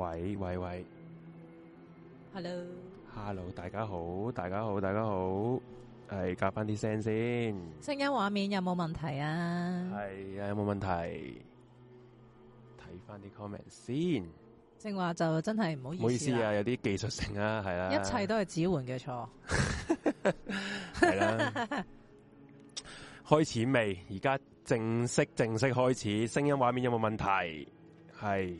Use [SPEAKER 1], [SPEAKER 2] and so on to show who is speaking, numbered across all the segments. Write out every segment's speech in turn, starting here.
[SPEAKER 1] 喂喂喂
[SPEAKER 2] ，Hello，Hello，Hello,
[SPEAKER 1] 大家好，大家好，大家好，係夾翻啲聲先，
[SPEAKER 2] 聲音畫面有冇問題啊？
[SPEAKER 1] 係啊，有冇問題？睇翻啲 comment 先，
[SPEAKER 2] 正話就真係唔好意思，唔好意思啊，
[SPEAKER 1] 有啲技術性啊，係啊。一切
[SPEAKER 2] 都係指煥嘅錯，
[SPEAKER 3] 係啦 的，
[SPEAKER 1] 開始未？而家正式正式開始，聲音畫面有冇問題？係。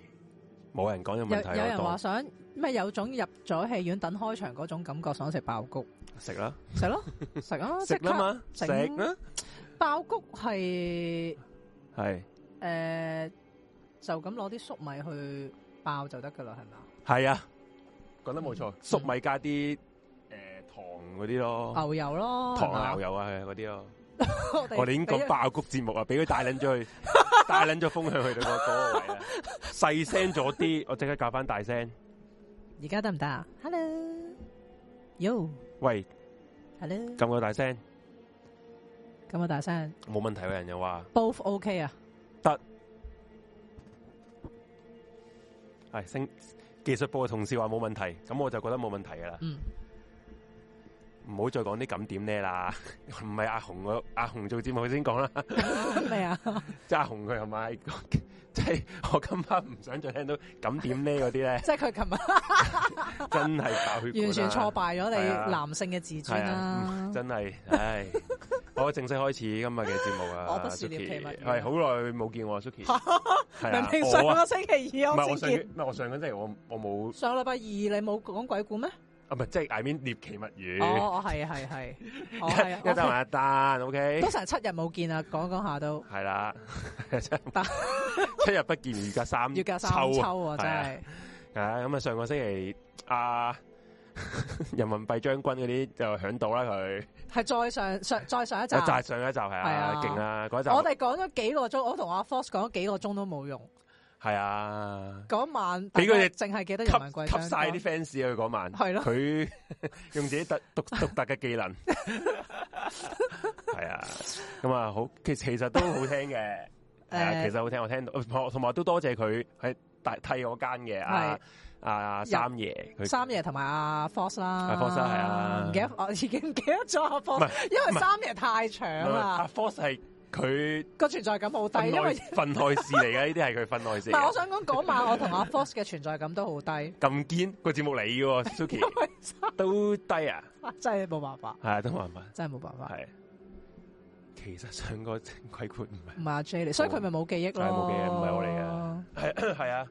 [SPEAKER 1] 冇人講有問題，有人話想
[SPEAKER 2] 咩有種入咗戲院等開場嗰種感覺，想食爆谷，
[SPEAKER 1] 食啦，食咯，食啊，食啦嘛，食啊！
[SPEAKER 2] 爆谷係係誒，就咁攞啲粟米去爆就得噶啦，係咪？
[SPEAKER 1] 係啊，講得冇錯，粟米加啲誒糖嗰啲咯，牛
[SPEAKER 2] 油咯，糖牛
[SPEAKER 1] 油啊，係嗰啲咯。
[SPEAKER 2] 我哋已經講爆
[SPEAKER 1] 谷節目啊，俾佢帶捻咗去，帶捻咗風向去到嗰嗰個位啦，細聲咗啲， 我即刻教翻大聲。
[SPEAKER 2] 而家得唔得啊？Hello，Yo，喂，Hello，
[SPEAKER 1] 咁我大聲，
[SPEAKER 2] 咁我大聲，
[SPEAKER 1] 冇問題嘅人又話
[SPEAKER 2] ，Both OK 啊，
[SPEAKER 1] 得，係、哎，星技術部嘅同事話冇問題，咁我就覺得冇問題噶啦。嗯。唔好再講啲咁點呢啦，唔係阿紅阿紅做節目佢先講啦。
[SPEAKER 2] 咩 啊？
[SPEAKER 1] 即、啊、阿紅佢係咪，即、就、係、是、我今晚唔想再聽到咁點呢嗰啲咧。即係佢琴日真係、啊、完全挫敗咗你男
[SPEAKER 2] 性嘅自尊啦、啊啊啊。
[SPEAKER 1] 真係，唉、哎，我正式開始今日嘅節目啊。我不是獵奇物，係好耐冇見我 Suki。
[SPEAKER 2] 係啊，上個星期二唔我唔接，唔係
[SPEAKER 1] 我，才我上嗰陣我上我冇
[SPEAKER 2] 上個禮拜二你冇講鬼故咩？
[SPEAKER 1] 啊，唔係即係 I mean 獵奇物
[SPEAKER 2] 語。哦，係啊，係啊，係，一單還一單，O K。Okay? 都成七日冇見啊，講一講一下都。係啦，七日七日不見，要 隔三秋啊，真
[SPEAKER 1] 係。誒、啊，咁、嗯、啊，上個星期啊， 人民幣將軍嗰啲就響到啦，佢
[SPEAKER 2] 係再上上再上一集，就係上
[SPEAKER 1] 一集係啊，勁啦、啊！嗰、啊、集我哋
[SPEAKER 2] 講咗幾個鐘，我同阿 Force 講咗幾個鐘都冇用。
[SPEAKER 1] 係啊！
[SPEAKER 2] 嗰晚俾佢哋淨係記得吸吸晒啲
[SPEAKER 1] fans 佢嗰晚係咯，佢用自己特獨獨特嘅技能，係啊！咁啊好，其其實都好聽嘅，
[SPEAKER 2] 其實
[SPEAKER 1] 好聽，我聽到同埋都多謝佢喺大梯間嘅啊阿三爺，三
[SPEAKER 2] 爺同埋阿 force 啦，force 係啊，唔記得我已經唔記得咗 force，因為三爺太長啦，force 係。佢個存在感好低，因為
[SPEAKER 1] 份內事嚟嘅，呢啲係佢份內事。我
[SPEAKER 2] 想講，嗰晚我同阿 f o r 嘅存在感都好低。
[SPEAKER 1] 咁堅個節目嚟嘅，Suki 都低
[SPEAKER 2] 啊！真係冇辦法，係都冇辦法，真係冇辦法。係
[SPEAKER 1] 其實上個鬼括唔係
[SPEAKER 2] 唔係阿 J 嚟，所以佢咪冇記憶冇記憶，唔係我嚟
[SPEAKER 1] 嘅，係係啊，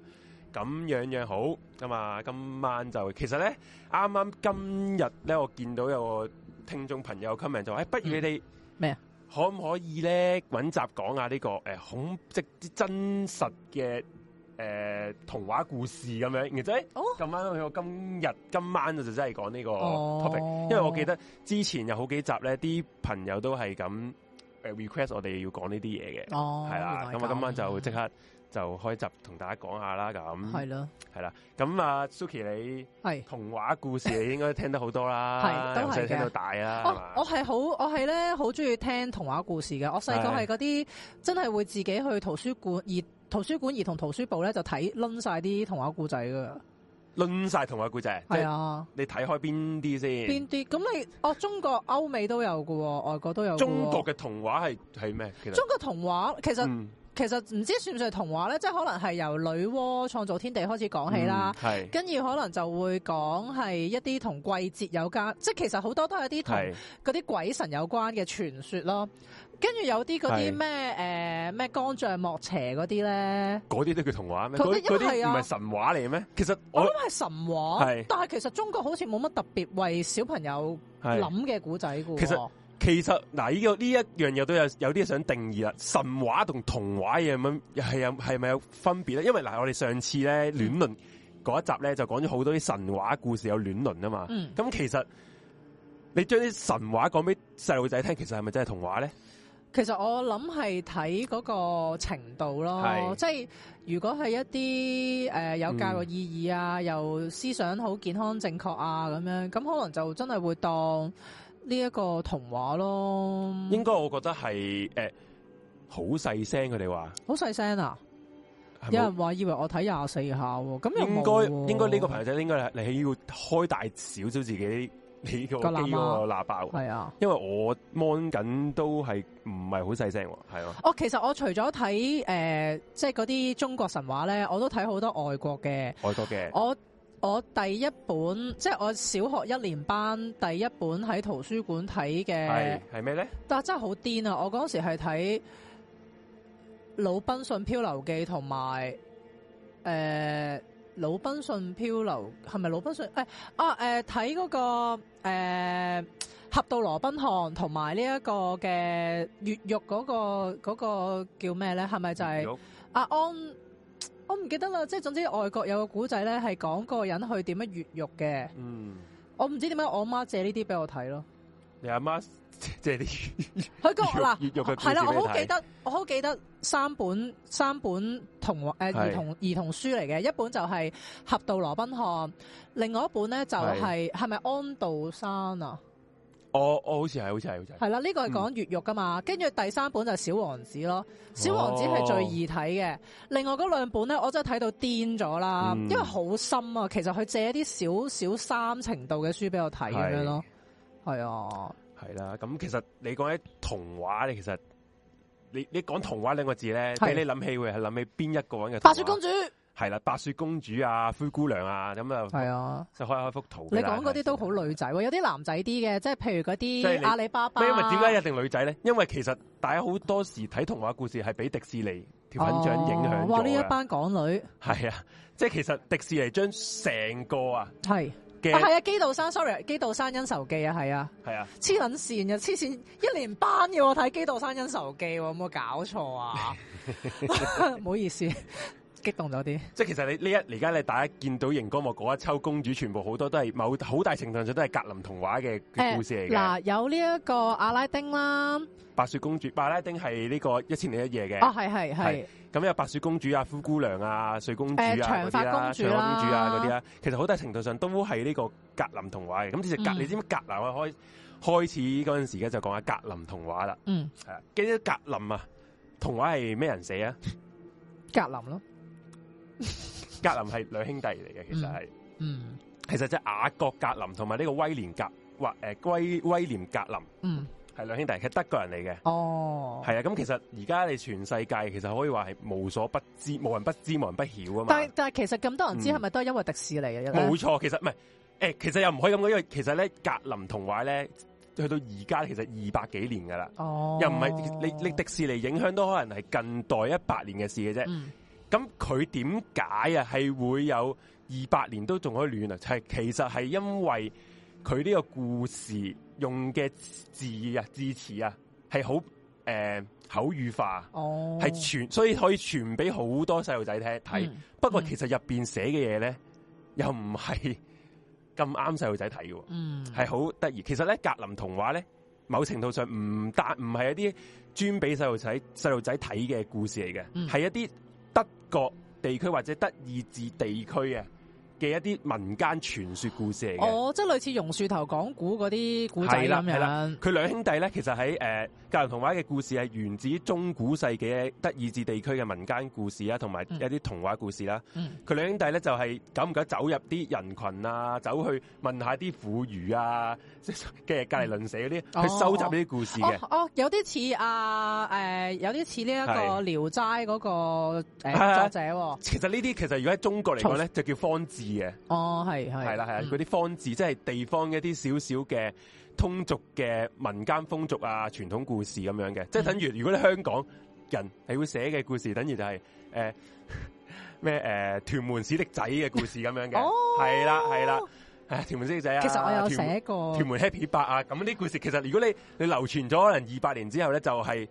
[SPEAKER 1] 咁樣樣好咁嘛。今晚就其實咧，啱啱今日咧，我見到有個聽眾朋友 comment 就話：不如你哋咩啊？可唔可以咧搵集講下呢、這個誒恐即啲真實嘅誒、呃、童話故事咁樣，而即哦，咁啱、oh? 我今日今晚就真係講呢個 topic，、oh. 因為我記得之前有好幾集咧，啲朋友都係咁誒 request 我哋要講呢啲嘢嘅，係啦、oh, 啊，咁啊、嗯、今晚就即刻。就開集同大家講下啦，咁係咯，係啦，咁啊，Suki 你係童話故事，你應該聽得好多啦，係都聽到大啊。我
[SPEAKER 2] 我係好，我係咧好中意聽童話故事嘅。我細個係嗰啲真係會自己去圖書館，而圖書館兒童圖書部咧就睇掄晒啲童話故仔噶，
[SPEAKER 1] 掄晒童話故仔。係啊，你睇開邊啲先？邊
[SPEAKER 2] 啲？咁你，哦，中國、歐美都有噶，外國都有。中國
[SPEAKER 1] 嘅童話係係咩？中
[SPEAKER 2] 國童話其實。其實唔知算唔算童話咧，即可能係由女媧創造天地開始講起啦，跟住、嗯、可能就會講係一啲同季節有關，即其實好多都係一啲同嗰啲鬼神有關嘅傳說咯。跟住是有啲嗰啲咩誒咩干將莫邪嗰啲咧，
[SPEAKER 1] 嗰啲都叫童話咩？嗰啲唔係神話嚟咩？其實我諗係
[SPEAKER 2] 神話，是但係其實中國好似冇乜特別為小朋友諗嘅古仔其實
[SPEAKER 1] 其實嗱，呢、啊這個呢一樣嘢都有有啲想定義啦。神話同童話嘢咁，係係咪有分別咧？因為嗱、啊，我哋上次咧《亂倫》嗰一集咧就講咗好多啲神話故事有亂倫啊嘛。咁、嗯、其實你將啲神話講俾細路仔聽，其實係咪真係童話咧？
[SPEAKER 2] 其實我諗係睇嗰個程度咯，是 即係如果係一啲誒、呃、有教育意義啊，又思想好健康正確啊，咁樣咁可能就真係會當。呢一個童話咯，應
[SPEAKER 1] 該我覺得係誒好細聲，佢哋話
[SPEAKER 2] 好細聲啊！是是有人話以為我睇廿四孝，咁、啊、應該應該呢個
[SPEAKER 1] 朋友仔應該你係要開大少少自己呢個啲個喇叭，係啊，因為我 mon 緊都係唔係好細聲，係
[SPEAKER 3] 啊，
[SPEAKER 2] 我、哦、其實我除咗睇誒，即係嗰啲中國神話咧，我都睇好多外國嘅，外國嘅我。我第一本即係我小學一年班第一本喺圖書館睇嘅係係咩咧？但真係好癲啊！我嗰時係睇《魯濱遜漂流記》同埋誒《魯濱遜漂流》是不是，係咪魯濱遜？誒啊誒，睇、呃、嗰、嗰個誒《俠盜羅賓漢》同埋呢一個嘅越獄嗰個嗰、嗰個叫咩咧？係咪就係、是、越獄阿安？我唔記得啦，即係總之外國 chapter，有個古仔咧，係講個人去點樣越獄嘅。嗯，我唔知點解我媽借呢啲俾我睇咯。
[SPEAKER 1] 你阿媽借啲，佢個嗱，係啦，我好記得，
[SPEAKER 2] 我好記得三本對三本童話誒兒童兒 hvad，童書嚟嘅，一本就係、是《俠盜羅賓漢》，另外一本咧就係係咪《是是安道山》啊？
[SPEAKER 1] 我，我好似係，好似係，好似係。係
[SPEAKER 2] 啦，呢、這個係講越獄噶嘛，跟住、嗯、第三本就係小王子咯，小王子係最易睇嘅。哦、另外嗰兩本咧，我真係睇到癲咗啦，嗯、因為好深啊。其實佢借一啲少少三程度嘅書俾我睇咁樣咯。
[SPEAKER 1] 係是 是啊，啊，係啦。咁其實你講起童話咧，你其實你你講童話兩個字咧，俾是 你諗起會係諗起邊一個人嘅白雪公主。係啦，白雪公主啊，灰姑娘啊，咁、嗯、啊，就開開幅圖。你講嗰
[SPEAKER 2] 啲都好女仔、啊，有啲男仔啲嘅，即係譬如嗰啲阿里巴巴、啊。因為點解
[SPEAKER 1] 一定女仔咧？因為其實大家好多時睇童話故事係俾迪士尼片長影響、哦、哇！呢一班
[SPEAKER 2] 港女。
[SPEAKER 1] 係啊，即係其實迪士尼將成個
[SPEAKER 2] 係啊。係。啊，係啊！基道山，sorry，基道山恩仇記啊，係啊，係啊，黐捻線嘅，黐線一年班嘅，我睇基道山恩仇記，有冇搞錯啊？唔 好意思。激動咗啲，即係其實你呢一
[SPEAKER 1] 而家你大家見到熒光幕嗰一抽公主，全部好多都係某好大程度上都係格林童話嘅
[SPEAKER 2] 故事嚟嘅，欸。嗱，有呢一個阿拉丁啦，
[SPEAKER 1] 白雪公主，阿拉丁係呢個一千零一夜嘅，啊。哦，係係係。咁有白雪公主啊、灰姑娘啊、睡公主啊嗰啲，呃、長髮公主公主啊嗰啲啊，啊那些，其實好大程度上都係呢個格林童話嘅。咁其實格，嗯、你知唔知格林開開始嗰陣時咧就講下格林童話啦。嗯是，係啊。記得格林啊，童話係咩人寫啊？
[SPEAKER 2] 格林咯。
[SPEAKER 1] 格林係兩兄弟嚟嘅，其實係、嗯，
[SPEAKER 3] 嗯，
[SPEAKER 1] 其實即係雅各格，格林同埋呢個威廉格或誒威威廉格林，嗯，係兩兄弟，係德國人嚟嘅，哦，係啊，咁其實而家你全世界其實可以話係無所不知，無人不知，無人不曉啊嘛。但係
[SPEAKER 2] 但係其實咁多人知係咪都係因為迪士尼嘅？冇錯、嗯，
[SPEAKER 1] 其實唔係，誒、欸，其實又唔可以咁講，因為其實咧格林童話咧去到而家其實二百幾年㗎喇，哦，
[SPEAKER 3] 又唔係
[SPEAKER 1] 你你迪士尼影響都可能係近代一百年嘅事嘅啫。嗯咁佢點解啊？係會有二百年都仲可以亂啊？係其實係因為佢呢個故事用嘅字啊字詞啊係好誒口語化哦，係傳、oh. 所以可以傳俾好多細路仔聽睇。Mm hmm. 不過其實入邊寫嘅嘢咧又唔係咁啱細路仔睇嘅，係好得意。其實咧格林童話咧，某程度上唔單唔係一啲專俾細路仔細路仔睇嘅故事嚟嘅，係、mm hmm. 一啲。各地區或者德意志地區嘅。嘅一啲民間傳說故事嚟嘅，
[SPEAKER 2] 哦，即係類似榕樹頭講古嗰啲古仔啦。咁樣。佢兩兄弟
[SPEAKER 1] 咧，其實喺誒格林童話嘅故事係源自於中古世紀嘅德意志地區嘅民間故事啊，同埋一啲童話故事啦。佢、嗯、兩兄弟咧就係久唔久走入啲人群啊，走去問一下啲婦孺啊，即係、嗯、隔籬鄰舍嗰啲、哦、去收集呢啲故事嘅、哦
[SPEAKER 2] 哦。哦，有啲似啊，誒、呃，有啲似呢一個聊齋嗰、那個誒是、欸、作者、啊。
[SPEAKER 1] 其實呢啲其實如果喺中國嚟講咧，創就叫方志。
[SPEAKER 2] 哦，係係係啦，係啊，
[SPEAKER 1] 嗰啲方字即係地方嘅一啲少少嘅通俗嘅民間風俗啊傳統故事咁樣嘅、嗯、即係等於如果你香港人係會寫嘅故事等於就係誒咩誒屯門市的仔嘅故事咁樣嘅係啦係啦。唉，哎啊、其實我有寫過屯門 Happy 八啊！咁呢個故事其實，如果你你流傳咗可能二百年之後咧，就係、
[SPEAKER 2] 是、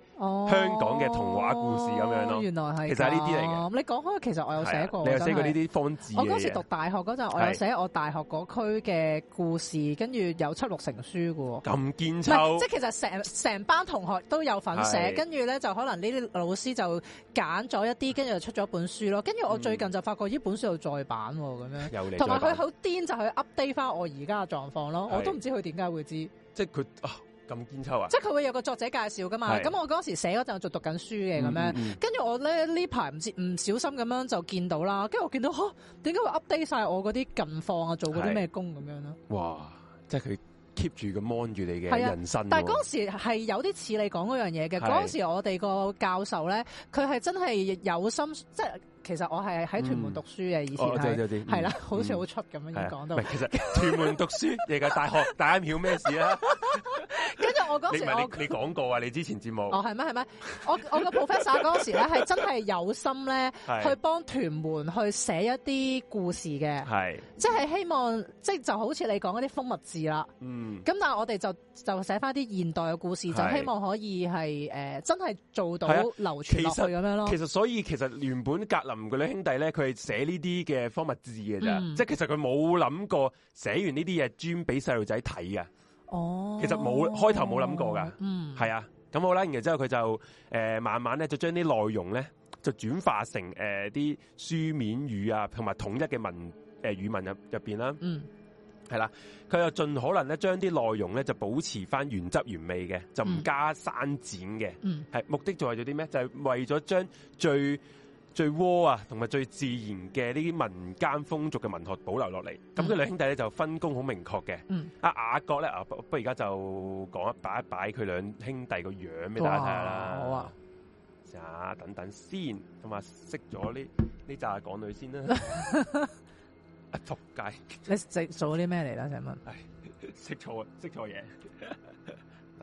[SPEAKER 2] 香港
[SPEAKER 1] 嘅童話故事咁樣咯、哦。原來係，其實係呢啲嚟嘅。
[SPEAKER 2] 你講開，其實我有寫過。啊、你有寫過呢啲方字。我當時讀大學嗰陣，我有寫我大學嗰區嘅故事，跟住是 有七六成書嘅喎、哦。咁
[SPEAKER 1] 堅湊，即係其
[SPEAKER 2] 實成成班同學都有份寫，跟住咧就可能呢啲老師就揀咗一啲，跟住就出咗本書咯。跟住我最近就發覺呢本書有再版喎、哦，咁樣。同埋佢好癲，就去 update。翻我而家嘅狀況咯，是我都唔知佢點解會知道。即係佢啊咁堅秋啊！即係佢會有個作者介紹噶嘛？咁是我嗰時寫嗰陣仲讀緊書嘅咁樣，跟住、嗯嗯嗯、我咧呢排唔知唔小心咁樣就見到啦。跟住我見到吓，點解會 update 晒我嗰啲近況啊？做過啲咩工咁是樣咧？
[SPEAKER 1] 哇！即係佢 keep 住個 mon 住你嘅人生的、啊。但係嗰時
[SPEAKER 2] 係有啲似你講嗰樣嘢嘅。嗰是時我哋個教授咧，佢係真係有心即係。其實我係喺屯門讀書嘅，
[SPEAKER 1] 以前係啦、嗯嗯，好似好
[SPEAKER 2] 出咁、嗯嗯、樣講到。唔係，其
[SPEAKER 1] 實屯門讀書，而家 大學大家曉咩事啊？ 我嗰時，你講過啊，你之前節目哦
[SPEAKER 2] 係咩係咩？我我個 professor 嗰時咧係真係有心咧，去幫屯門去寫一啲故事嘅，係即係希望即係就好似你講嗰啲風物誌啦，嗯，咁但係我哋就就寫翻啲現代嘅故事，就希望可以係誒真係做到流傳落去咁樣咯。其實
[SPEAKER 1] 所以其實原本格林嘅兩兄弟咧，佢係寫呢啲嘅風物誌嘅啫，即係其實佢冇諗過寫完呢啲嘢專俾細路仔睇嘅。哦，其實冇開頭冇諗過噶，係啊、嗯，咁好啦，然之後佢就誒、呃、慢慢咧就將啲內容咧就轉化成誒啲、呃、書面語啊，同埋統一嘅文誒語文入入邊啦，係啦、嗯，佢又盡可能咧將啲內容咧就保持翻原汁原味嘅，就唔加刪剪嘅，係、嗯、目的就為咗啲咩？就係、為咗將最。最窩啊，同埋最自然嘅呢啲民間風俗嘅文學保留落嚟，咁佢兩兄弟咧就分工好明確嘅。嗯，阿雅閣咧啊，不如而家就講一擺一擺佢兩兄弟個樣俾大家睇哇下啦。好啊，等下等等先，同埋識咗呢呢咋港女先啦。 啊，撲街！
[SPEAKER 2] 你食做啲咩嚟啦？請問係
[SPEAKER 1] 食錯食錯嘢？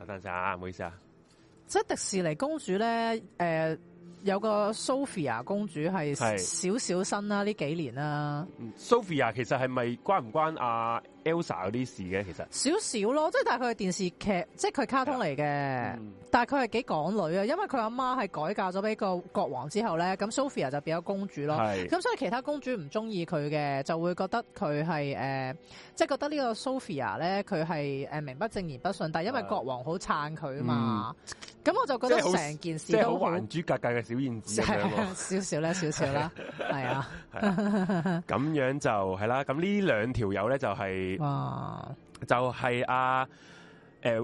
[SPEAKER 1] 等陣下，唔好意思啊。
[SPEAKER 2] 即係迪士尼公主咧，誒、呃。有個 Sophia 公主係少少新啦，呢是幾年啦，啊嗯。
[SPEAKER 1] Sophia 其實係咪關唔關啊？Elsa 嗰啲事嘅，其實
[SPEAKER 2] 少少咯，即係，但係佢係電視劇，即係佢卡通嚟嘅。嗯、但係佢係幾港女啊，因為佢阿媽係改嫁咗俾個國王之後咧，咁 Sophia 就變咗公主咯。咁是的 所以其他公主唔中意佢嘅，就會覺得佢係、呃、即係覺得個呢個 Sophia 咧，佢係誒名不正言不順。但因為國王好撐佢啊嘛，咁、嗯、我就覺得成件事即都好很還
[SPEAKER 1] 珠格格嘅小燕子，啊，
[SPEAKER 2] 少少呢，少少啦，係啊，
[SPEAKER 1] 咁樣就係啦。咁呢兩條友咧就係、是。哇！就係誒、啊呃、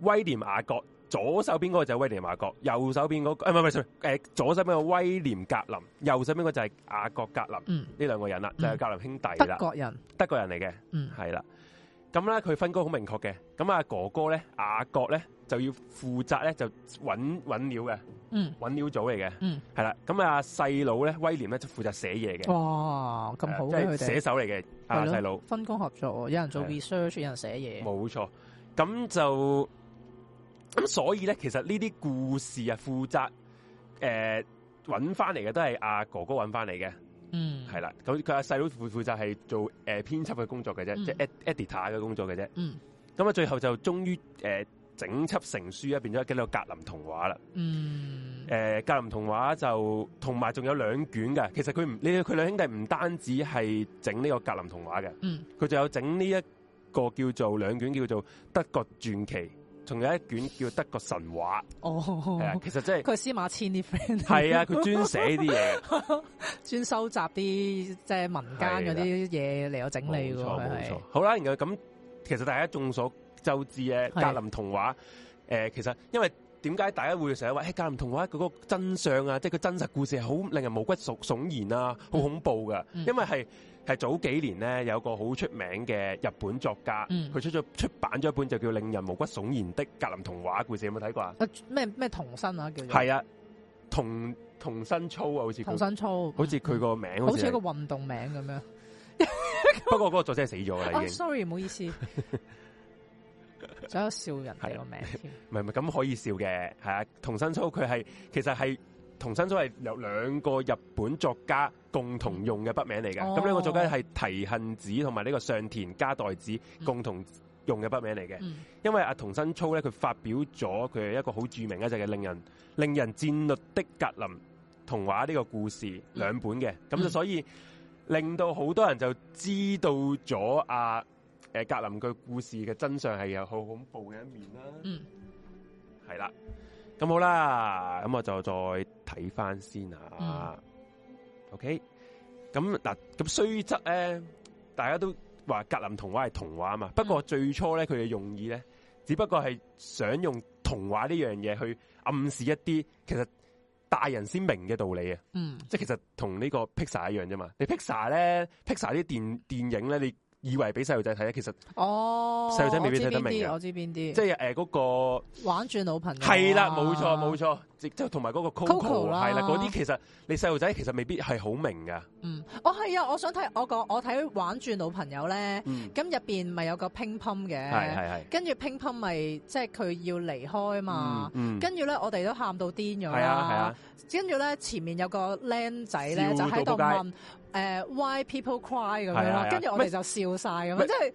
[SPEAKER 1] 威廉雅各·雅各左手邊嗰個就係威廉·雅各，右手邊嗰、那個誒唔係唔係誒左手邊個威廉·格林，右手邊個就係雅各格林，呢兩、嗯、個人啦、啊，就係、是、格林兄弟啦、嗯，德國人，德國人嚟嘅，嗯，係啦，咁咧佢分工好明確嘅，咁啊哥哥咧雅各咧。就要負責咧，就揾揾料嘅，揾料組嚟嘅，係啦。咁啊，細佬咧威廉咧就負責寫嘢嘅。哇，
[SPEAKER 2] 咁好嘅寫手
[SPEAKER 1] 嚟嘅啊，細佬
[SPEAKER 2] 分工合作，有人做 research，有人寫嘢，
[SPEAKER 1] 冇錯。咁就咁，所以咧，其實呢啲故事啊，負責誒揾翻嚟嘅都係阿哥哥揾翻嚟嘅。嗯，係啦。咁佢阿細佬負負責係做編輯嘅工作嘅啫，即係 editor 嘅工作嘅啫。
[SPEAKER 3] 嗯，
[SPEAKER 1] 咁啊，最後就終於整輯成書入邊咗幾個格林童話啦，嗯呃？嗯，誒格林童話就同埋仲有兩卷嘅。其實佢唔，佢兩兄弟唔單止係整呢個格林童話嘅，嗯，佢仲有整呢一個叫做兩卷叫做德國傳奇，仲有一卷叫德國神話。
[SPEAKER 2] 哦、啊，其實真係佢係司馬遷啲 friend 係啊，佢專寫啲嘢，專收集啲即係民間嗰啲嘢嚟我整理。㗎。
[SPEAKER 1] 好啦，然後咁其實大家眾所周志嘅格林童話，誒，其實因為，點解大家會成日話格林童話佢嗰個真相啊？即係佢真實故事係好令人毛骨悚然啊，好恐怖噶，因為，係係早幾年咧有個好出名嘅日本作家，佢出咗出版咗一本就叫《令人毛骨悚然的格林童話》故事，有冇睇過
[SPEAKER 2] 啊？咩咩童身啊叫？係啊，
[SPEAKER 1] 童童身操啊，好似童身操，好似佢個名好似一個
[SPEAKER 2] 運動名咁樣。
[SPEAKER 1] 不過嗰個作者死咗啦，已經。
[SPEAKER 2] Sorry，唔好意思。有笑人哋個名
[SPEAKER 1] 唔係唔係咁可以笑嘅，係啊！桐生操佢係其實係桐生操係由兩個日本作家共同用嘅筆名嚟嘅，咁呢、哦、個作家係堤幸子同埋呢個上田加代子共同用嘅筆名嚟嘅。嗯、因為阿、啊、桐生操咧，佢發表咗佢一個好著名嘅就係、是、令人令人戰栗的格林童話呢個故事兩、嗯、本嘅，咁就所以令到好多人就知道咗啊。誒，格林佢故事嘅真相係有好恐怖嘅一面啦、啊嗯。嗯，係啦，咁好啦，咁我就再睇翻先啊。O K，咁嗱，咁雖則咧，大家都話格林童話係童話啊嘛。不過最初咧，佢嘅用意咧，只不過係想用童話呢樣嘢去暗示一啲其實大人先明嘅道理啊。嗯。即係其實同呢個 Pixar 一樣啫嘛。你呢、嗯、Pixar Pixar 咧，Pixar 啲電電影咧，你。以為俾細路仔睇咧，其實
[SPEAKER 3] 細路仔未必睇得明。哦，我知
[SPEAKER 2] 邊啲，即係誒嗰個玩轉老朋友係啦，冇錯冇
[SPEAKER 1] 錯。啊就同埋嗰個 Coco 啦係啦，嗰啲其實你細路仔其實未必係好明嘅。嗯，
[SPEAKER 2] 我係啊,我想睇我講我睇玩轉老朋友咧,咁入邊咪有個乒乓嘅，係係係，跟住乒乓咪即係佢要離開啊嘛,跟住咧我哋都喊到癲咗啦,係啊係啊,跟住咧前面有個僆仔咧就喺度問誒 why people cry 咁樣啦,跟住我哋就笑晒咁樣，即係。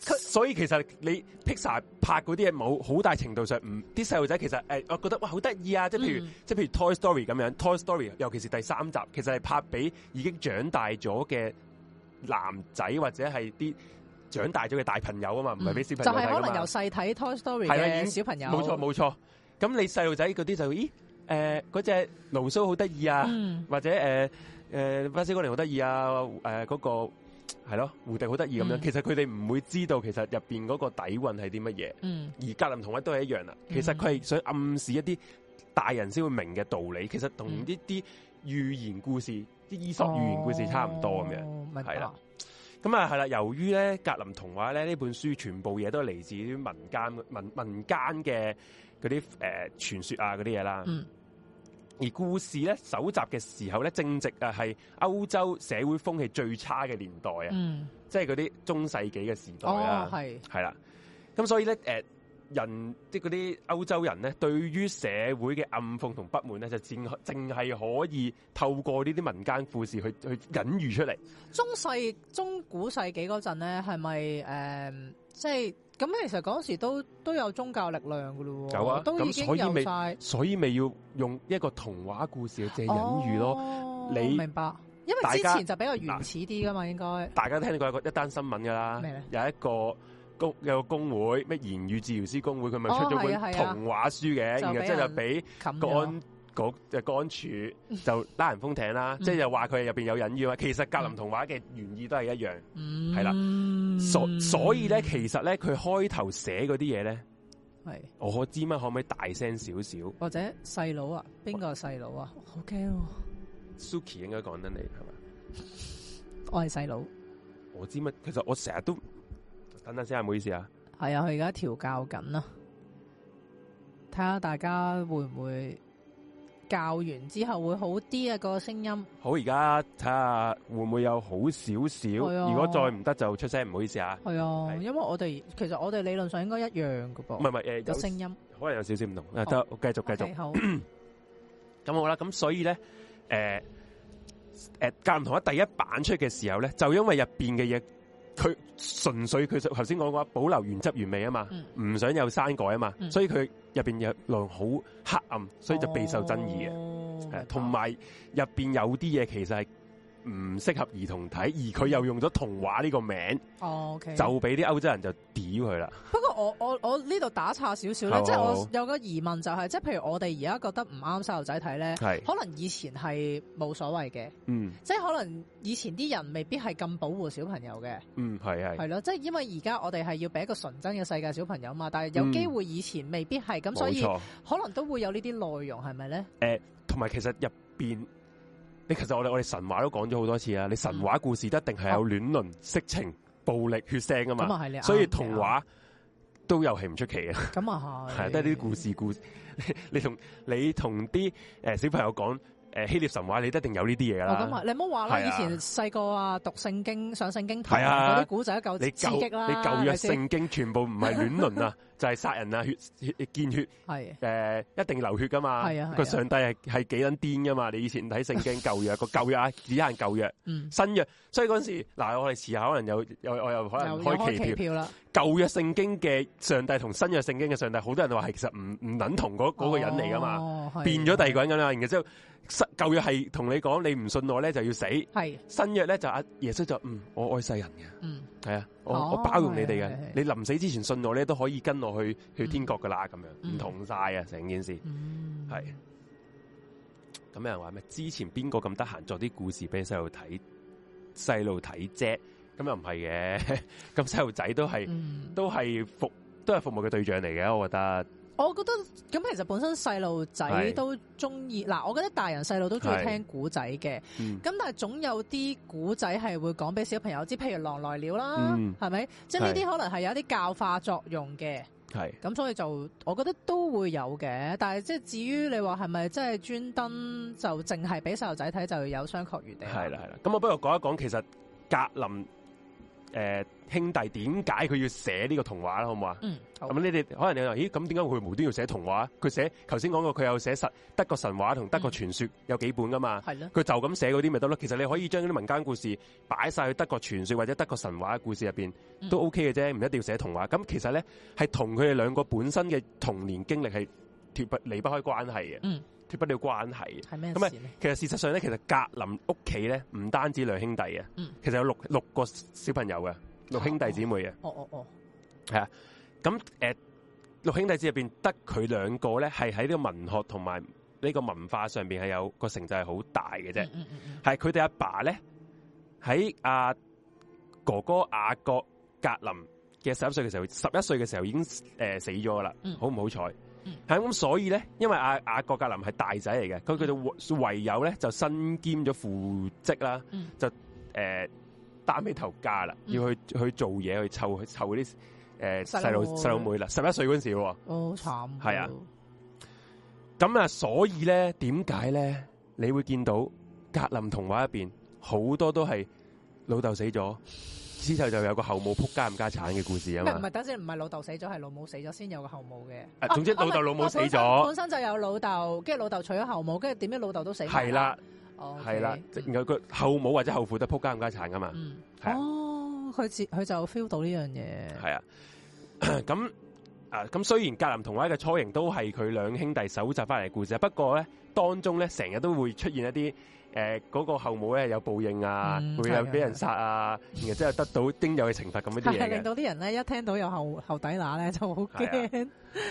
[SPEAKER 1] 所以其實你 Pixar 拍嗰啲嘢冇好大程度上唔，啲細路仔其實我、呃、覺得哇好得意啊！即譬如，即、嗯、譬如 Toy Story 咁樣，Toy Story 尤其是第三集，其實係拍俾已經長大咗嘅男仔或者係啲長大咗嘅大朋友啊嘛，唔係俾小朋友、嗯，就係、是、可能由細
[SPEAKER 2] 睇 Toy Story 演小朋友。冇錯冇
[SPEAKER 1] 錯，咁你細路仔嗰啲就咦嗰隻盧蘇好得意啊，嗯、或者誒、呃呃、巴斯光年好得意啊，嗰、呃那個。係咯，蝴蝶好得意咁樣。嗯、其實佢哋唔會知道，其實入邊嗰個底蘊係啲乜嘢。嗯、而格林童話都係一樣啦。嗯、其實佢係想暗示一啲大人先會明嘅道理。嗯、其實同呢啲寓言故事、啲伊索寓言故事差唔多咁樣。係啦，咁啊係啦。由於咧格林童話咧呢本書全部嘢都係嚟自啲民間民民間嘅嗰啲誒傳說啊嗰啲嘢啦。嗯而故事咧，搜集嘅時候咧，正值啊係歐洲社會風氣最差嘅年代啊，嗯、即係嗰啲中世紀嘅時代啦，係啦、哦。咁所以咧、呃，人即係嗰啲歐洲人咧，對於社會嘅暗諷同不滿咧，就淨淨係可以透過呢啲民間故事去去隱喻出嚟。
[SPEAKER 2] 中世中古世紀嗰陣咧，係咪誒即係？咁其實嗰時都都有宗教力量噶咯喎，有啊、都已經有，
[SPEAKER 1] 所以咪要用一個童話故事嚟做隱喻咯。哦、你明白？
[SPEAKER 2] 因為之前就比較原始啲噶嘛，應該大家都、啊、聽
[SPEAKER 1] 過一一單新聞噶啦，有一個工有工會咩言語治療師工會，佢咪出咗本童話書嘅，哦啊啊、然後真就俾.就干柱就拉人封艇啦， 即係又話佢入邊有隱喻。啊！嗯、其實格林童話嘅原意都係一樣，係、嗯、啦，嗯、所所以咧，其實咧佢開頭寫嗰啲嘢咧，
[SPEAKER 2] 係是
[SPEAKER 1] 我知乜可唔可以大聲少少，
[SPEAKER 2] 或者細佬啊，邊個係細佬啊？OK，Suki
[SPEAKER 1] 我、啊、應該講得你係嘛？
[SPEAKER 2] 我係細佬，
[SPEAKER 1] 我知乜？其實我成日都等等先啊，唔好意思啊，
[SPEAKER 2] 係啊，佢而家調教緊啊。睇下大家會唔會？教完之後會好啲啊，個聲音，
[SPEAKER 1] 好，而家睇下會唔會有好少少？如果再唔得就出聲，唔好意思啊。
[SPEAKER 2] 係啊，因為我哋，其實我哋理論上應該一樣噶噃，唔係唔係，誒，有聲音，
[SPEAKER 1] 可能有少少唔同。誒，得，繼續繼續。好。咁好啦，咁所以咧，誒誒，間唔同啊，第一版出嘅時候咧，就因為入邊嘅嘢。佢純粹佢就頭先講話保留原汁原味啊嘛，唔、嗯、想有刪改啊嘛，嗯、所以佢入面有內容好黑暗，所以就備受爭議嘅，同埋入面有啲嘢其實係。唔適合兒童睇，而佢又用咗童話呢個名
[SPEAKER 2] ，oh, okay. 就俾
[SPEAKER 1] 啲歐洲人就屌佢啦。
[SPEAKER 2] 不過我我我呢度打岔少少啦，好好好，即係我有個疑問就係、是，即係譬如我哋而家覺得唔啱細路仔睇咧，是可能以前係冇所謂嘅，嗯，即係可能以前啲人未必係咁保護小朋友嘅，
[SPEAKER 3] 嗯，係係係咯，
[SPEAKER 2] 即係因為而家我哋係要俾一個純真嘅世界小朋友嘛，但係有機會以前未必係咁，嗯、所以錯可能都會有是是呢啲內容係咪咧？
[SPEAKER 1] 誒、欸，同埋其實入邊。你其實我哋我哋神話都講咗好多次啊。你神話故事都一定係有亂倫、色情、暴力、血腥啊嘛，所以童話都有係唔出奇啊。咁啊係，係都係啲故事故事，你同你同啲、欸、小朋友講。誒，希臘神話你一定有呢啲嘢啦。咁啊，你
[SPEAKER 2] 唔好話啦，以前細個啊讀聖經、上聖經睇啊古仔，舊刺激啦。你舊約聖
[SPEAKER 1] 經全部唔係亂倫啊，就係殺人啊、血血見血係。誒，一定流血噶嘛。個上帝係係幾撚癲噶嘛？你以前睇聖經舊約個舊約啊，只限舊約。嗯，新約。所以嗰陣時，嗱我哋遲下可能又有我又可能開期票啦。舊約聖經嘅上帝同新約聖經嘅上帝，好多人話係其實唔唔等同嗰個人嚟噶嘛。變咗第二個人㗎啦，然之後舊約係同你講，你唔信我咧，就要死。係是新約咧，就阿、啊、耶穌就嗯，我愛世人
[SPEAKER 3] 嘅，
[SPEAKER 1] 係、嗯、啊，我、哦、我包容你哋嘅，是是是你臨死之前信我咧，都可以跟我去去天國噶啦，咁樣唔同晒啊，成件事係。咁有人話咩？之前邊個咁得閒做啲故事俾細路睇，細路睇啫。咁又唔係嘅，咁細路仔都係、嗯、都係服都係服務嘅對象嚟嘅，我覺得。
[SPEAKER 2] 我覺得咁其實本身細路仔都中意嗱，是我覺得大人細路都中意聽古仔嘅，咁、嗯、但係總有啲古仔係會講俾小朋友知，譬如狼來，來了啦，係咪、嗯？即呢啲可能係有啲教化作用嘅，咁是所以就我覺得都會有嘅。但係即至於你話係咪即係專登就淨係俾細路仔睇就有商榷餘地？係啦係
[SPEAKER 1] 啦，咁我不如講一講其實格林。誒、啊，兄弟，點解佢要寫呢個童話啦？好唔好啊？嗯，咁你哋可能你話咦，咁點解佢無端要寫童話？佢寫，頭先講過，佢有寫神德國神話同德國傳說有幾本噶嘛？係咯、嗯，佢就咁寫嗰啲咪得咯。其實你可以將啲民間故事擺晒去德國傳說或者德國神話嘅故事入邊，都 OK 嘅啫，唔一定要寫童話。咁其實咧係同佢哋兩個本身嘅童年經歷係脫不離不開關係嘅。嗯脫不了關係，咁咪其實事實上咧，其實格林屋企咧唔單止兩兄弟啊，嗯、其實有六六個小朋友嘅六兄弟姐妹嘅。哦，哦哦哦，係、哦、啊，咁誒、呃、六兄弟姊妹入邊得佢兩個咧，係喺呢個文學同埋呢個文化上邊係有個成就係好大嘅啫，係佢哋阿爸咧喺、啊、阿哥哥阿各格林嘅十一歲嘅時候，十一歲嘅時候已經誒、呃、死咗噶啦，嗯、好唔好彩？係咁，嗯、所以咧，因為阿阿葛格林係大仔嚟嘅，佢佢就唯有咧就身兼咗父職啦，嗯、就誒擔、呃、起頭家啦，嗯、要去去做嘢，去湊去湊嗰啲誒細路細佬妹啦，十一歲嗰陣時咯，哦，好慘，係啊，咁、哦、啊，所以咧，點解咧，你會見到格林童話入邊好多都係老豆死咗。之後就有個後母撲家冚家鏟嘅故事啊嘛，唔係
[SPEAKER 2] 等先，唔係老豆死咗，係老母死咗先有個後母嘅、啊。總、啊、總之老豆老母死咗，本身就有老豆，跟住老豆娶咗後母，跟住點知老豆都死。係啦，係啦，
[SPEAKER 1] 然後佢後母或者後父都撲家冚家鏟噶嘛。嗯
[SPEAKER 2] 是啊、哦，佢佢就 feel 到呢樣嘢。
[SPEAKER 1] 係啊，咁啊咁雖然格林童話嘅雛形都係佢兩兄弟搜集翻嚟嘅故事，不過咧當中咧成日都會出現一啲。誒，嗰、呃那個後母咧有報應啊，會啊俾人殺啊，的然後之後得到應有嘅懲罰，咁一啲嘢，令到
[SPEAKER 2] 啲人咧一聽到有後後底乸咧就好驚。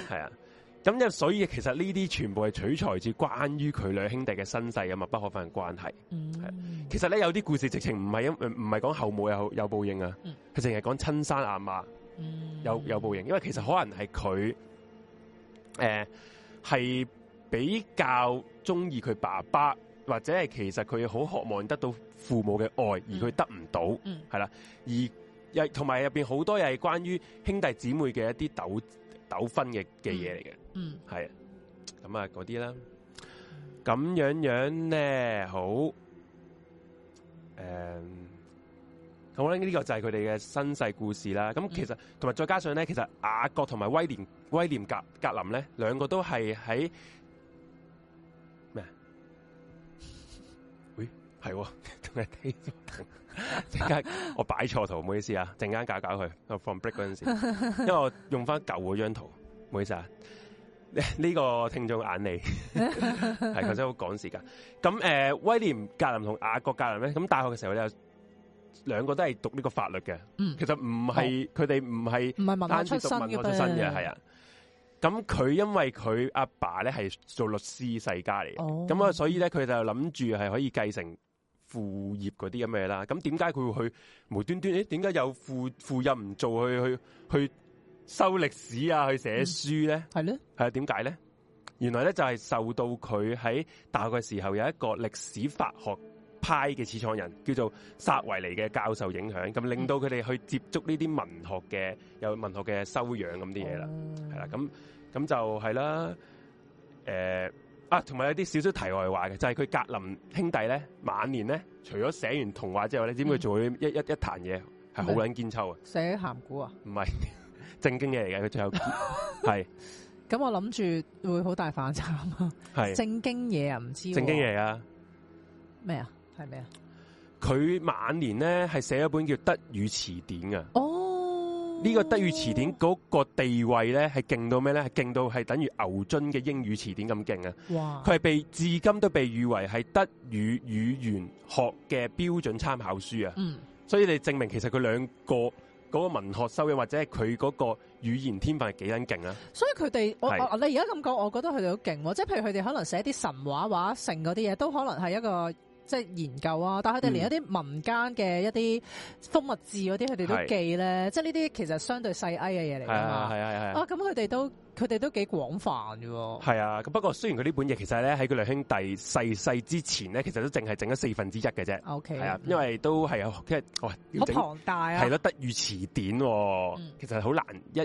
[SPEAKER 1] 係啊，咁所以其實呢啲全部係取材至關於佢兩兄弟嘅身世咁密不可分嘅關係、嗯。其實咧有啲故事直情唔係因唔係講後母有有報應啊，佢淨係講親生阿媽、嗯、有有報應，因為其實可能係佢誒係比較中意佢爸爸。或者係其實佢好渴望得到父母嘅愛，而佢得唔到，係啦、嗯嗯，而又同埋入邊好多又係關於兄弟姊妹嘅一啲糾糾紛嘅嘅嘢嚟嘅，係咁啊嗰啲啦，咁樣樣咧好誒，咁咧呢個就係佢哋嘅身世故事啦。咁其實同埋、嗯、再加上咧，其實雅各同埋威廉威廉格格林咧，兩個都係喺。係，同埋低咗，陣間我擺錯圖，唔好意思啊！陣間搞搞佢，我放 break 嗰陣時，因為我用翻舊嗰張圖，唔好意思啊！呢、啊這個聽眾眼淚係頭先好趕時間。咁誒，威、呃、廉格林同雅各格林咧，咁大學嘅時候咧，兩個都係讀呢個法律嘅。嗯、其實唔係，佢哋唔係唔係文科出身嘅，係啊。咁佢因為佢阿爸咧係做律師世家嚟嘅，咁啊、哦，所以咧佢就諗住係可以繼承。副業嗰啲咁咩啦，咁點解佢會去無端端？誒、欸，點解有副副業唔做去去去修歷史啊，去寫書咧？係咧、嗯，係啊，點解咧？原來咧就係受到佢喺大學嘅時候有一個歷史法學派嘅始創人叫做薩維尼嘅教授影響，咁令到佢哋去接觸呢啲文學嘅有文學嘅修養咁啲嘢啦，係啦、嗯，咁咁就係啦，誒、呃。啊，同埋有啲少少題外話嘅，就係佢格林兄弟咧晚年咧，除咗寫完童話之後咧，點佢仲會一一一壇嘢係好撚堅秋啊！
[SPEAKER 2] 寫鹹古啊？
[SPEAKER 1] 唔係正經嘢嚟嘅，佢最後係。
[SPEAKER 2] 咁我諗住會好大反差啊！係正經嘢啊？唔知正經嘢啊？咩啊？係咩啊？
[SPEAKER 1] 佢晚年咧係寫一本叫德語詞典啊。哦。呢個德語詞典嗰個地位咧係勁到咩咧？係勁到係等於牛津嘅英語詞典咁勁啊！佢係哇被至今都被譽為係德語語言學嘅標準參考書啊！嗯，所以你證明其實佢兩個嗰個文學收音或者係佢嗰個語言天份係幾撚勁
[SPEAKER 3] 啊？
[SPEAKER 2] 所以佢哋我，我你而家咁講，我覺得佢哋好勁喎！即係譬如佢哋可能寫啲神話話聖嗰啲嘢，都可能係一個。即係研究啊！但係佢哋連一啲民間嘅一啲風物誌嗰啲，佢哋都記咧。啊、即係呢啲其實相對細埃嘅嘢嚟嘅。嘛。啊係啊係啊！咁佢哋都佢哋都幾廣泛嘅
[SPEAKER 1] 喎。啊！咁不過雖然佢呢本嘢其實咧喺佢兩兄弟逝世之前咧，其實都淨係整咗四分之一嘅啫。O K。係啊，因為都係有好龐大啊！係咯，德語辭典、哦，嗯、其實好難一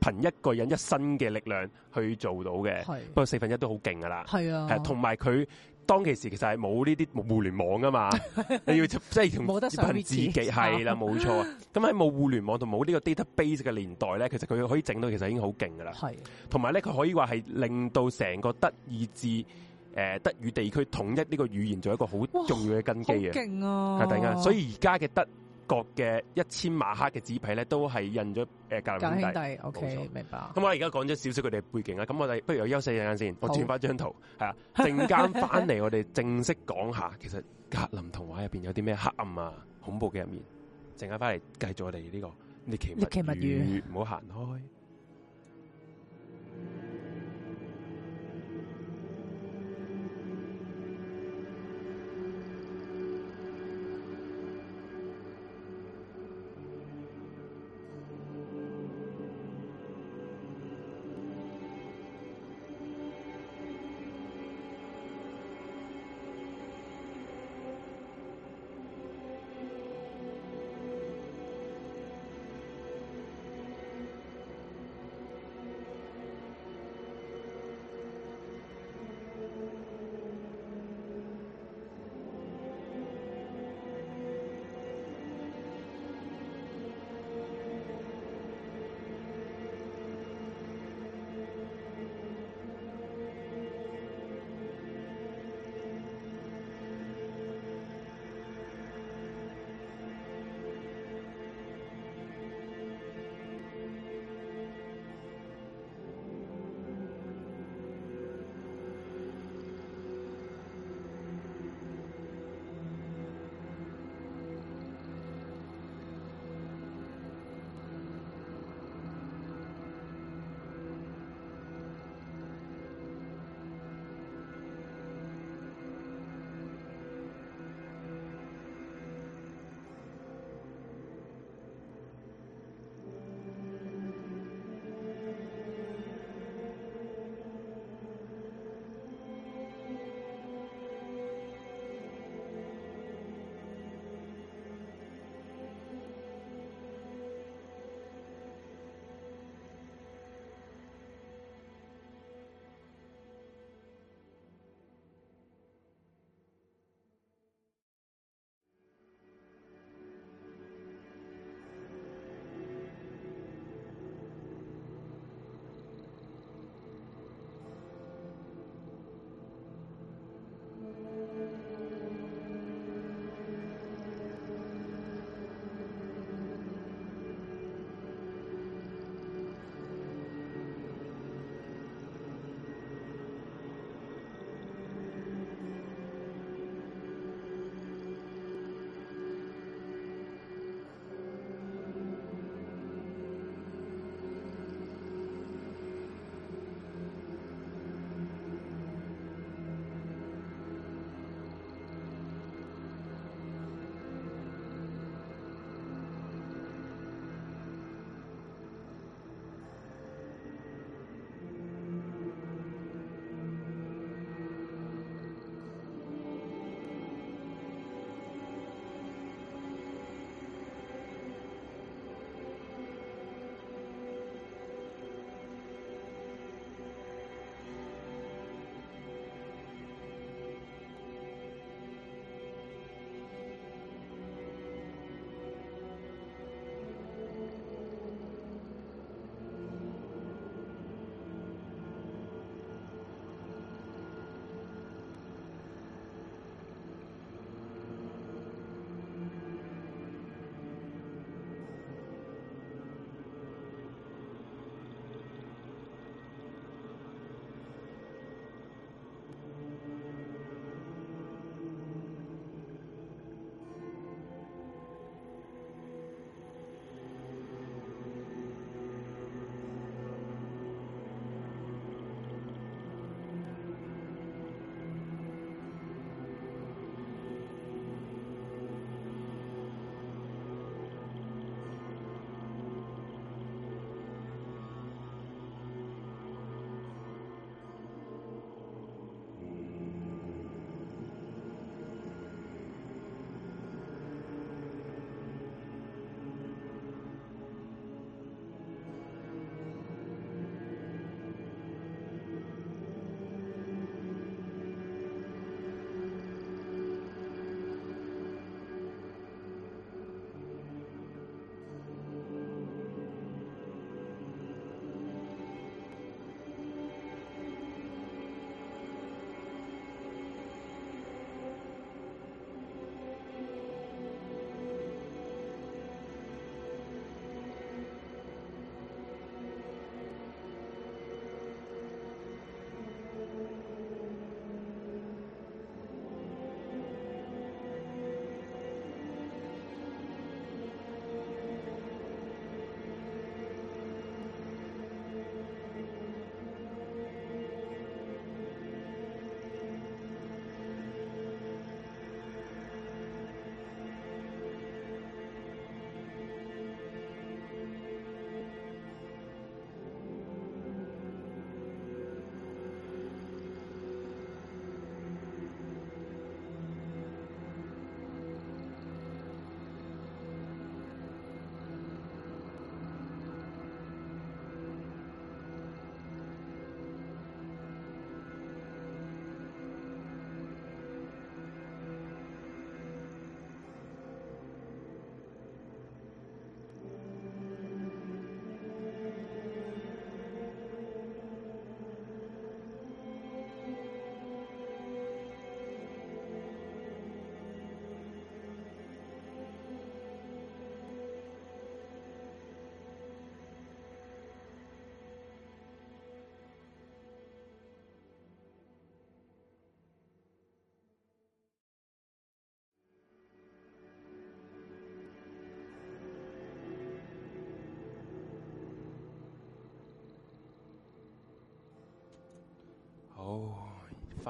[SPEAKER 1] 憑一個人一生嘅力量去做到嘅。是啊、不過四分一都好勁㗎啦。係是啊，啊，同埋佢。當其時其實係冇呢啲互聯網噶嘛， 你要即係同憑自己係啦，冇錯。咁喺冇互聯網同冇呢個 database 嘅年代咧，其實佢可以整到其實已經好勁噶啦。係是的，同埋咧佢可以話係令到成個德意志誒德語地區統一呢個語言做一個好重要嘅根基啊。勁
[SPEAKER 2] 啊！係第一，所以而
[SPEAKER 1] 家嘅德各嘅一千馬克嘅紙皮咧，都係印咗誒格林、林弟兄弟。
[SPEAKER 2] Okay, 錯明白。
[SPEAKER 1] 咁我而家講咗少少佢哋嘅背景啊。咁我哋不如休息陣間先，我轉翻張圖。係啊好，陣間翻嚟我哋正式講下， 其實格林童話入邊有啲咩黑暗啊、恐怖嘅一面。陣間翻嚟繼續我哋呢、這個你奇物語，唔好行開。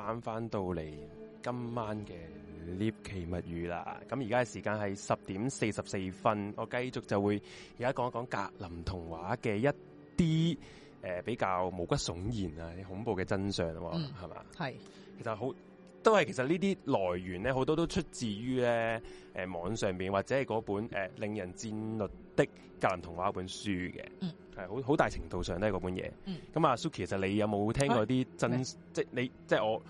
[SPEAKER 1] 翻翻到嚟今晚嘅呢期物語啦，咁而家嘅時間係十點四十四分，我繼續就會而家講一講格林童話嘅一啲誒、呃、比較毛骨悚然啊，恐怖嘅真相，係嘛？係，其實好都係，其實呢啲來源咧，好多都出自於咧誒網上邊或者係嗰本誒、呃、令人戰慄。的格林童話一本書嘅，係好好大程度上都係嗰本嘢。咁、嗯、那 啊，Suki，其實你有冇聽過啲真？哎、即係麼你即係我。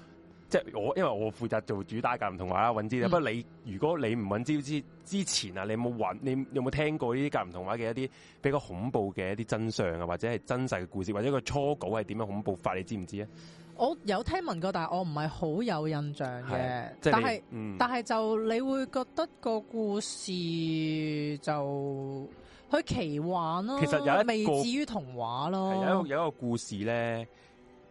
[SPEAKER 1] 即係我，因為我負責做主打嘅格林童話啦，揾資啦。不過你如果你唔揾資之之前啊，你有冇揾？你有冇聽過呢啲格林童話嘅一啲比較恐怖嘅一啲真相啊，或者係真實嘅故事，或者個初稿係點樣的恐怖法？你知唔知啊？
[SPEAKER 2] 我有聽聞過，但係我唔係好有印象嘅。是啊就是，但係是，嗯、但係就你會覺得個故事就佢奇幻咯，啊。其實有一未至於童
[SPEAKER 1] 話咯，啊。有一有一個故事咧，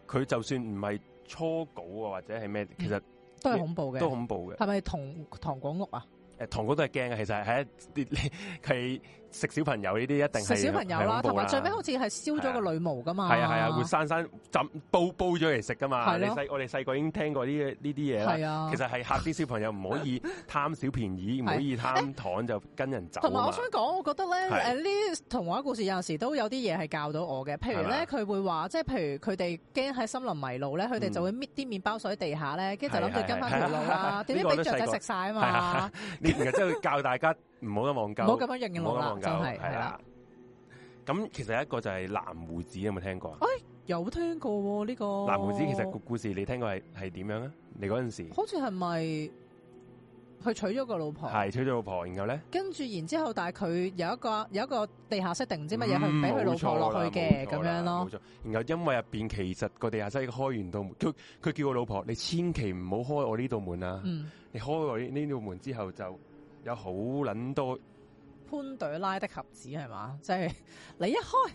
[SPEAKER 1] 佢就算唔係。初稿啊，或者係咩？其實、嗯、
[SPEAKER 2] 都係恐怖嘅，都恐怖嘅。係咪同糖果屋啊？
[SPEAKER 1] 誒、嗯，糖果都係驚嘅，其實係一啲係。哎你食小朋友呢啲一定係，食小朋友啦，同埋最尾
[SPEAKER 2] 好似係燒咗個女巫噶嘛，係啊係啊，活
[SPEAKER 1] 生生浸煲煲咗嚟食噶嘛，係咯，我哋細個已經聽過呢啲呢啲嘢啦，係啊，其實係嚇啲小朋友唔可以貪小便宜，唔可以貪糖就跟人走。同埋我想
[SPEAKER 2] 講，我覺得咧誒呢童話故事有陣時都有啲嘢係教到我嘅，譬如咧佢會話，即係譬如佢哋驚喺森林迷路咧，佢哋就會搣啲麵包碎喺地下咧，跟住就諗住跟翻
[SPEAKER 1] 條路啦，點知俾雀仔食晒啊嘛，呢個真係教大家。唔好咁妄交，唔好咁
[SPEAKER 3] 樣認我落啦，真係啦。
[SPEAKER 1] 咁其實一個就係藍鬍子有冇聽過？
[SPEAKER 3] 哎，
[SPEAKER 2] 有聽過呢個藍鬍子。其實個
[SPEAKER 1] 故事你聽過係係點樣啊？你嗰陣時
[SPEAKER 2] 好似係咪佢娶咗個老婆？係
[SPEAKER 1] 娶咗老婆，然後咧，
[SPEAKER 2] 跟住然之後，但係佢有一個有一個地下室，定唔知乜嘢，佢俾佢老婆落去嘅咁樣咯。冇錯，
[SPEAKER 1] 然後因為入邊其實個地下室開完道門，佢佢叫個老婆，你千祈唔好開我呢度門啊！嗯，你開我呢度道門之後就。有好捻多
[SPEAKER 2] 潘朵拉的盒子係嘛？即係、就是、你一開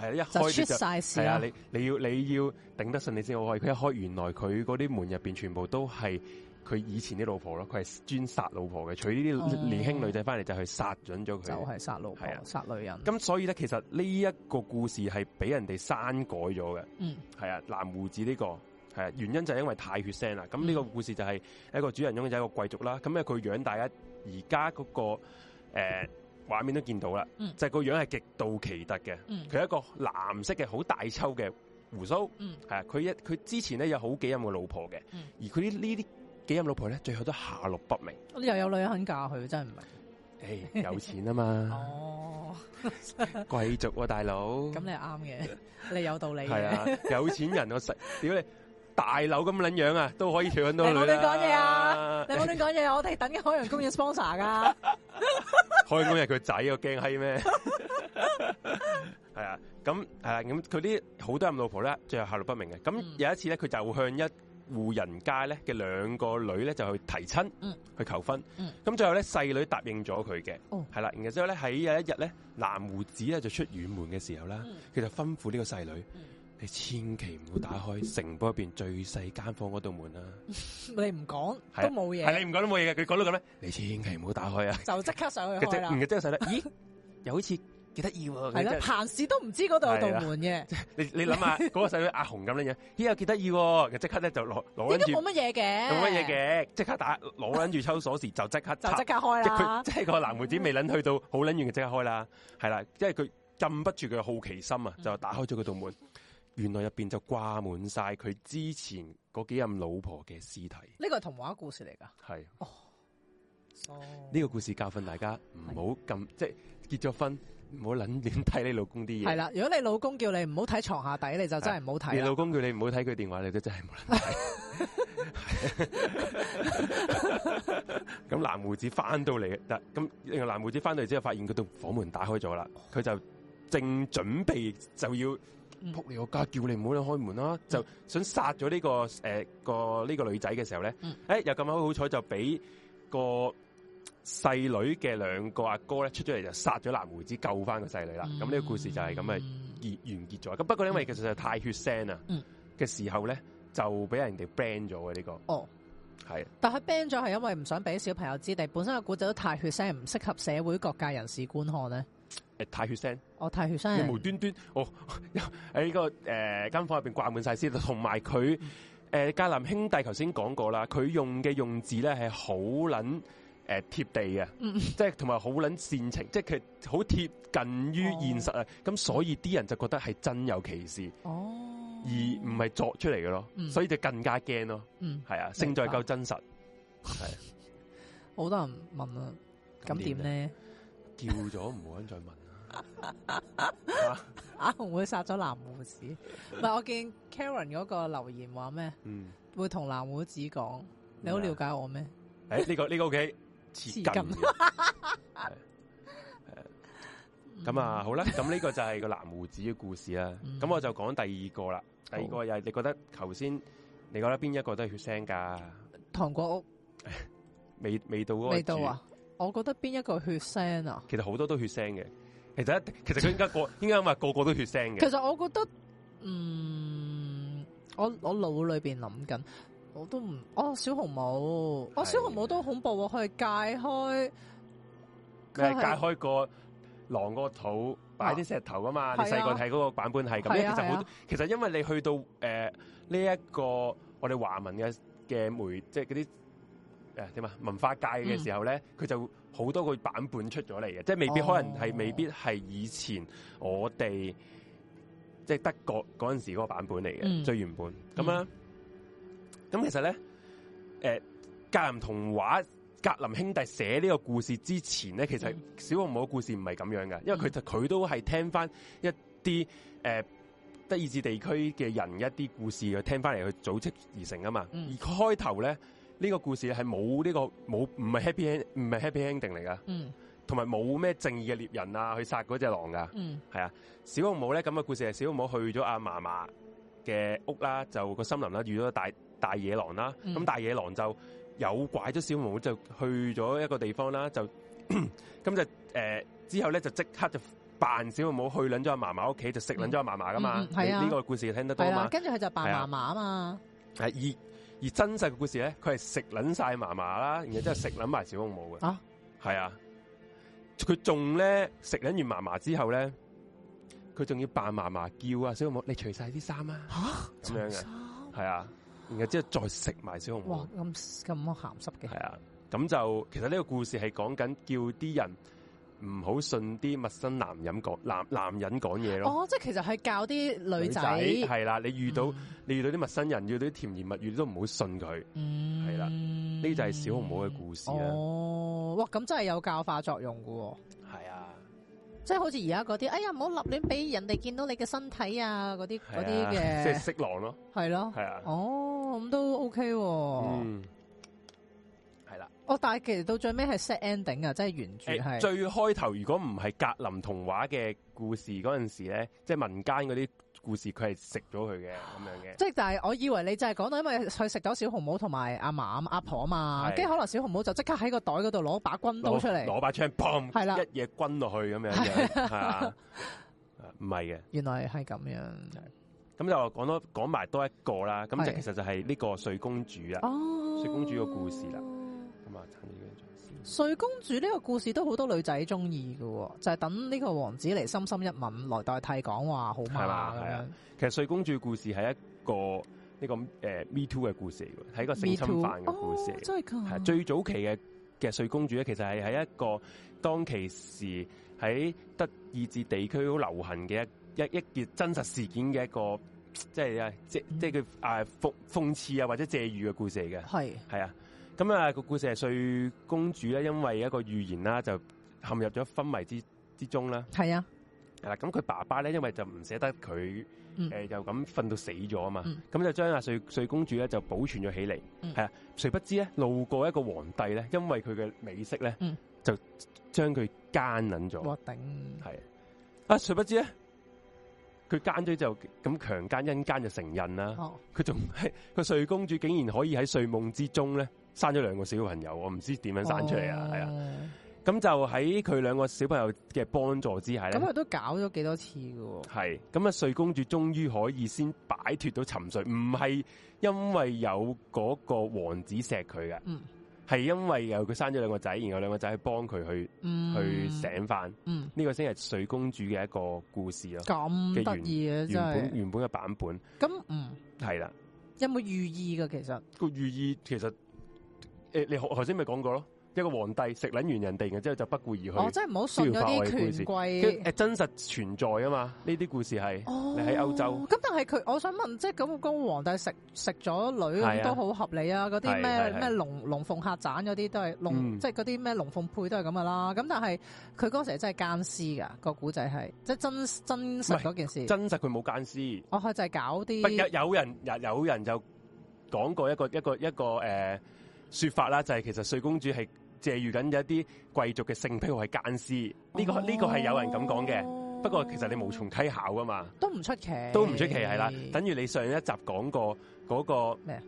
[SPEAKER 1] 係 一開你出晒事啦！你你要你要頂得順你先好開。佢一開，原來佢嗰啲門入邊全部都係佢以前啲老婆咯。佢係專殺老婆嘅，娶呢啲年輕女仔翻嚟就去殺緊咗佢，嗯、就係殺
[SPEAKER 2] 老婆殺的女人。
[SPEAKER 1] 咁所以咧，其實呢一個故事係俾人哋刪改咗嘅。嗯，係啊，藍胡子呢、這個。係啊，原因就係因為太血腥啦。咁呢個故事就係一個主人翁，就有、係、一個貴族啦。咁咧佢樣大家現在、那個，而家嗰個誒畫面都見到啦，嗯、就係個樣係極度奇特嘅。佢、嗯、係一個藍色嘅好大抽嘅鬍鬚。係啊、嗯，佢一佢之前咧有好幾任嘅老婆嘅，嗯、而佢呢呢啲幾任老婆咧，最後都下落不明。
[SPEAKER 2] 又有女人肯嫁佢，真係唔明。
[SPEAKER 1] 誒，有錢啊嘛。
[SPEAKER 2] 哦，
[SPEAKER 1] 貴 族、啊、大佬。咁
[SPEAKER 2] 你啱嘅，你有道理。係啊 ，
[SPEAKER 1] 有錢人我實屌你。大老咁捻樣啊，都可以娶緊多女咧！你講嘢啊！你冇亂講
[SPEAKER 2] 嘢，我哋等海洋公園 sponsor 噶。
[SPEAKER 1] 海洋公園佢仔，我驚閪咩？係啊，咁係咁佢啲好多任老婆咧，最後下落不明嘅。咁有一次咧，佢就向一戶人家咧嘅兩個女咧就去提親，去求婚。咁最後咧，細女答應咗佢嘅。係啦，然之後咧喺有一日咧，藍鬍子咧就出遠門嘅時候啦，佢就吩咐呢個細女。你千祈唔好打開城堡入邊最細間房嗰道門啊。
[SPEAKER 3] 你唔
[SPEAKER 2] 講都冇嘢，係你唔
[SPEAKER 1] 講都冇嘢嘅。佢講到咁咩？你千祈唔好打開啊！
[SPEAKER 2] 就即刻上去，
[SPEAKER 1] 即刻上去？咦，又好似幾得意喎！係咯，閒
[SPEAKER 2] 時都唔知嗰度有道門嘅。你，你
[SPEAKER 1] 諗下嗰個細女阿紅咁樣，咦，又幾得意？佢即刻咧就攞，攞跟住，呢冇乜
[SPEAKER 2] 嘢嘅，冇乜嘢
[SPEAKER 1] 嘅，即刻打攞，跟住抽鎖匙，就即刻，就即刻開啦！即係個藍鬍子，未諗去到好諗遠，就即刻開啦。係啦，即係佢禁不住佢嘅好奇心啊，就打開咗嗰道門。原來入邊就掛滿晒佢之前嗰幾任老婆嘅屍體。
[SPEAKER 3] 呢個
[SPEAKER 2] 係童話故事嚟噶。係
[SPEAKER 1] 哦，呢個故事教訓大家唔好咁，即係結咗婚唔好捻亂睇你老公啲嘢。係啦，
[SPEAKER 2] 如果你老公叫你唔好睇床下底，你就真係唔好睇。你老
[SPEAKER 1] 公叫你唔好睇佢電話，你都真係唔好睇。咁藍鬍子翻到嚟，但係咁，藍鬍子翻到嚟之後，發現佢度房門打開咗啦，佢就正準備就要。扑你個家，叫你唔好你開門啦，就想殺咗呢個誒個呢個女仔嘅時候咧，誒、嗯欸、又咁好，好彩就俾個細女嘅兩個阿哥咧出咗嚟，就殺咗藍胡子，救翻個細女啦。咁呢、嗯、個故事就係咁啊完結咗。咁、嗯、不過因為其實就太血腥啊，嘅、嗯、時候咧就俾人哋 ban 咗嘅呢個。哦，係是。
[SPEAKER 2] 但係 ban 咗係因為唔想俾小朋友知，定本身個古仔都太血腥，唔適合社會各界人士觀看咧。
[SPEAKER 1] 誒，太血腥！
[SPEAKER 2] 哦，太血腥，無
[SPEAKER 1] 端端，我喺呢個誒間房入邊掛滿曬先，同埋佢誒芥藍兄弟，頭先講過啦，佢用嘅用字咧係好捻誒貼地嘅，即係同埋好捻煽情，即係佢好貼近於現實啊。咁所以啲人就覺得係真有其事，哦，而唔係作出嚟嘅咯，所以就更加驚咯，係啊，勝在夠真實，係。
[SPEAKER 2] 好多人問啊，咁點咧？
[SPEAKER 1] 跳咗唔好， 再問啦、
[SPEAKER 2] 啊啊。阿紅、啊、會殺咗藍鬍子？唔係我見 Karen 嗰個留言話咩？嗯，會同藍鬍子講，你好了解我咩？
[SPEAKER 1] 誒，呢、欸這個呢、這個 OK，接近咁啊，好啦，咁呢個就係個藍鬍子嘅故事啦。咁、嗯、我就講第二個啦。嗯、第二個又、就是、好你覺得頭先你覺得邊一個都係血腥噶？糖果屋。未未到嗰個未到啊？
[SPEAKER 2] 我覺得邊一個血腥啊？其
[SPEAKER 1] 實好多都血腥嘅，其實其實佢應該個應該因為個個都血腥嘅。其實
[SPEAKER 2] 我覺得，嗯，我我腦裏邊諗緊，我都唔，哦小紅帽，是的 哦小紅帽都恐怖喎，佢係解開，係解開
[SPEAKER 1] 個狼個肚擺啲石頭噶嘛？啊、你細個睇嗰個版本係咁，是的 因為其實好，是的 其實因為你去到誒呢一個我哋華文嘅嘅媒，即係嗰啲。點啊？文化界嘅時候咧，佢就好多個版本出咗嚟嘅，即係未必可能係未必係以前我哋即係德國嗰陣時嗰個版本嚟嘅、嗯、最原本。咁啊，咁、嗯、其實咧，誒、呃，格林童話格林兄弟寫呢個故事之前咧，其實小紅帽嘅故事唔係咁樣嘅，因為佢就佢都係聽翻一啲誒德意志地區嘅人一啲故事去聽翻嚟去組織而成啊嘛。嗯、而開頭咧。呢個故事係冇呢個冇唔係 happy 唔係 happy ending 嚟㗎，同埋冇咩正義嘅獵人啊去殺嗰隻狼㗎，係、嗯、啊。小紅帽咧咁嘅故事係小紅帽去咗阿嫲嫲嘅屋啦，就個森林啦遇咗大大野狼啦。咁、嗯、大野狼就有拐咗小紅帽，就去咗一個地方啦，就咁就誒、呃、之後咧就即刻就扮小紅帽去撚咗阿嫲嫲屋企，就食撚咗阿嫲嫲㗎嘛。係、嗯嗯嗯、啊，呢你、啊、個故事聽得多嘛。跟住佢就扮嫲嫲啊嘛。係、啊、二。而真實嘅故事咧，佢係食撚晒嫲嫲啦，然後之後食撚埋小紅帽嘅，係啊，佢仲咧食撚完嫲嫲之後咧，佢仲要扮嫲嫲叫啊！小紅帽，你除
[SPEAKER 2] 曬啲衫啊！嚇，咁樣嘅
[SPEAKER 1] 係啊，然後之後再食埋小紅
[SPEAKER 2] 帽，咁咁咸濕嘅係啊，
[SPEAKER 1] 咁就其實呢個故事係講緊叫啲人。唔好信啲陌生男人講男男人講嘢咯。哦，
[SPEAKER 2] 即係其實係教啲女仔係
[SPEAKER 1] 啦，你遇到、嗯、你遇到啲陌生人，要啲甜言蜜語，都唔好信佢。
[SPEAKER 2] 係啦、嗯，呢就係小紅帽嘅故事啦。哦，哇，咁真係有教化作用嘅、哦。係啊，即係好似而家嗰啲，哎呀，唔好立亂俾人哋見到你嘅身體啊，嗰啲啲嘅。係啊、即係色狼咯。係咯。係啊、嗯。哦，咁都 OK 喎。我、哦、但係其實到最尾係 set ending 啊，即係原著係、欸、
[SPEAKER 1] 是最開頭，如果唔係格林童話嘅故事嗰陣時咧，即係民間嗰啲故事，佢係食咗佢嘅咁樣嘅。即係就
[SPEAKER 2] 係我以為你就係講到，因為佢食咗小紅帽同埋阿嫲阿婆啊嘛，跟住的可能小紅帽就即刻喺個袋嗰度攞把軍刀出嚟，攞把槍，
[SPEAKER 1] 砰係啦，的一嘢軍落去咁樣嘅係啊，唔係嘅。
[SPEAKER 2] 原來係咁樣，
[SPEAKER 1] 咁就講多講埋多一個啦。咁就其實就係呢個睡公主啊，睡的公主個故事啦。
[SPEAKER 2] 睡公主呢個故事都好多女仔中意嘅，就係、是、等呢個王子嚟，深深一吻來代替講話，好嘛？係啦，係啊。其
[SPEAKER 1] 實睡公主故事係一個呢個誒、呃、me too 嘅故事，係一個性侵犯嘅故事。Me too? 哦，事真係噶。係最早期嘅嘅睡公主咧，其實係喺一個當其時喺德意志地區好流行嘅一一一件真實事件嘅一個即係即即係佢，嗯、啊諷諷刺啊或者借喻嘅故事嚟嘅。係係是啊。咁啊，個故事係睡公主咧，因為一個預言啦，就陷入咗昏迷之之中啦。係啊，係啦。咁佢爸爸咧，因為就唔捨得佢，誒，就咁瞓到死咗啊嘛。咁就將阿睡睡公主咧就保存咗起嚟。係啊，誰不知咧，路過一個皇帝咧，因為佢嘅美色咧，就將佢奸捻咗。我頂。係啊，啊，誰不知咧，佢奸咗之後咁強姦一姦就成孕啦。哦。佢仲係個睡公主，竟然可以喺睡夢之中咧。生咗兩個小朋友，我唔知點樣生出嚟啊，係啊、哦，咁就喺佢兩個小朋友嘅幫助之下咧，咁佢
[SPEAKER 2] 都搞咗幾多次嘅。
[SPEAKER 1] 係，咁啊，睡公主終於可以先擺脫到沉睡，唔係因為有嗰個王子錫佢嘅，係、嗯、因為有佢生咗兩個仔，然後兩個仔去幫佢去、嗯、去醒翻。呢、嗯、個先係睡公主嘅一個故事咯。咁得意嘅，真係，原本原本嘅版本。咁嗯，係啦的。
[SPEAKER 2] 有冇寓意嘅？其實
[SPEAKER 1] 個寓意其實。誒、欸，你頭先咪講過咯？一個皇帝食撚完人哋嘅，之後就不顧而去。哦，即係唔好信嗰啲權貴。誒、欸，真實存在啊嘛？呢啲故事係，哦、你喺歐洲。
[SPEAKER 3] 咁但
[SPEAKER 2] 係佢，我想問，即係咁、咁個皇帝食食咗女都好合理啊？嗰啲咩咩龍鳳客棧嗰啲都係龍，即係嗰啲咩龍鳳配都係咁噶啦。咁但係佢嗰時真係奸屍噶、個古仔係，即係真真實嗰件事。真
[SPEAKER 1] 實佢冇奸屍。哦，
[SPEAKER 2] 佢就係搞啲。
[SPEAKER 1] 有人有人就講過一個一個一個一個、呃說法啦，就係其實睡公主係借喻緊一啲貴族嘅性癖係奸屍，呢、這個呢個係有人咁講嘅。不過其實你無從稽考噶嘛，
[SPEAKER 2] 都唔出奇，都唔出奇係
[SPEAKER 1] 啦。等於你上一集講過嗰、那個
[SPEAKER 3] 咩
[SPEAKER 1] 啊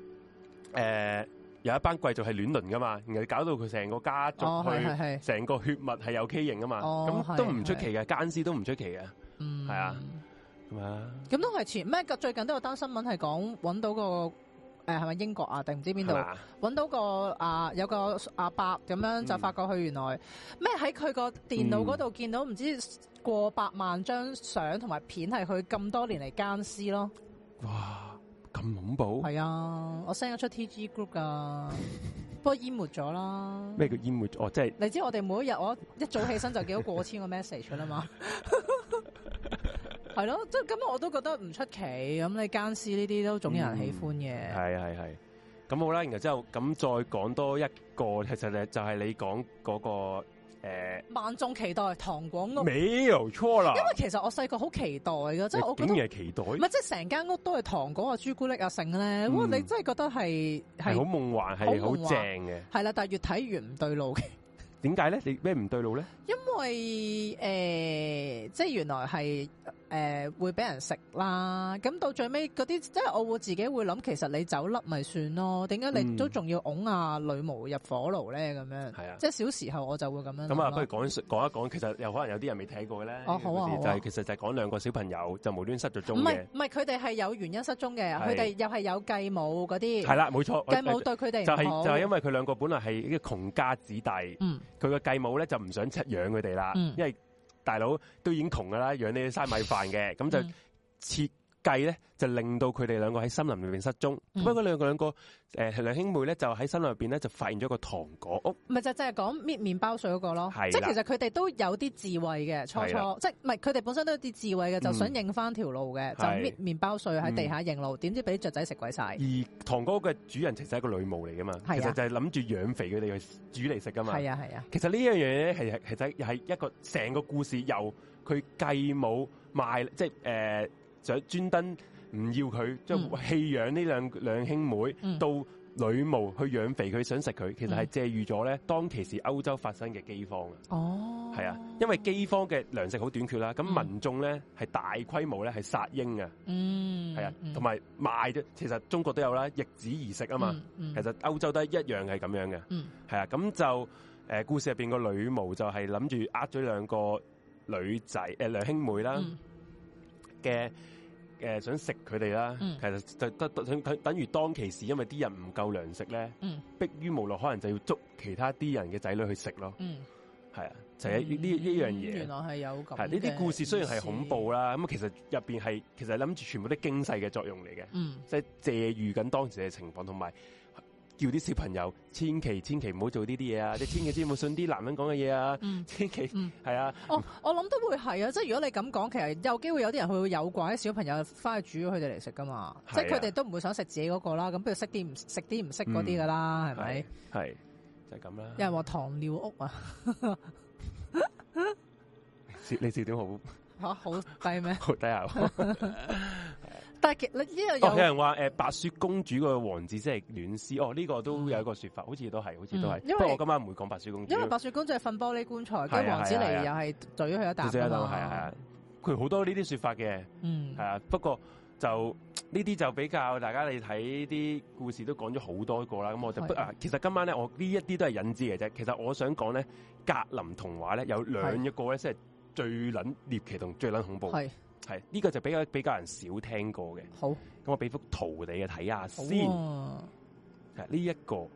[SPEAKER 1] 麼、呃？有一班貴族係亂倫噶嘛，然後搞到佢成個家族去，成、哦、個血脈係有畸形噶嘛，咁、哦、都唔出奇嘅，是是是奸屍都唔出奇嘅，係、嗯、啊，係啊？
[SPEAKER 2] 咁都係前咩？最近都有單新聞係講揾到個。誒，係咪、欸、英國啊？定唔知邊度搵到一個啊？有個阿伯咁樣就發覺佢原來咩喺佢個電腦嗰度見到唔知道過百萬張相同埋片係佢咁多年嚟奸屍咯。哇！咁恐怖。係啊，我 send 咗出 TG group 噶， 不過淹沒咗啦。
[SPEAKER 1] 咩叫淹沒？哦，即、就、係、是、
[SPEAKER 2] 你知我哋每一日我一早起身就見到過千個 message 啦嘛。 係咯， 即係咁，我都覺得唔出奇。咁你奸屍呢啲都總有人喜歡嘅、嗯。
[SPEAKER 1] 係係係，咁好啦。然後之後咁再講多一個，其實咧就係你講嗰、那個誒，欸、
[SPEAKER 2] 萬眾期待糖果屋
[SPEAKER 1] 冇錯啦。因為
[SPEAKER 2] 其實我細個好期待嘅，即係我，竟然
[SPEAKER 1] 係期待。唔係，即
[SPEAKER 2] 係成間屋都係糖果啊、朱古力啊、剩咧、嗯。哇， 你真係覺得係係好夢幻，係好正嘅。係啦，但係越睇越唔
[SPEAKER 1] 對路嘅。點解咧？你咩唔對路咧？
[SPEAKER 2] 因為誒、呃，即係原來係。誒、呃、會俾人食啦，咁到最尾嗰啲，即係我會自己會諗，其實你走甩咪算咯，點解你都仲要拱下女巫入火爐咧？咁樣啊，即係小時候我就會咁樣。咁啊，不如
[SPEAKER 1] 講一講，其實又可能有啲人未睇過咧。哦、啊，好啊，好啊就係、是、其實就係講兩個小朋友就無端失咗蹤嘅。唔係
[SPEAKER 2] 唔係，佢哋係有原因失蹤嘅，佢哋又係有繼母嗰啲。係啦、啊，冇錯。繼母對佢哋就係、是、就係、是、因
[SPEAKER 1] 為佢兩個本來係啲窮家子弟，佢個、嗯、繼母咧就唔想出養佢哋啦，因、嗯大佬都已經窮噶啦，養你啲嘥米飯嘅，咁、嗯、就切。計咧就令到佢哋兩個喺森林入邊失蹤，嗯、不過佢兩個兩個誒兩兄妹咧就喺森林入邊咧就發現咗個糖果屋，
[SPEAKER 2] 唔、哦、係就就係講搣麵包碎嗰個咯，是的 即係其實佢哋都有啲智慧嘅，初初是的 即係佢哋本身都有啲智慧嘅，就想認翻條路嘅，嗯、就搣麵包碎喺地下認路，點、嗯、知俾雀仔食鬼晒。而
[SPEAKER 1] 糖果屋嘅主人其實係一個女巫嚟噶嘛是的 其，其實就係諗住養肥佢哋去煮嚟食噶嘛。係啊係啊，其實呢樣嘢咧，其實係一個成個故事由佢繼母賣即係誒。呃不就專登唔要佢，即係棄養呢兩兩兄妹，嗯、到女巫去養肥佢想食佢，其實係借喻咗咧當其時歐洲發生嘅饑荒哦，係啊，因為饑荒嘅糧食好短缺啦，咁民眾咧係、嗯、大規模咧係殺嬰、嗯、啊，
[SPEAKER 3] 係啊、嗯，同埋
[SPEAKER 1] 賣咗。其實中國都有啦，易子而食啊嘛，嗯嗯、其實歐洲都係一樣係咁樣嘅，係、嗯、啊，咁就誒、呃、故事入邊個女巫就係諗住呃咗兩個女仔誒兩兄妹啦。嗯嘅誒、呃、想食佢哋啦，嗯、其實就得等等等於當其時，因為啲人唔夠糧食咧，逼、嗯、於無奈，可能就要捉其他啲人嘅仔女去食咯。嗯，係啊，就係呢呢一樣嘢、嗯。原
[SPEAKER 2] 來係有咁。呢啲、啊、故事雖然係恐怖
[SPEAKER 1] 啦，咁其實入邊係其實諗住全部啲經濟嘅作用嚟嘅。嗯，即係借喻緊當時嘅情況同埋。叫啲小朋友千祈千祈唔好做呢啲嘢啊！你千祈千祈唔好信啲男人講嘅嘢啊！千祈係啊！
[SPEAKER 2] 哦，嗯、我諗都會係啊！即係如果你咁講，其實有機會有啲人佢會有怪小朋友翻去煮咗佢哋嚟食噶嘛！啊、即係佢哋都唔會想食自己嗰、嗰個啦，咁不如食啲唔食啲唔識嗰啲噶啦，係咪？係就係咁啦。有人話糖尿屋啊！
[SPEAKER 1] 你笑點好
[SPEAKER 2] 吓，好、啊、低咩？好 低下喊。 但係，呢樣有？有人
[SPEAKER 1] 話誒《白雪公主》個王子即係戀屍哦，呢個都有一個説法，好似都係，好似都係。因為我今晚唔會講白雪公主。因為白雪
[SPEAKER 2] 公主係瞓玻璃棺材，跟王子嚟又係嘴佢一啖。係啊係啊，
[SPEAKER 1] 佢好多呢啲説法嘅。
[SPEAKER 2] 嗯。係啊，
[SPEAKER 1] 不過就呢啲就比較大家你睇啲故事都講咗好多個啦。咁我就不啊，其實今晚咧，我呢一啲都係引子嘅啫。其實我想講咧，《格林童話》咧有兩一個咧，即係最撚獵奇同最撚恐怖。係呢、這個就比較比較人少聽過嘅。好，咁我俾幅圖你嘅睇下先，係呢一個，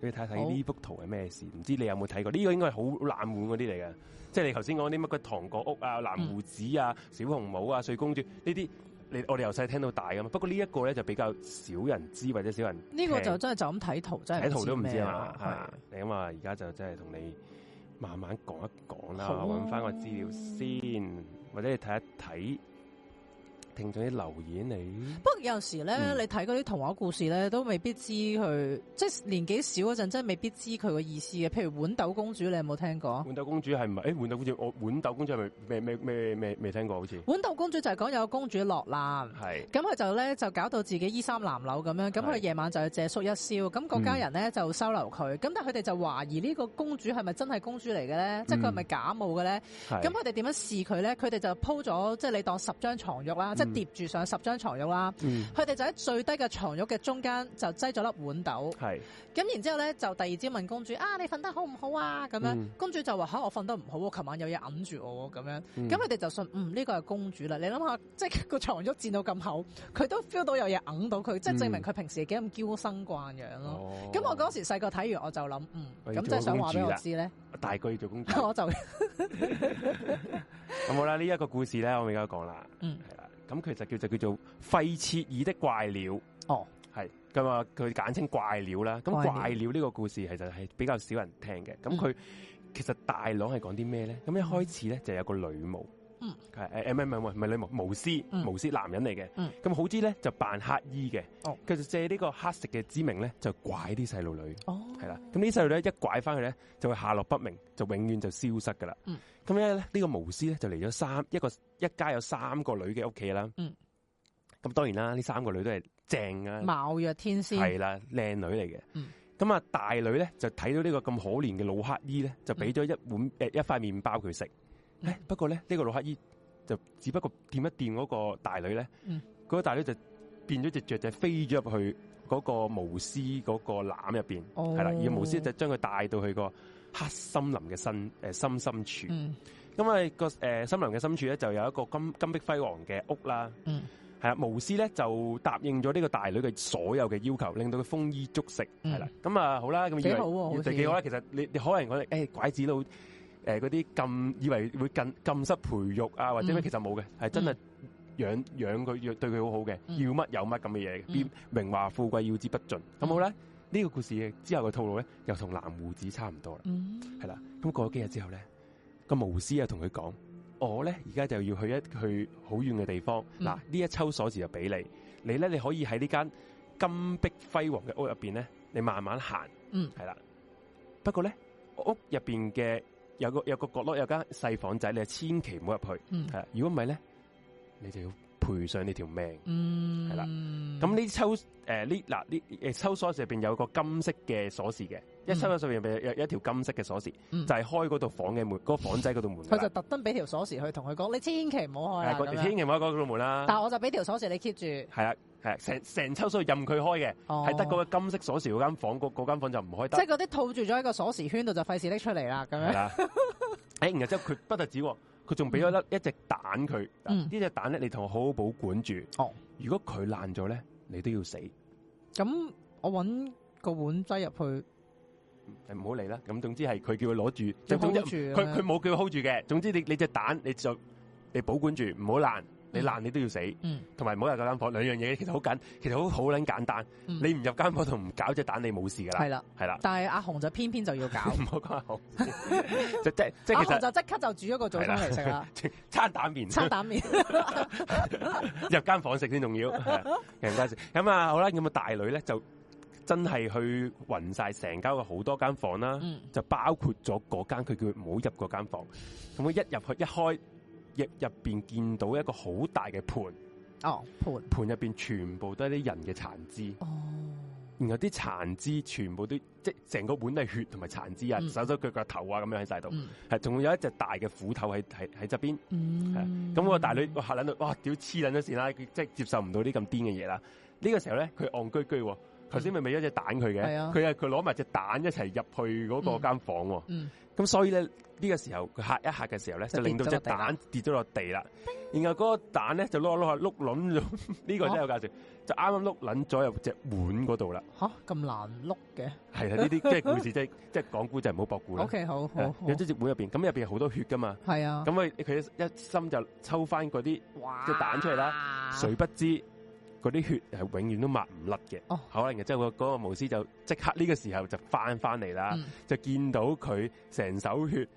[SPEAKER 1] 你睇睇呢幅圖係咩事？唔好知你有冇睇過？呢、這個應該係好冷門嗰啲嚟嘅，即係你頭先講啲乜嘅糖果屋啊、藍鬍子啊、嗯、小紅帽啊、睡公主呢啲，你我哋由細聽到大㗎嘛。不過呢一個咧就比較少人知或者少人，呢個就
[SPEAKER 2] 真係就咁睇圖真，真係睇圖都唔知啊，
[SPEAKER 1] 係啊是，咁啊，而家就真係同你慢慢講一講啦，搵翻、啊、個資料先。或者你睇一睇。聽咗啲留言，你
[SPEAKER 2] 不過有陣時咧，你睇嗰啲童話故事咧，都未必知佢，即係年紀少嗰陣，真係未必知佢個意思嘅。譬如豌豆公主，你有冇聽過？
[SPEAKER 1] 豌豆公主係唔係？誒，豌豆公主，我豌豆公主係咪？未未未未聽過，好似
[SPEAKER 2] 豌豆公主就係講有個公主落難，係咁佢就咧就搞到自己衣衫襤褸咁樣，咁佢夜晚就借宿一宵，咁個家人咧就收留佢，咁但佢哋就懷疑呢個公主係咪真係公主嚟嘅咧？即係佢係咪假冒嘅咧？咁佢哋點樣試佢咧？佢哋就鋪咗，即係你當十張床褥啦，.疊住上十張床褥啦，佢哋就喺最低嘅床褥嘅中間就擠咗粒豌豆。係咁，然之後咧，就第二朝問公主：啊，你瞓得好唔好啊？咁樣公主就話：吓，我瞓得唔好，我琴晚有嘢揞住我咁樣。咁佢哋就信，嗯，呢個係公主啦。你諗下，即係個床褥墊到咁厚，佢都 feel 到有嘢揞到佢，即係證明佢平時幾咁嬌生慣養咯。咁我嗰時細個睇完，我就諗，嗯，咁即係想話俾我知咧，
[SPEAKER 1] 大個要做公主，我就咁好啦。呢一個故事咧，我而家講啦，嗯，係
[SPEAKER 2] 啦。
[SPEAKER 1] 咁其實叫做叫做費切爾的怪鳥哦，係咁啊，佢簡稱怪鳥啦。咁怪鳥呢個故事其實係比較少人聽嘅。咁佢其實大朗係講啲咩咧？咁一開始咧就有個個女巫。係誒，唔係唔係唔係女巫巫師，巫師男人嚟嘅。咁好啲咧，就扮乞衣嘅，佢就借呢個乞食嘅之名咧，就拐啲細路女。係啦，咁呢啲細路女一拐翻去咧，就會下落不明，就永遠就消失噶啦。咁咧，呢個巫師咧就嚟咗三一個一家有三個女嘅屋企啦。咁當然啦，呢三個女都係正啊，
[SPEAKER 2] 貌若天仙。係啦，
[SPEAKER 1] 靚女嚟嘅。咁啊，大女咧就睇到呢個咁可憐嘅老乞衣咧，就俾咗一碗誒一塊麵包佢食。誒、哎，不過咧，呢、這個老乞衣就只不過掂一掂嗰個大女咧，嗰、嗯、個大女就變咗隻雀仔飛咗入去嗰個巫師嗰個籃入邊，係啦、哦，而巫師就將佢帶到去個黑森林嘅深誒深深處，因為、嗯那個誒、呃、森林嘅深處咧就有一個金金碧輝煌嘅屋啦，係啦、嗯，巫師咧就答應咗呢個大女嘅所有嘅要求，令到佢豐衣足食，係啦、嗯，咁啊好啦，咁而而第幾好咧好像，其實你你可能我哋誒、哎、拐子佬。誒嗰啲禁，以為會禁禁室培育啊，或者咩，嗯、其實冇嘅，係真係養、嗯、養佢，對佢好好嘅，嗯、要乜有乜咁嘅嘢，變榮、嗯、華富貴要之不盡。咁好咧，呢、呢個故事之後嘅套路咧，又同藍鬍子差唔多、嗯、啦，係啦。咁過咗幾日之後咧，個巫師又同佢講：我咧而家就要去一去好遠嘅地方。嗱、嗯，呢一抽鎖匙就俾你，你咧你可以喺呢間金碧輝煌嘅屋入邊咧，你慢慢行。嗯，係啦。不過咧，屋入邊嘅有個有個角落有間細房仔，你千祈唔好入去。係，如果唔係咧，你就要。賠上你條命，嗯，係啦。咁呢抽誒呢嗱呢誒抽鎖匙入邊有個金色嘅鎖匙嘅，嗯、一抽鎖匙入邊有有一條金色嘅鎖匙，嗯、就係開嗰度房嘅門，嗰、嗰個房仔嗰度門。佢
[SPEAKER 2] 就特登俾條鎖匙去同佢講，你千祈唔好開啦、啊。樣千
[SPEAKER 1] 祈唔好開嗰度門啦、啊。但係
[SPEAKER 2] 我就俾條鎖匙你 keep 住。
[SPEAKER 1] 係啊係成成抽鎖任佢開嘅，係得嗰個金色鎖匙嗰間房嗰嗰間房就唔開得。即係嗰
[SPEAKER 2] 啲套住咗喺個鎖匙圈度就費事拎出嚟啦，咁
[SPEAKER 1] 樣。 誒、哎，然後之後佢不得止、啊。佢仲俾咗粒一隻蛋佢，呢隻、嗯、蛋咧，你同我好好保管住。哦，如果佢爛咗咧，你都要死。
[SPEAKER 2] 咁、嗯、我搵個碗擠入去，
[SPEAKER 1] 係唔好嚟啦。咁總之係佢叫佢攞住，就總之佢佢冇叫佢 hold 住嘅。總之你你隻蛋，你，蛋你就你保管住，唔好爛。你爛你都要死，同埋唔好入咗間房，兩樣嘢其實好簡，其實好好撚簡單。嗯、你唔入間房同唔搞隻蛋你，你冇事噶啦。係啦了，係啦。但
[SPEAKER 2] 係阿紅就偏偏就要搞。唔好
[SPEAKER 1] 講阿紅，即即即其實就
[SPEAKER 2] 即刻就煮一個早餐嚟食啦。
[SPEAKER 1] 了餐蛋麵，餐蛋
[SPEAKER 2] 麵
[SPEAKER 1] 入間房食先重要。 人家食。咁啊好啦，咁啊大女咧就真係去暈晒成間嘅好多間房啦，嗯、就包括咗嗰間佢叫唔好入嗰間房。咁佢一入去一開。入，入面見到一個好大嘅盤，
[SPEAKER 2] 哦，盤盤
[SPEAKER 1] 入邊全部都係啲人嘅殘肢，哦，然後啲殘肢全部都即係成個碗都係血同埋殘肢啊，手手腳腳頭啊咁樣喺晒度，係仲、嗯、有一隻大嘅斧頭喺喺喺側邊，咁、嗯嗯嗯、我大女吓捻到，哇屌黐捻咗線啦，即係接受唔到啲咁癲嘅嘢啦，呢、呢個時候咧佢戇居居，頭先咪畀咗一隻蛋佢嘅，係啊、嗯，佢係佢攞埋隻蛋一齊入去嗰個間房，喎、嗯。嗯咁所以咧，呢個時候佢嚇一嚇嘅時候咧，就令到隻蛋跌咗落地啦。然後嗰個蛋咧就碌一碌碌撚咗，呢個真係有價值，就啱啱碌撚咗入隻碗嗰度啦。
[SPEAKER 2] 吓？咁難碌嘅？係啊，呢啲
[SPEAKER 1] 即係故事、就是，即係即係講故就唔好博故啦。O K，好好。有啲隻碗入面，咁入邊好多血噶嘛。係啊。咁佢佢一心就抽翻嗰啲隻蛋出嚟啦，哇誰不知。嗰啲血係永遠都抹唔甩嘅，可能嘅，即係個嗰個巫師就即刻呢個時候就翻翻嚟啦，就見到佢成手血，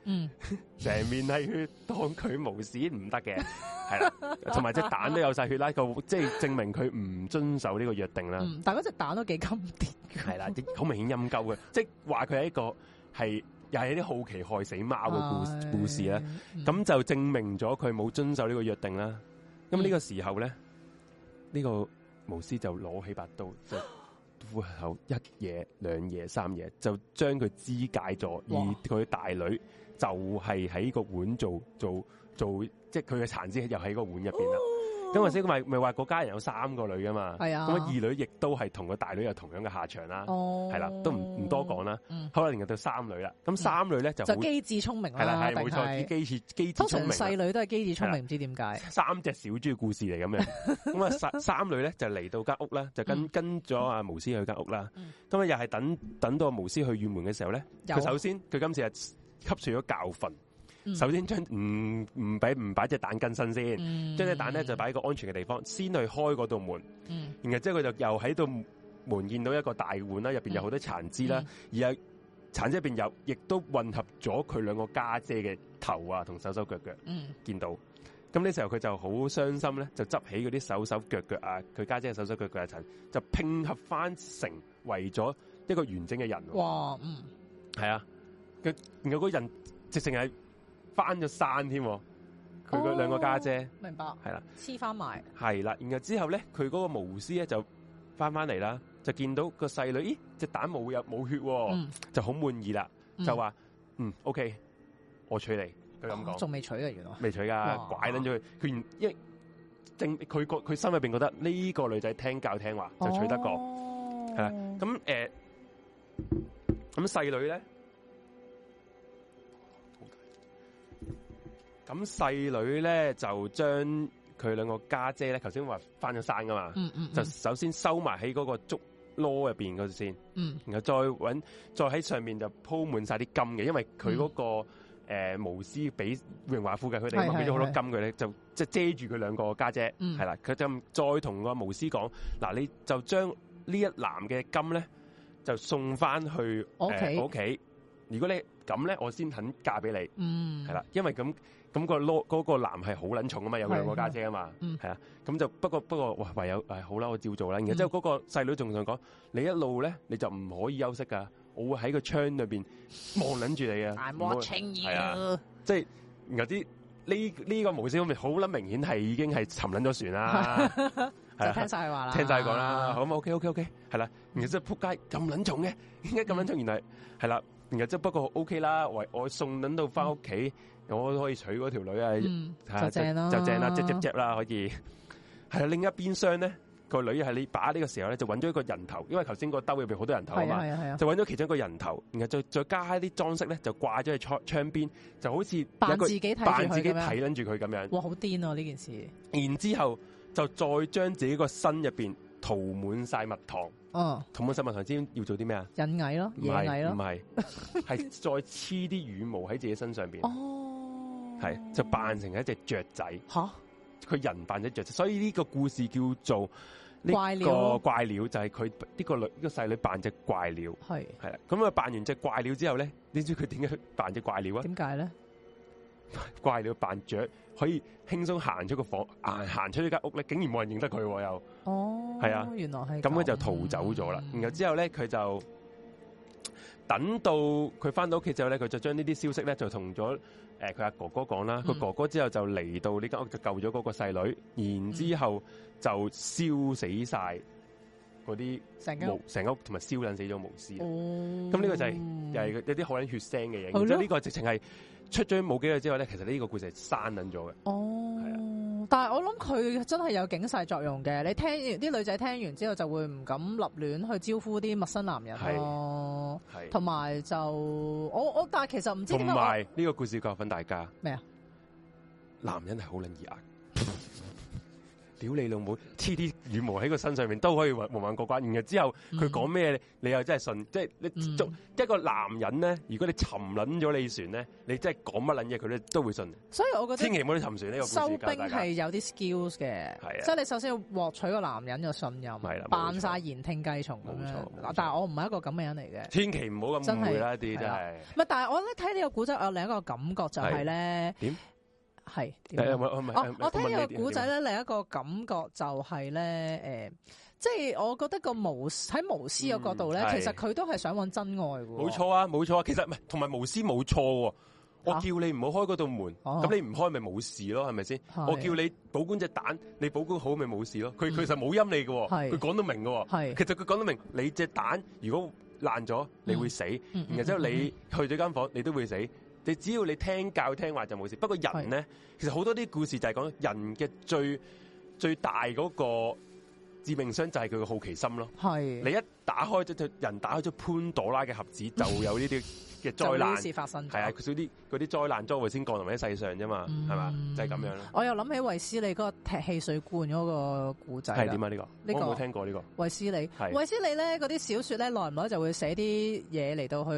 [SPEAKER 1] 成面係血，當佢無事唔得嘅，係啦，同埋隻蛋都有晒血啦，個即係證明佢唔遵守呢個約定啦。
[SPEAKER 2] 但係嗰隻蛋都幾金典
[SPEAKER 1] 嘅，係啦，好明顯陰鳩嘅，即係話佢係一個係又係一啲好奇害死貓嘅故故事啦。咁就證明咗佢冇遵守呢個約定啦。咁呢個時候咧，呢個。巫師就攞起把刀，就斧頭一嘢、兩嘢、三嘢，就將佢肢解咗，而佢大女就係喺個碗做做做，即係佢嘅殘肢又喺個碗入邊啦。咁或者咪咪話個家人有三個女噶嘛？係啊，咁啊二女亦都係同個大女有同樣嘅下場啦。哦，係啦，都唔唔多講啦。嗯，可能連入到三女啦。咁三女咧就就機智
[SPEAKER 2] 聰明啦。係啦，係冇錯，以
[SPEAKER 1] 機智機智聰明。通常細
[SPEAKER 2] 女都係機智聰明，唔知點
[SPEAKER 1] 解。三隻小豬嘅故事嚟咁樣。咁啊三三女咧就嚟到間屋啦，就跟跟咗阿巫師去間屋啦。咁啊又係等等到巫師去閂門嘅時候咧，佢首先佢今次係吸取咗教訓。嗯、首先將唔唔俾唔擺隻蛋更新先，將隻、嗯、蛋咧就擺喺個安全嘅地方，先去開嗰道門。嗯、然後之後佢就又喺度門，門見到一個大碗啦，入面有好多殘肢啦，嗯嗯、而係殘肢入面又亦都混合咗佢兩個家姐嘅頭啊，同手手腳腳。嗯，見到咁呢時候佢就好傷心咧，就執起嗰啲手手腳腳啊，佢家姐嘅手手腳腳一、啊、齊就拼合翻成為咗一個完整嘅人。
[SPEAKER 3] 哇！嗯，
[SPEAKER 1] 係啊，佢然後個人直情係。翻咗山添，佢個兩個家姐，姐、哦、明白係啦，黐翻埋係啦。然後之後咧，佢嗰個巫師咧就翻翻嚟啦，就見到個細女，咦，隻蛋冇入冇血、哦，嗯、就好滿意啦，嗯、就話嗯，O、okay, K，我娶你，佢咁講，仲未、啊、娶啊，原來未娶噶、啊，哇拐撚咗佢，佢一正佢覺佢心入邊覺得呢個女仔聽教聽話就娶得過，係啦、哦，咁誒，咁細、呃、女咧。咁細女咧就將佢兩個家姐咧，頭先話翻咗山噶嘛，嗯嗯、就首先收埋喺嗰個竹籮入邊嗰先，嗯、然後再搵再喺上面就鋪滿晒啲金嘅，因為佢嗰、那個誒、嗯呃、巫師俾榮華富嘅，佢哋搵咗好多金嘅咧，就即係遮住佢兩個家姐，姐，係、嗯、啦，佢就再同個巫師講，嗱，你就將呢一籃嘅金咧就送翻去屋屋企，如果你咁咧，我先肯嫁俾你，係、嗯、啦，因為咁。咁個個男係好撚重啊嘛，有兩個家姐啊嘛，係啊，咁就不過不過，唯有好啦，我照做啦。然後嗰個細女仲同佢講：你一路咧，你就唔可以休息噶，我會喺個窗裏邊望撚住你啊。係啊，即係有啲呢呢個模式好撚明顯係已經係沉撚咗船啦。
[SPEAKER 3] 聽
[SPEAKER 1] 晒
[SPEAKER 2] 佢話啦，聽晒講啦。
[SPEAKER 1] 好嘛，OK OK OK，係啦。然後即係仆街咁撚重嘅，點解咁撚重？原來係啦。然後不過 OK 啦，我送撚到翻屋企。我都可以娶嗰條女啊！就正咯，就正啦，接接啦，可以。係啊，另一邊箱咧，個女係你把呢個時候咧，就揾咗一個人頭，因為頭先個兜入邊好多人頭啊嘛，係啊，係啊，就揾咗其中一個人頭，然後再再加啲裝飾咧，就掛咗喺窗窗邊，就好似扮自己睇住佢咁樣。哇，
[SPEAKER 2] 好癲哦！呢件事。
[SPEAKER 1] 然之後就再將自己個身入邊塗滿晒蜜糖。哦。塗滿曬蜜糖之後要做啲咩啊？
[SPEAKER 2] 隱蟻咯，野蟻咯，唔
[SPEAKER 1] 係係再黐啲羽毛喺自己身上邊。哦。係就扮成一隻雀仔，吓，佢蛤人扮隻雀仔，所以呢個故事叫做呢個怪鳥。怪鳥就係佢呢個女個細女扮隻怪鳥，係係啦。咁啊，扮完隻怪鳥之後咧，你知佢點解去扮隻怪鳥啊？點
[SPEAKER 2] 解咧？
[SPEAKER 1] 怪鳥扮雀可以輕鬆行出個房，行行出呢間屋咧，竟然冇人認得佢喎。又哦，
[SPEAKER 2] 係啊、哦，的原來係咁，
[SPEAKER 1] 佢就逃走咗啦。嗯、然後之後咧，佢就等到佢翻到屋企之後咧，佢就將呢啲消息咧就同咗。誒佢阿哥哥講啦，佢哥哥之後就嚟到呢間屋就救咗嗰個細女，然之後就燒死晒嗰啲成間屋，成屋同埋燒燬死咗巫師。
[SPEAKER 2] 咁呢個
[SPEAKER 1] 就係又係有啲好撚血腥嘅嘢，呢嘯個直情係。出咗冇幾耐之後咧，其實呢個故事係生緊咗嘅。哦，係啊，
[SPEAKER 2] 但係我諗佢真係有警世作用嘅。你聽啲女仔聽完之後就會唔敢立亂去招呼啲陌生男人咯、啊。係同埋就我我，但係其實唔知點解
[SPEAKER 1] 呢個故事教訓大家咩啊？男人係好捻易壓。屌，你老母黐啲羽毛喺個身上面都可以渾渾渾過關，然後之後佢講咩你又真係信，即係你一個男人咧，如果你沉撚咗你船咧，你真係講乜撚嘢佢咧都會信。所以我覺得千祈唔好沉船呢個。收兵係有
[SPEAKER 2] 啲 skills 嘅，即係你首先要獲取個男人嘅信任，扮晒言聽計從咁樣。但係我唔係一個咁嘅人嚟嘅。千祈唔好咁誤會啦，啲真係。係，但係我咧睇呢個古仔，我另一個感覺就係咧。係，我我我聽個古仔咧，另一個感覺就係咧，誒，即係我覺得個巫喺巫師嘅角度咧，其實佢都係想揾真愛噶。冇錯
[SPEAKER 1] 啊，冇錯啊，其實唔係，同埋巫師冇錯，我叫你唔好開嗰道門，咁你唔開咪冇事咯，係咪先？我叫你保管隻蛋，你保管好咪冇事咯。佢其實冇陰你噶，佢講得明噶，係，其實佢講得明。你隻蛋如果爛咗，你會死，然之後你去咗間房，你都會死。你只要你，聽教聽話就冇事。不過人咧，其實好多啲故事就係講人嘅最最大嗰個致命傷就係佢嘅好奇心咯。係。你一打開咗，人打開咗潘朵拉嘅盒子，就有呢啲嘅災難發生。係啊，佢啲嗰啲災難都為先降臨喺世上啫嘛，係嘛，就係咁樣。
[SPEAKER 2] 我又諗起衛斯理嗰個踢汽水罐嗰個故仔。係點啊？
[SPEAKER 1] 呢個呢個我冇聽
[SPEAKER 2] 過呢個。衛斯理，衛斯理咧嗰啲小説咧，耐唔耐就會寫啲嘢嚟到去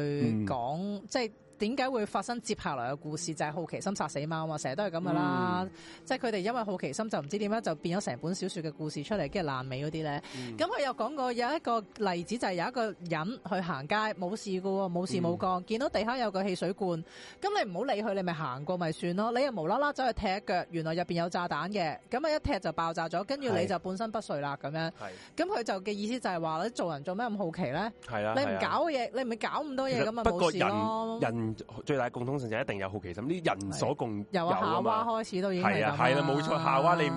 [SPEAKER 2] 講，即係。點解會發生接下來嘅故事？就係好奇心殺死貓啊，成日都係咁噶啦，即係佢哋因為好奇心就唔知點樣就變咗成本小説嘅故事出嚟，跟住爛尾嗰啲咧。咁佢又講過有一個例子，就係有一個人去行街，冇事噶喎，冇事冇幹，見到地下有個汽水罐，咁你唔好理佢，你咪行過咪算咯。你又無啦啦走去踢一腳，原來入邊有炸彈嘅，咁啊一踢就爆炸咗，跟住你就半身不遂啦咁樣。咁佢就嘅意思就係話咧，做人做咩咁好奇咧？你唔搞嘢，你唔係搞咁多嘢咁咪冇事咯。
[SPEAKER 1] 最大共通性就一定有好奇心，啲人所共有啊嘛。
[SPEAKER 2] 係啊，係啦，冇錯。夏娃你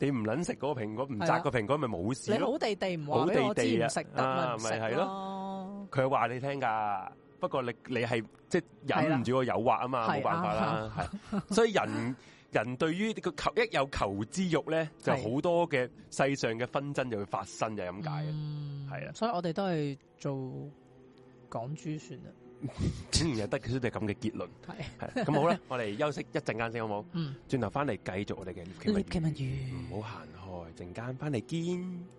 [SPEAKER 1] 你唔捻食嗰個蘋果，唔摘個蘋果咪冇事咯。好地地唔好地地唔食得咪唔食咯。佢話你聽噶，不過你你係即係忍唔住個誘惑啊嘛，冇辦法啦。係。所以人人對於個求一有求知欲咧，就好多嘅世上嘅紛爭就會發生就咁解。係
[SPEAKER 2] 啊，所以我哋都係做港豬算啦。
[SPEAKER 1] 然又得，佢都係咁嘅結論，係， 咁好啦，我哋休息一陣間先，好唔好？嗯。轉頭翻嚟繼續我哋嘅獵奇文。唔好行開，陣間翻嚟見。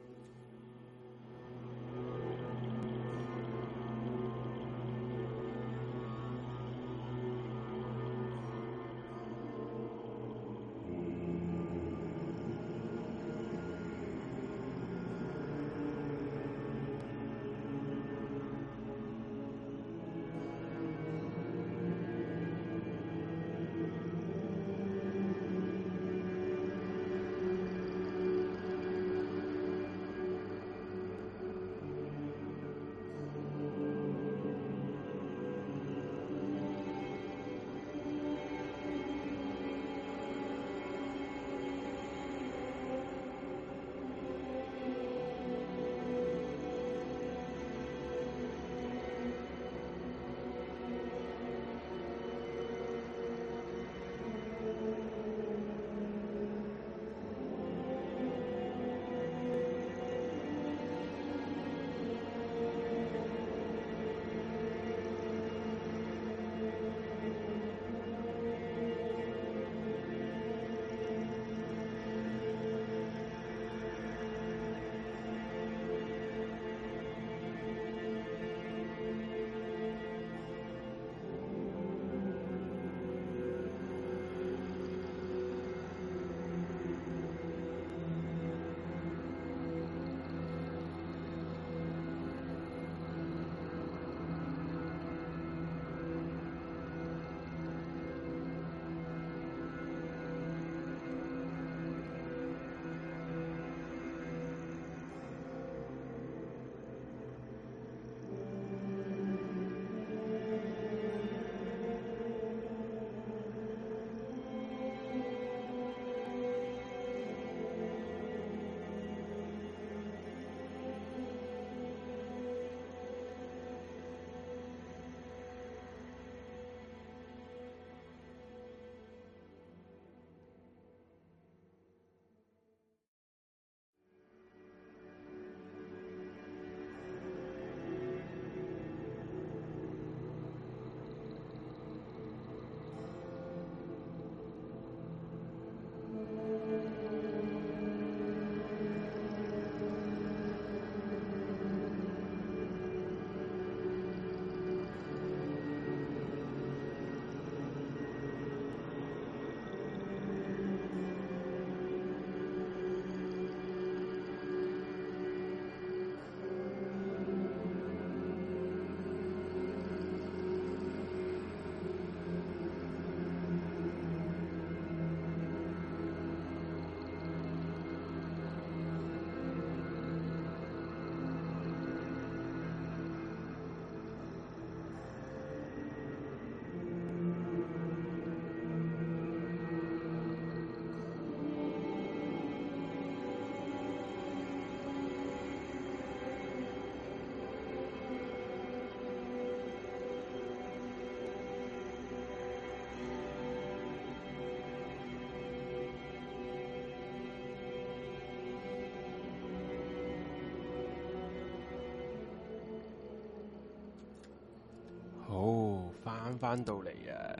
[SPEAKER 1] 翻到嚟啊！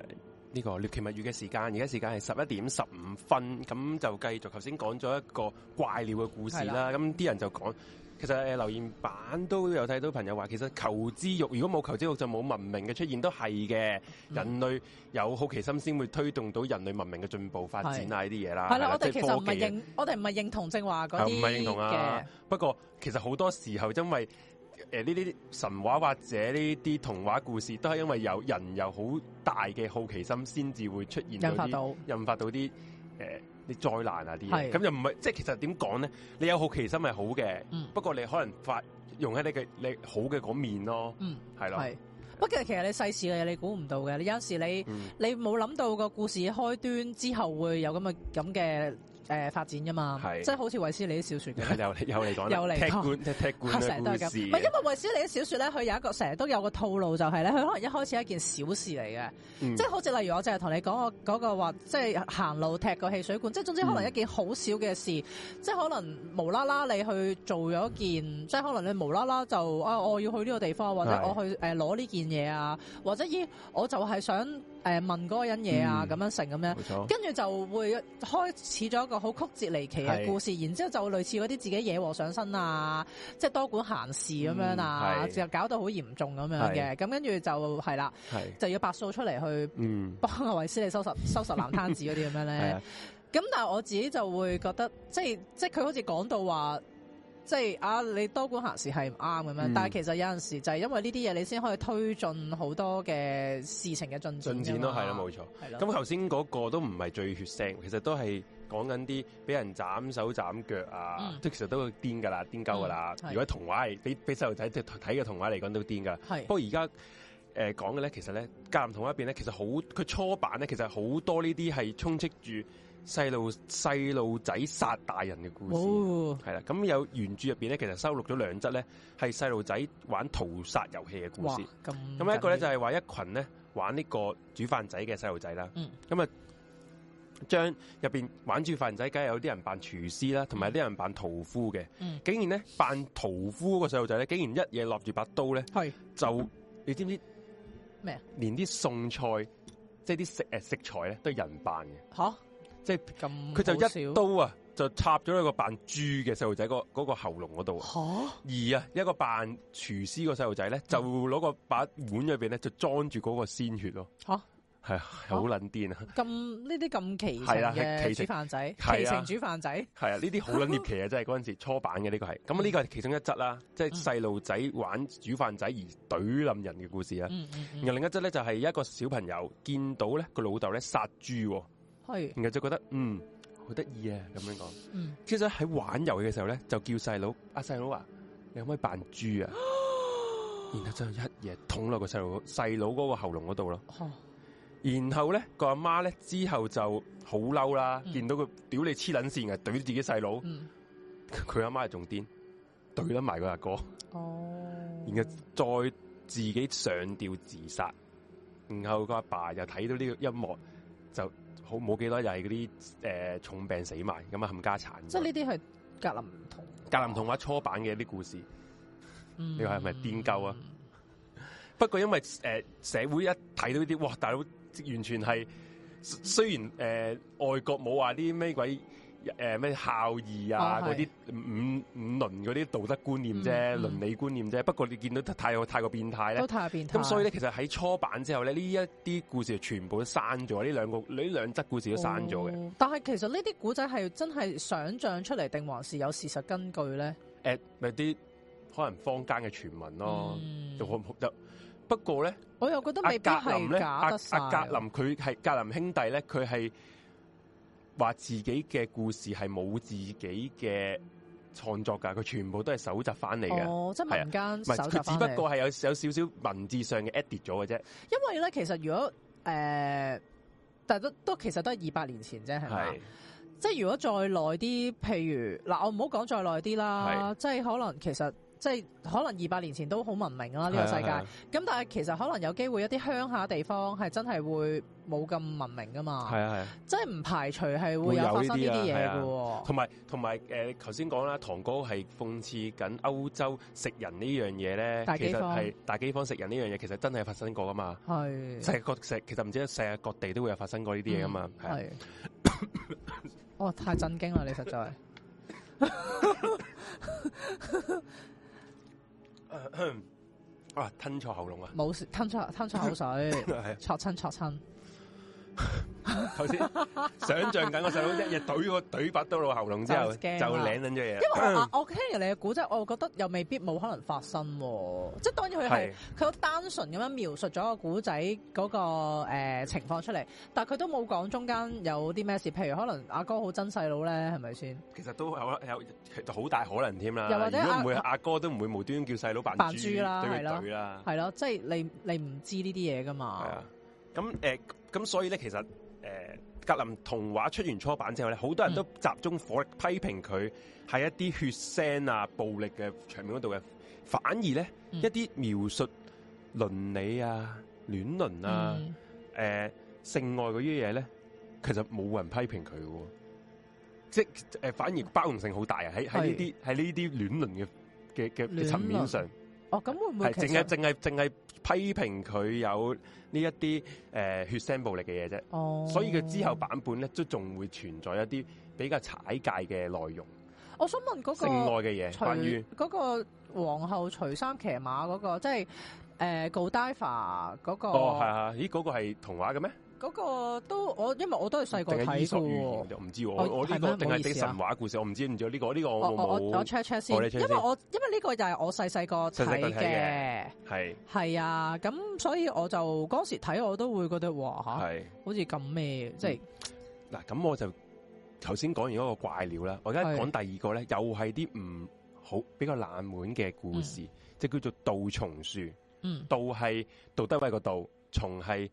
[SPEAKER 1] 呢個獵奇物語嘅時間，而家時間係十一點十五分，咁就繼續頭先講咗一個怪鳥嘅故事啦。咁啲的人就講，其實誒留言板都有睇到朋友話，其實求知欲，如果冇求知欲，就冇文明嘅出現都係嘅。嗯、人類有好奇心先會推動到人類文明嘅進步發展啊！呢啲嘢啦，係啦，我哋其實唔係科技 認，
[SPEAKER 2] 我哋唔係認同正話嗰啲嘅。唔係認同啊、
[SPEAKER 1] 的不過其實好多時候因為。誒，呢啲、呃、神話或者呢啲童話故事，都係因為有人有好大嘅好奇心，先至會出現引發到引發到啲，誒、呃，啲災難啊啲，咁又唔係，即係其實點講咧？你有好奇心係好嘅，嗯、不過你可能發用喺你嘅你好嘅嗰面咯，嗯，係咯，係。
[SPEAKER 2] 不過其實你世事嘅嘢你估唔到嘅，你有時你、嗯、你冇諗到個故事開端之後會有咁嘅咁嘅。誒發展㗎嘛，是即係好似衛斯理啲小説咁。
[SPEAKER 1] 有嚟又嚟踢罐踢成日都咁。唔因為
[SPEAKER 2] 衛斯理啲小説咧，佢有一個成日都有個套路，就係，就係咧，佢可能一開始係一件小事嚟嘅，嗯、即係好似例如我淨係同你講我嗰個話，即係行路踢個汽水罐，即係總之可能一件好小嘅事，嗯、即係可能無啦啦你去做咗件，即係可能你無啦啦就，啊我要去呢個地方，或者我去誒攞呢件嘢啊，或者咦我就係想。誒問嗰個人嘢啊，咁樣成咁
[SPEAKER 3] 樣，跟住
[SPEAKER 2] 就會開始咗一個好曲折離奇嘅故事，然之後就類似嗰啲自己惹禍上身啊，即係多管閒事咁樣啊，就搞到好嚴重咁樣嘅，咁跟住就係啦，就要白素出嚟去幫阿衛斯理收拾收拾爛攤子嗰啲咁樣咧。咁但係我自己就會覺得，即係即係佢好似講到話。即係啊！你多管閒事係唔啱咁樣，嗯、但係其實有陣時就係因為呢啲嘢，你先可以推進好多嘅事情嘅進展的。進展都係啦，冇錯。係咯了。咁頭
[SPEAKER 1] 先嗰個都唔係最血腥，其實都係講緊啲俾人斬手斬腳啊，即係、嗯、其實都會癲㗎啦，癲鳩㗎啦。嗯、如果童話係，俾俾細路仔即係睇嘅童話嚟講都癲㗎。係的。不過而家誒講嘅咧，其實咧，格林童話入邊咧，其實好佢初版咧，其實好多呢啲係充斥住細路細路仔殺大人嘅故事係啦，咁、哦、有原著入邊咧，其實收錄咗兩則咧，係細路仔玩屠殺遊戲嘅故事。咁
[SPEAKER 3] 啊一個咧就係、是、
[SPEAKER 1] 話一群咧玩呢個煮飯仔嘅細路仔啦。咁啊、嗯，將入邊玩煮飯仔，梗係有啲人扮廚師啦，同埋啲人扮屠夫嘅。嗯、竟然咧扮屠夫個細路仔咧，竟然一夜攞住把刀咧，係是就、嗯、你知唔知咩啊？麼連啲餸菜即係啲食誒食材咧都係人扮嘅。吓！即係咁，佢就一刀啊，就插咗一個扮豬嘅細路仔個嗰個喉嚨嗰度。而啊，一個扮廚師個細路仔咧，就攞個把碗入邊咧，就裝住嗰個鮮血咯。吓！係啊，好捻癲啊！
[SPEAKER 2] 咁呢啲咁奇？係啦，奇情飯仔，奇情煮飯仔。
[SPEAKER 1] 係啊，呢啲好捻獵奇啊！真係嗰陣時初版嘅呢個係。咁呢個係其中一則啦，即係細路仔玩煮飯仔而懟冧人嘅故事啦。嗯嗯然後另一則咧，就係一個小朋友見到咧個老豆咧殺豬。然後就覺得嗯好得意啊，咁樣講。嗯、其實喺玩遊戲嘅時候咧，就叫細佬阿細佬話，你可唔可以扮豬啊？ 然後就一嘢捅落個細佬細佬嗰個喉嚨嗰度咯。哦、然後咧個阿媽咧之後就好嬲啦，嗯、見到佢屌你黐撚線嘅懟自己細佬，佢阿、嗯、媽仲癲懟得埋個阿哥，哦、然後再自己上吊自殺。然後個阿爸，爸又睇到呢個一幕就。好冇記得就係嗰啲誒重病死埋咁啊，冚家產。即係呢
[SPEAKER 2] 啲係格林唔同
[SPEAKER 1] 格林童話初版嘅啲故事，
[SPEAKER 3] 嗯、你話係
[SPEAKER 1] 咪癲鳩啊？嗯、不過因為誒、呃、社會一睇到呢啲，哇！大佬完全係雖然誒、呃、外國冇話啲咩鬼。誒，咩孝義啊？嗰啲五五倫嗰啲道德觀念啫、嗯，倫、嗯、理觀念啫。不過你見到太過變態都太過變態咧，咁所以咧，其實喺初版之後咧，呢一啲故事全部都刪咗。呢兩個，呢兩則故事都刪咗嘅。
[SPEAKER 2] 但係其實呢啲古仔係真係想象出嚟，定還是有事實根據咧？
[SPEAKER 1] 誒、欸，咪啲可能坊間嘅傳聞咯，就、嗯、好得。不過咧、哎。
[SPEAKER 2] 我又覺得未必、啊、格林咧，阿、啊、阿、啊、格林
[SPEAKER 1] 佢係格林兄弟咧，佢係。話自己嘅故事係冇自己嘅創作㗎，佢全部都係搜集翻嚟嘅。哦，即係民間搜集，佢只不過係有有少少文字上嘅 edit 咗嘅啫。
[SPEAKER 2] 因為咧，其實如果誒、呃，但都都其實都係二百年前啫，係咪？是 即係如果再耐啲，譬如嗱，我唔好講再耐啲啦，即係是 可能其實。即係可能二百年前都好文明啦，呢、啊、個世界。咁、啊、但係其實可能有機會一啲鄉下地方係真係會冇咁文明噶嘛。係係、啊。啊、即係唔排除係會有發生呢啲嘢㗎喎。
[SPEAKER 1] 同埋同埋誒，頭先講啦，唐哥係諷刺緊歐洲食人呢樣嘢咧。大饑荒。大饑荒食人呢樣嘢，其實真係發生過噶嘛。
[SPEAKER 3] 係。成
[SPEAKER 1] 其實唔知啊，世界各地都會有發生過呢啲嘢噶嘛。係
[SPEAKER 3] 的。
[SPEAKER 2] 哇！太震驚啦，你實在。
[SPEAKER 1] 哇！ 吞錯喉嚨啊！冇事，吞
[SPEAKER 2] 錯吞錯口水，戳親戳親。 是啊
[SPEAKER 1] 頭先 想象緊個細佬一日懟個懟把刀落喉嚨之後就舐緊隻嘢。因為
[SPEAKER 2] 我，嗯、我聽完你嘅古仔，我覺得又未必冇可能發生啊。即係當然佢係佢好單純咁樣描述咗個古仔嗰個誒、呃、情況出嚟，但係佢都冇講中間有啲咩事。譬如可能阿哥好憎細佬咧，係咪先？
[SPEAKER 1] 其實都有有好大可能添啦。又或者如果唔係阿哥都唔會無端叫細佬扮豬扮豬啦，係咯他的，係咯，即、
[SPEAKER 2] 就、係、是、你你唔知呢啲嘢噶嘛。
[SPEAKER 1] 咁誒。呃咁所以咧，其實誒，呃《格林童話》出完初版之後咧，好多人都集中火力批評佢係一啲血腥啊、暴力嘅場面度嘅，反而咧、嗯、一啲描述倫理啊、亂倫啊、誒、嗯呃、性愛啲嘢咧，其實冇人批評佢嘅，即係誒、呃，反而包容性好大啊！喺喺呢啲喺呢啲亂倫嘅嘅嘅層面上。
[SPEAKER 2] 哦，咁會唔會係淨係淨
[SPEAKER 1] 係淨係批評佢有呢一啲誒血腥暴力嘅嘢啫？哦，所以佢之後版本咧都仲會存在一啲比較踩界嘅內容。
[SPEAKER 2] 我想問嗰個性愛嘅嘢，關於嗰個皇后除衫騎馬嗰個，即係誒 Gulliver 嗰個。哦，係啊，
[SPEAKER 1] 咦，嗰個係童話嘅咩？
[SPEAKER 2] 嗰個都我，因為我都係細個睇嘅，我
[SPEAKER 1] 唔知我呢個定係啲神話故事，我唔知唔知呢個呢個我 check check 先，因為我
[SPEAKER 2] 因為呢個就係我細細個睇嘅，係係啊，咁所以我就當時睇我都會覺得哇吓，好似咁咩，即係嗱，咁
[SPEAKER 1] 我就頭先講完一個怪鳥啦，我而家講第二個咧，又係啲唔好比較冷門嘅故事，即係叫做杜松樹，杜係杜德偉個杜，松係。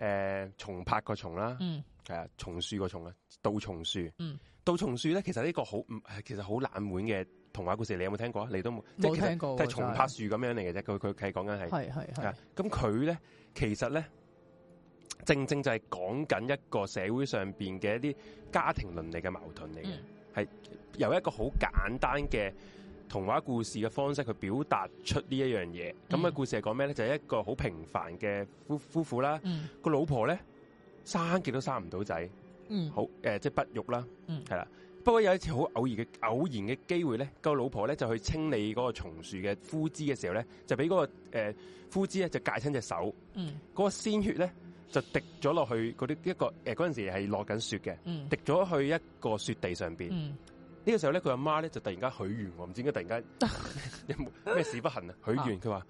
[SPEAKER 1] 誒、呃，松柏個松啦，係啊，松樹個松啊，杜、嗯、松樹、啊。松樹嗯，杜松樹咧，其實呢個好，其實好冷門嘅童話故事，你有冇聽過啊？你都冇聽過，即係其實係松柏樹咁樣嚟嘅啫。佢佢係講緊係係係，咁佢咧其實咧，正正就係講緊一個社會上邊嘅一啲家庭倫理嘅矛盾嚟嘅，係由、嗯、一個好簡單嘅。童話故事嘅方式，去表達出呢一樣嘢。咁嘅、嗯、故事係講咩咧？就係、係、一個好平凡嘅夫夫婦啦。個、嗯、老婆咧生極都生唔到仔，嗯，好誒，即、呃、係、就係、不育啦，嗯，係啦。不過有一次好偶然嘅偶然嘅機會咧，嗰個老婆咧就去清理嗰個松樹嘅枯枝嘅時候咧，就俾嗰、嗰個、呃、枯枝咧就割親隻手，嗯，嗰個鮮血咧就滴咗落去嗰啲一個誒嗰陣時係落緊雪嘅，嗯、滴咗去一個雪地上邊，嗯呢個時候咧，佢阿媽咧就突然間許願，我唔知點解突然間咩 事不幸？啊！ 許願，佢話：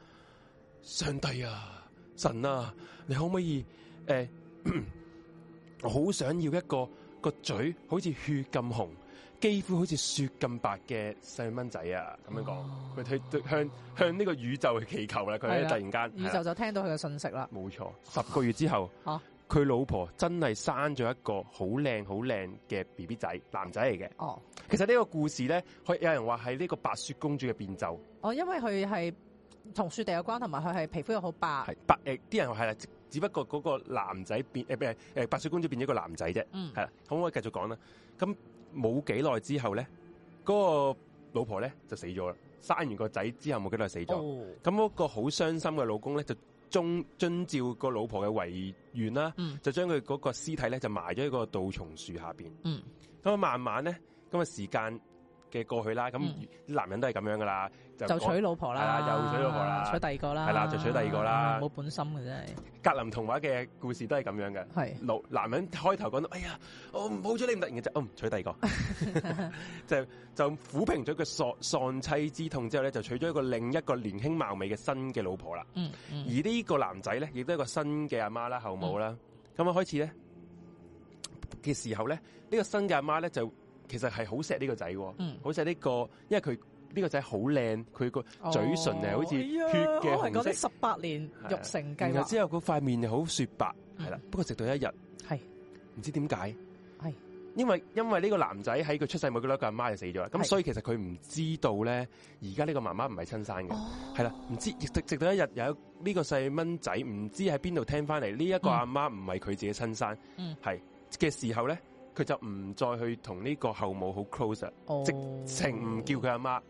[SPEAKER 1] 上帝啊，神啊，你可唔可以誒？我、呃、好想要一個一個嘴好似血咁紅，肌膚好似雪咁白嘅細蚊仔啊！咁樣講，佢睇 向向呢個宇宙去祈求啦。佢突然間、啊，宇宙就
[SPEAKER 2] 聽到佢嘅信息
[SPEAKER 1] 啦。冇錯，十個月之後 啊。佢老婆真係生咗一個好靚好靚嘅 BB 仔，男仔嚟嘅。哦，其實呢個故事咧，佢有人話係呢個白雪公主嘅變奏。
[SPEAKER 2] 哦，因為佢係同雪地有關，同埋佢係皮膚又好白。係
[SPEAKER 1] 白誒，啲、呃、人話係啦，只不過嗰個男仔變誒誒誒，白雪公主變咗一個男仔啫。嗯，係啦，可唔可以繼續講咧？咁冇幾耐之後咧，嗰、那個老婆咧就死咗啦。生完個仔之後冇幾耐死咗。咁嗰、哦、個好傷心嘅老公咧就遵遵照個老婆嘅遺願啦，嗯，就將佢嗰個屍體咧就埋咗喺個杜松樹下邊。嗯，咁啊，慢慢咧，咁啊，時間。嘅過去啦，咁男人都係咁樣噶啦、啊，就娶老婆啦，又娶老婆啦，娶第二個啦，啦、啊，就娶第二個啦，冇、啊、本心嘅真係。格林童話嘅故事都係咁樣嘅，男是男人開頭講到，哎呀，我冇咗你唔突然嘅啫，唔、嗯、娶第二個， 就就撫平咗佢喪，喪妻之痛之後咧，就娶咗一個另一個年輕貌美嘅新嘅老婆啦。嗯嗯、而呢個男仔咧，亦都係一個新嘅阿媽啦、後母啦。咁、嗯、樣開始咧嘅時候咧，呢、這個新嘅阿媽咧就。其實係好錫呢個仔，好錫呢個，因為佢呢個仔好靚，佢個嘴唇又好似血嘅紅色，十
[SPEAKER 2] 八、哎、呀的年肉成計，然後之
[SPEAKER 1] 後嗰塊面又好雪白，係啦、嗯。不過直到一日，係唔是的 知點解，係是的 因為因為呢個男仔喺佢出世冇幾耐，阿媽就死咗，咁是的 所以其實佢唔知道咧，而家呢個媽媽唔係親生嘅，係啦、哦，唔知直直到一日有呢個細蚊仔唔知喺邊度聽翻嚟呢一個阿媽唔係佢自己的親生，係嘅、嗯、時候咧。佢就唔再去同呢個後母好 close、oh, 直情唔叫佢阿媽，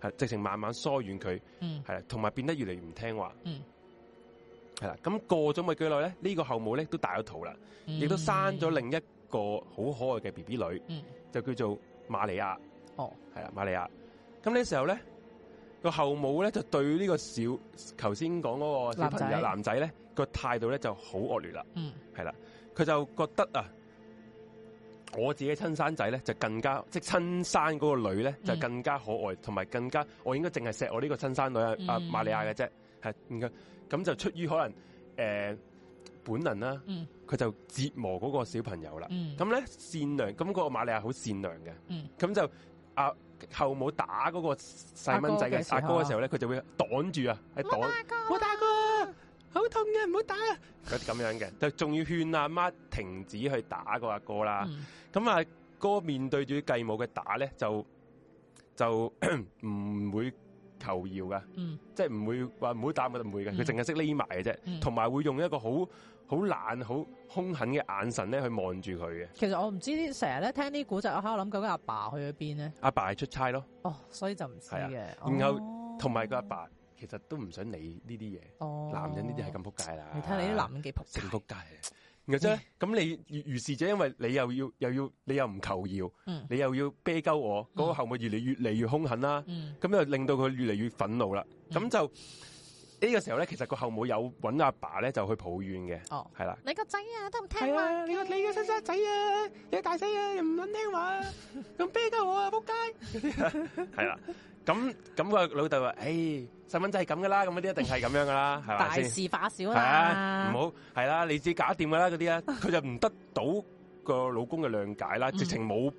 [SPEAKER 1] 係、um, 直情慢慢疏遠佢，係啦、um,，同埋變得越嚟越唔聽話，係啦、um,。咁過咗咪幾耐咧？呢、這個後母咧都大咗肚啦，亦都、um, 生咗另一個好可愛嘅 B B 女，um, 就叫做瑪利亞，係啦瑪利亞。咁呢時候咧個後母咧就對呢個小，頭先講嗰個小朋友男仔咧個態度咧就好惡劣啦，係啦、um,，佢就覺得啊。我自己的親生仔咧就更加，即係親生嗰個女咧就更加可愛，同埋、嗯、更加我應該淨係錫我呢個親生女啊瑪利亞嘅啫，咁、嗯、就出於可能誒、呃、本能啦，佢、嗯、就折磨嗰個小朋友啦。咁咧、嗯、善良，咁嗰個瑪利亞好善良嘅，咁、嗯、就阿、啊、後母打嗰個細蚊仔嘅阿哥嘅時候咧，佢就會擋住啊，係擋，
[SPEAKER 3] 我大哥。好痛嘅，唔好
[SPEAKER 1] 打啊！佢 咁樣嘅，就仲要勸阿媽停止去打個阿哥啦。咁啊、嗯，哥面對住繼母嘅打咧，就就唔會求饒噶，嗯、即係唔會話唔會打咪就唔會嘅。佢淨係識匿埋嘅啫，同埋會、嗯、會用一個好好懶、好凶狠嘅眼神咧去望住佢
[SPEAKER 2] 嘅。其實我唔知成日咧聽啲古仔，我喺度諗究竟阿爸，爸去咗邊咧。
[SPEAKER 1] 阿爸係出差咯。哦，
[SPEAKER 2] 所以就唔知嘅、啊！然後
[SPEAKER 1] 同埋、哦、個阿爸，爸。其實都唔想理呢啲嘢，男人呢啲係咁仆街啦。你睇下你啲男人幾仆，成仆街啊！又真咁你如是者，因為你又要又要你又唔求饒，你又要啤鳩我，嗰個後母越嚟越嚟越兇狠啦。咁又令到佢越嚟越憤怒啦。咁就呢個時候咧，其實個後母有搵阿爸咧，就去抱怨嘅。哦，係啦，
[SPEAKER 2] 你個仔啊都唔聽話，你個你嘅細細仔啊，你大仔啊又唔肯聽話，咁啤鳩我啊仆街。
[SPEAKER 1] 係啦，咁咁個老豆話，誒。細蚊仔係咁噶啦，咁嗰啲一定係咁樣噶啦，係大事化
[SPEAKER 2] 小啦，
[SPEAKER 3] 唔
[SPEAKER 1] 好係啦，你自己搞掂噶啦嗰啲啊，佢就唔得到個老公嘅諒解啦，直情冇，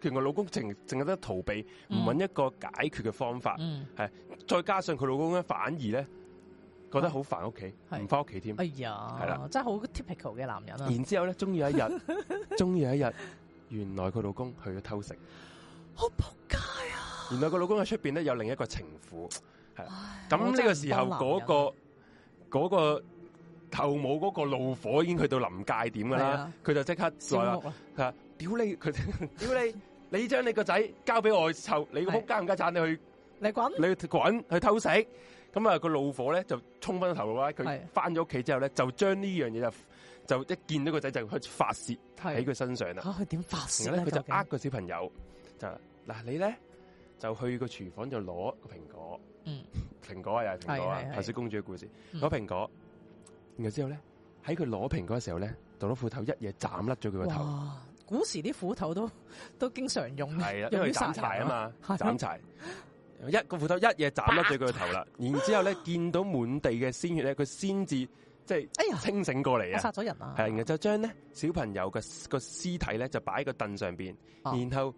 [SPEAKER 1] 佢個老公淨淨係得逃避，唔揾一個解決嘅方法，係再加上佢老公咧反而咧覺得好煩屋企，唔翻屋企添，哎
[SPEAKER 2] 呀，係啦，真係好 typical 嘅男人啊！然
[SPEAKER 1] 之後咧，終於有一日，終於有一日，原來佢老公去咗偷食，好仆街啊！原來個老公喺出邊咧有另一個
[SPEAKER 3] 情婦。咁呢唉個時候嗰、那個
[SPEAKER 1] 嗰、那個後、那個、母嗰個怒火已經去到臨界點嘅啦，佢就即刻話啦，佢屌、啊、你，佢屌你， 你將你個仔交俾我湊，你個屋加唔加盞你去，你滾，你滾去偷食。咁、那、啊、個，個怒火咧就衝翻頭落啦。佢翻咗屋企之後咧，就將呢樣嘢就就一見到個仔就去發洩喺佢身上啦。佢點、啊、發洩咧？佢就呃個小朋友就嗱、啊，你咧就去個廚房就攞個蘋果。嗯，蘋果啊又係蘋果，啊，白雪公主嘅故事攞蘋果，然後之後咧喺佢攞蘋果嘅時候咧，攞咗斧頭一嘢斬甩咗佢個頭。
[SPEAKER 2] 古時啲斧頭都都經常用，係啊，因為斬柴啊嘛，斬、啊啊、柴
[SPEAKER 1] 一個斧頭一嘢斬甩咗佢個頭啦。然之後咧見到滿地嘅鮮血咧，佢先至即係清醒過嚟，哎、啊！殺咗人啊！係，然後就將咧小朋友嘅、那個屍體咧就擺喺個凳上邊，啊、然後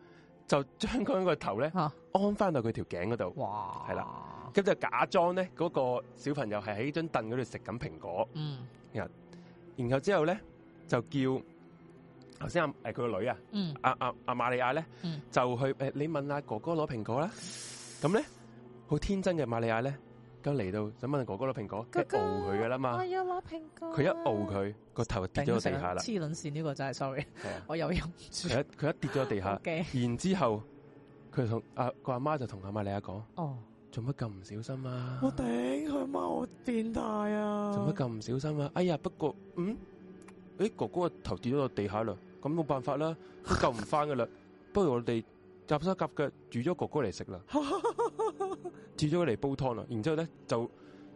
[SPEAKER 1] 就將佢個頭咧、啊、安翻到佢條頸嗰度。哇，係啦、啊。咁就假裝咧，嗰個小朋友係喺張凳嗰度食緊蘋果。嗯，然後，然後之後咧就叫頭先阿誒佢個女啊，嗯，阿阿阿瑪利亞咧，嗯，就去誒你問阿哥哥攞蘋果啦。咁咧好天真嘅瑪利亞咧，就嚟到想問阿哥哥攞蘋果，佢一傲佢噶啦嘛。我
[SPEAKER 3] 要攞蘋
[SPEAKER 2] 果。
[SPEAKER 1] 佢一傲佢個頭跌咗地下啦。黐
[SPEAKER 2] 卵線呢個真係，sorry，我有用。
[SPEAKER 1] 佢一佢一跌咗地下，然之後佢同阿個阿媽就同阿瑪利亞講。哦。做乜咁唔小心
[SPEAKER 2] 啊！我頂佢媽，我變態啊！做乜
[SPEAKER 1] 咁唔小心啊！哎呀，不過嗯，誒，哥哥個頭跌咗落地下啦，咁冇辦法啦，救唔翻噶啦， 不如我哋夾手夾腳煮咗哥哥嚟食啦，煮咗佢嚟煲湯啦，然之後咧就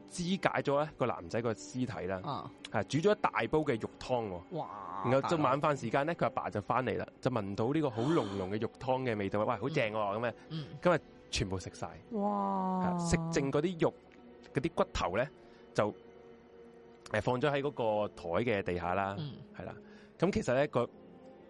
[SPEAKER 1] 肢解咗咧個男仔個屍體啦，啊、煮咗一大煲嘅肉湯，哦，
[SPEAKER 3] 哇然後就哥晚飯時
[SPEAKER 1] 間咧，佢阿爸，爸就翻嚟啦，就聞到呢個好濃濃嘅肉湯嘅味道，啊、喂，好正喎咁嘅，今日。全部食
[SPEAKER 3] 晒，食哇剩
[SPEAKER 1] 嗰啲肉，嗰啲骨頭咧就誒放咗喺嗰個台嘅地下啦，係啦、嗯。咁其實咧個、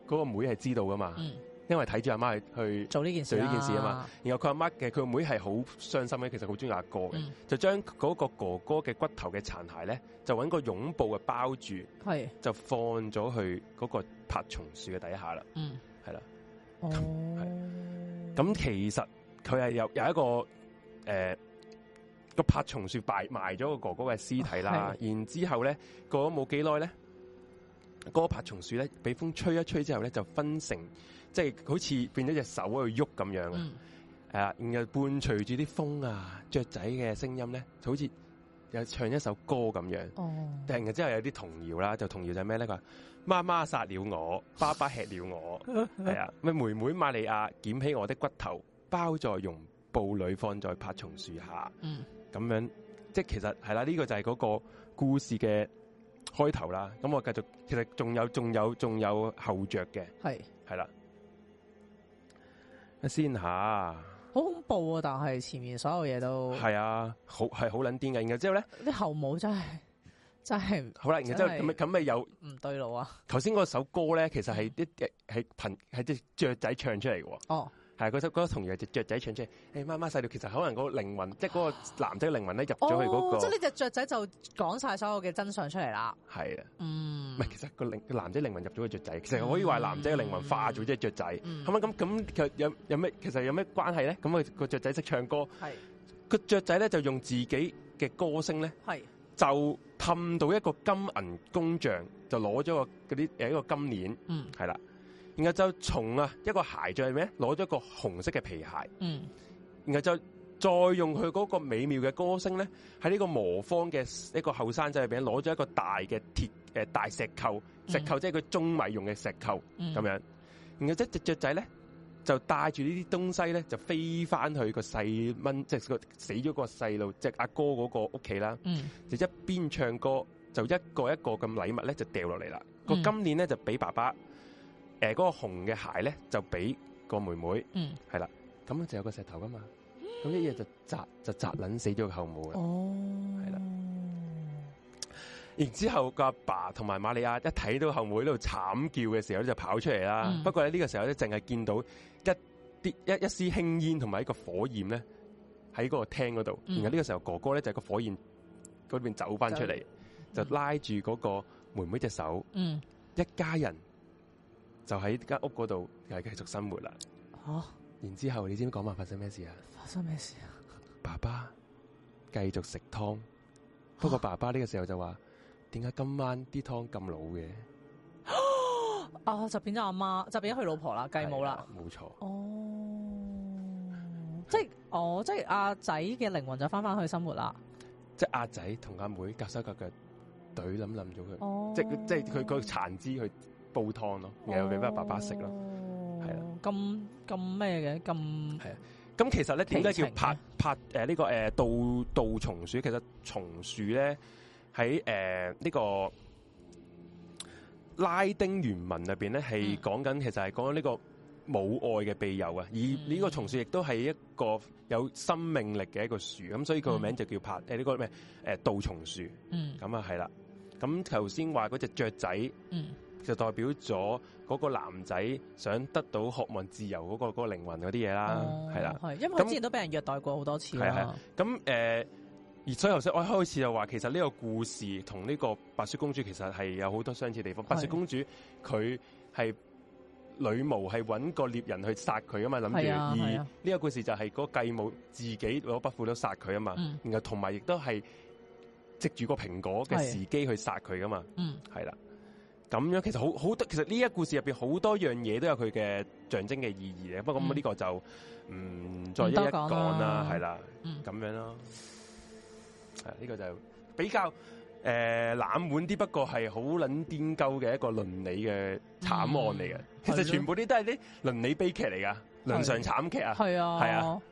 [SPEAKER 1] 嗰個妹係知道噶嘛，
[SPEAKER 3] 嗯、
[SPEAKER 1] 因為睇住阿媽去做呢件事，做呢件事啊嘛。然後佢阿媽嘅，佢個妹係好傷心嘅，其實好中意阿哥嘅，嗯、就將嗰個哥哥嘅骨頭嘅殘骸咧，就揾個絨布嘅包住，係是的 就放咗去嗰個柏松樹嘅底下啦，係啦、嗯，係咁、嗯、其實。佢係有有一個誒個、呃柏，哦、柏松樹埋埋咗個哥哥嘅屍體啦，然之後咧過咗冇幾耐咧，嗰柏松樹咧俾風吹一吹之後咧就分成，即、就、係、是、好似變咗隻手喺度喐咁樣啊！嗯、然後伴隨住啲風啊雀仔嘅聲音咧，就好似又唱一首歌咁樣哦。突、嗯、然之間有啲童謠啦，就童謠就係咩咧？佢話媽媽殺了我，爸爸吃了我，
[SPEAKER 3] 係
[SPEAKER 1] 啊， 妹妹瑪利亞撿起我的骨頭。包在用布女放在柏松樹下，咁、嗯、樣，即係其實係啦，呢、這個就係嗰個故事嘅開頭啦。咁我繼續，其實仲有，仲有，仲有後着嘅，係係啦。先下，
[SPEAKER 2] 好恐怖啊！但係前面所有嘢都係
[SPEAKER 1] 啊，好係好捻癲嘅。然之後咧，
[SPEAKER 2] 啲後母真係真係好啦。真是 然之後咁咪咁咪又唔對路啊！
[SPEAKER 1] 頭先嗰首歌咧，其實係啲，係係係隻雀仔唱出嚟嘅。哦。係，嗰首歌個童謠隻雀仔唱出嚟，誒、欸，媽媽細到其實可能嗰靈魂，即係嗰個男仔靈魂咧入咗去嗰個。哦、即係呢隻
[SPEAKER 2] 雀仔就講晒所有嘅真相出嚟啦。
[SPEAKER 1] 係啊的，
[SPEAKER 3] 嗯，
[SPEAKER 1] 唔係其實個靈個男仔靈魂入咗個雀仔，其實可以話男仔嘅靈魂化咗隻雀仔。係咪咁咁其實有有咩其實有咩關係咧？咁啊個雀仔識唱歌，係的個雀仔咧就用自己嘅歌聲咧，係的就氹到一個金銀工匠，就攞咗個嗰啲誒一個金鏈，嗯，係啦。然後就從啊一個鞋著係咩攞咗一個紅色嘅皮鞋。
[SPEAKER 3] 嗯、
[SPEAKER 1] 然後就再用佢嗰個美妙嘅歌聲咧，喺呢個魔方嘅一個後生仔入面攞咗一個大嘅鐵誒、呃、大石扣，石扣、嗯、即係佢中米用嘅石扣咁樣。然後隻隻雀仔咧就帶住呢啲東西咧就飛翻去個細蚊，即、就、係、是、個死咗個細路，即、就、係、是、阿哥嗰個屋企啦。嗯、就一邊唱歌就一個一個咁禮物咧就掉落嚟啦。個、嗯、金鏈咧就俾爸爸。誒，嗰、呃那個紅嘅鞋咧就俾個妹妹，係啦、嗯，咁就有個石頭噶嘛，咁、嗯、一嘢就砸就砸撚死咗個後母嘅，係啦、哦。然之後個阿爸同埋瑪利亞一睇到後母喺度慘叫嘅時候咧就跑出嚟啦，嗯、不過呢、呢個時候咧淨係見到一啲一一,一絲輕煙同埋一個火焰咧喺嗰個廳嗰度，嗯、然後呢個時候哥哥咧就喺個火焰嗰邊走翻出嚟，就，就拉住嗰個妹妹隻手，
[SPEAKER 3] 嗯，
[SPEAKER 1] 一家人。就喺間屋嗰度又係繼續生活啦。
[SPEAKER 3] 吓、
[SPEAKER 1] 哦，然之後你知唔知講話？發生咩事啊？
[SPEAKER 3] 發生咩事啊？
[SPEAKER 1] 爸爸繼續食湯，啊、不過爸爸呢個時候就話，點解今晚啲湯咁老嘅？
[SPEAKER 2] 啊！就變咗阿媽，就變咗佢老婆啦，繼母啦。冇錯、哦。 哦，即係、啊，哦，即係阿仔嘅靈魂就翻翻去生活啦、
[SPEAKER 1] 啊哦。即係阿仔同阿妹夾手夾腳懟冧冧咗佢。哦，即係即係佢個殘肢去。煲湯咯，然後俾翻爸爸食咯，
[SPEAKER 2] 係啦、oh, 的。咁咁咩嘅？咁係啊。咁其實咧，點解叫情
[SPEAKER 1] 情拍拍誒、呢、呃這個誒、呃，杜杜松樹其實松樹咧喺誒呢、呃這個拉丁原文入邊咧係講緊，嗯、其實係講緊呢個母愛嘅庇佑啊。而呢個松樹亦都係一個有生命力嘅一個樹，咁、嗯、所以佢個名就叫拍誒呢、呃這個咩？誒、呃，杜松樹。嗯。咁啊係啦。咁頭先話嗰隻雀仔。嗯。就代表咗嗰個男仔想得到渴望自由嗰個嗰個靈魂嗰啲嘢啦，係啦、哦，
[SPEAKER 2] 係的因為佢之前都俾人虐待過好多次啦。
[SPEAKER 1] 咁誒，而、呃、所以頭先我一開始就話，其實呢個故事同呢個白雪公主其實係有好多相似嘅地方。的白雪公主佢係女巫，係搵個獵人去殺佢啊嘛，諗住。而呢個故事就係嗰繼母自己攞斧都殺佢啊嘛，然後同埋亦都係藉住個蘋果嘅時機去殺佢噶嘛。的嗯，係啦。咁樣其實好好多，其實呢一故事入邊好多樣嘢都有佢嘅象徵嘅意義嘅。不過咁呢個就唔、嗯嗯、再一一講啦，係啦，咁了、嗯、樣咯。係、啊、呢、呢個就比較誒冷門啲，不過係好撚顛鳩嘅一個倫理嘅慘案嚟嘅。嗯、其實全部啲都係啲倫理悲劇嚟㗎，的倫常慘劇啊，係啊的。的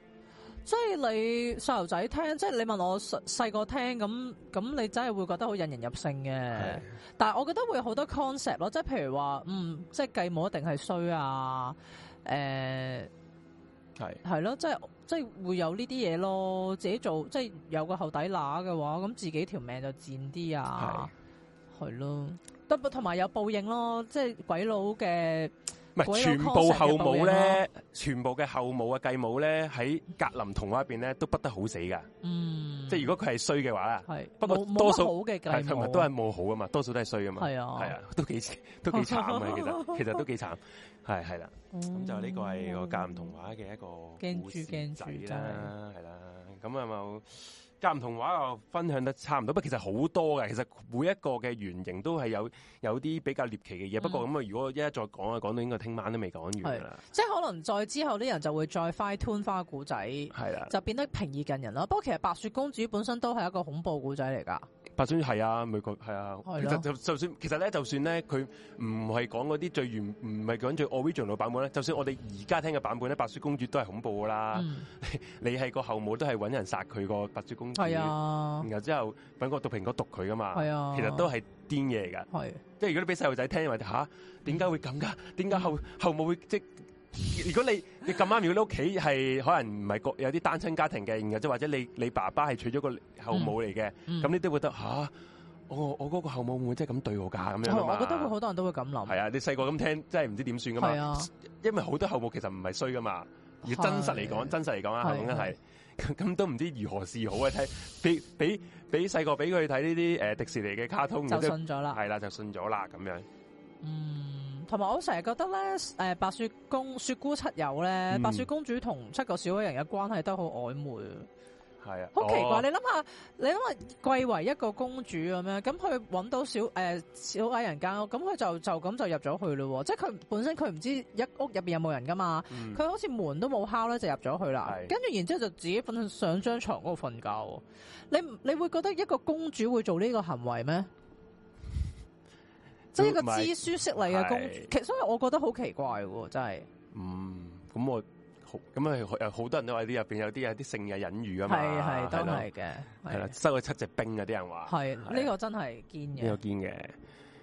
[SPEAKER 2] 即係你細路仔聽，即係你問我細細個聽，咁咁你真係會覺得好引人入勝嘅。是的 但係我覺得會有好多 concept 咯，即係譬如話，嗯，即係計冇一定係衰啊，誒係係咯，即係即係會有呢啲嘢咯。自己做即係有個後底乸嘅話，咁自己條命就賤啲啊，係咯是的，得同埋有報應咯，即係鬼佬嘅。唔係全部
[SPEAKER 1] 後母咧，全部嘅後母啊、繼母咧，喺格林童話入邊咧都不得好死噶。嗯，即係如果佢係衰嘅話，係是不過多數係都係冇好噶嘛，多數都係衰噶嘛。係啊，係啊，都幾都幾慘啊！ 其實其實都幾慘，係係啦。咁、啊嗯、就呢個係個格林童話嘅一個故事仔啦，係啦、就是。咁有冇？間唔同話又分享得差唔多，不過其實好多嘅，其實每一個嘅原型都係有有啲比較獵奇嘅嘢。嗯、不過咁啊，如果一一再講啊，講到應該聽晚都未講完啦。
[SPEAKER 2] 即係可能再之後啲人就會再 fine tune 花古仔，係啦，就變得平易近人咯。是的 不過其實白雪公主本身都係一個恐怖古仔嚟㗎。
[SPEAKER 1] 白雪係啊，美國係啊，其實就就算其實咧，就算咧，佢唔係講嗰啲最原，唔係講最 original 嘅版本咧，就算我哋而家聽嘅版本咧，白雪公主都係恐怖㗎喇。嗯、你係個後母都係搵人殺佢個白雪公主，是啊、然後之後搵個毒蘋果毒佢㗎嘛。是啊、其實都係癲嘢嚟㗎。是啊、即係如果你俾細路仔聽，話嚇點解會咁㗎？點解後、嗯、後母會即 如果你你咁啱，如果你屋企係可能唔係各有啲單親家庭嘅，然後即或者你你爸爸係娶咗個後母嚟嘅，咁、嗯嗯、你都會覺得吓、啊，我我嗰個後母會唔會即係咁對我㗎咁樣、哦、我覺得會
[SPEAKER 2] 好多人都會咁諗。係
[SPEAKER 1] 啊，你細個咁聽，真係唔知點算㗎嘛？嗯、因為好多後母其實唔係衰噶嘛，要真實嚟講，的真實嚟講啊，係咁的的 都唔知如何是好啊！睇俾俾俾細個俾佢睇呢啲誒迪士尼嘅卡通，就信咗啦，係啦、就是，就信咗啦咁樣。嗯。
[SPEAKER 2] 同埋我成日覺得咧，誒白雪公雪姑七友咧，嗯、白雪公主同七個小矮人嘅關係都好曖昧，
[SPEAKER 3] 係啊，好奇怪！哦、你諗
[SPEAKER 2] 下，你諗下，貴為一個公主咁樣，咁佢揾到小誒、呃、小矮人間屋，咁佢就就咁就入咗去咯，即係佢本身佢唔知一屋入邊有冇人噶嘛，佢、嗯、好似門都冇敲咧就入咗去啦，是跟住然之後就自己瞓上張床嗰度瞓覺。你你會覺得一個公主會做呢個行為咩？
[SPEAKER 1] 即係一個知書識禮嘅公
[SPEAKER 2] 主，所以我覺得好奇怪的，真
[SPEAKER 1] 係。嗯，咁我好，咁啊，好多人都話啲入邊有啲有啲性嘅隱喻啊嘛，係係都係嘅，係啦，收咗七隻兵啊，啲人話。
[SPEAKER 2] 係呢的個真係堅嘅，呢個
[SPEAKER 1] 堅嘅。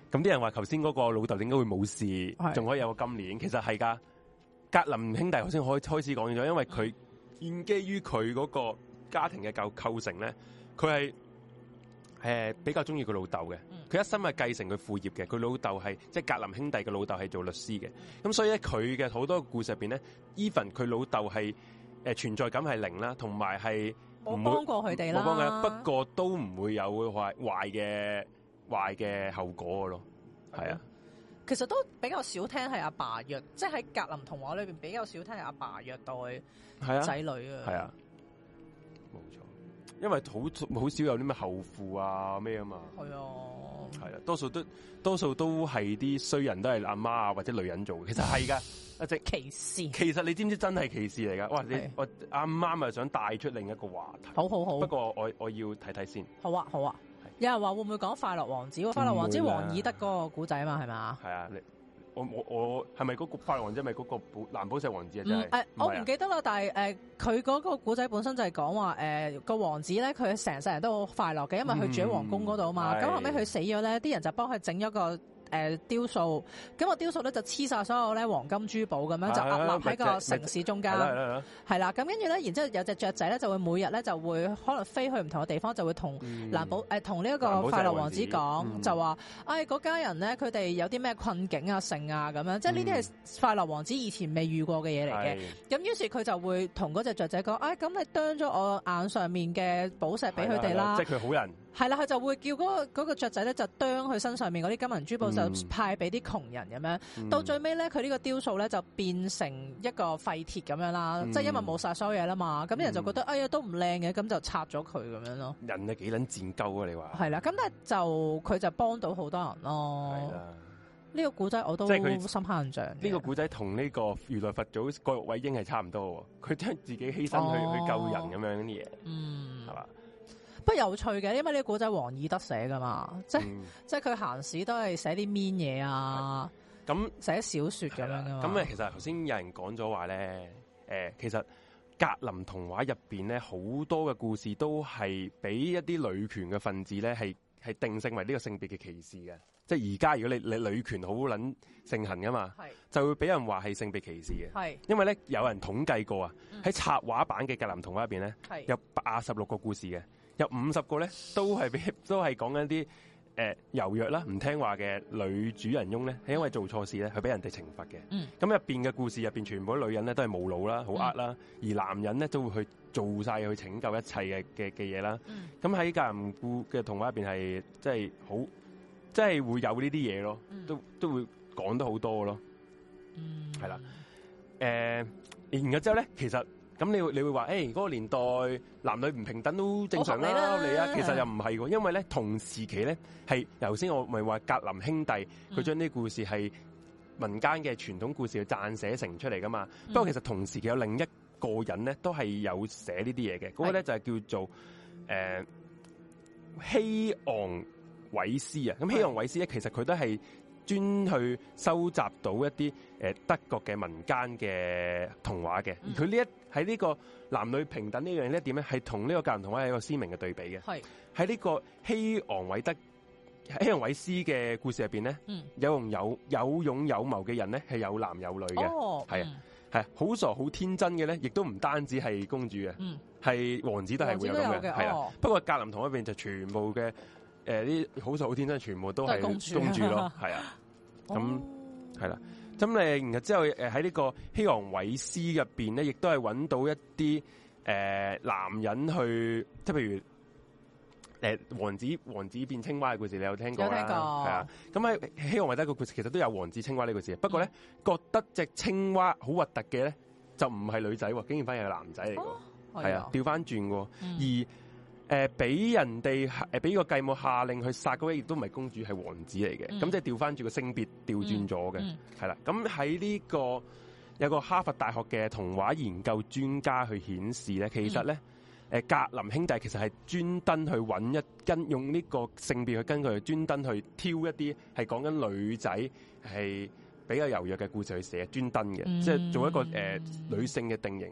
[SPEAKER 1] 咁啲人話頭先嗰個老豆應該會冇事，仲是的 可以有個今年，其實係噶。格林兄弟頭先可以開始講咗，因為佢現基於佢嗰個家庭嘅構構成咧，佢係。誒、呃，比較中意佢老豆嘅，佢一生係繼承佢副業嘅，佢老豆係即係格林兄弟嘅老豆係做律師嘅，咁、嗯、所以咧佢嘅好多故事入邊咧，伊 n 佢老豆係誒存在感係零還是啦，同埋係冇幫過佢哋啦，冇幫嘅，不過都唔會有壞壞嘅壞嘅後果嘅咯，係啊，
[SPEAKER 2] 其實都比較少聽係阿爸約，即係喺格林童話裏邊比較少聽係阿爸虐待仔女嘅，係啊。
[SPEAKER 1] 因為好好少有啲咩後父啊咩啊嘛，係啊，係啊多，多數都多數都係啲衰人都係阿媽啊或者女人做嘅，其實係噶，一直歧視。其實你知唔知真係歧視嚟噶？哇！你是我啱啱咪想帶出另一個話題，好好好。不過我我要睇睇先
[SPEAKER 2] 好，啊。好啊好啊，是有人話會唔會講快樂王子《快樂王子》？《快樂王子》王爾德嗰個古仔啊嘛，係嘛？
[SPEAKER 1] 係啊。你我我我係咪嗰個快樂王子係咪嗰個藍寶石王子啊？真係、嗯，誒、哎啊、我唔記
[SPEAKER 2] 得啦，但係誒，佢、呃、嗰個古仔本身就係講話誒個王子咧，佢成世人都好快樂嘅，因為佢住喺皇宮嗰度啊嘛。咁、嗯、後尾佢死咗咧，啲人就幫佢整咗個。誒雕塑，咁個雕塑咧就黐晒所有咧黃金珠寶，咁樣就屹立喺個城市中間，係啦。咁跟住咧，然之後有隻雀仔咧，就會每日咧就會可能飛去唔同嘅地方，就會同蘭寶誒同呢一個快樂王子講，就話：誒嗰家人咧，佢哋有啲咩困境啊、成啊咁樣。即係呢啲係快樂王子以前未遇過嘅嘢嚟嘅。咁於是佢就會同嗰隻雀仔講：誒，咁你啄咗我眼上面嘅寶石俾佢哋啦。即係佢好人。係啦，佢就會叫嗰個雀仔咧，就啄佢身上面嗰啲金銀珠寶，嗯、就派俾啲窮人咁樣。嗯、到最尾咧，佢呢個雕塑咧就變成一個廢鐵咁樣啦，嗯、即係因為冇晒所有嘢啦嘛。咁啲、嗯、人就覺得哎呀都唔靚嘅，咁就拆咗佢咁樣咯。
[SPEAKER 1] 人係幾撚賤鳩啊？你話
[SPEAKER 2] 係啦，咁但係就佢就幫到好多人咯。係啦的，呢個古仔我都即深刻印象。
[SPEAKER 1] 呢個古仔同呢個如來佛祖割肉餵鷹係差唔多喎，佢將自己犧牲去、哦、去救人咁樣啲嘢。嗯。
[SPEAKER 2] 不有趣嘅，因為呢個古仔王爾德寫噶嘛，即係、嗯、即係佢閒時都係寫啲面嘢啊。咁、嗯嗯、寫小説咁吧樣噶咁啊，其
[SPEAKER 1] 實頭先有人講咗話咧，誒、呃，其實格林童話入邊咧好多嘅故事都係俾一啲女權嘅分子咧係係定性為呢個性別嘅歧視嘅。即係而家如果你你女權好撚盛行噶嘛，是就會俾人話係性別歧視嘅。係是因為咧有人統計過啊，喺插畫版嘅格林童話入邊咧，是有八十六個故事嘅。有五十個咧，都係俾都係講緊啲誒柔弱啦，唔聽話嘅女主人翁咧，係因為做錯事咧，佢俾人哋懲罰嘅。嗯，咁入邊嘅故事入邊，全部啲女人咧都係無腦啦，好呃啦，嗯、而男人咧都會去做晒去拯救一切嘅嘅嘅嘢啦。咁喺格林故嘅童話入邊係即係好，即係會有呢啲嘢咯，都都會講得好多咯。嗯，係啦，誒、呃，然後之後咧，其實。咁你你會話誒嗰年代男女唔平等都正常啦，啊，你啊其實又唔係個，因為咧同時期咧係頭先我咪話格林兄弟佢、嗯、將啲故事係民間嘅傳統故事去撰寫成出嚟噶嘛。嗯、不過其實同時期有另一個人咧都係有寫、那個、呢啲嘢嘅，嗰咧的就係叫做誒、呃、希昂韋斯啊。咁希昂韋斯咧的其實佢都係專去收集到一啲誒、呃、德國嘅民間嘅童話嘅，而佢呢一喺呢個男女平等呢樣嘢一點咧，係同呢個格林童話係一個鮮明嘅對比嘅。係喺呢個希昂韋德、韋斯嘅故事入邊咧，有勇有有勇有謀嘅人咧係有男有女嘅，係啊，係好傻好天真嘅咧，亦都唔單止係公主嘅，係王子都係會有咁嘅，係啦。不過格林童話入邊就全部嘅誒，啲好傻好天真，全部都係公主咯，係啊，咁係啦。咁你，然之後喺呢、這個希望韋斯入面咧，亦都係揾到一啲誒、呃、男人去，即係譬如誒、呃、王子王子變青蛙嘅故事，你有聽過啦？有聽過，係啊。咁喺希望韋德個故事其實都有王子青蛙呢、這個故事，不過咧、嗯、覺得隻青蛙好核突嘅咧，就唔係女仔喎，竟然反而係男仔嚟嘅，係、哦、啊，調翻轉喎。嗯、而。誒俾、呃、人哋誒俾個繼母下令去殺嗰位，亦都唔係公主，係王子嚟嘅。咁、嗯、即係調翻住個性別，調轉咗嘅，係啦、嗯。咁喺呢個有一個哈佛大學嘅童話研究專家去顯示咧，其實咧誒、嗯呃、格林兄弟其實係專登去揾一跟用呢個性別去根據專登去挑一啲係講緊女仔係比較柔弱嘅故事去寫，專登嘅，嗯、即係做一個、呃、女性嘅定型。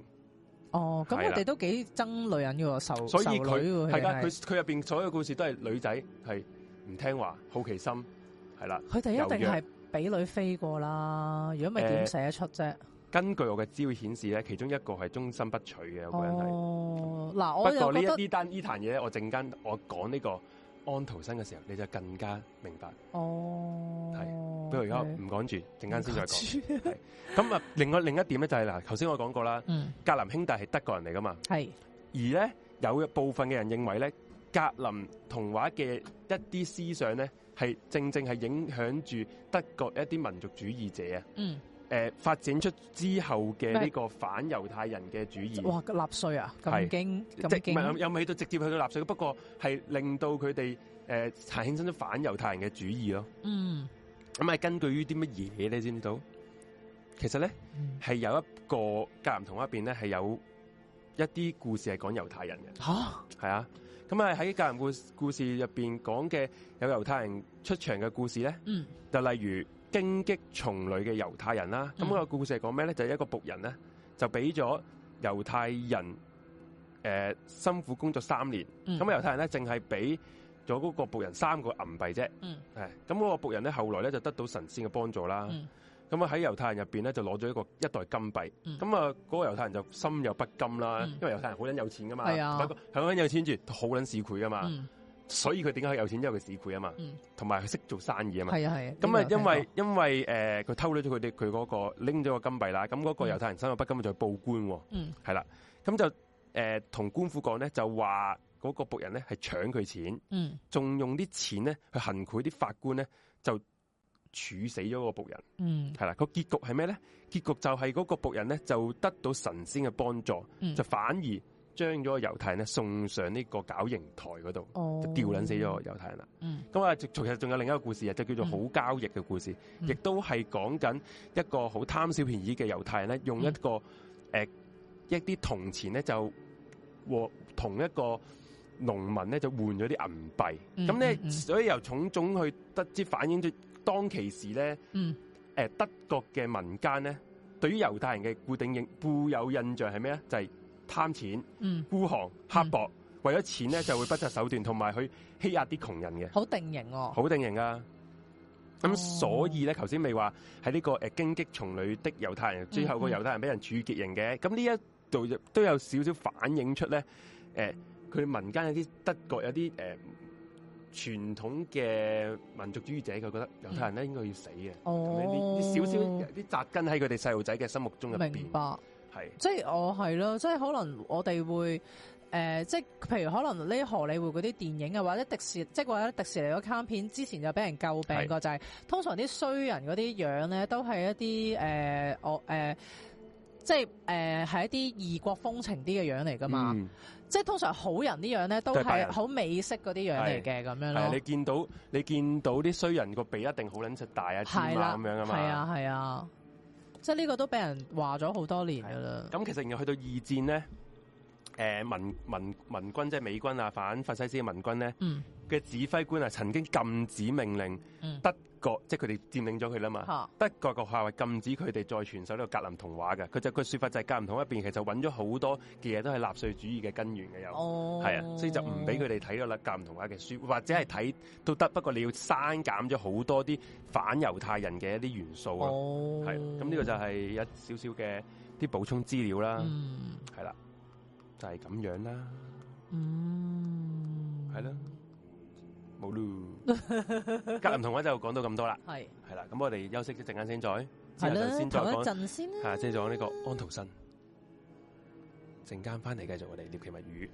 [SPEAKER 2] 哦，咁我哋都幾憎女人嗰受所以喎，係㗎。佢
[SPEAKER 1] 佢入面所有故事都係女仔係唔聽話，好奇心係啦。佢哋一定係
[SPEAKER 2] 俾女飛過啦。如果唔係點寫得出啫？
[SPEAKER 1] 根據我嘅資料顯示咧，其中一個係終身不娶嘅。哦，
[SPEAKER 2] 嗱是，我不過呢一呢
[SPEAKER 1] 單呢壇嘢我陣間我講呢個安徒生嘅時候，你就更加明白。哦。不如而家唔講住，陣間先再講。咁啊，另外另一點咧就係、是、嗱，頭先我講過啦，格、嗯、林兄弟係德國人嚟㗎嘛？係是而咧，有部分嘅人認為咧，格林童話嘅一啲思想咧，係正正係影響住德國一啲民族主義者啊。嗯。誒、呃，發展出之後嘅呢個反猶太人嘅主義。哇！
[SPEAKER 2] 納粹啊，咁勁咁勁，有
[SPEAKER 1] 未到直接去到納粹，不過係令到佢哋誒產生咗反猶太人嘅主義咯。嗯。咁啊，根據於啲乜嘢你知唔知道？其實
[SPEAKER 3] 咧
[SPEAKER 1] 係、嗯、有一個《格林童話》入邊咧係有一啲故事係講猶太人嘅。吓係啊！咁啊喺《格林故故事》入邊講嘅有猶太人出場嘅故事咧，嗯，就例如荊棘叢裏嘅猶太人啦。咁、嗯、個故事係講咩咧？就係、一個僕人咧就俾咗猶太人誒、呃、辛苦工作三年，咁啊猶太人咧淨係俾咗嗰個僕人三個銀幣啫，係咁嗰個僕人咧，後來咧就得到神仙嘅幫助啦。咁啊喺猶太人入邊咧，就攞咗一個一袋金幣。咁啊嗰個猶太人就心有不甘啦，因為猶太人好撚有錢噶嘛，係啊，係好撚有錢住，好撚市儈啊嘛，所以佢點解有錢之後佢市儈啊嘛，同埋佢識做生意啊嘛，係啊係。咁啊因為因為誒佢偷咗咗佢哋，佢嗰個拎咗個金幣啦，咁嗰個猶太人心有不甘就去報官，嗯，係啦，咁就誒同官府講咧就話。嗰個僕人咧係搶佢錢，仲、嗯、用啲錢咧去行賄啲法官咧，就處死咗個僕人。係啦、嗯，是那個結局係咩咧？結局就係嗰個僕人咧就得到神仙嘅幫助，嗯、就反而將咗個猶太人咧送上呢個絞刑台嗰度，
[SPEAKER 3] 哦、就吊撚死咗個
[SPEAKER 1] 猶太人啦。咁啊、嗯，其實仲有另一個故事啊，就叫做好交易嘅故事，亦都係講緊一個好貪小便宜嘅猶太人咧，用一個誒、嗯呃、一啲銅錢咧就和同一個。農民咧就換咗啲銀幣，咁咧所以由種種去得知反映咗當其時咧，誒、嗯呃、德國嘅民間咧對於猶太人嘅固定印固有印象係咩咧？就係、是、貪錢、嗯、孤寒、刻薄，嗯、為咗錢咧就會不擇手段，同埋 去欺壓啲窮人嘅。好
[SPEAKER 2] 定型喎、哦！
[SPEAKER 1] 好定型啊！咁所以咧，頭先未話係呢個誒荊棘叢裏的猶太人，最後個猶太人俾人處決型嘅。咁呢一度都有少少反映出咧，誒、呃。佢民間有啲德國有啲誒、呃、傳統嘅民族主義者，佢覺得猶太人咧應該要死嘅。哦，
[SPEAKER 3] 啲少少
[SPEAKER 1] 啲扎根喺佢哋細路仔嘅心目中入面。明
[SPEAKER 2] 白。係，即係我係咯，即係可能我哋會誒、呃，即係譬如可能呢荷里活嗰啲電影啊，或者迪士，即係或者迪士尼嗰啲卡片，之前就俾人詬病過的就係、是，通常啲衰人嗰啲樣咧，都係一啲誒我誒，即係誒係一啲異國風情啲嘅樣嚟噶嘛。嗯。即係通常好人呢樣咧，都係好美式嗰啲樣嚟嘅咁樣咯。係，你
[SPEAKER 1] 見到你見到啲衰人個鼻一定好撚實大啊、尖啊咁樣啊嘛。係啊、係
[SPEAKER 2] 啊，即係呢個都俾人話咗好多年噶啦。咁其實然後
[SPEAKER 1] 去到二戰咧。誒、呃，民民民軍即係美軍啊，反法西斯嘅民軍咧嘅、嗯、指揮官啊，曾經禁止命令德國，嗯、即係佢哋佔領咗佢啦嘛。啊、德國嘅學校係禁止佢哋再傳授呢個格林童話嘅。佢就個說法就係格林童話入邊，其實揾咗好多嘅嘢都係納粹主義嘅根源嘅。
[SPEAKER 3] 有係、哦、啊，
[SPEAKER 1] 所以就唔俾佢哋睇到啦。格林童話嘅書或者係睇都得，不過你要刪減咗好多啲反猶太人嘅一啲元素啊。係咁、哦、呢、啊、個就係一少少嘅啲補充資料啦。係啦、嗯。就係咁樣啦，嗯，係咯，冇咯。
[SPEAKER 3] 格林童話
[SPEAKER 1] 就講到咁多啦，係係啦，咁我哋休息一陣間先再，之後就先再講一陣先，吓，即係講呢個安徒生，陣間翻嚟繼續我哋獵奇物語。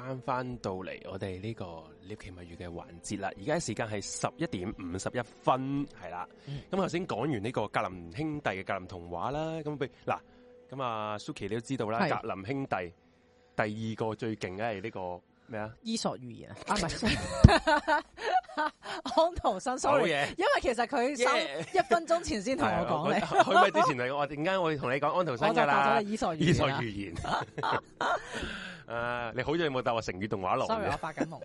[SPEAKER 1] 翻翻到嚟我哋呢個奇的環節獵奇物語嘅環節啦，而家時間係十一點五十一分，係啦。咁頭先講完呢個格林兄弟嘅格林童話啦，咁譬嗱，咁啊 Suki 你都知道啦，是格林兄弟第二個最勁嘅係呢個咩啊？
[SPEAKER 2] 伊索寓言啊？唔係 安徒生，sorry。Oh、yeah. 因為其實佢 Yeah. 一分鐘前先同我講
[SPEAKER 1] 你，佢咪 之前嚟 我陣間我會同你講安徒生噶啦？伊索寓言。 啊！你好似有冇答我成語動畫嚟 sorry，我發緊夢。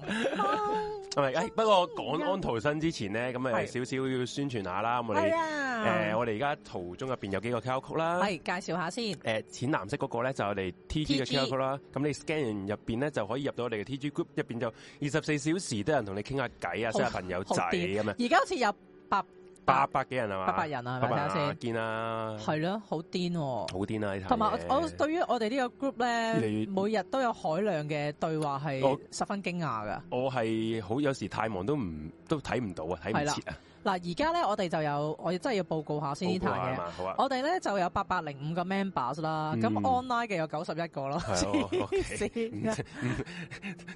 [SPEAKER 1] 係咪？誒，不過講安徒生之前咧，咁啊，少少要宣傳下啦。咁我哋誒、哎呀 呃，我哋而家途中入邊有幾個 Q Q 曲啦。係介紹下先、呃。誒，淺藍色嗰個咧就是、我哋 T, T G 嘅 Q Q 曲啦。咁你 scan 入邊咧就可以入到我哋嘅 T G group 入邊，就二十四小時都有人同你傾下偈啊，識好下朋友仔咁啊。而
[SPEAKER 2] 家好似有八。
[SPEAKER 1] 八百幾人啊嘛，八百人啊，睇下先。見啦，係
[SPEAKER 2] 咯，好癲喎，
[SPEAKER 1] 好癲啊！你同埋我，我
[SPEAKER 2] 對於我哋呢個 group 咧，每日都有海量嘅對話係十分驚訝㗎。
[SPEAKER 1] 我係好有時太忙都唔都睇唔到啊，睇唔切
[SPEAKER 2] 啊！嗱，而家咧我哋就有我哋真係要報告下先呢壇好啊，我哋咧就有八百零五個 members 啦，咁 online 嘅有九十一個囉。
[SPEAKER 1] 係啊，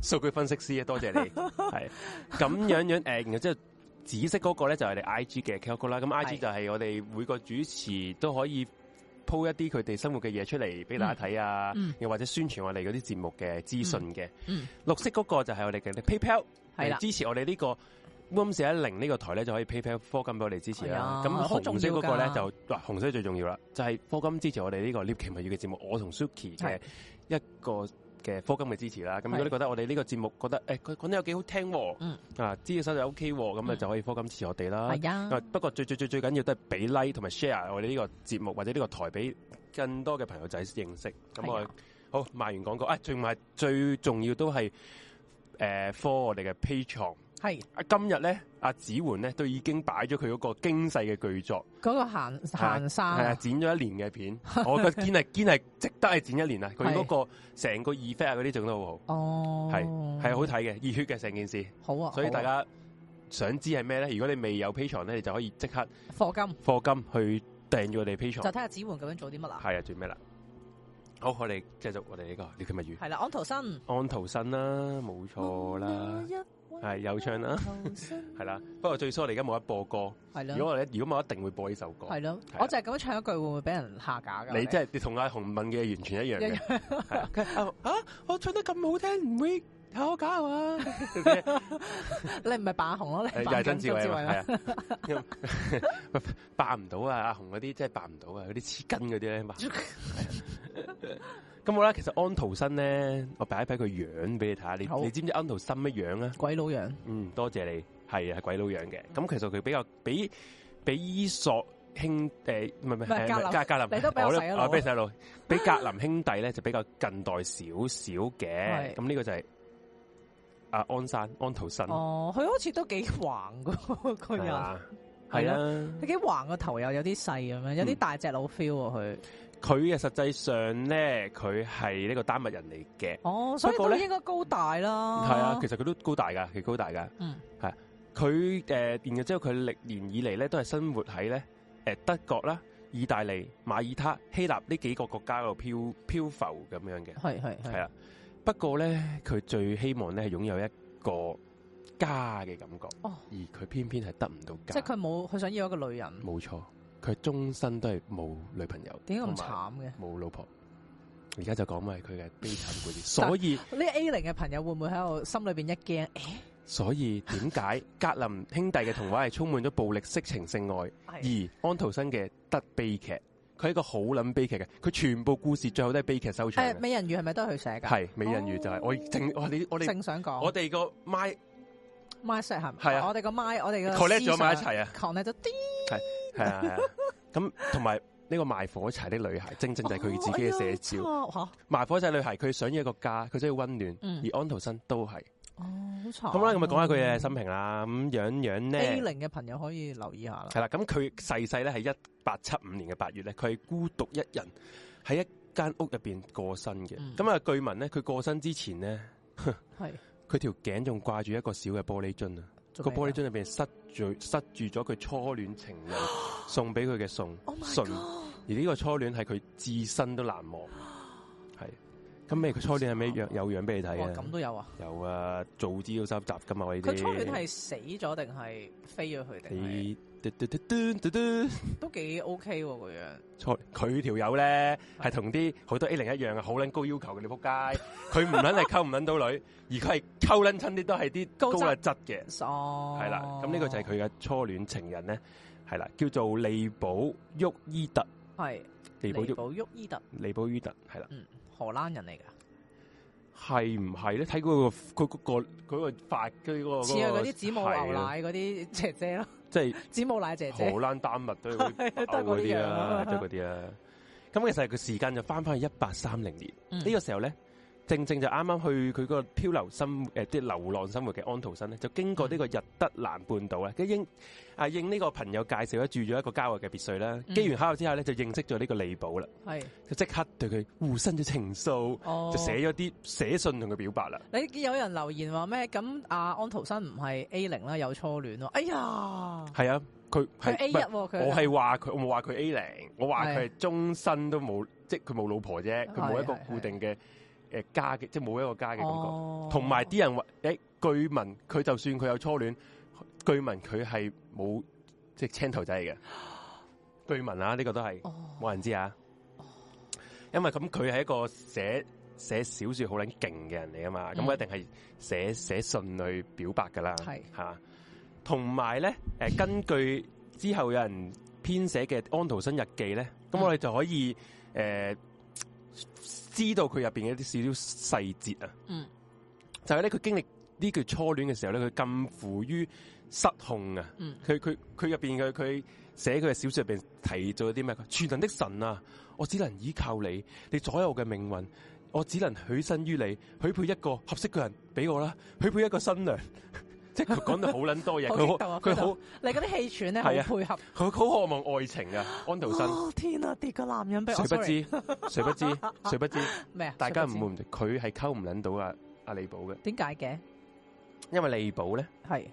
[SPEAKER 1] 數據分析師啊，多謝你。係咁樣樣誒，然後即係。紫色嗰個咧就係、是、我哋 I G 嘅 q c c 啦，咁 I G 就係我哋每個主持都可以鋪一啲佢哋生活嘅嘢出嚟俾大家睇啊，又、嗯嗯、或者宣傳我哋嗰啲節目嘅資訊嘅。嗯嗯、綠色嗰個就係我哋嘅 PayPal，係啦的，支持我哋呢個 w o m d e 零呢個台咧就可以 PayPal 科金俾我哋支持啦。咁、哎、呀紅色嗰個咧就，哇、啊、紅色最重要啦，就係、是、科金支持我哋呢個獵奇物語嘅節目，我同 Suki 嘅一個。嘅科金嘅支持啦，咁、嗯、如果你覺得我哋呢個節目覺得誒，佢、欸、講得有幾好聽，嗯啊，支持手就 OK 喎、啊，咁咪就可以科金支持我哋啦。係啊、嗯，哎、不過最最最最緊要都係俾 like 同埋 share 我哋呢個節目或者呢個台俾更多嘅朋友仔認識。咁我好賣完廣告啊，最埋最重要都係誒，科、呃、我哋嘅 patron。係是今日咧，阿子媛咧都已經擺咗佢嗰個驚世嘅巨作，嗰個行行山係啊，啊，啊，剪咗一年嘅片， 我嘅堅係堅係值得係剪一年啊！佢嗰是個成個 effect 嗰啲整得好好
[SPEAKER 3] 哦，係係好
[SPEAKER 1] 睇嘅，熱血嘅成件事，好啊！所以大家、啊、想知係咩咧？如果你未有 Patreon 咧，你就可以即刻課金課金去訂咗我哋 Patreon 就睇
[SPEAKER 2] 下子媛究竟做啲乜啦。
[SPEAKER 1] 係啊，做咩啦？好，我哋繼續我哋呢、這個你啲物語，
[SPEAKER 2] 係啦、啊，安徒生，
[SPEAKER 1] 安徒生啦，冇錯啦。嗯嗯嗯嗯嗯係有唱啦，係啦，不過最初我哋而家冇得播歌，如果我哋，如果我一定會播呢首歌，係
[SPEAKER 2] 咯，我就係咁樣唱一句，會唔會俾人下架噶？你真
[SPEAKER 1] 係你同阿紅問嘅完全一樣
[SPEAKER 2] 嘅，吓我唱得咁好聽，唔會下我架啊？你唔係扮阿紅咯？你又係曾志偉啊？
[SPEAKER 1] 扮唔到啊！阿紅嗰啲真係扮唔到啊！嗰啲黐筋嗰啲咧。咁我咧，其實安徒生咧，我擺一擺佢樣俾你睇下。你你知唔知安徒生乜樣啊？鬼佬樣。嗯，多謝你，係係鬼佬樣嘅。咁其實佢比較比伊索兄弟，唔係唔係格林格林，你都俾我睇啊！我俾細路，比格林兄弟咧就比較近代少少嘅。咁呢個就係阿安山安徒生。
[SPEAKER 2] 哦，佢好似都幾橫噶，佢係啦，佢幾橫個頭又有啲細咁樣，有啲大隻佬 feel 佢。
[SPEAKER 1] 佢嘅實際上咧，佢係呢個丹麥人嚟嘅。哦，所以佢應該
[SPEAKER 2] 高大啦。係啊，其
[SPEAKER 1] 實佢都高大㗎，佢高大㗎。嗯、啊，係。佢誒變嘅之後，佢歷年以嚟咧都係生活喺咧誒德國啦、意大利、馬爾他、希臘呢幾個國家度漂漂浮咁樣嘅。係係係。係啊，不過咧，佢最希望咧係擁有一個家嘅感覺。哦。而佢偏偏係得唔到家。即係
[SPEAKER 2] 佢冇佢想要一個女人。
[SPEAKER 1] 冇錯。佢終身都係冇女朋友，點解咁慘嘅？冇老婆，而家就講咪佢嘅悲慘故事。所以
[SPEAKER 2] 呢 A 零嘅朋友會唔會喺我心裏邊一驚？誒！
[SPEAKER 1] 所以點解格林兄弟嘅童話係充滿咗暴力色情性愛，而安徒生嘅《得悲劇》佢係一個好撚悲劇嘅，佢全部故事最後都係悲劇收場。誒，
[SPEAKER 2] 美人魚係咪都係佢寫㗎？係
[SPEAKER 1] 美人魚就係我正，我哋我哋正想講，我哋個
[SPEAKER 2] 麥麥 Sir 係咪？係啊，我哋個麥，我哋個。collapse 咗埋一齊啊 collapse 咗啲。
[SPEAKER 1] 係 啊，是啊。咁同埋呢個賣火柴的女孩， 正正就係佢自己嘅寫照。吓、哎，啊、賣火柴女孩佢想要一個家，佢想要溫暖。嗯、而安徒生都係，
[SPEAKER 3] 哦，好慘。咁啦、嗯，咁咪講下佢嘅
[SPEAKER 1] 生平啦。咁樣樣呢，碑林
[SPEAKER 2] 嘅朋友可以留意一下啦。係
[SPEAKER 1] 啦、啊，咁佢細細咧係一八七五年嘅八月咧，佢係孤獨一人喺一間屋入邊過身嘅。咁啊、嗯，據聞咧，佢過身之前咧，係佢條頸仲掛住一個小嘅玻璃樽啊。個玻璃樽入邊塞住塞住咗佢初戀情人、啊、送俾佢嘅送信，而呢個初戀係佢自身都難忘，係、啊。咁咩？佢初戀係咪有、啊、有樣俾你睇？咁都有啊？有啊，早知要收集㗎嘛。我呢啲佢初戀係
[SPEAKER 2] 死咗定係飛咗佢？定
[SPEAKER 1] 嘟嘟嘟嘟嘟，
[SPEAKER 2] 都幾 OK 喎佢啊！
[SPEAKER 1] 初佢條友咧係同啲好多 A 零一樣嘅，好撚高要求嘅你仆街，佢唔撚係溝唔撚到女，而佢係溝撚親啲都係啲高質嘅，係質啦。咁呢、哦嗯嗯這個就係佢嘅初戀情人咧，係啦，叫做利寶沃伊特，
[SPEAKER 2] 係是利寶沃伊特，
[SPEAKER 1] 利寶沃伊特，係啦、
[SPEAKER 2] 嗯，荷蘭人嚟噶，
[SPEAKER 1] 係唔係咧？睇嗰、嗰個佢、嗰個佢、嗰個發嘅、嗰個似啊，嗰啲子母牛奶
[SPEAKER 2] 嗰啲姐姐咯。即係，子母奶姐姐、荷
[SPEAKER 1] 蘭丹、丹麥 都
[SPEAKER 2] 要。嗰啲啦，都嗰
[SPEAKER 1] 啲啦。咁其實佢時間就翻翻去一八三零年，呢、嗯、個時候咧。正正就啱啱去佢個漂流生，啲流浪生活嘅安徒生咧，就經過呢個日德蘭半島呢佢應啊應呢個朋友介紹，咧住咗一個郊外嘅別墅啦。基、嗯、完考之後咧，就認識咗呢個利寶啦。是就即刻對佢互生咗情愫，哦、就寫咗啲寫信同佢表白啦。
[SPEAKER 2] 你有人留言話咩？咁啊，安徒生唔係 A 零啦，有初戀喎、哦。哎呀，
[SPEAKER 1] 係啊，佢係 A 一佢、哦。我係話佢，我冇話佢 A 零，我話佢係終身都冇，是即係佢冇老婆啫，佢冇一個固定嘅。是是是誒，家嘅即係冇一個家嘅感覺，同埋啲人話誒，據聞佢就算佢有初戀，據聞佢係冇即係青頭仔嚟嘅，據聞啊，呢、啊呢個都係冇人知啊。因為咁佢係一個寫寫小說好撚勁嘅人嚟啊嘛，咁、嗯、我一定係寫寫信去表白噶啦，係吓是。同埋咧，誒、呃，根據之後有人編寫嘅安徒生日記咧，咁我哋就可以誒。嗯呃知道佢入邊嘅一啲少少細節啊，嗯，就係咧佢經歷呢個初戀嘅時候咧，佢近乎於失控啊，嗯，佢佢佢入邊嘅佢寫佢嘅小說入邊提咗啲咩？全能的神啊，我只能依靠你，你左右嘅命運，我只能許身於你，許配一個合適嘅人俾我啦，許配一個新娘。即係佢講得好捻多嘢，佢好佢好，
[SPEAKER 2] 你嗰啲氣喘咧可配合，
[SPEAKER 1] 佢好渴望愛情噶安徒生。
[SPEAKER 2] 天啊，跌個男人俾我。誰不知，
[SPEAKER 1] 誰不知，誰不知咩啊？大家唔會，佢係溝唔捻到阿阿利寶嘅。點解嘅？因為利寶咧係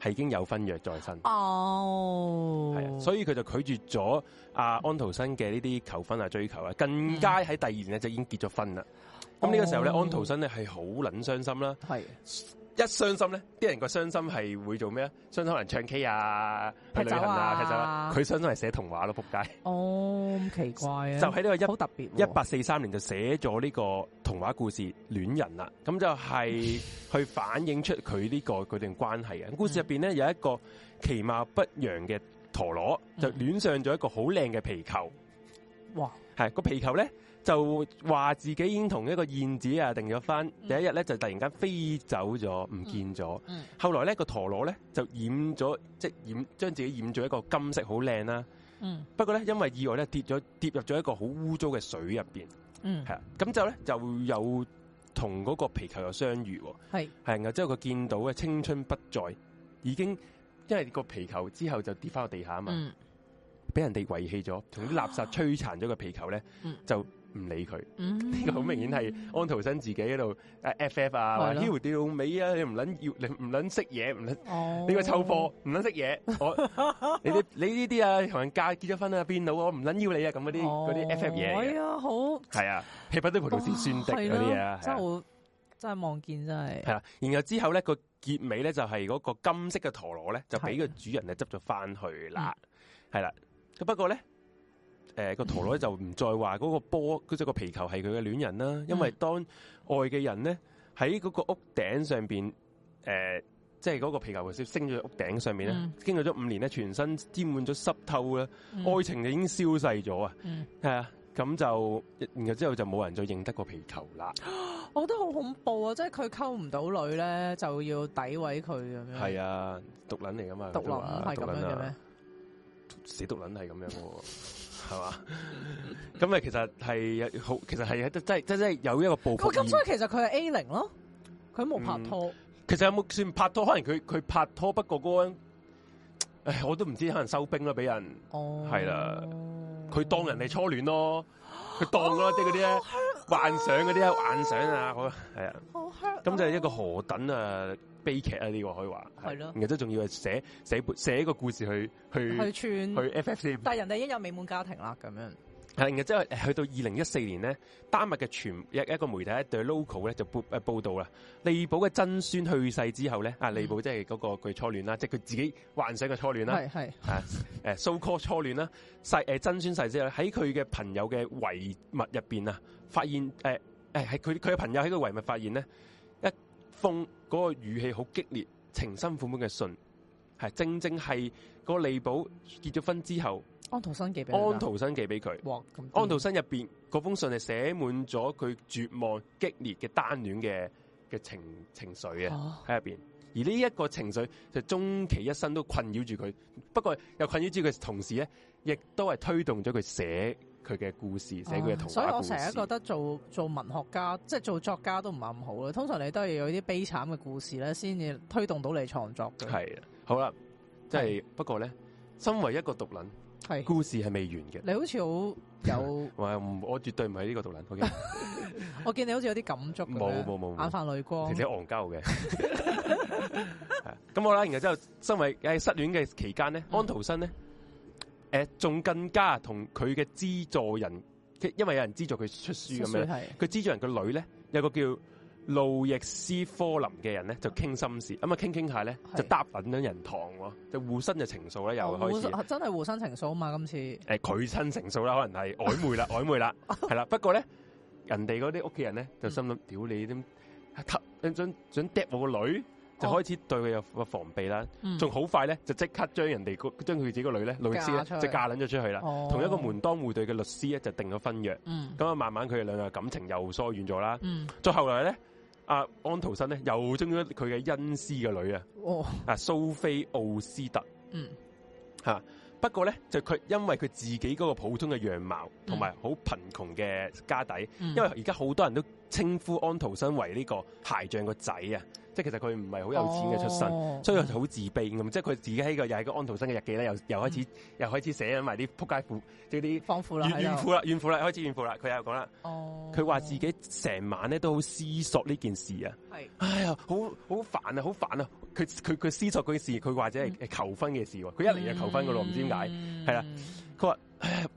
[SPEAKER 1] 係已經有婚約在身哦，
[SPEAKER 2] 係啊，
[SPEAKER 1] 所以佢就拒絕咗阿安徒生嘅呢啲求婚啊追求啊，更加喺第二年咧就已經結咗婚啦。咁呢個時候咧，安徒生咧係好捻傷心啦，係。一傷心咧，啲人個傷心係會做咩啊？傷心能唱 K 啊，去旅行啊，佢傷心係寫童話咯，仆街。
[SPEAKER 2] 哦，奇怪啊！就喺呢個一好特別。一八
[SPEAKER 1] 四三年就寫咗呢個童話故事《戀人》啦，咁就係去反映出佢呢個嗰段關係故事入面咧，有一個奇貌不揚嘅陀螺，就戀上咗一個好靚嘅皮球。哇！係個皮球咧。就話自己已經同一個燕子啊訂咗婚。第一日咧就突然間飛走咗，唔見咗。嗯嗯、後來呢個陀螺咧就染咗，即係染將自己染咗一個金色，好靚啦。嗯、不過咧因為意外咧跌咗跌入咗一個好污糟嘅水入邊，嗯、啊，咁就咧就有同嗰個皮球又相遇，係係、嗯啊，然後之後佢見到嘅青春不再，已經因為嗰個皮球之後就跌翻個地下啊嘛，俾、嗯、人哋遺棄咗，同啲垃圾摧殘咗個皮球咧、啊、就。唔理佢，呢個好明顯係安徒生自己喺度 FF 啊，話掉尾啊，你唔捻要，你唔捻識嘢，唔捻
[SPEAKER 3] 呢個臭貨，
[SPEAKER 1] 唔捻識嘢，你你呢啲啊同人嫁結咗婚啊變老，我唔捻要你啊，咁嗰啲啲 FF 嘢，係啊，好係啊，吃不到葡萄係酸嘅嗰啲
[SPEAKER 2] 啊，真係望見真係係
[SPEAKER 1] 啦。然後之後咧，個結尾咧就係嗰個金色嘅陀螺咧，就俾個主人啊執咗翻去啦，係啦。不過咧。誒，個、呃、陀螺就唔再話嗰、那個波，即、那、係個皮球係佢嘅戀人啦。因為當外嘅人咧喺嗰個屋頂上邊，誒、呃，即係嗰個皮球升咗喺屋頂上面咧，嗯、經過咗五年咧，全身沾滿咗濕透啦，嗯、愛情就已經消逝咗啊！係啊，咁就然後之後就冇人再認得個皮球啦。
[SPEAKER 2] 我覺得好恐怖啊！即係佢溝唔到女咧，就要詆毀佢咁樣。係
[SPEAKER 1] 啊，毒撚嚟㗎嘛？毒撚係咁樣嘅咩？死毒撚係咁樣的。 係嘛？咁咪其實係好，其實係喺即係係有一個部分。咁所
[SPEAKER 2] 以其實佢係 A 零咯，佢冇拍拖。
[SPEAKER 1] 其實有冇算拍拖？可能佢佢拍拖，不過哥、嗰個，唉，我都唔知道可能收兵啦，俾人係啦。佢當人哋初戀咯，佢當咯啲嗰啲幻想嗰啲、oh、幻,幻想啊，好係啊。咁就係一個何等啊！悲劇啊！呢個可以話係咯，然後都仲要係寫寫本寫個故事去的去去串去 F F
[SPEAKER 2] 但係人哋已經有美滿家庭啦，咁樣
[SPEAKER 1] 係。然後即係去到二零一四年呢，丹麥嘅全一一個媒體一對 local 咧就報誒報道啦，利寶嘅曾孫去世之後咧，阿、嗯、利寶即係嗰個佢初戀啦，即係佢自己幻想嘅初戀啦，係係吓誒，so called 初戀啦，細誒曾孫細之後喺佢嘅朋友嘅遺物入邊啊，發現誒誒係佢佢嘅朋友喺個遺物發現咧。封嗰個語氣好激烈，情深款款嘅信係正正係個利寶結咗婚之後，
[SPEAKER 2] 安徒生寄俾安徒
[SPEAKER 1] 生寄俾佢。安徒生入邊嗰封信係寫滿咗佢絕望激烈嘅單戀嘅嘅情情緒嘅喺入邊，啊、而呢一個情緒就終其一生都困擾住佢。不過又困擾住佢同時咧，亦都係推動咗佢寫。佢嘅故事，寫佢嘅童話故事、啊、所以我成日覺
[SPEAKER 2] 得做做文學家，即係做作家都唔係咁好咯。通常你都係有啲悲慘嘅故事咧，先至推動到你創作的。係啊，
[SPEAKER 1] 好啦，即係的不過咧，身為一個毒撚，係的故事係未完嘅。你
[SPEAKER 2] 好似好有，
[SPEAKER 1] 我唔，我絕對唔係呢個毒撚。Okay.
[SPEAKER 2] 我見你好似有啲感觸的，冇冇冇眼泛淚光，其實
[SPEAKER 1] 戇鳩嘅。咁好啦，然後之後身為失戀嘅期間咧，安徒生咧。誒、仲、呃、更加同佢嘅資助人，因為有人資助佢出書咁樣，佢資助人個女咧,有個叫路易斯科林嘅人咧，就傾心事，咁啊傾傾下咧，是就搭緊咗人堂喎，就互生嘅情愫咧，又開、哦、
[SPEAKER 2] 真係互生情愫啊嘛，今次，誒、呃，
[SPEAKER 1] 佢親情愫啦，可能係曖昧啦，曖 昧啦，係啦，不過咧，人哋嗰啲屋企人咧，就心諗，屌、嗯、你啲，想想想嗒我個女。就開始對佢有防備啦，仲好、哦、快咧就即刻將人哋將佢自己個女咧，律師咧嫁撚咗出去啦，同、哦、一個門當戶對嘅律師咧就定咗婚約。咁啊、嗯，慢慢佢哋兩個感情又疏遠咗啦。再、嗯、後來咧，阿、啊、安徒生咧又中咗佢嘅恩師嘅女啊，啊、哦、蘇菲奧斯特、
[SPEAKER 3] 嗯
[SPEAKER 1] 啊。不過咧就佢因為佢自己嗰個普通嘅樣貌同埋好貧窮嘅家底，嗯、因為而家好多人都稱呼安徒生為呢個鞋匠個仔啊。即係其實佢唔係好有錢嘅出身，所以佢好自卑咁。即係佢自己喺個又係個安徒生嘅日記咧，又又開始又開始寫埋啲仆街婦，即係啲
[SPEAKER 2] 怨怨婦啦，
[SPEAKER 1] 怨婦啦，開始怨婦啦。佢又講啦，佢話自己成晚咧都好思索呢件事啊。係，哎呀，好好煩啊，好煩啊！佢佢佢思索嗰件事，佢或者係求婚嘅事喎。佢一嚟就求婚噶咯，唔知點解係啦。佢話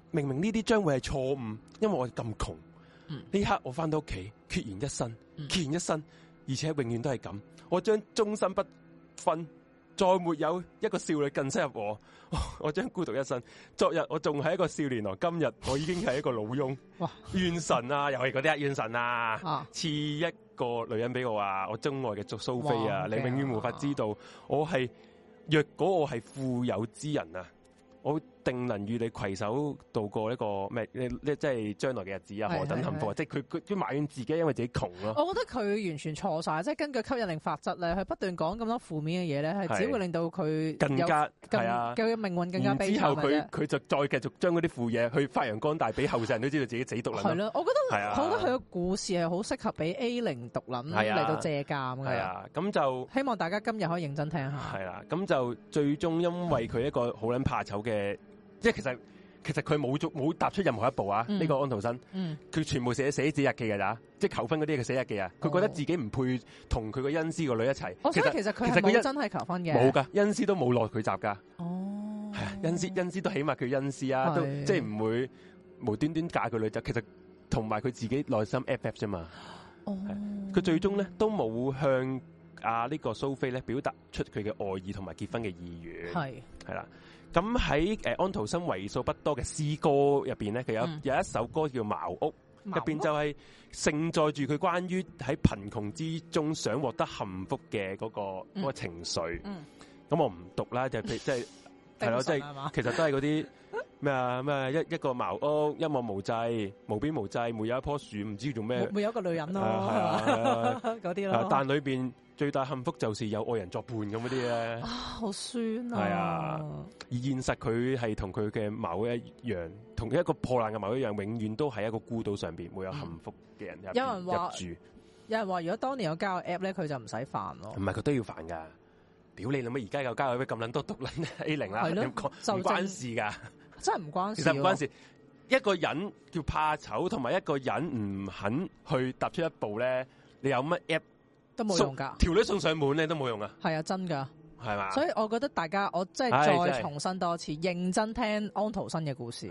[SPEAKER 1] 明明呢啲將會係錯誤，因為我咁窮。呢刻我翻到屋企，孑然一身，孑然一身。而且永遠都係咁，我將終身不分，再沒有一個少女更適合我，我將孤獨一生。昨日我仲係一個少年郎、啊，今日我已經係一個老翁。怨哇神啊， 尤其是嗰啲啊，怨神啊，賜、啊、一個女人俾我啊，我鍾愛嘅蘇蘇菲啊，哇你永遠無法知道我係若果我係富有之人啊，我。定能與你攜手度過一、呢個咩？你你即係將來嘅日子啊，何等幸福啊！是是是即係佢佢埋怨自己，因為自己窮咯、啊。我
[SPEAKER 2] 覺得佢完全錯晒。即係根據吸引力法則咧，佢不斷講咁多負面嘅嘢咧，係係只會令到佢更加係啊嘅命運更加悲。之後佢
[SPEAKER 1] 佢就再繼續將嗰啲負嘢去發揚光大，俾後世人都知道自己死毒啦。係咯，我覺得好多佢嘅
[SPEAKER 2] 故事係好適合俾 A 零獨諗嚟到借鑑嘅。咁、啊啊、就希望大家今日可以認真聽下、啊。係
[SPEAKER 1] 啦，咁就最終因為佢一個好撚怕醜嘅。即係其實其實佢冇冇踏出任何一步啊！呢、嗯、個安徒生，佢、嗯、全部寫寫寫日記嘅咋，即係求婚嗰啲嘅寫日記啊！佢、哦、覺得自己唔配同佢個恩師個女一齊。我覺得、哦、其實佢真
[SPEAKER 2] 係求婚嘅。冇噶，
[SPEAKER 1] 恩師都冇落佢集噶。哦，係啊，恩師恩師都起碼佢恩師啊，是 都即係唔會無端端嫁佢女仔。其實同埋佢自己內心 FF 啫嘛。哦，佢最終咧都冇向啊、這個、呢個蘇菲咧表達出佢嘅愛意同埋結婚嘅意願。係係啦。咁喺誒安徒生為數不多嘅詩歌入面咧，佢有一、嗯、有一首歌叫《茅屋》，入屋面就係盛載住佢關於喺貧窮之中想獲得幸福嘅嗰、嗰個嗰、嗯、情緒。咁、嗯、我唔讀啦，就係即係係咯，即係 其實都係嗰啲咩啊咩一一個茅屋，一望無際，無邊無際，沒有一棵樹，唔知做咩，沒有一個女人咯，
[SPEAKER 2] 嗰啲。但裏
[SPEAKER 1] 面。最大幸福就是有愛人作伴，咁嗰啲咧，
[SPEAKER 2] 好酸啊！係啊，
[SPEAKER 1] 而現實佢係同佢嘅矛一樣，同佢一個破爛嘅矛一樣，永遠都喺一個孤島上邊，沒有，有幸福嘅人入，嗯。有人話，住有
[SPEAKER 2] 人話，如果當年有交友 app 咧，佢就唔使煩咯。唔係，佢
[SPEAKER 1] 都要煩噶。屌你諗乜？而家有交友咁捻多獨捻 A 零啦，唔關事噶，真係唔關，
[SPEAKER 2] 關，關事。其實唔關事，
[SPEAKER 1] 一個人叫怕醜，同埋一個人唔肯去踏出一步咧，你有乜 app？
[SPEAKER 2] 都冇用噶，
[SPEAKER 1] 條女送上門咧，都冇用㗎。係啊，真噶，係嘛？所以
[SPEAKER 2] 我覺得大家，我真係再重申多次認真聽安徒生嘅故事，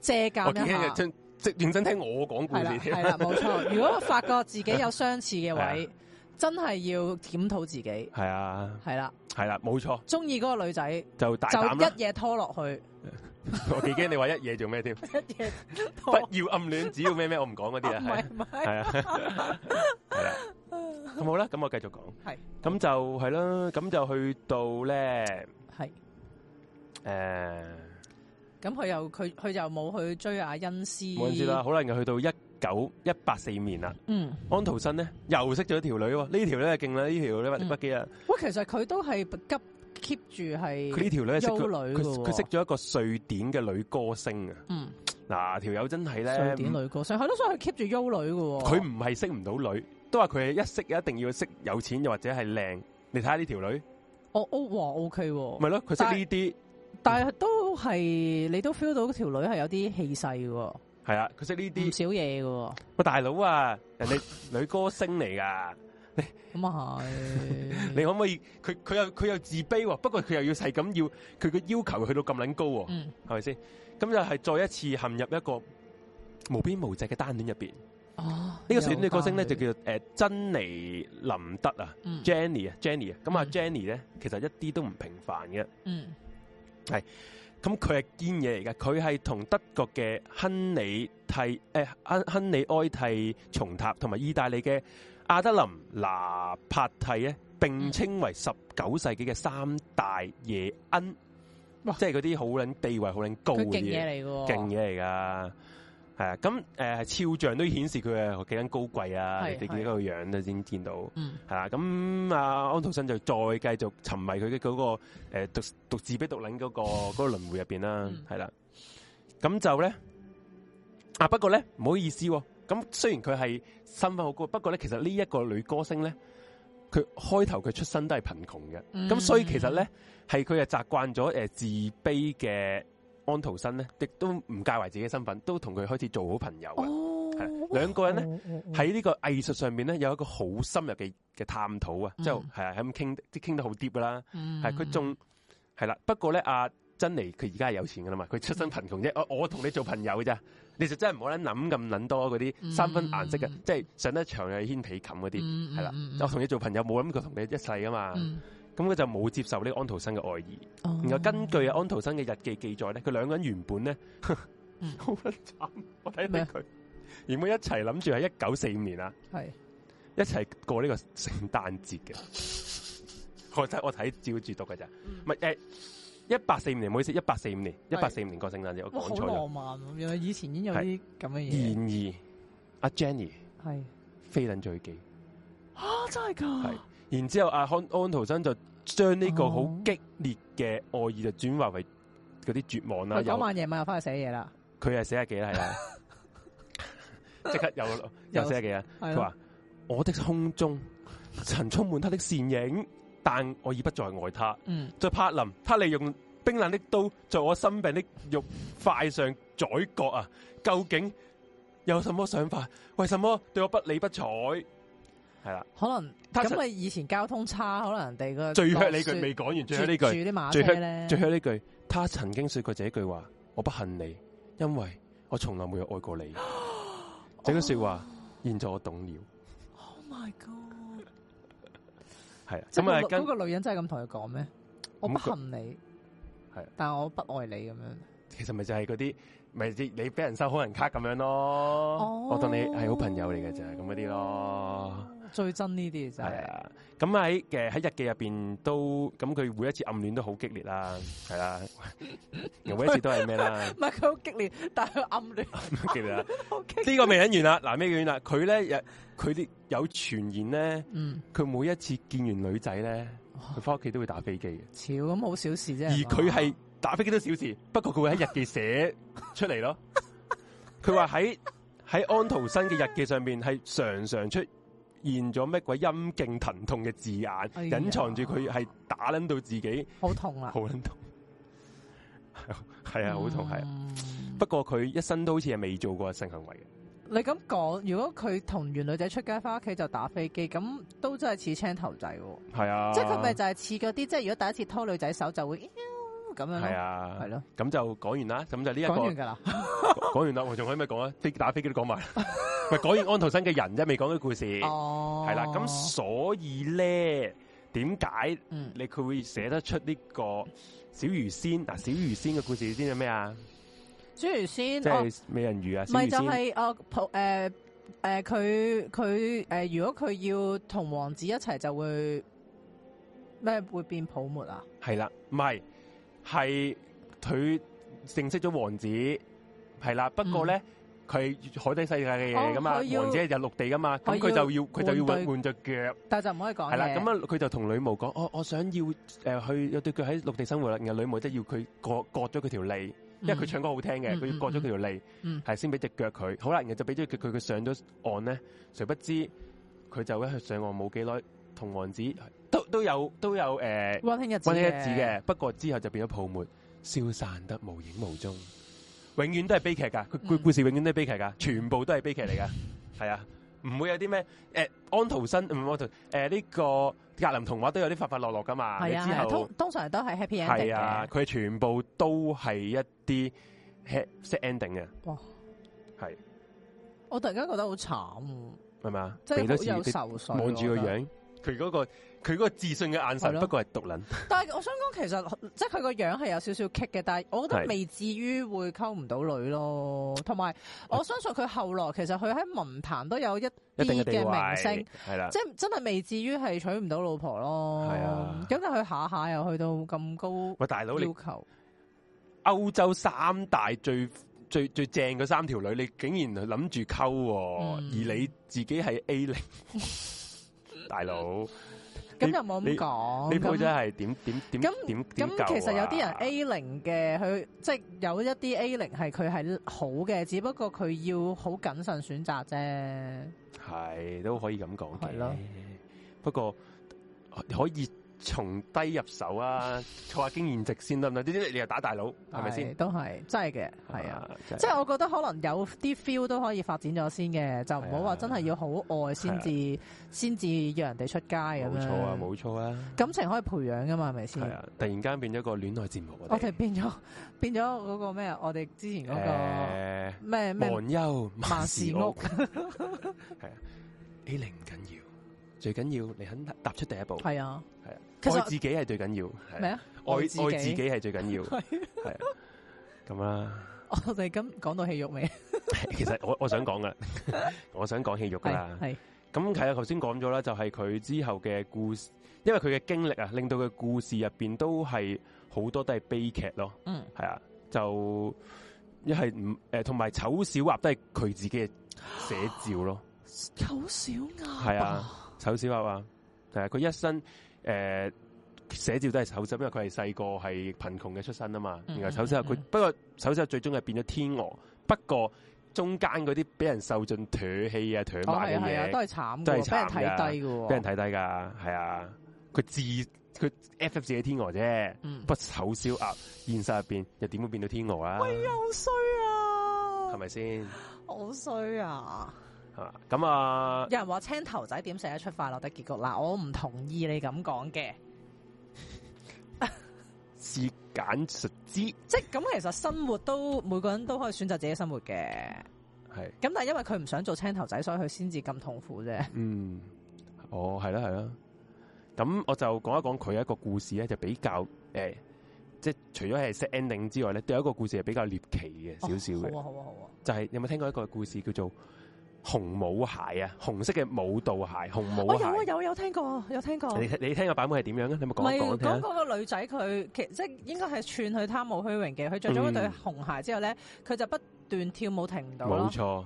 [SPEAKER 2] 借鑒一下。
[SPEAKER 1] 認真聽我講故事。係啦，冇錯。如
[SPEAKER 2] 果發覺自己有相似嘅位，真係要檢討自己。
[SPEAKER 1] 係啊，係啦，係啦，冇錯。
[SPEAKER 2] 中意嗰個女仔，就大。就一夜拖落去。
[SPEAKER 1] 我驚你話一夜做咩添？一夜不要暗戀，只要咩咩，我唔講嗰啲啊。唔係唔係。係啦。咁好啦，咁我繼續講。係，咁就係啦，咁就去到咧。係，誒，
[SPEAKER 2] 咁佢又佢佢又冇去追阿恩斯，恩知啦，
[SPEAKER 1] 好耐又去到一九一八四年啦，嗯，安徒生咧又識咗條女喎，呢條咧，畢竟咧呢條咧不不記得。
[SPEAKER 2] 喂，其實佢都係急 keep 住係，佢呢條女係佢，佢識
[SPEAKER 1] 咗一個瑞典嘅女歌星，嗯，嗱，條友真係咧瑞典女歌星，佢
[SPEAKER 2] 都所佢 keep 住優女喎。佢
[SPEAKER 1] 唔係識唔到女。都話佢係一識一定要識有錢又或者係靚，你睇下呢條女
[SPEAKER 2] 的、哦啊，我我哇 O K，咪咯佢識呢啲，但係都係你都 feel 到條女係有啲氣勢嘅，
[SPEAKER 1] 係啊佢識呢啲唔少嘢嘅，個大佬啊人哋女歌星嚟噶，
[SPEAKER 2] 咁啊係，你，是
[SPEAKER 1] 你可唔可以佢佢又佢又自卑，不過佢又要係咁要佢個要求去到咁撚高，哦，嗯，係咪先？咁就係再一次陷入一個無邊無際嘅單戀入邊。
[SPEAKER 3] 哦，呢個少女歌星咧就
[SPEAKER 1] 叫做誒珍妮林德啊，Jenny 啊、嗯，Jenny 啊，咁啊 Jenny 咧、嗯嗯、其實一啲都唔平凡嘅，嗯，係，咁佢係堅嘢嚟嘅，佢係同德國嘅亨里蒂誒、呃、亨亨里埃蒂重塔同埋意大利嘅阿德林拿帕蒂咧並稱為十九世紀嘅三大夜鶯，即係嗰啲好捻地位好捻高嘅嘢嚟勁嘢嚟噶。係啊，咁誒，肖、呃、像都顯示佢啊幾咁高貴啊，是你哋見到個樣子都已經見到，係啦。咁啊安徒生就再繼續沉迷佢嘅嗰個誒，獨、呃、獨自卑、那個、獨領嗰個嗰個輪回入邊啦，係啦、嗯。咁就咧啊，不過咧唔好意思、哦，咁雖然佢係身份好高，不過咧其實呢一個女歌星咧，佢開頭佢出身都係貧窮嘅，咁、嗯、所以其實咧係佢係習慣咗誒自卑嘅。安徒生咧，亦都唔介懷自己嘅身份，都同佢開始做好朋友嘅。
[SPEAKER 3] 係兩個人咧喺呢個
[SPEAKER 1] 藝術上面咧，有一個好深入嘅嘅探討啊，就係啊，咁傾，即係傾得好 deep 噶啦。係佢仲係啦。不過咧，阿珍妮佢而家係有錢噶啦嘛，佢出身貧窮啫。我我同你做朋友嘅咋，你就真係唔好諗諗咁諗多嗰啲三分顏色嘅，即係上得場又掀被冚嗰啲，係啦。我同你做朋友冇諗過同你一世噶嘛。咁佢就冇接受呢安徒生嘅愛意，然後根據安徒生嘅日記記載咧，佢兩個人原本咧
[SPEAKER 3] 好慘，我睇一睇
[SPEAKER 1] 佢，原本一齊諗住喺一九四五年啊，係一齊過呢個聖誕節嘅。我睇我睇照住讀噶咋，咪，係誒一八四五年，唔好意思，一八四五年，一八四五年，一八四五年過聖誕節，我講錯咗。好浪漫，啊，原來以前已經有啲咁嘅嘢。然而阿 Jenny 係飛輪追擊，
[SPEAKER 3] 真係噶。
[SPEAKER 1] 然之後，阿安安徒生就將呢個好激烈嘅愛意就轉化為嗰啲絕望啦。嗯、有晚
[SPEAKER 2] 夜晚又翻去寫嘢啦，
[SPEAKER 1] 佢係寫幾幾啦，係啊，即刻有,有又寫幾幾啊。佢話我的空中曾充滿他的倩影，但我已不再愛他。再拍、嗯、柏林，他利用冰冷的刀在我心病的肉塊上宰割啊！究竟有什麼想法？為什麼對我不理不睬？係啦，可能咁佢
[SPEAKER 2] 以前交通差，可能人哋個最靴你句未講完，最靴呢句，呢最靴呢句，最靴
[SPEAKER 1] 呢句，他曾經說過這句話，我不恨你，因為我從來沒有愛過你。 整個說話，Oh. 現在我懂了。Oh
[SPEAKER 3] my god！
[SPEAKER 1] 係啊，咁啊，嗰
[SPEAKER 2] 個女人真係咁同佢講咩？我不恨你，係、那個，但我不愛你咁樣。
[SPEAKER 1] 其實咪就係嗰啲。咪你俾人收好人卡咁樣咯，我當你係好朋友嚟嘅啫，咁嗰啲咯，
[SPEAKER 2] 最憎呢啲嘅啫。係啊，
[SPEAKER 1] 咁喺嘅喺日記入邊都，咁佢每一次暗戀都好激烈啦、啊，係啦、
[SPEAKER 2] 啊，每一次都係咩啦？唔係佢好激烈，但係暗戀。
[SPEAKER 1] 激烈啊！呢個未演完啦，嗱，咩叫啦？佢咧，佢啲有傳言咧，佢每一次見完女仔咧，佢翻屋企都會打飛機嘅。
[SPEAKER 2] 超咁好小事啫、啊。而佢係。
[SPEAKER 1] 打飛機都小事，不過佢會喺日記寫出嚟咯。佢話喺喺安徒生嘅日記上面，係 常常出現咗咩鬼陰莖疼痛嘅字眼，隱、哎、呀藏住，佢係打捻到自己
[SPEAKER 2] 好痛呀，好捻
[SPEAKER 1] 痛係啊，好很痛係。不過佢一生都好似係未做過性行為嘅。
[SPEAKER 2] 你咁講，如果佢同完女仔出街，翻屋企就打飛機，咁都真係似青頭仔。
[SPEAKER 1] 係啊，即係佢咪
[SPEAKER 2] 就係似嗰啲，即係如果第一次拖女仔手就會。係啊，係咯、啊，
[SPEAKER 1] 咁、嗯、就講完啦。咁就呢一個講完噶啦，講完啦，我仲 可以咪講啊？飛打飛機都講埋，唔係講完安徒生嘅人啫，未講啲故事。哦，係啦、啊，咁所以咧，點解你佢會寫得出呢個小魚仙？嗱，小魚仙嘅故事先係咩啊？小
[SPEAKER 2] 魚仙即
[SPEAKER 1] 係美人魚啊？唔係就
[SPEAKER 2] 係哦，誒誒，佢佢誒，如果佢要同王子一齊，就會咩、呃、會變泡沫啊？
[SPEAKER 1] 係啦，唔係。係佢認識咗王子，係啦。不過咧，佢、嗯、海底世界嘅嘢咁啊，哦、王子就係陸地噶嘛，咁佢我要 就要佢對就要換換隻腳。
[SPEAKER 2] 但係就唔可以講嘢。係啦，咁
[SPEAKER 1] 佢就同女巫講：，我、哦、我想要誒、呃、去有對腳喺陸地生活啦。然後女巫即係要佢割割咗佢條脷，因為佢唱歌好聽嘅，佢、嗯、割咗佢條脷，係先俾隻腳佢。好啦，然後就俾咗隻腳佢，佢上咗岸咧，誰不知佢就一去上岸冇幾耐，同王子。都都有都有誒溫馨日子嘅，不過之後就變咗泡沫，消散得無影無蹤，永遠都係悲劇噶。佢佢故事永遠都係悲劇噶，全部都係悲劇嚟噶。係啊，唔會有啲咩誒安徒生唔安徒誒呢個格林童話都有啲發發落落噶嘛。係啊，通
[SPEAKER 2] 通常都係 happy ending 嘅。係啊，
[SPEAKER 1] 佢全部都係一啲 ending 嘅。哇，係，
[SPEAKER 2] 我突然間覺得好慘，
[SPEAKER 1] 係咪啊？睇得似啲，望住個樣，佢嗰個。佢個自信嘅眼神，了不過係毒撚 。
[SPEAKER 2] 但係我想講，其實即係佢個樣係有少少棘嘅，但係我覺得未至於會溝唔到女咯。同埋我相信佢後來其實佢喺文壇都有一啲嘅明星，啦，即係真係未至於係娶唔到老婆咯。咁佢了下下又去到咁高，喂，大佬，你要求
[SPEAKER 1] 歐洲三大最最最正嘅三條女，你竟然諗住溝、啊，嗯、而你自己係 A 零 哥，大佬。
[SPEAKER 2] 咁你又冇咁
[SPEAKER 1] 講，咁，咁其實有啲人
[SPEAKER 2] A 零嘅，佢即係有一啲 A 零係佢係好嘅，只不過佢要好謹慎選擇啫。
[SPEAKER 1] 係都可以咁講嘅，係囉，不過可以。從低入手啊，做下經驗值先得唔得？你又打大佬，係咪先？都
[SPEAKER 2] 係真係嘅，
[SPEAKER 1] 係啊，即係我
[SPEAKER 2] 覺得可能有啲 feel 都可以發展咗先嘅，就唔好話真係要好愛先至，先至叫人哋出街咁。冇錯啊，冇
[SPEAKER 1] 錯啊，
[SPEAKER 2] 感情可以培養噶嘛，係咪先？係啊，
[SPEAKER 1] 突然間變咗個戀愛節目啊！我哋
[SPEAKER 2] 變咗變咗嗰個咩？我哋之前嗰個咩咩？黃憂萬事屋係
[SPEAKER 1] 啊，你嚟，唔緊要。最緊要你肯踏出第一步，係啊，係啊。
[SPEAKER 2] 愛自
[SPEAKER 1] 己係最緊要，咩
[SPEAKER 2] 啊？愛愛自己係最緊要，
[SPEAKER 1] 係啊，咁啦。
[SPEAKER 2] 我哋咁講到戲肉未？
[SPEAKER 1] 其實我我想講噶，我想講戲肉噶啦。係咁係啊，頭先講咗啦，就係佢之後嘅故事，因為佢嘅經歷啊，令到佢故事入邊都係好多都係悲劇咯。嗯，係啊，就一係唔誒，同埋醜小鴨都係佢自己嘅寫照咯。
[SPEAKER 3] 醜小鴨？係啊。
[SPEAKER 1] 醜小鴨啊，係啊！佢一身，誒寫、呃、照都係醜仔，因為佢係細個係貧窮嘅出身啊嘛。然後、嗯、醜小鴨佢、嗯，不過醜小鴨最終係變咗天鵝，不過中間嗰啲俾人受盡唾棄啊、唾罵嘅嘢，都係慘，都係慘，俾人睇低噶，俾人睇低噶，係啊！佢自佢 F F 自己天鵝啫，嗯、不醜小鴨現實入邊又點會變到天鵝啊？喂，又
[SPEAKER 2] 衰啊！
[SPEAKER 1] 係咪先？
[SPEAKER 2] 好衰啊！
[SPEAKER 1] 咁啊，啊有
[SPEAKER 2] 人話青頭仔點寫得出快樂的結局嗱？我唔同意你咁講嘅，
[SPEAKER 1] 是揀食之即
[SPEAKER 2] 係咁。其實生活都每個人都可以選擇自己生活嘅，係咁是。但係因為佢唔想做青頭仔，所以佢先至咁痛苦啫。
[SPEAKER 1] 嗯，哦，係啦，係啦。咁我就講一講佢一個故事咧，就比較誒、欸，即係除咗係 ending 之外咧，都有一個故事係比較獵奇
[SPEAKER 3] 嘅少少嘅、哦。好啊，好啊，
[SPEAKER 1] 好啊。就係、是、有冇聽過一個故事叫做？紅舞鞋啊，紅色嘅舞蹈鞋，紅舞鞋。我、哦、有啊有
[SPEAKER 2] 啊有聽過，有聽過。你
[SPEAKER 1] 你聽嘅版本係點樣啊？你咪講講我聽。講嗰
[SPEAKER 2] 個女仔佢，其即係應該係串佢貪慕虛榮嘅。佢着咗對紅鞋之後咧，佢、嗯、就不斷跳舞停唔到。冇錯，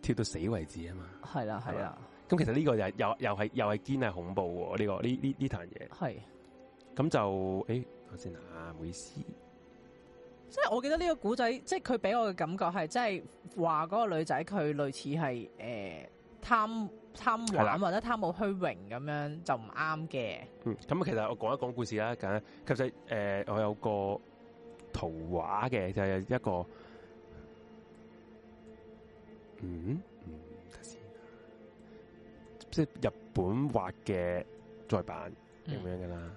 [SPEAKER 1] 跳到死為止啊嘛。
[SPEAKER 2] 係啦係啦。
[SPEAKER 1] 咁其實呢個又又係又係又係堅係恐怖呢、呢個呢呢呢壇嘢。係。咁的就誒、哎，等先啊，唔好意思。
[SPEAKER 2] 即係我記得呢個古仔，即係佢俾我嘅感覺係，即係話嗰個女仔佢類似係誒貪貪玩或者貪慕虛榮咁樣就唔啱嘅。嗯，
[SPEAKER 1] 咁其實我講一講故事啦，咁其實誒、呃、我有個圖畫嘅就係、是、一個，嗯嗯，等等即係日本畫嘅再版咁、嗯、樣噶啦。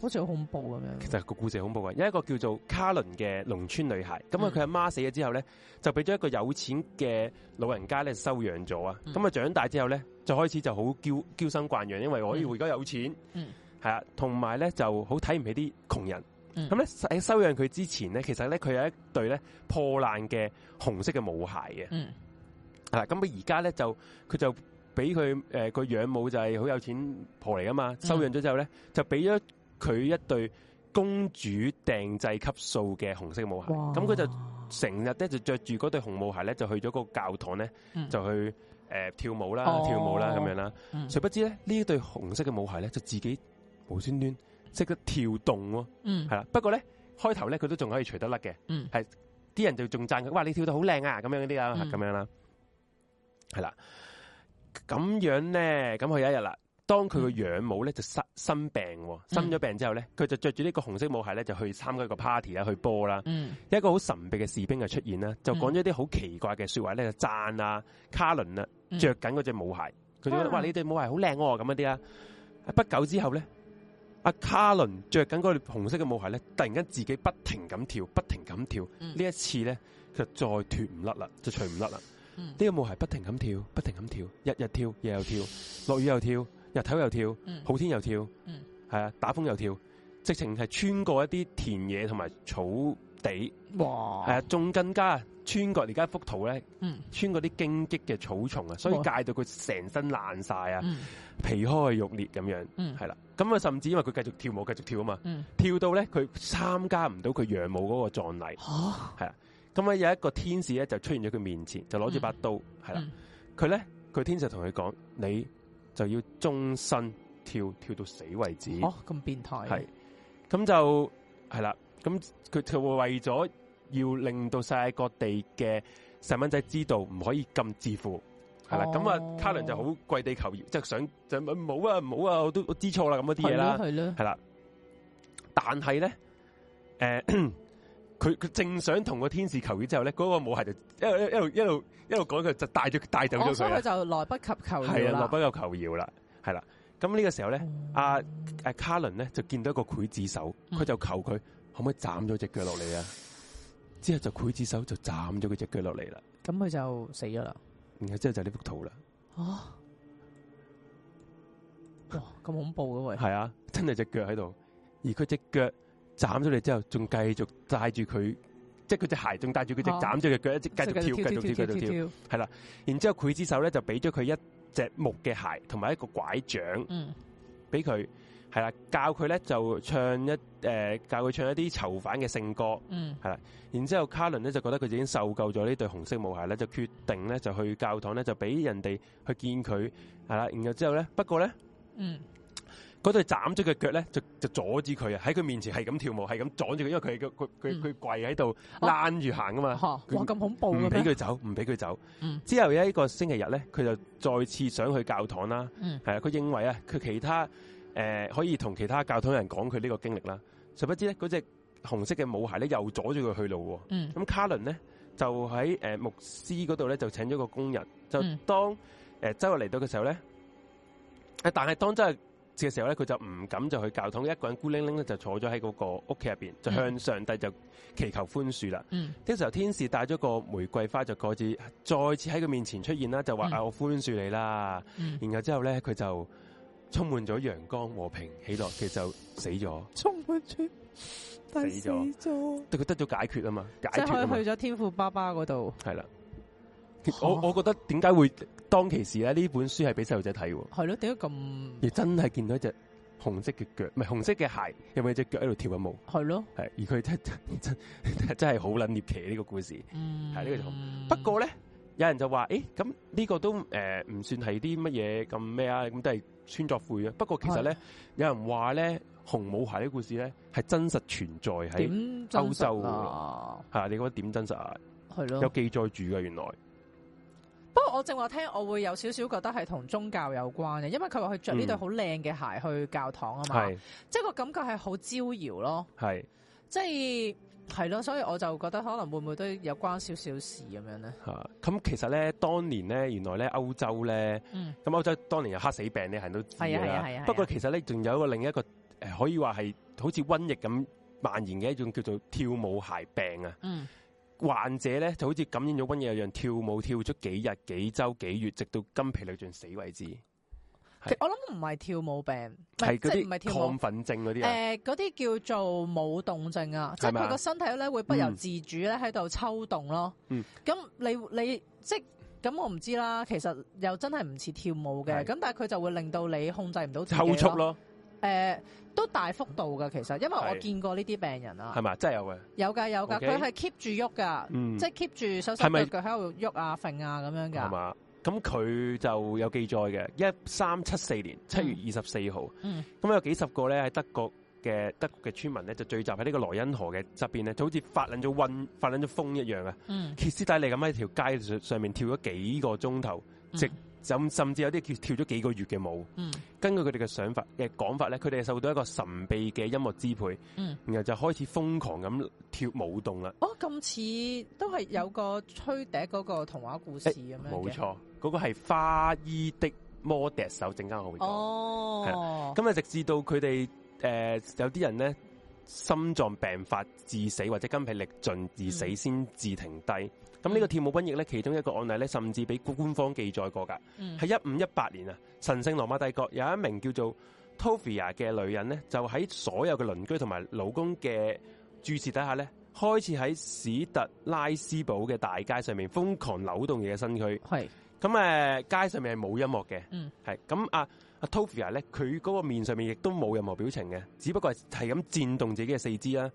[SPEAKER 3] 好似好恐怖咁樣，
[SPEAKER 2] 其實
[SPEAKER 1] 個故事恐怖嘅，有一個叫做卡倫嘅農村女孩，咁啊佢阿媽死咗之後咧，就俾咗一個有錢嘅老人家咧收養咗啊，咁啊、嗯、長大之後咧，就開始就好嬌嬌生慣養，因為我以為而家有錢，嗯，係啊，同埋咧就好睇唔起啲窮人，咁咧喺收養佢之前咧，其實咧佢有一對咧破爛嘅紅色嘅舞鞋嘅，咁佢而家咧就佢就俾佢誒個養母就係好有錢婆嚟噶嘛，收養咗之後咧就俾咗。佢一對公主定製級數嘅紅色舞鞋，咁佢哇就成日咧就着住嗰對紅舞鞋咧，就去咗個教堂咧，嗯、就去、呃、跳舞啦、哦、跳舞啦咁樣啦。誰、嗯、不知咧，呢對紅色嘅舞鞋咧，就自己無端端識得跳動喎、啊。係、嗯、啦。不過咧，開頭咧佢都仲可以除得甩嘅。係啲、嗯、人就仲讚佢，哇！你跳得好靚啊，咁樣嗰啲啊，咁樣、嗯、樣啦，係啦。咁樣咧，咁佢有一日啦。當佢個養母咧就生生病，生咗病之後咧，佢就着住呢個紅色舞鞋咧就去參加一個 party 啦，去 ball 啦。嗯、一個好神秘嘅士兵就出現啦，就講咗啲好奇怪嘅說話咧，讚啊卡倫啊，着緊嗰隻舞鞋，佢就覺得哇，你對舞鞋好靚咁嗰啲啊。不久之後咧，阿卡倫着緊嗰對紅色嘅舞鞋咧，突然間自己不停咁跳，不停咁跳。呢、嗯、一次咧，佢再脫唔甩啦，就除唔甩啦。呢、嗯、個舞鞋不停咁跳，不停咁跳，日日跳，夜又跳，落雨又跳。日頭又跳，好天又跳，係啊、嗯，打風又跳，直情係穿過一啲田野同埋草地，係啊哇，仲更加穿過而家幅圖咧，嗯、穿過啲荊棘嘅草叢啊，所以戒到佢成身爛晒啊，嗯、皮開肉裂咁樣，係啦、嗯，咁啊，甚至因為佢繼續跳舞，繼續跳啊嘛，嗯、跳到咧佢參加唔到佢養母嗰個葬禮，係啊，咁啊有一個天使咧就出現咗佢面前，就攞住把刀，係啦，佢咧，佢天使同佢講你。就要終身跳，跳到死為止哦，
[SPEAKER 2] 咁變態係，
[SPEAKER 1] 咁就係啦，咁佢為咗要令到世界各地嘅細蚊仔知道唔可以咁自負，係啦，咁啊、哦、卡倫就好跪地求饒，即、就、係、是、想就唔好啊，唔好啊，我都知錯啦，咁嗰啲嘢啦，係啦的，但係咧，誒、呃。.佢佢正想同個天使求饒之後咧，嗰個舞鞋就一路一路一路一路講佢就帶咗帶走咗佢、哦。我就
[SPEAKER 2] 來不及求饒係啊，來
[SPEAKER 1] 不及求饒啦。係啦。咁呢個時候咧，阿誒、嗯啊、卡倫咧就見到一個劊子手，佢就求佢可唔可以斬咗隻腳落嚟啊？之後就劊子手就斬咗佢隻腳落嚟啦。
[SPEAKER 2] 咁佢就死咗啦。
[SPEAKER 1] 然後之後就呢幅圖啦。
[SPEAKER 2] 哦、啊，咁恐怖嘅、啊、喎。係
[SPEAKER 1] 啊，真係隻腳喺度，而佢隻腳。斬咗你之後，仲繼續戴住佢，即係佢隻鞋仲戴住佢，斬咗隻腳一直繼續跳，繼續跳，繼、嗯、續跳，係啦、嗯。然後之後劊子手咧就俾咗佢一隻木嘅鞋，同埋一個拐杖，嗯，俾佢係啦，教佢咧就唱一誒、呃，教佢唱一啲囚犯嘅聖歌，嗯，係啦。然之後卡倫咧就覺得佢已經受夠咗呢對紅色舞鞋咧，就決定咧就去教堂咧就俾人哋去見佢，係啦。然後之後咧，不過咧，嗯。嗰對斬咗佢腳咧，就就阻止佢啊！喺佢面前係咁跳舞，係咁阻住佢，因為佢佢佢佢跪喺度躝住行㗎嘛。哇，
[SPEAKER 2] 嗯！咁恐怖，唔俾
[SPEAKER 1] 佢走，唔俾佢走。走嗯，之後有一個星期日咧，佢就再次想去教堂啦。係啊，嗯，佢認為啊，佢其他誒，呃、可以同其他教堂人講佢呢個經歷啦。殊不知咧，嗰隻紅色嘅舞鞋咧又阻住佢去路。咁，嗯，卡倫咧就喺誒牧師嗰度咧就請咗個工人，就當誒，呃、周日嚟到嘅時候咧，但係當真係嘅時候咧，佢就唔敢就去教堂，一個人孤零零咧就坐咗喺嗰個屋企入邊，嗯、就向上帝就祈求寬恕啦。嘅呢、嗯、時候天使帶咗個玫瑰花就再次再次喺佢面前出現啦，就話、嗯、啊我寬恕你啦。嗯、然後之後咧佢就充滿咗陽光和平，起落其實就死咗，
[SPEAKER 3] 充滿住但死咗，
[SPEAKER 1] 對佢得到解決啊嘛，即係可以去咗天父爸爸嗰度。係啦，我我覺得點解會？當其時咧，呢本書係俾細路仔睇㗎。
[SPEAKER 2] 係咯，點解咁？
[SPEAKER 1] 你真係見到一隻紅色嘅腳，唔係紅色嘅鞋，有冇隻腳喺度跳緊舞？係咯的，係。而佢真的真係好捻獵奇呢、這個故事，係呢、嗯這個就好。不過咧，有人就話：，誒、欸，咁呢個都誒唔、呃、算係啲乜嘢咁咩啊？咁都係穿鑿附會啊。不過其實咧，的有人話咧，紅舞鞋呢個故事咧係真實存在喺歐洲。吓、啊，你覺得點真實啊？係咯的，有記載住嘅原來。
[SPEAKER 2] 不過我正話聽，我會有少少覺得係同宗教有關嘅，因為佢話佢着呢對好靚嘅鞋去教堂啊嘛，嗯、即係個感覺係好招搖咯。係，即係係咯，所以我就覺得可能會唔會都有關少少事咁樣咧。
[SPEAKER 1] 嚇、啊，咁其實咧，當年咧，原來咧歐洲咧，咁、嗯、歐洲當年有黑死病，你係人都知嘅啦。啊啊啊、不過其實咧，仲有一個另一個誒，可以話係好似瘟疫咁蔓延嘅一種叫做跳舞鞋病啊。嗯。患者咧就好似感染咗瘟疫一樣，跳舞跳咗幾日幾周幾月，直到筋疲累盡死為止。
[SPEAKER 2] 我諗唔係跳舞病，係嗰啲亢奮症嗰啲、呃。誒，嗰啲叫做舞動症啊，嗎即係佢個身體咧會不由自主咧喺度抽動咯。咁、嗯、你你即咁我唔知啦。其實又真係唔似跳舞嘅，咁是 但係佢就會令到你控制唔到自己抽搐咯。誒、呃、都大幅度㗎。其實，因為我見過呢啲病人啦。係嘛，真係有嘅。有㗎有㗎，佢係 keep 住喐噶，嗯、即係 keep 住手手腳喺度喐啊、揈啊咁樣㗎。係嘛？
[SPEAKER 1] 咁佢就有記載嘅，一三七四年七月二十四號。咁、嗯、有幾十個咧，喺德國嘅德國嘅村民咧，就聚集喺呢個萊茵河嘅側邊咧，就好似發冷咗瘟、發緊咗風一樣啊！嗯。歇斯底里咁喺條街上面跳咗幾個鐘頭，嗯、直。就甚至有啲跳跳咗幾個月嘅舞，嗯、根據佢哋嘅想法嘅講法咧，佢哋受到一個神秘嘅音樂支配，嗯、然後就開始瘋狂咁跳舞動啦。
[SPEAKER 2] 哦，咁似都係有個吹笛嗰個童話故事咁樣。冇錯，
[SPEAKER 1] 嗰、嗰個係花衣的魔笛手，陣間我，我
[SPEAKER 3] 會講。哦，咁啊，直
[SPEAKER 1] 至到佢哋誒有啲人咧心臟病發致死，或者筋疲力盡而死，先至、嗯、停低。咁、嗯、呢個跳舞瘟疫咧，其中一個案例咧，甚至俾官方記載過㗎。係一五一八年啊，神聖羅馬帝國有一名叫做 Tovia 嘅女人咧，就喺所有嘅鄰居同埋老公嘅注視底下咧，開始喺史特拉斯堡嘅大街上面瘋狂扭動嘅身軀。咁是、嗯呃、街上面係冇音樂嘅。嗯，咁啊阿 Tovia 咧，佢、啊、嗰個面上面亦都冇任何表情嘅，只不過係咁戰動自己嘅四肢啦，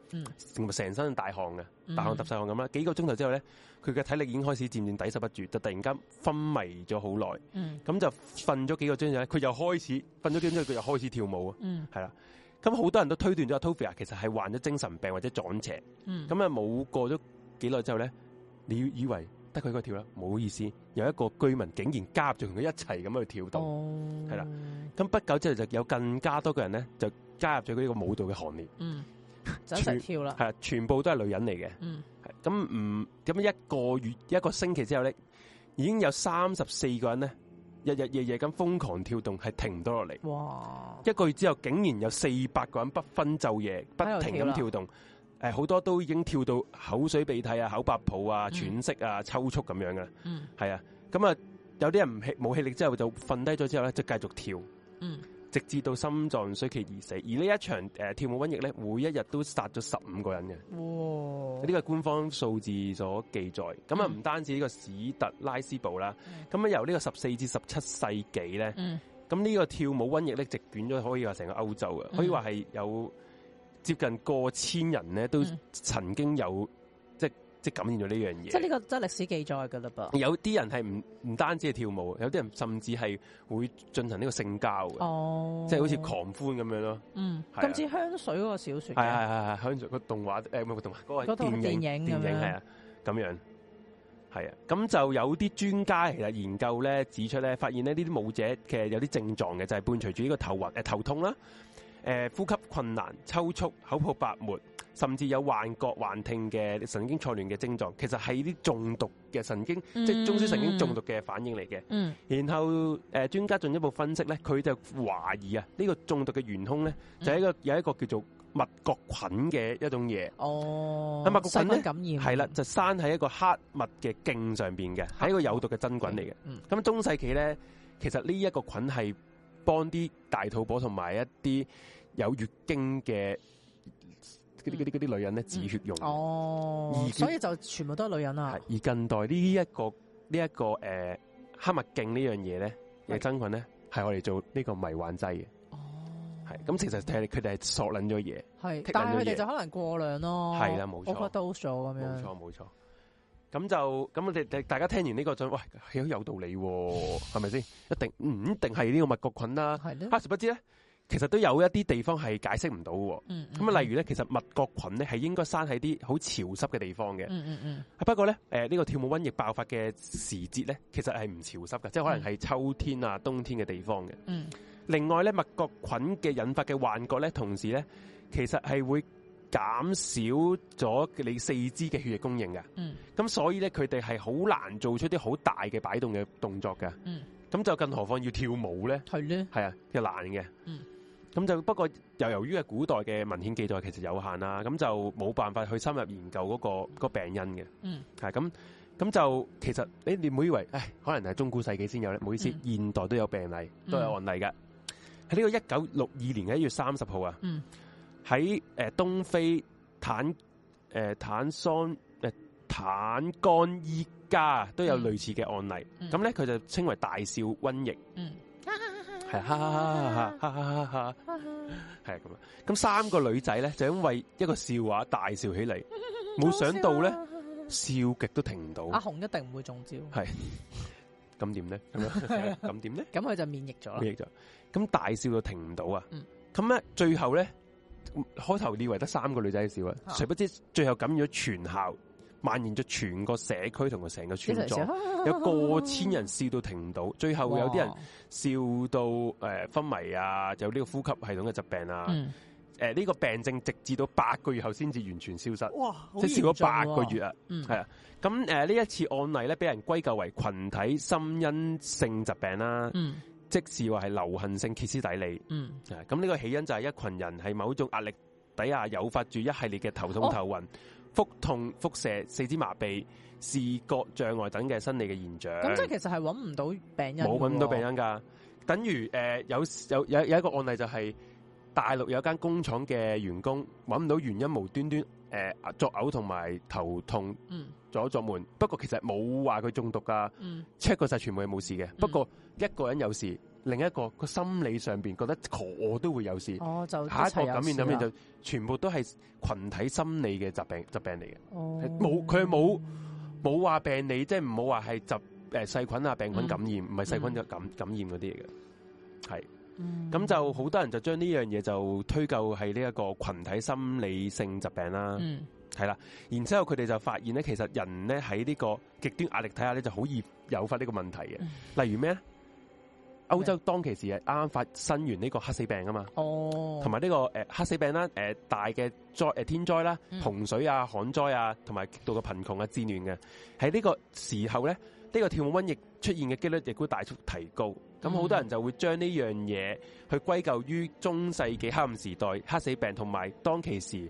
[SPEAKER 1] 成、嗯、身大汗嘅，大汗揼細汗咁啦。幾個鐘頭之後咧，佢嘅體力已經開始漸漸抵受不住，就突然間昏迷咗好耐。咁、嗯、就瞓咗幾個鐘之後，佢又開始瞓咗幾鐘之後，佢又開始跳舞。係啦、嗯，咁好多人都推斷咗，Tofia 其實係患咗精神病或者撞邪。咁啊、嗯，冇過咗幾耐之後咧，你以為得佢一個跳啦，唔好意思。有一個居民竟然加入咗同佢一齊咁去跳動。係啦、哦，咁不久之後就有更加多嘅人咧就加入咗呢個舞蹈嘅行列。
[SPEAKER 3] 就、嗯、 全跳啦，啊，
[SPEAKER 1] 全部都係女人嚟嘅。嗯。咁唔咁一個月一個星期之後咧，已經有三十四個人咧，日日夜夜咁瘋狂跳動，係停唔到落嚟。
[SPEAKER 3] 哇！
[SPEAKER 1] 一個月之後，竟然有四百個人不分晝夜，不停咁跳動。誒，好多都已經跳到口水鼻涕啊、口白泡啊、喘息啊、嗯、抽搐咁樣嘅。嗯，係啊。咁啊，有啲人唔氣冇氣力之後就瞓低咗之後咧，就繼續跳。嗯。直至到心臟衰竭而死，而呢一場、呃、跳舞瘟疫咧，每一日都殺咗十五個人嘅。
[SPEAKER 3] 哇！呢個
[SPEAKER 1] 係官方數字所記載，咁啊唔單止呢個史特拉斯堡啦，咁啊、嗯、由呢個十四至十七世紀咧，咁呢、嗯、個跳舞瘟疫咧，直捲咗可以話成個歐洲嘅，可以話係有接近過千人咧都曾經有，即感染咗呢樣嘢，即係呢
[SPEAKER 2] 個都歷史記載嘅嘞噃。
[SPEAKER 1] 有啲人係唔唔單止係跳舞，有啲人甚至係會進行呢個性交嘅，
[SPEAKER 2] 哦、即係好似狂
[SPEAKER 1] 歡咁樣咯。嗯，
[SPEAKER 2] 咁似、啊、香水嗰個小說、啊。係係
[SPEAKER 1] 係香水、嗰個動畫誒唔係動畫嗰個電影電影咁係啊，咁樣係啊。咁就有啲專家其實研究咧指出咧，發現呢啲舞者其實有啲症狀嘅，就係、是、伴隨住呢個頭暈誒、呃、頭痛啦，誒、呃、呼吸困難、抽搐、口吐白沫。甚至有幻覺、幻聽嘅神經錯亂嘅症狀，其實係啲中毒嘅神經，mm hmm. 即係中樞神經中毒嘅反應嚟嘅。Mm hmm. 然後，誒、呃、專家進一步分析咧，佢就懷疑啊，呢、這個中毒嘅元兇咧，就係一個、mm hmm. 有一個叫做麥角菌嘅一種嘢。
[SPEAKER 2] 哦、oh，係麥角菌感
[SPEAKER 1] 染。係啦，就生喺一個黑麥嘅莖上邊嘅，係一個有毒嘅真菌嚟嘅。咁、mm hmm. 中世紀咧，其實呢一個菌係幫啲大肚婆同埋一啲有月經嘅。啲嗰啲女人咧止血用，
[SPEAKER 2] 哦，所以就全部都係女人啊。
[SPEAKER 1] 而近代呢一個呢一個誒黑麥角呢樣嘢咧嘅真菌咧，係我哋做呢個迷幻劑嘅。哦，係。咁其實睇佢哋係索捻咗嘢，係，
[SPEAKER 2] 但係佢哋就可能過量咯。係啦，冇錯，我都做咁樣。冇錯冇錯，
[SPEAKER 1] 咁就咁我哋大家聽完呢個就喂，係好有道理，係咪先？一定唔定係呢個麥角菌啦？哈？殊不知咧。其實都有一啲地方係解釋唔到嘅，咁啊、嗯，嗯、例如咧，其實麥角菌咧係應該生喺啲好潮濕嘅地方嘅、嗯。嗯嗯不過咧，誒、呃，呢、呢個跳舞瘟疫爆發嘅時節咧，其實係唔潮濕嘅，嗯、即係可能係秋天啊、冬天嘅地方嘅。嗯。另外咧，麥角菌嘅引發嘅幻覺咧，同時咧，其實係會減少咗你四肢嘅血液供應嘅。嗯。咁所以咧，佢哋係好難做出啲好大嘅擺動嘅動作嘅。嗯。咁就更何況要跳舞咧？係咧呢。係啊，又難嘅。嗯咁就不過，又由於係古代嘅文獻記載其實有限啦，咁就冇辦法去深入研究嗰、嗰個病因嘅。嗯，咁咁就其實，你唔好以為，唉，可能係中古世紀先有咧。唔好意思，嗯、現代都有病例，都有案例嘅。喺呢、嗯、個一九六二年嘅一月三十號啊，喺誒、嗯呃、東非坦誒、呃、坦桑、呃、坦干伊加都有類似嘅案例。咁咧、嗯，佢、嗯、就稱為大笑瘟疫。嗯。係，哈 哈哈，哈哈哈，哈哈哈，係咁。 咁三個女仔咧，就因為一個笑話大笑起嚟，冇想到咧，笑極、啊、都停唔到。阿
[SPEAKER 2] 紅一定唔會中招。
[SPEAKER 1] 係，咁點咧？
[SPEAKER 2] 咁點咧？咁佢 就免疫咗啦，免疫
[SPEAKER 1] 咗，咁大笑都停唔到啊！咁咧、嗯，最後咧，開頭以為得三個女仔笑啊，誰不知最後感染咗全校。蔓延咗全個社區同埋成個村莊，有過千人笑到停唔到，最後有啲人笑到誒昏迷啊，有呢個呼吸系統嘅疾病啊，誒呢、嗯呃這個病症直至到八個月後先至完全消失，
[SPEAKER 3] 哇！啊、即係笑咗八個月、嗯、啊，係、呃、
[SPEAKER 1] 啊，咁誒呢一次案例咧，俾人歸咎為群體心因性疾病啦，嗯、即係話係流行性歇斯底里，咁呢、嗯啊這個起因就係一群人係某種壓力底下誘發住一系列嘅頭痛頭暈。哦腹痛、腹瀉、四肢麻痹、視覺障礙等嘅生理嘅現象，咁即係其
[SPEAKER 2] 實係揾唔到病因的。冇揾到病因
[SPEAKER 1] 㗎，等於誒、呃、有有有有一個案例就係、是、大陸有一間工廠嘅員工揾唔到原因，無端端誒、呃、作嘔同埋頭痛、作作悶，不過其實冇話佢中毒㗎，check、嗯、過晒全部係冇事嘅，不過一個人有事。嗯另一個個心理上邊覺得我都會有事，
[SPEAKER 3] 哦、就有事下一個感染感染就
[SPEAKER 1] 全部都係群體心理嘅疾病疾病嚟嘅。冇佢冇冇話病理，即係唔好話係集誒細菌啊、病菌感染，唔係、嗯、細菌嘅感、嗯、感染嗰啲嚟嘅，係咁、嗯、就好多人就將呢樣嘢就推究係呢一個群體心理性疾病啦，係啦、嗯，然之後佢哋就發現咧，其實人咧喺呢個極端壓力底下咧就好易誘發呢個問題嘅，嗯、例如咩？歐洲當其時係啱啱發生完呢個黑死病啊嘛，
[SPEAKER 3] 同埋
[SPEAKER 1] 呢個誒、呃、黑死病啦，誒、呃、大嘅災誒天災啦，洪水啊、旱災啊，同埋極度嘅貧窮啊、戰亂嘅，喺呢個時候咧，呢、這個跳舞瘟疫出現嘅幾率亦都大速提高，咁好多人就會將呢樣嘢去歸咎於中世紀黑暗時代黑死病同埋當其時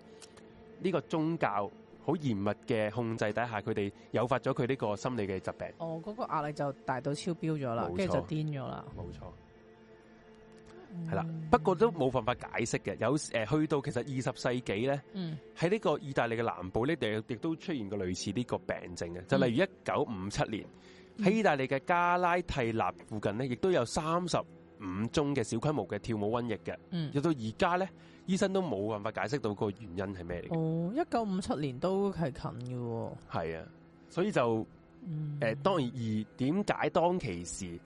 [SPEAKER 1] 呢個宗教。好嚴密嘅控制底下，佢哋誘發咗佢呢個心理嘅疾病。
[SPEAKER 2] 哦，嗰、那個壓力就大到超標咗啦，跟住錯就癲咗啦。冇錯錯，
[SPEAKER 3] 係啦、嗯。
[SPEAKER 1] 不過都冇辦法解釋嘅。有誒、呃，去到其實二十世紀咧，喺呢、嗯、個意大利嘅南部呢，呢度亦都出現過類似呢個病症嘅。就例如一九五七年喺、嗯、意大利嘅加拉替納附近呢，亦都有三十五宗嘅小規模嘅跳舞瘟疫嘅。嗯，到到而家咧。醫生都冇辦法解釋到個原因係咩嚟？哦，
[SPEAKER 2] 一九五七年都係近嘅。
[SPEAKER 1] 係啊，所以就誒、嗯呃，當然而點解當其時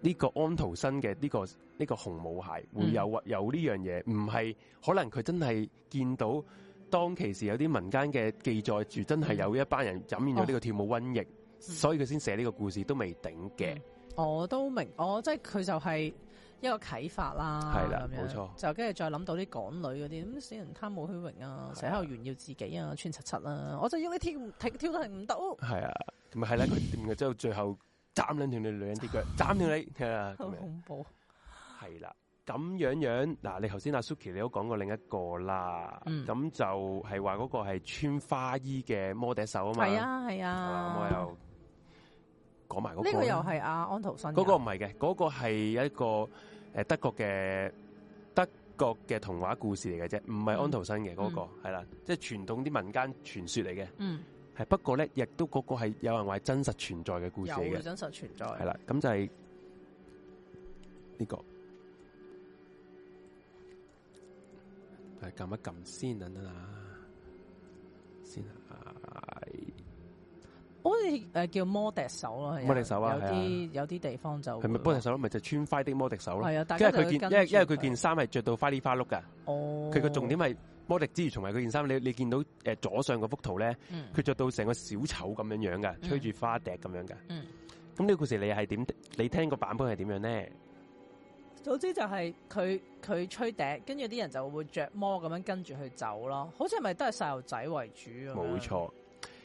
[SPEAKER 1] 呢個安徒生嘅呢、呢個呢、呢個紅舞鞋會有、嗯、有呢樣嘢？唔係可能佢真係見到當其時有啲民間嘅記載住，真係有一班人感染咗呢個跳舞瘟疫，哦、所以佢先寫呢個故事都未頂嘅、嗯。
[SPEAKER 2] 我都明，我即係佢就係、係。一個啟發啦，咁的樣錯就跟住再諗到啲港女嗰啲，咁死人貪慕虛榮啊，成日喺度炫耀自己啊，穿柒柒啊。我就要你跳，跳，跳都跳唔到。
[SPEAKER 1] 係啊，咪係啦，佢點嘅，之後最後斬兩條你女，女人啲腳，斬 條你係啊，好恐怖。係啦，咁樣樣嗱，剛才你頭先阿 Suki 你都講過另一個啦，咁、嗯、就係話嗰個係穿花衣嘅魔笛手啊嘛，係啊
[SPEAKER 2] 係啊，咁又。
[SPEAKER 1] 講埋嗰個，呢個又係
[SPEAKER 2] 阿安徒生。嗰個
[SPEAKER 1] 唔係嘅，嗰個係一個誒德國嘅德國嘅童話故事嚟嘅啫，唔係安徒生嘅嗰個係啦，即係傳統啲民間傳說嚟嘅。嗯，係不過咧，亦都嗰個係有人話真實存在嘅故事嘅，真實存在係啦。咁就係呢個，誒撳一撳先等等啊，先。
[SPEAKER 2] 好似、哦、叫摩迪手咯，有啲有啲地方就係咪摩迪
[SPEAKER 1] 手咯、啊？咪就是、穿花的摩迪手咯、啊。係啊因，因為佢件因為佢件衫係著到花哩花碌噶。哦。
[SPEAKER 3] 佢個重點係
[SPEAKER 1] 摩迪之餘，同埋佢件衫，你你見到左上個幅圖呢，佢著、嗯、到成個小丑咁樣樣嘅，吹住花笛咁樣嘅、嗯。
[SPEAKER 2] 嗯。
[SPEAKER 1] 咁呢個故事你係點？你聽個版本係點樣呢？
[SPEAKER 2] 總之就係佢吹笛，跟住啲人就會著魔咁樣跟住去走咯。好似咪都係細路仔為主啊！冇錯。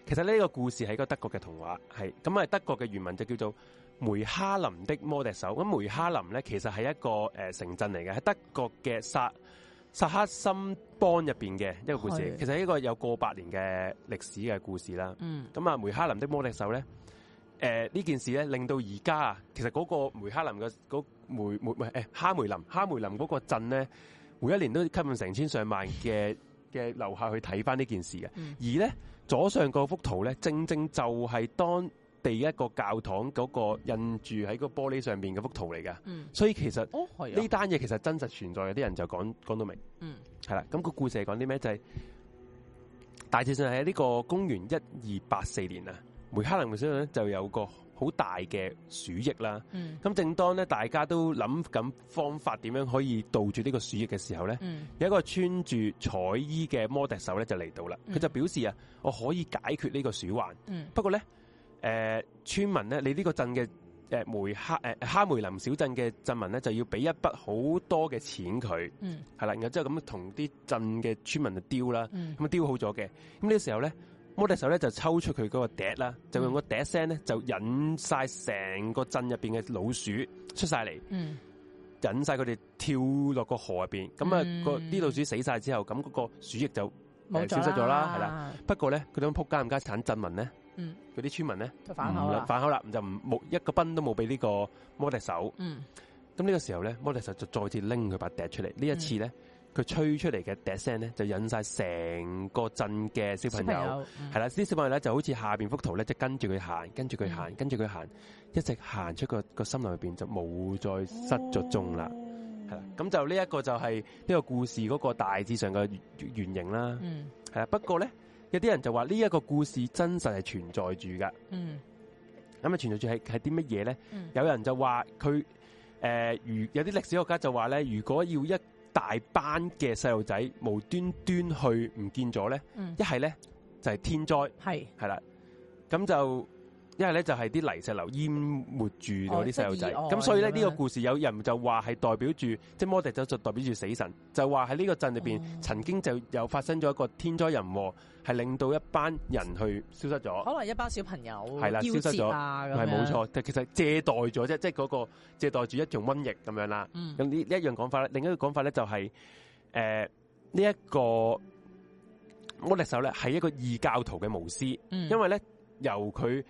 [SPEAKER 1] 其實呢個故事係一個德國嘅童話，係咁啊，德國嘅原文就叫做梅哈林的魔笛手。咁梅哈林咧，其實係一個誒、呃、城鎮嚟嘅，喺德國嘅薩薩克森邦入邊嘅一個故事。的其實呢個有過百年嘅歷史嘅故事啦。咁啊、嗯嗯，梅哈林的魔笛手咧，誒、呃、呢件事咧令到而家啊，其實嗰個梅哈林嘅嗰梅梅誒、哎、哈梅林哈梅林嗰個鎮咧，每一年都吸引成千上萬嘅嘅 遊客去睇翻呢件事嘅。嗯、而咧。左上嗰幅圖咧，正正就係當地一個教堂，嗰個印住喺個玻璃上邊幅圖嚟噶，嗯。所以其實呢單嘢，其實真實存在，有啲人就講講到明。嗯，係啦，咁，個故事係講啲咩？就係、係、大致上係喺呢個公元一二八四年啊，梅克林唔知咧就有個。好大嘅鼠疫啦，咁、嗯、正當咧大家都諗緊方法點樣可以杜絕呢個鼠疫嘅時候咧，嗯、有一個穿住彩衣嘅魔笛手咧就嚟到啦，佢、嗯、就表示啊，我可以解決呢個鼠患，嗯、不過咧，誒、呃、村民咧，你呢個鎮嘅誒梅哈誒、呃、哈梅林小鎮嘅鎮民咧就要俾一筆好多嘅錢佢，係啦、嗯，然後之後咁同啲鎮嘅村民就丟啦，咁丟、嗯、好咗嘅，咁呢個時候咧。魔笛手咧就抽出佢嗰個笛啦，就用個笛聲咧就引晒成個鎮入邊嘅老鼠出晒嚟，嗯、引晒佢哋跳落、嗯那個河入邊。咁啊個啲老鼠死晒之後，咁、那、嗰個鼠疫就
[SPEAKER 3] 了、呃、消失咗啦，係啦。
[SPEAKER 1] 不過咧，佢哋想扑加唔加產鎮民咧，嗰啲、嗯、村民咧就反口啦，反口啦，就冇一個兵都冇俾呢個魔笛手。嗯，咁呢個時候咧，魔笛手就再次拎佢把笛出嚟，呢一次咧。嗯佢吹出嚟嘅笛聲咧，就引晒成個鎮嘅小朋友，係啦，啲小朋友咧、嗯、就好似下邊幅圖咧，即係就跟住佢行，跟住佢行，嗯、跟住佢行，一直行出個個森林裏邊，就冇再失咗蹤啦。係啦、嗯，咁就呢一個就係呢個故事嗰個大致上嘅原型啦。嗯，係啦，不過咧，有啲人就話呢一個故事真實係存在住噶。嗯，咁啊存在住係係啲乜嘢咧？呢嗯、有人就話佢誒，如、呃、有啲歷史學家就話咧，如果要一大班嘅細路仔無端端去唔見咗咧，嗯呢，一係咧就係、是、天災，係係啦，咁就。因為咧就係啲泥石流淹沒住嗰啲細路仔，咁所以咧呢個故事有人就話係代表住，即係魔笛手就代表住死神，就話喺呢個鎮裏邊曾經就又發生咗一個天災人禍，係令到一班人去消失咗，可
[SPEAKER 2] 能一班小朋友、啊，消失咗，唔係冇錯，
[SPEAKER 1] 就其實借代咗啫，即係嗰個借代住一種瘟疫咁樣啦。咁呢、嗯、一樣講法咧，另一個講法咧就係、是，誒、呃、呢、這個、一個魔笛手咧係一個異教徒嘅巫師，因為咧由佢。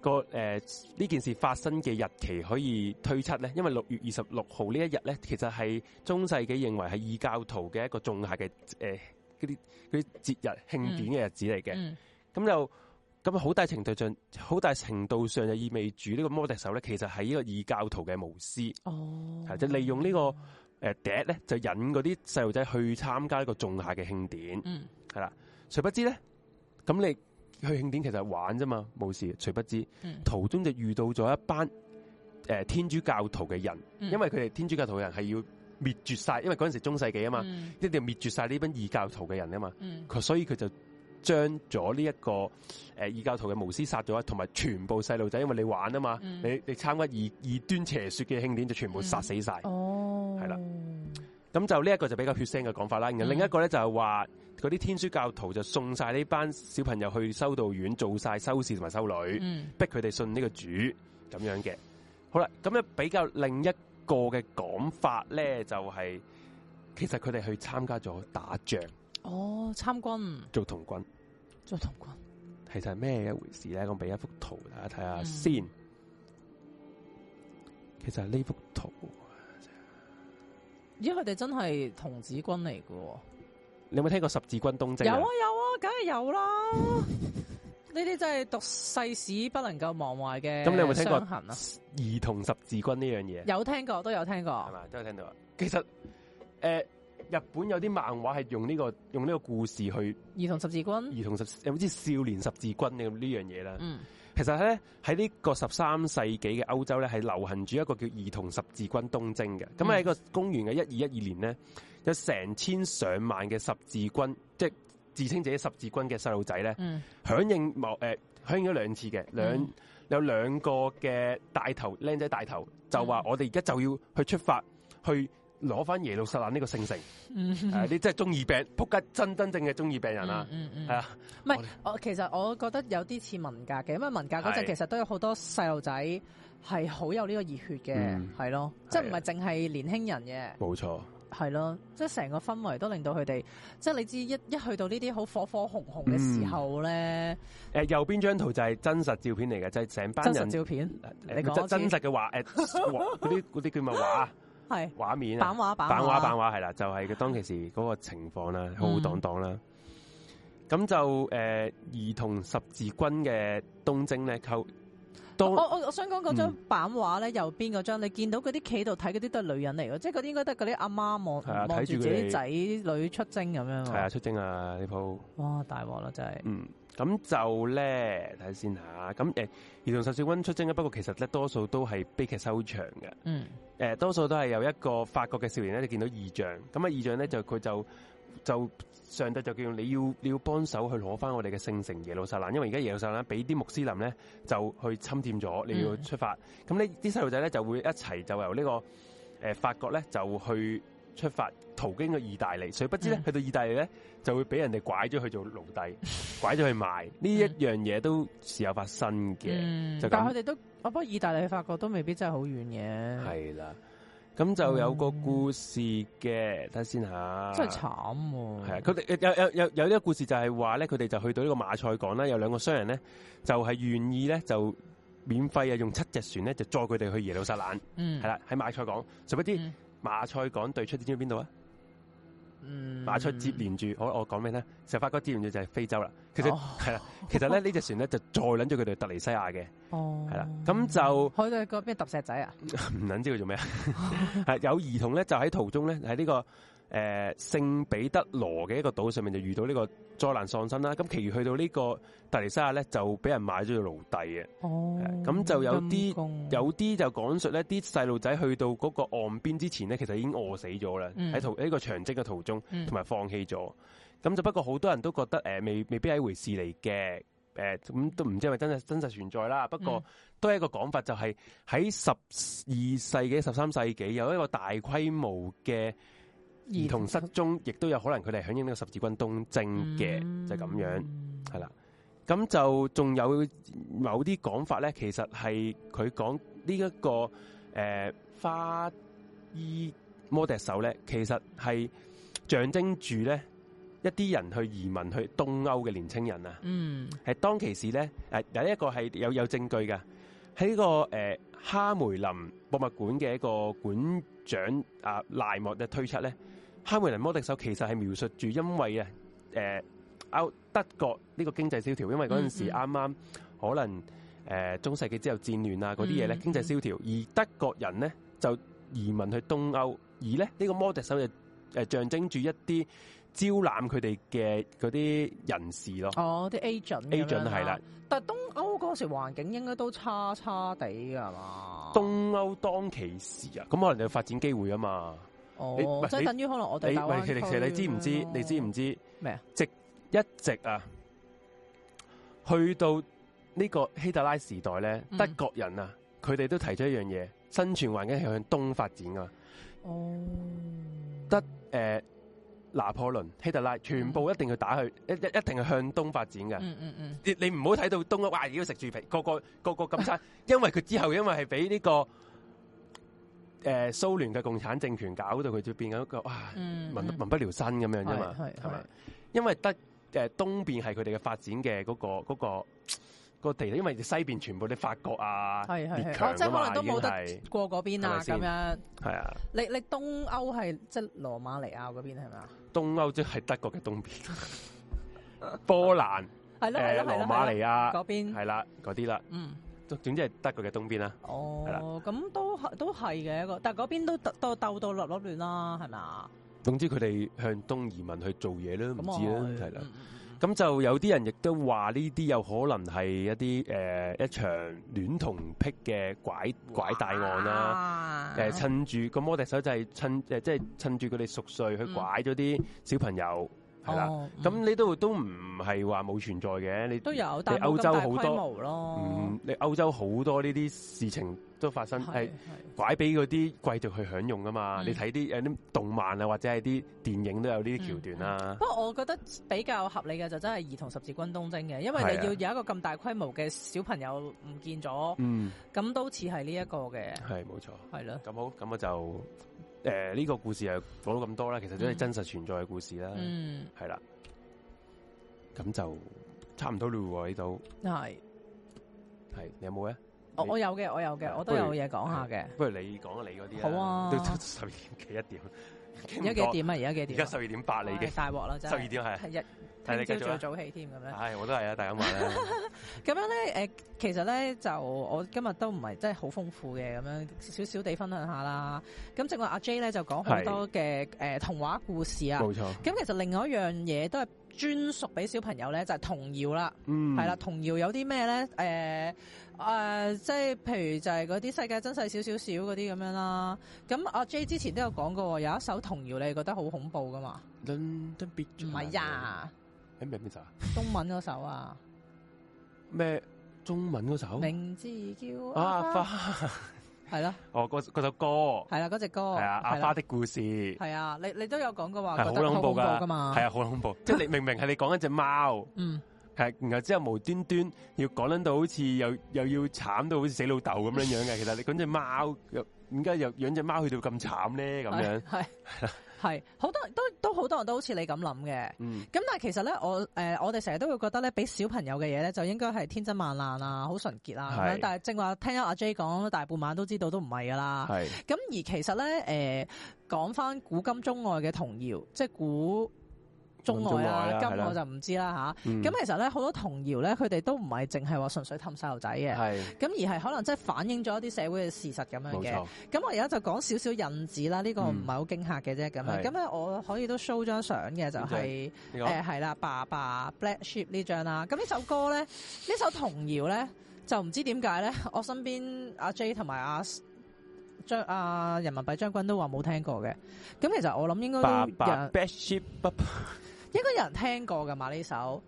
[SPEAKER 1] 這個誒呢、呃、件事發生嘅日期可以推測咧，因為六月二十六號呢一日咧，其實係中世紀認為係異教徒嘅一個仲夏嘅誒啲啲節日慶典嘅日子嚟嘅。咁又咁好大程度上，好大程度上就意味住呢個魔笛手咧，其實係呢個異教徒嘅巫師，係、哦、就是、利用個呢個誒笛咧，就引嗰啲細路仔去參加一個仲夏嘅慶典，係啦、嗯。誰不知咧，咁你？去慶典其實係玩啫嘛，冇事。隨不知，途中就遇到咗一班誒、呃、天主教徒嘅人，嗯、因為佢哋天主教徒嘅人係要滅絕晒，因為嗰陣時係中世紀啊嘛，嗯、一定要滅絕晒呢班異教徒嘅人啊嘛。佢、嗯、所以佢就將咗呢一個誒異、呃、教徒嘅巫師殺咗，同埋全部細路仔，因為你玩啊嘛，嗯、你你參加異異端邪說嘅慶典就全部殺死晒、嗯。哦，係啦。咁就呢一個就比較血腥嘅講法啦。然後另一個咧就係話，嗰啲天主教徒就送晒呢班小朋友去修道院做晒修士同埋修女，逼佢哋信呢個主咁樣嘅。好啦，咁樣比較另一個嘅講法咧，就是，就係其實佢哋去參加咗打仗。
[SPEAKER 2] 哦，參軍，
[SPEAKER 1] 做童軍，
[SPEAKER 2] 做童軍，
[SPEAKER 1] 其實係咩一回事咧？咁俾一幅圖大家睇下先。嗯、其實係呢幅圖。
[SPEAKER 2] 咦，佢哋真係童子軍嚟嘅？你有冇聽過十字軍東征，啊？有啊有啊，梗係有啦！呢啲真係讀世史不能夠忘懷嘅。咁你有冇聽過兒
[SPEAKER 1] 童十字軍呢樣嘢？有
[SPEAKER 2] 聽過，都有聽過，係咪都有聽到？
[SPEAKER 1] 其實，誒、呃，日本有啲漫畫係用呢、這個用呢個故事去
[SPEAKER 2] 兒童十字軍，兒
[SPEAKER 1] 童十字有冇知少年十字軍呢呢樣嘢咧？嗯。其實咧喺呢個十三世紀嘅歐洲咧，係流行住一個叫兒童十字軍東征嘅。咁喺個公元嘅一二一二年咧，有成千上萬嘅十字軍，即係自稱自己十字軍嘅細路仔咧，響應莫誒響應咗兩次嘅兩有兩個嘅大頭靚仔大頭就話：我哋而家就要去出發去。攞翻耶路撒冷呢個聖城，你真係即係中二病、仆街真真正嘅中二病人啊！係啊，
[SPEAKER 2] 唔係我其實我覺得有啲似文革嘅，因為文革嗰陣其實都有好多細路仔係好有呢個熱血嘅，係咯，即係唔係淨係年輕人嘅？
[SPEAKER 3] 冇
[SPEAKER 1] 錯，
[SPEAKER 2] 係咯，即係成個氛圍都令到佢哋，即係你知一一去到呢啲好火火紅紅嘅時候咧，
[SPEAKER 1] 誒右邊張圖就係真實照片嚟嘅，就係成班人照片，你講真實嘅畫嗰啲嗰啲叫乜畫？係畫面，板畫，板畫，板畫係啦，就係佢當其時嗰個情況啦，浩浩蕩蕩啦。嗯，咁就誒，兒童十字軍嘅東征咧，寇，我
[SPEAKER 2] 我我想講嗰張板畫咧，右邊嗰張，你見到嗰啲企度睇嗰啲都係女人嚟嘅，即係嗰啲應該都係嗰啲阿媽望睇住自己仔女出征咁樣。係啊，出
[SPEAKER 1] 征啊，呢鋪
[SPEAKER 2] 哇大鑊啦，真係。嗯，
[SPEAKER 1] 咁就咧睇先吓，咁誒，兒童十字軍出征啊，不過其實咧多數都係悲劇收場嘅。嗯。誒、呃、多數都係由一個法國嘅少年咧，你見到異象，咁、那、啊、個、異象咧、嗯、就佢就就上帝就叫你要你要幫手去攞翻我哋嘅聖城耶路撒冷，因為而家耶路撒冷俾啲穆斯林咧就去侵佔咗，你要出發。咁、嗯、呢啲細路仔咧就會一齊就由呢、這個、呃、法國咧就去出發，途經個意大利，誰不知咧、嗯、去到意大利咧就會俾人哋拐咗去做奴隸， 拐咗去賣。呢一樣嘢都時有發生嘅，嗯。
[SPEAKER 2] 我不過意大利、法國都未必真係好遠嘅。係
[SPEAKER 1] 啦，咁就有個故事嘅，睇、嗯、先吓，真係慘，
[SPEAKER 2] 係啊！佢哋
[SPEAKER 1] 有有有有啲故事就係話咧，佢哋就去到呢個馬賽港啦，有兩個商人咧，就係、是、願意咧，就免費啊用七隻船咧就載佢哋去耶路撒冷。嗯，係啦，喺馬賽港，就不知馬賽港對出點知邊度啊？馬賽、嗯、接連住，我我講咩咧？就發覺接連住就係非洲啦。其實係啦，其實咧呢隻 船咧就再捻咗佢哋突尼西亞嘅，係啦、哦。咁就去
[SPEAKER 2] 到個咩？揼石仔啊？
[SPEAKER 1] 唔捻 知佢做咩啊？係 有兒童咧，就喺途中咧，喺呢、這個誒聖、呃、彼得羅嘅一個島上面就遇到呢、這個。再難喪生啦，咁其餘去到呢個突尼西亞咧，就俾人買咗做奴隸嘅。哦，咁就有啲共有啲就講述咧，啲細路仔去到嗰個岸邊之前咧，其實已經餓死咗啦。喺途呢個長征嘅途中，同埋放棄咗。咁、嗯、就不過好多人都覺得誒、呃，未未必係一回事嚟嘅。誒、呃、咁都唔知係咪真係真實存在啦。不過、嗯、都係一個講法，就係喺十二世紀、十三世紀有一個大規模嘅。兒童失蹤，亦都有可能佢哋係響應呢個十字軍東征嘅，嗯、就係咁樣，係啦。咁就仲有某啲講法咧，其實係佢講呢一個誒花衣魔笛手咧，其實係象徵住咧一啲人去移民去東歐嘅年青人啊。嗯，係當其時咧誒、呃、有一個係有有證據嘅，喺呢、這個誒、呃、哈梅林博物館嘅一個館長啊賴莫嘅推出咧。哈梅蘭魔笛手其實係描述住，因為啊，誒，歐德國呢個經濟蕭條，因為嗰陣時啱啱可能誒，中世紀之後戰亂啊，嗰啲嘢咧，經濟蕭條，而德國人咧就移民去東歐，而咧呢個魔笛手就誒象徵住一啲招攬佢哋嘅嗰啲人士
[SPEAKER 2] 咯。哦，啲 agent，agent 係啦。的但係東歐嗰時環境應該都差差地噶嘛？
[SPEAKER 1] 東歐當其時啊，咁可能有發展機會啊嘛。所以你等於可能我哋打灣區。你知唔知？你知唔知？咩啊麼？直一直啊，去到呢個希特拉時代咧，嗯、德國人啊，佢哋都提出一樣嘢，生存環境係向東發展噶。哦、嗯。得誒、呃，拿破崙、希特拉，全部一定要打去，嗯、一一一定係向東發展噶、嗯。嗯嗯嗯。你唔好睇到東啊，哇！要食住皮，個個個個咁差，各各各 因為佢之後因為係俾呢個。誒，蘇聯嘅共產政權搞到佢就變咗一個啊民民不聊生，咁樣嘛，係係因為得誒東邊係佢哋嘅發展嘅嗰個個個地，因為西邊全部啲法國啊，係係，即係可能都冇得過嗰邊啊，咁樣係啊。
[SPEAKER 2] 你你東歐係即係羅馬尼亞嗰邊係嘛？
[SPEAKER 1] 東歐即係德國嘅東邊，波蘭係啦，羅馬尼亞嗰邊係啦，啲啦，嗯。總之係德國嘅東邊啦，
[SPEAKER 2] 係啦、哦，咁的都係都係嘅個，但係嗰邊都鬥鬥到笠笠亂啦，係嘛？是
[SPEAKER 1] 總之佢哋向東移民去做嘢咧，唔知啦，係啦。咁的、嗯嗯、就有啲人亦都話呢啲有可能係一啲誒、呃、一場戀童癖嘅拐拐大案啦，誒哇、呃、趁住、那個魔笛手就係趁誒即係趁住佢哋熟睡去拐咗啲小朋友。嗯係啦，咁、哦、你都唔係話冇存在嘅，你都有，但係歐洲好多，嗯，你歐洲好多呢啲事情都發生，係拐俾嗰啲貴族去享用噶嘛？嗯、你睇啲有啲動漫啊，或者係啲電影都有呢啲橋段啦、啊嗯嗯。不
[SPEAKER 2] 過我覺得比較合理嘅就真係兒童十字軍東征嘅，因為你要有一個咁大規模嘅小朋友唔見咗，嗯，咁都似係呢一個嘅，
[SPEAKER 1] 係冇錯，係啦。咁好，咁我就。誒，呢個故事係講到咁多啦，其實都係真實存在嘅故事啦，嗯，係啦，咁就差唔多啦喎，呢度係係你有冇啊？
[SPEAKER 2] 我我有嘅，我有嘅，我都有嘢講下
[SPEAKER 1] 嘅。不如你講你嗰啲啦，好啊，都十二點幾一點，而家幾多點啊？而家幾多點？而家十二點八你嘅，大鑊啦，真係十二點係。睇你繼續
[SPEAKER 2] 早
[SPEAKER 1] 早起添咁、啊、樣，哎、我都
[SPEAKER 2] 係啊，大家話咁 樣咧、呃，其實咧就我今日都唔係真係好豐富嘅咁樣，少少地分享下啦。咁正話阿 J 咧就講好多嘅誒是、呃、童話故事啊。冇錯。咁其實另外一樣嘢都係專屬俾小朋友咧，就係、是、童謠啦。嗯。係啦，童謠有啲咩咧？誒、呃呃、即係譬如就係嗰啲世界真細少少少嗰啲咁樣啦。咁阿 J 之前都有講過，有一首童謠你覺得好恐怖㗎嘛？唔係呀。咩咩首中文嗰首啊？咩中文嗰首？名字叫阿花，係
[SPEAKER 1] 咯。哦，嗰首歌，係
[SPEAKER 2] 啦，嗰隻歌，係啊，阿花的
[SPEAKER 1] 故事。
[SPEAKER 2] 係啊，你你都有講過話，係好恐怖噶嘛？係
[SPEAKER 1] 啊，好恐怖。即係你明明係你講一隻貓，嗯，係，然後之後無端端要講緊到好似又又要慘到好似死老豆咁樣樣嘅。其實你講隻貓又點解又養隻貓去到咁慘咧？咁樣係係啦。
[SPEAKER 2] 係，好多都都好多人都好似你咁諗嘅，咁、嗯、但係其實咧，我誒、呃、我哋成日都會覺得咧，俾小朋友嘅嘢咧，就應該係天真萬爛啊，好純潔啊，是 但係正話聽阿 J 講大半晚都知道都唔係噶啦，咁是 而其實咧誒、呃、講返古今中外嘅童謠，即係古。中外啊，今我就唔知啦吓、嗯、咁其實咧，好多童謠咧，佢哋都唔係淨係話純粹氹細路仔嘅，咁是 而係可能即係反映咗一啲社會嘅事實咁樣嘅。咁沒錯 我而家就講少少引子啦，呢、呢個唔係好驚嚇嘅啫。咁咁咧我可以都 show 張相嘅，就係係啦，爸爸 Black Sheep 呢張啦。咁呢首歌咧，呢首童謠咧，就唔知點解咧，我身邊阿 J 同埋阿將阿、啊、人民幣將軍都話冇聽過嘅。咁其實我諗應該都應該有人聽過㗎嘛？呢首，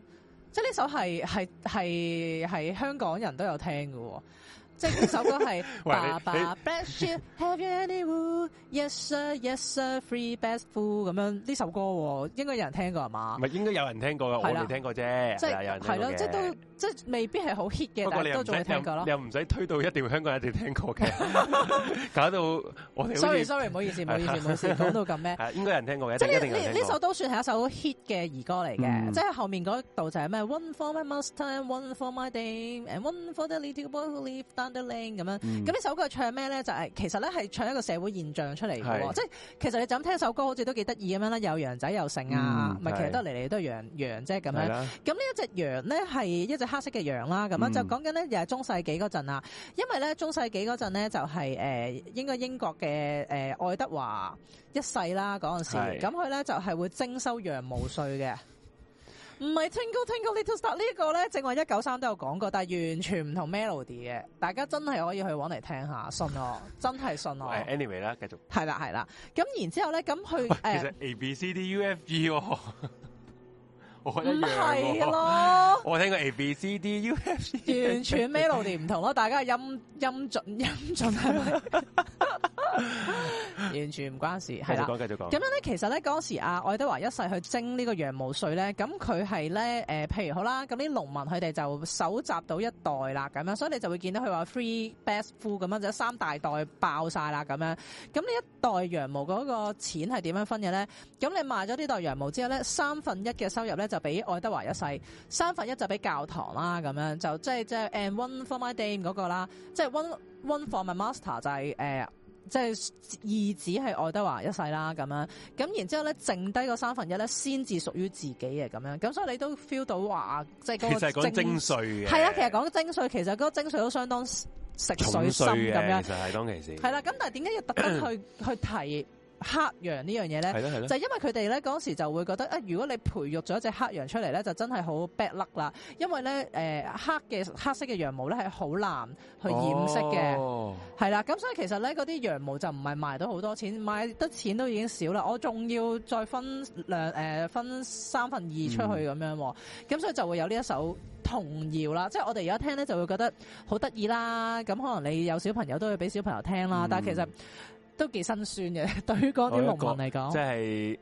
[SPEAKER 2] 即係呢首係香港人都有聽嘅喎、喔， 即係呢首歌係爸爸 ，bless you，have you have any w o o yes sir，yes sir，free、yes、sir, best food 咁樣。呢首歌、喔、應該有人聽過係嘛？
[SPEAKER 1] 唔係應該有人聽過㗎，啊、我哋聽過啫，啊啊、有人係啦、啊，即係都。
[SPEAKER 2] 即未必係好 hit 嘅，但你都仲有聽過咯。
[SPEAKER 1] 又唔使推到一定香港人一定聽過嘅，搞到我哋 sorry sorry 唔好意思，唔好意思，講到咁咩？係應該有人聽過嘅，即係呢首都
[SPEAKER 2] 算係一首 hit 嘅兒歌嚟嘅。即係後面嗰度就係咩？One for my master, one for my day, and one for the little boy who lived down the lane。咁樣，咁呢首歌唱咩咧？就係其實咧係唱一個社會現象出嚟嘅。即其實你就咁聽首歌，好似都幾得意咁樣啦。有羊仔又成啊，其實都嚟嚟都係羊羊啫係咁樣。咁呢一隻羊咧係一黑色嘅羊啦，咁就講緊咧又係中世紀嗰陣啊，因為咧中世紀嗰陣咧就係、是、誒、呃、應該英國嘅誒、呃、愛德華一世啦嗰陣時，咁佢咧就係、是、會徵收羊毛稅嘅。唔係 Tingle Tingle Little Star 呢個咧正話一九三都有講過，但係完全唔同 Melody 嘅，大家真係可以去搵嚟聽下，信我真係信我。Anyway 啦， 繼續。係啦係啦，咁然之後咧咁佢誒。喂 uh, 其實
[SPEAKER 1] A B C D U F G 喎、哦！.唔係咯，我聽過 A B C D U F，
[SPEAKER 2] 完全 melody 唔同咯，大家音音準音準係咪？ 完全唔關事，係啦，繼續講，了繼續講。點樣咧？其實咧，嗰時阿、啊、愛德華一世去徵呢個羊毛稅咧，咁佢係咧，誒、呃，譬如好啦，咁啲農民佢哋就搜集到一袋啦，咁樣，所以你就會見到佢話 three bags full 咁樣，就三大袋爆晒啦，咁樣。咁呢一袋羊毛嗰個錢係點樣分嘅咧？咁你賣咗呢袋羊毛之後咧，三分一嘅收入咧。就俾愛德華一世，三分一就俾教堂啦，咁樣就即係即係 And one for my dame 嗰個啦，即係 one one for my master 就係即係二子係愛德華一世啦，咁樣咁然後之後咧，剩低個三分一咧，先至屬於自己嘅咁樣。咁所以你都 feel 到話，即係、就是、其實講精髓嘅，係啊，其實講精髓，其實嗰個精髓都相當食水深。咁樣，
[SPEAKER 1] 係當其時係啦，
[SPEAKER 2] 咁、啊、但係點解要特登去 去，去提？黑羊呢樣嘢咧，就因為佢哋咧嗰時就會覺得啊，如果你培育咗一隻黑羊出嚟咧，就真係好 bad luck 啦。因為咧、呃、黑嘅黑色嘅羊毛咧係好難去染色嘅，係啦、哦。咁所以其實咧嗰啲羊毛就唔係賣到好多錢，賣得錢都已經少啦。我仲要再分兩誒、呃、分三分二出去咁、嗯、樣，咁所以就會有呢一首童謠啦。即係我哋而家聽咧就會覺得好得意啦。咁可能你有小朋友都會俾小朋友聽啦，嗯、但係其實。都幾辛酸嘅，對於嗰啲農民嚟講，
[SPEAKER 1] 即係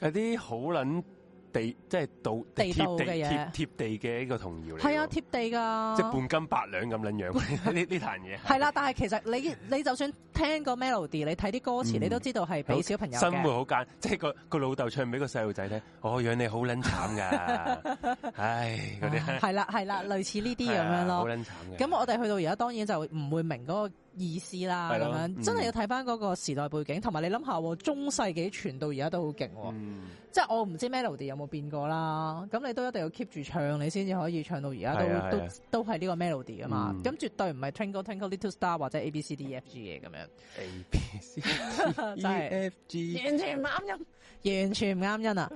[SPEAKER 1] 嗰啲好捻地，即、就、係、是、道地道的地貼地嘅呢個童謠嚟，係
[SPEAKER 2] 啊，貼地噶，即係半
[SPEAKER 1] 斤八兩咁捻樣呢呢段嘢。
[SPEAKER 2] 係啦， 是啊、 但係其實你你就算聽個 melody，你睇啲歌詞，嗯、你都知道係俾小朋友生活好
[SPEAKER 1] 艱，即、就、係、是、個個老豆唱俾個細路仔聽，我、哦、養你好捻慘噶，
[SPEAKER 2] 唉，
[SPEAKER 3] 嗰啲係啦
[SPEAKER 2] 係啦，類似呢啲咁樣咯，好捻慘嘅。咁我哋去到而家，當然就唔會明嗰、那個意思啦，咁的樣、嗯、真係要睇翻嗰個時代背景，同埋你諗下，中世紀傳到而家都好勁喎，嗯、即係我唔知 melody 有冇變過啦，咁你都一定要 keep 住唱，你先至可以唱到而家都的都都係呢個 melody 啊嘛、嗯，咁絕對唔係 Twinkle Twinkle Little Star 或者 A, A B C D 真的 E F G 嘢咁樣
[SPEAKER 3] ，A B C
[SPEAKER 2] D E F G 完全唔啱音， 完全唔啱音啊！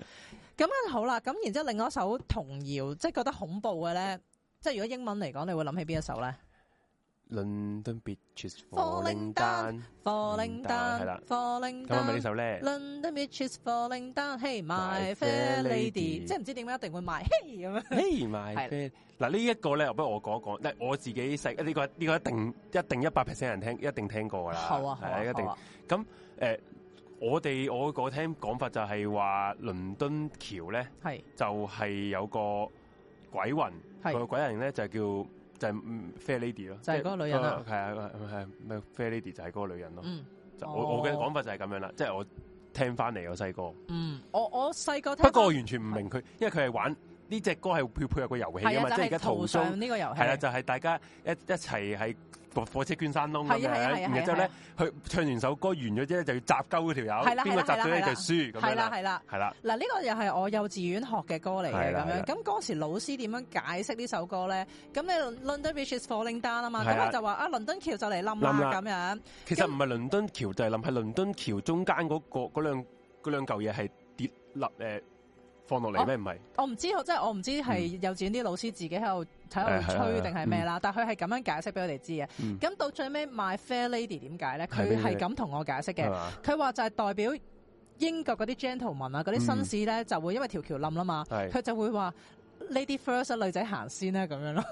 [SPEAKER 2] 咁 樣好啦，咁然之後另一首童謠，即係覺得恐怖嘅咧，即係如果英文嚟講，你會諗起邊一首咧？
[SPEAKER 1] 倫敦 Falling
[SPEAKER 2] Down，咁咪呢首咧，倫敦邊處火鈴鐺，嘿買飛，lady，即係唔知點解一定會買，嘿
[SPEAKER 3] 咁樣，
[SPEAKER 1] 嘿買。係 y 嗱呢一個咧，不如我講一講。我自己食，呢、這個呢、這個一定一定一百 percent 人聽，一定聽過噶啦、啊。好啊，係啊，一定。咁誒、啊嗯呃，我哋我個聽講法就係話倫敦橋咧，係是就係有個鬼魂，個是鬼人咧就叫。就係 Fair Lady 咯，就係嗰個女人咯，係啊、就係，係咩 Fair Lady 就係嗰個女人咯。嗯，就我我嘅講法就係咁樣啦，即係、嗯我，就係、我聽翻嚟我細個。嗯，
[SPEAKER 2] 我我細個聽過，不過我
[SPEAKER 1] 完全唔明佢，因為佢係玩呢隻、啊、歌係配配合個遊戲啊嘛，即係而家圖上呢個遊戲，係啦，就係、係、大家一一齊係。火車捐山窿咁啊！然後之後咧，佢唱完首歌完咗之後，就要集鳩嗰條友，
[SPEAKER 2] 邊個集到咧就輸咁樣啦。係啦，係啦，係啦。係啦，係啦。係啦。嗱，呢個又係我幼稚園學嘅歌嚟嘅咁樣。咁嗰時老師點樣解釋呢首歌咧？咁你 London Bridge is falling down 啊嘛？咁啊就話啊，倫敦橋就嚟冧啦咁樣。其實唔
[SPEAKER 1] 係倫敦橋就嚟冧，係倫敦橋中間嗰個嗰兩嚿嘢係跌落誒。放落嚟咩？唔
[SPEAKER 2] 係、oh, 是，我唔知，即係我唔知係幼稚園啲老師自己喺度睇喺度吹定係咩啦。但係佢係咁樣解釋俾我哋知嘅。咁、mm. 到最尾，My Fair Lady 點解咧？佢係咁同我解釋嘅。佢話吧就係代表英國嗰啲 gentleman 啊，嗰啲紳士咧就會、mm. 因為條橋冧啦嘛，佢是就會話 Lady first 女仔行先咧咁樣咯。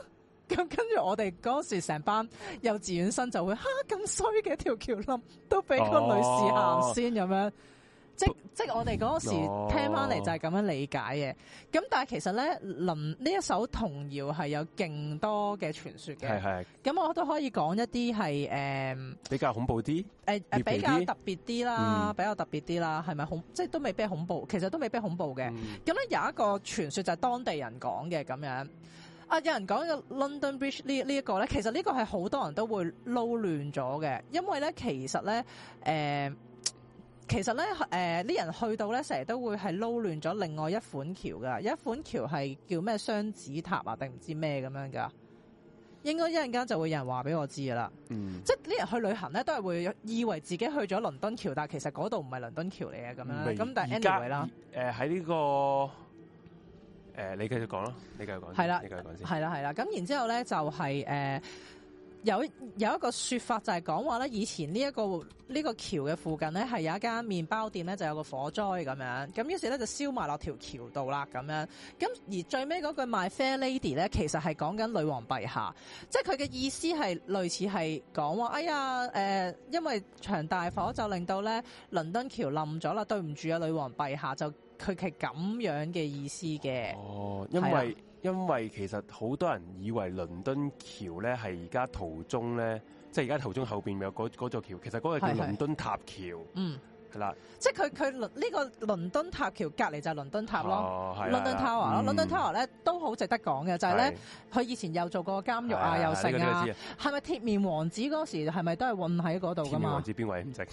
[SPEAKER 2] 咁 跟住我哋嗰時成班幼稚園生就會哈，咁衰嘅條橋冧，都俾個女士行先咁、oh. 樣。即即我哋嗰時聽翻嚟就係咁樣理解嘅，咁、哦、但係其實咧，林呢一首童謠係有勁多嘅傳說嘅。係係。咁是是 我都可以講一啲係誒
[SPEAKER 1] 比較恐怖啲，呃呃、比較特
[SPEAKER 2] 別啲啦，嗯、比較特別啲啦，係咪恐？即都未必恐怖，其實都未必恐怖嘅。咁咧、嗯、有一個傳說就係當地人講嘅咁樣。啊，有人講嘅 London Bridge 呢呢一個咧，其實呢個係好多人都會撈亂咗嘅，因為咧其實咧誒。呃其實咧，誒、呃、啲人去到咧，成日都會係撈亂咗另外一款橋噶，一款橋係叫咩雙子塔啊，定唔知咩咁樣噶。應該一陣間就會有人話俾我知啦。嗯、即係啲人去旅行咧，都係會以為自己去咗倫敦橋，但其實嗰度唔係倫敦橋嚟嘅咁樣。咁沒但係 Anyway 啦，喺、呃、呢、這
[SPEAKER 1] 個你繼續講啦，你繼續講，係啦，你繼續講先，係啦的，
[SPEAKER 2] 係啦。咁然之後咧，就係、是呃有有一個說法就係講話咧，以前呢、呢個、一個呢、呢個橋嘅附近呢係有一間麵包店呢就有個火災咁樣，咁於是咧就燒埋落條橋度啦咁樣。咁而最尾嗰句 My Fair Lady 咧，其實係講緊女王陛下，即係佢嘅意思係類似係講話，哎呀，誒、呃，因為場大火就令到咧，倫敦橋冧咗啦，對唔住啊，女王陛下，就佢係咁樣嘅意思嘅。哦，
[SPEAKER 1] 因為因為其實好多人以為倫敦橋咧係而家途中咧，即係而家途中後邊咪有 𠮶 座橋，其實 𠮶 個叫倫敦塔橋是是嗯。
[SPEAKER 2] 即係佢佢呢個倫敦塔橋隔離就係倫敦塔咯，London Tower 咯，London Tower 咧都好值得講嘅，就係咧佢以前又做過監獄啊，又剩啊，係咪鐵面王子嗰時係咪都係運喺嗰度㗎嘛？鐵面王
[SPEAKER 1] 子邊位唔識？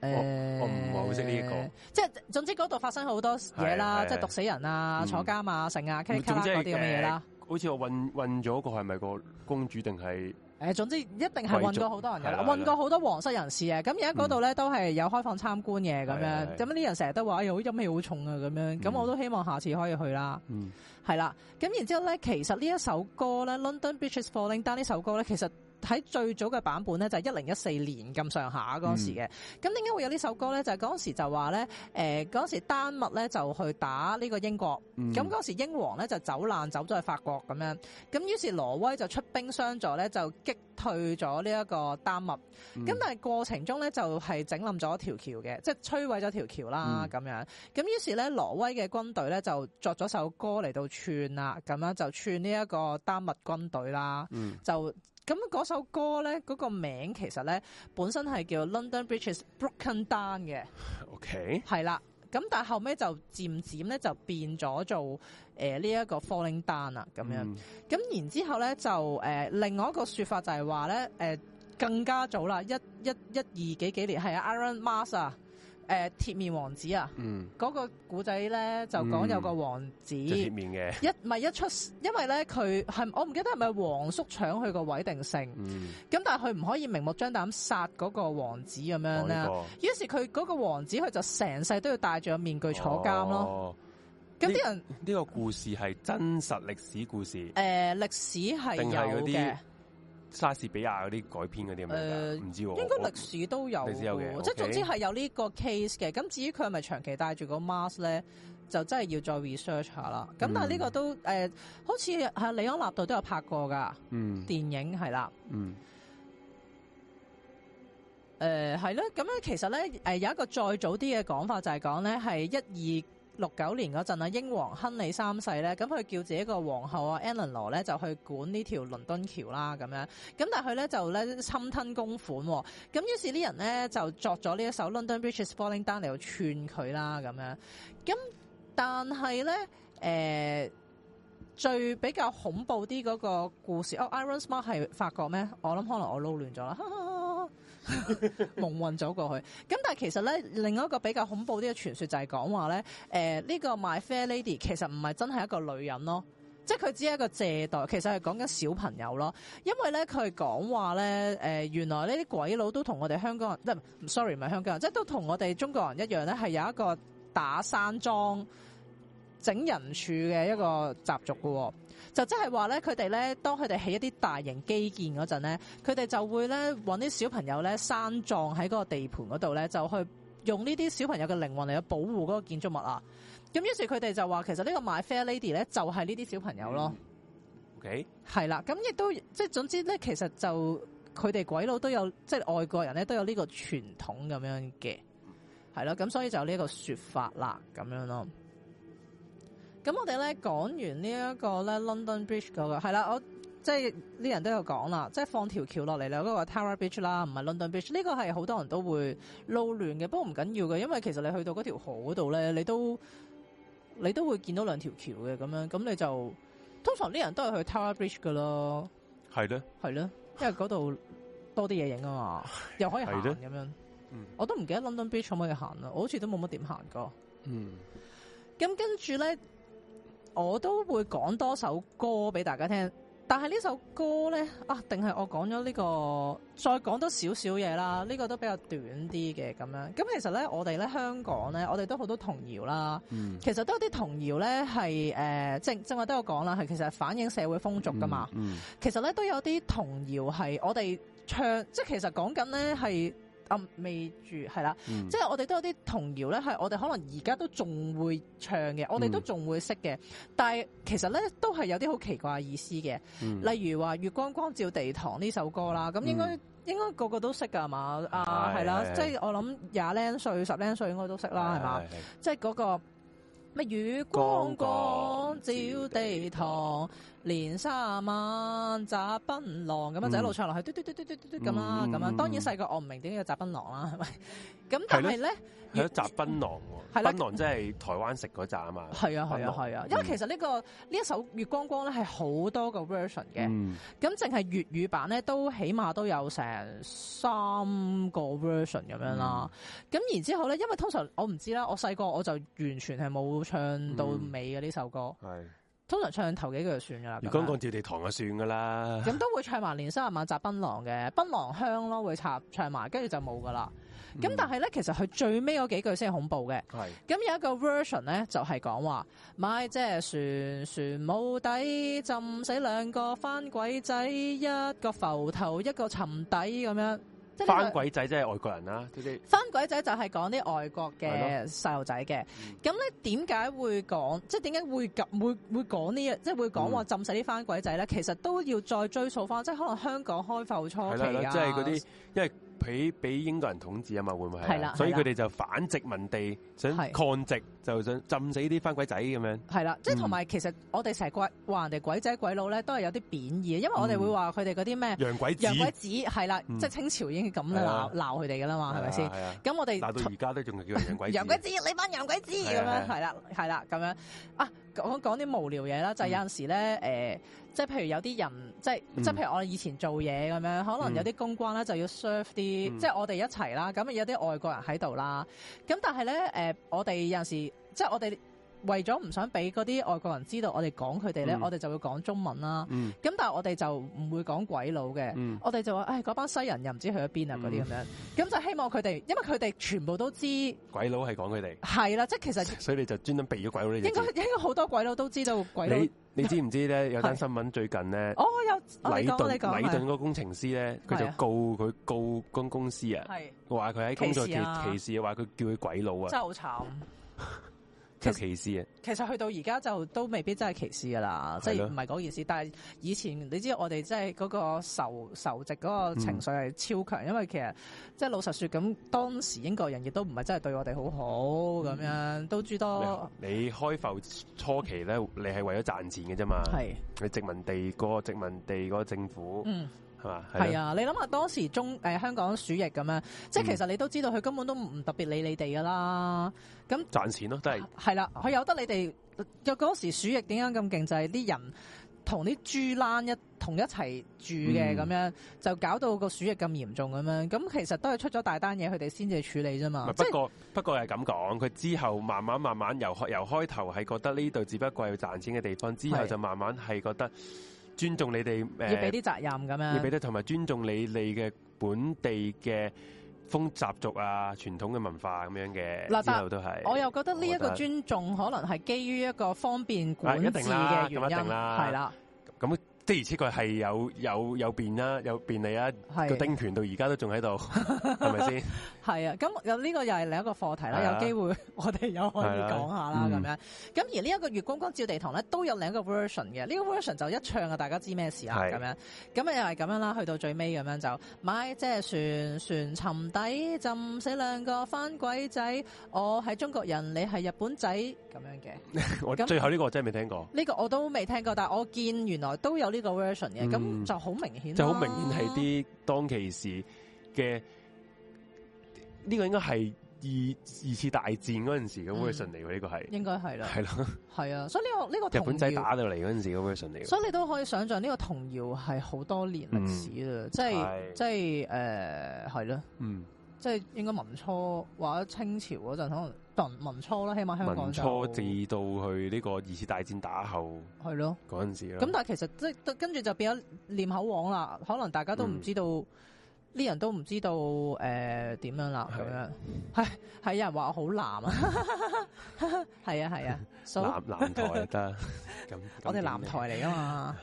[SPEAKER 1] 我唔係好識呢一個。
[SPEAKER 2] 即係總之嗰度發生好多嘢啦，即係毒死人啊，坐監啊，剩啊嗰啲咁嘅嘢啦。
[SPEAKER 1] 好似我運運咗個係咪個公主定係？
[SPEAKER 2] 誒，總之一定係運過好多人嘅啦，中運過好多皇室人士啊。咁而家嗰度咧都係有開放參觀嘅咁的樣，咁啲人成日都話，哎呀，好陰氣好重啊！咁樣，咁、嗯、我都希望下次可以去啦。嗯，係啦。咁然之後咧，其實呢一首歌咧，《London Bridge is Falling Down》呢首歌咧，其實。喺最早嘅版本咧、嗯，就係一零一四年咁上下嗰時嘅。咁點解會有呢首歌咧？就係嗰陣時就話咧，嗰、呃、陣時丹麥咧就去打呢個英國。咁嗰陣時英皇咧就走難走咗去法國咁樣。咁於是挪威就出兵相助咧，就擊退咗呢一個丹麥。咁、嗯、但係過程中咧就係整冧咗條橋嘅，即、就、係、是、摧毀咗條橋啦咁樣。咁、嗯、於是咧挪威嘅軍隊咧就作咗首歌嚟到串啦，咁樣就串呢一個丹麥軍隊啦，嗯、就。咁嗰首歌咧，嗰、那個名其實咧，本身係叫 London Bridges Broken Down 嘅。OK。係啦，咁但係後尾就漸漸咧就變咗做呢一、呃這個 Falling Down 啦咁樣。咁、mm. 然之後咧就、呃、另外一個說法就係話咧更加早啦，一一一,一二幾幾年係 Iron Mask 啊。.誒、呃、鐵面王子啊，嗰、嗯、個古仔咧就講有個王子，嗯、鐵面嘅，一咪一出，因為咧佢係我唔記得係咪皇叔搶佢個位定性，咁、嗯、但係佢唔可以明目張膽殺嗰個王子咁樣咧。哦這個、於是佢嗰個王子佢就成世都要戴住個面具坐監咯。
[SPEAKER 1] 咁啲、哦、人呢個故事係真實歷史故事，誒、
[SPEAKER 2] 呃、歷史係有啲。
[SPEAKER 1] 莎士比亞嗰啲改編嗰啲咩？唔、呃、知喎，應該歷史都有。歷史有嘅，即係總之係
[SPEAKER 2] 有呢個 case 嘅。咁 okay? 至於佢係咪長期戴住個 mask 咧，就真係要再 research 下啦。咁、嗯、但係呢個都誒、呃，好似喺李安納度都有拍過㗎，嗯、電影係啦。誒係咯，咁咧、嗯呃、其實咧，誒有一個再早啲嘅講法就係講咧係一二六九年嗰陣啊，英皇亨利三世咧，咁佢叫自己個皇后啊，艾琳羅咧就去管呢條倫敦橋啦，咁樣，咁但佢咧就咧侵吞公款，咁於是啲人咧就作咗呢一首 London Bridges Falling Down 嚟度串佢啦，咁樣，咁但係咧，誒最比較恐怖啲嗰個故事，哦、oh，Iron Smart 係法國咩？我諗可能我撈亂咗啦。 蒙混咗過去，咁但係其實咧，另外一個比較恐怖啲嘅傳說就係講話咧，誒、呃、呢、這個 My Fair Lady 其實唔係真係一個女人咯，即係佢只係一個借代。其實係講緊小朋友咯，因為咧佢講話咧，誒、呃、原來呢啲鬼佬都同我哋香港人，唔 sorry 唔係香港人，即係都同我哋中國人一樣咧，係有一個打生樁整人柱嘅一個習俗喎。就即係話咧，佢哋咧，當佢哋起一啲大型基建嗰陣咧，佢哋就會咧搵啲小朋友咧，山葬喺嗰個地盤嗰度咧，就去用呢啲小朋友嘅靈魂嚟去保護嗰個建築物啊。咁於是佢哋就話，其實呢個 My Fair Lady 咧，就係呢啲小朋友咯、嗯。OK，係啦，咁亦都即係總之咧，其實就佢哋鬼佬都有即係外國人咧，都有呢個傳統咁樣嘅，係咯。咁所以就有呢個說法啦，咁樣咯。咁我哋咧講完呢一個咧 London Bridge 嗰個係啦，我即係啲人都有講啦，即係放條橋落嚟咧嗰個 Tower Bridge 啦，唔係 London Bridge 呢個係好多人都會撈亂嘅，不過唔緊要嘅，因為其實你去到嗰條河嗰度咧，你都你都會見到兩條橋嘅咁樣，咁你就通常啲人都係去 Tower Bridge 噶咯，係咧的，係咧，因為嗰度多啲嘢影啊嘛，的又可以行咁樣，嗯、我都唔記得 London Bridge 可唔可以行啦，我好似都冇乜點行過。嗯，咁跟住咧。我都會講多首歌俾大家聽，但係呢首歌咧啊，定係我講咗呢個再講多少少嘢啦，呢、呢個都比較短啲嘅咁樣。咁其實咧，我哋咧香港咧，我哋都好多童謠啦，嗯、其實都有啲童謠咧係正正話都有講啦，係其實係反映社會風俗噶嘛，嗯嗯其呢。其實咧都有啲童謠係我哋唱，即係其實講緊咧係。嗯、未住係啦，嗯、即係我哋都有啲童謠咧，係我哋可能而家都仲會唱嘅，我哋都仲會識嘅。嗯、但係其實咧都係有啲好奇怪意思嘅，嗯、例如話月光光照地堂呢首歌啦，咁應該應該個個都識噶係嘛啊係啦，即係我諗廿零歲十零歲應該都識啦，係嘛，即係嗰個乜月光光照地堂。年卅萬扎檳榔咁樣就一路唱落去嘟嘟嘟嘟嘟嘟嘟咁啦。咁啊、嗯！當然細個我唔明點解有紮檳榔啦，係咪？咁但係咧，
[SPEAKER 1] 一紮檳榔喎，檳的榔即係台灣食嗰扎啊嘛。係啊係啊係啊，因為其
[SPEAKER 2] 實呢、呢個呢一首《月光光》咧係好多個 version 嘅，咁淨係粵語版咧都起碼都有成三個 version 咁樣啦。咁然、嗯、之後咧，因為通常我唔知啦，我細個我就完全係冇唱到尾嘅呢首歌。係、嗯。通常唱頭幾句就算噶啦，如果講
[SPEAKER 1] 掉地堂就算噶啦、嗯。咁
[SPEAKER 2] 都會唱埋年三十晚摘檳榔嘅檳榔香咯，會插唱埋，跟住就冇噶啦。咁、嗯、但係咧，其實佢最尾嗰幾句先恐怖嘅。係是、嗯，咁有一個 version 咧，就係講話，買隻船，船冇底，浸死兩個翻鬼仔，一個浮頭，一個沉底咁樣。翻鬼
[SPEAKER 1] 仔即係外國人啦、啊，啲翻
[SPEAKER 2] 鬼仔就係講啲外國嘅細路仔嘅，咁咧點解會講，即係點解會會會講呢？即係會講話浸死啲翻鬼仔咧，其實都要再追溯翻，即係可能香港開埠初期啊。
[SPEAKER 1] 因為俾俾英國人統治啊嘛，會唔會係？所以佢哋就反殖民地，想抗殖，就想浸死啲番鬼仔咁樣。
[SPEAKER 2] 係啦，即係同埋其實我哋成日話話人哋鬼仔鬼佬咧，都係有啲貶義，因為我哋會話佢哋嗰啲咩洋鬼子。洋鬼子係啦，即係清朝已經咁鬧鬧佢哋噶啦嘛，係咪先？咁我哋鬧到而
[SPEAKER 1] 家都仲係叫人洋鬼子。洋鬼子，
[SPEAKER 2] 你班洋鬼子咁樣，係啦，係啦，咁樣啊。講講啲無聊嘢啦，就係、有陣時咧，誒、呃，即係譬如有啲人，即係、嗯、即係譬如我哋以前做嘢咁樣，可能有啲公關咧就要 serve 啲，嗯、即係我哋一齊啦，咁有啲外國人喺度啦，咁但係咧，誒、呃，我哋有陣時，即係我哋。為咗唔想俾嗰啲外國人知道我哋講佢哋咧，我哋就會講中文啦。咁但係我哋就唔會講鬼佬嘅。我哋就話，唉，嗰班西人又唔知去咗邊啊，嗰啲咁樣。咁就希望佢哋，因為佢哋全部都知
[SPEAKER 1] 鬼佬係講佢哋
[SPEAKER 2] 係啦。即係其實
[SPEAKER 1] 所以你就專登避咗鬼佬呢啲嘢。應該
[SPEAKER 2] 應該好多鬼佬都知道鬼佬。
[SPEAKER 1] 你知唔知咧？有單新聞最近咧，哦，
[SPEAKER 2] 有禮頓禮頓
[SPEAKER 1] 嗰工程師咧，佢就告佢告公公司啊，話佢喺工作歧視，話佢叫佢鬼佬啊，真係好慘。其實歧視啊！
[SPEAKER 2] 其實去到而家就都未必真係歧視噶啦，即係唔係嗰意思。但係以前你知道我哋即係嗰個仇仇籍嗰個情緒係超強，嗯、因為其實即係老實說，咁當時英國人亦都唔係真係對我哋好好咁樣，嗯、都諸多。
[SPEAKER 1] 你開埠初期咧，你係為咗賺錢嘅啫嘛？係的你殖民地、嗰個殖民地、嗰個政府。嗯係啊！
[SPEAKER 2] 你諗下，當時中、呃、香港鼠疫咁樣，即係其實你都知道，佢根本都唔特別理你哋噶啦。咁
[SPEAKER 1] 賺錢咯、啊，都
[SPEAKER 2] 係。係啦、啊，佢、啊、有得你哋。又嗰時鼠疫點解咁勁？就係、是、啲人同啲豬欄一同一齊住嘅咁樣，嗯、就搞到個鼠疫咁嚴重咁樣。咁其實都係出咗大單嘢，佢哋先至處理啫嘛不、就是。不過
[SPEAKER 1] 不過係咁講，佢之後慢慢慢慢由由開頭係覺得呢度只不過係要賺錢嘅地方，之後就慢慢係覺得。尊重你哋，呃、要俾啲
[SPEAKER 2] 責任咁樣，要俾啲同
[SPEAKER 1] 埋尊重你哋嘅本地嘅風習俗啊、傳統嘅文化咁樣嘅，嗱但，之後都係，我又覺得呢一個尊
[SPEAKER 2] 重可能係基於一個方便管治嘅原因，啦、啊。係啦。了
[SPEAKER 1] 的而且確係有有有變啦，有變嚟啦，個丁權到而家都仲喺度，係咪先？
[SPEAKER 2] 係啊，咁呢個又係另一個課題啦。啊、有機會我哋又可以講下啦，咁、啊、樣咁、嗯、而呢、這、一個月光光照地堂咧，都有兩個 version 嘅。呢、這個 version 就一唱啊，大家知咩事啊？咁樣咁啊又係咁樣啦，去到最尾咁樣就，買即係船船沉底，浸死兩個番鬼仔。我係中國人，你係日本仔咁樣嘅。
[SPEAKER 1] 我 樣最後呢個我真係未聽過。
[SPEAKER 2] 呢個我都未聽過，但我見原來都有。呢個 version 嘅，咁就好明顯，嗯，就好明
[SPEAKER 1] 顯係啲當其時嘅呢、呢個應該係二二次大戰嗰陣時 version 嚟喎，呢、嗯、個係應該係啦，係咯啦，
[SPEAKER 2] 係啊，所以呢、呢個呢、呢個童日本仔打
[SPEAKER 1] 到嚟嗰陣時 version 嚟，所以你
[SPEAKER 2] 都可以想象，呢個童謠係好多年歷史啦，即係即係誒，係咯，嗯，即係應該民初或者清朝嗰陣可能。民初啦，起碼香港，民初至
[SPEAKER 1] 到去呢個二次大戰打後，係咯，嗰陣時，咁但係
[SPEAKER 2] 其實即係跟住就變咗唸口簧啦，可能大家都唔知道，啲、嗯、人都唔知道誒點、呃、樣啦，咁、嗯、樣。係係、嗯哎、有人話我好藍啊，係啊係啊，藍藍、啊、 台
[SPEAKER 3] 得，咁
[SPEAKER 2] 我哋藍台嚟啊嘛。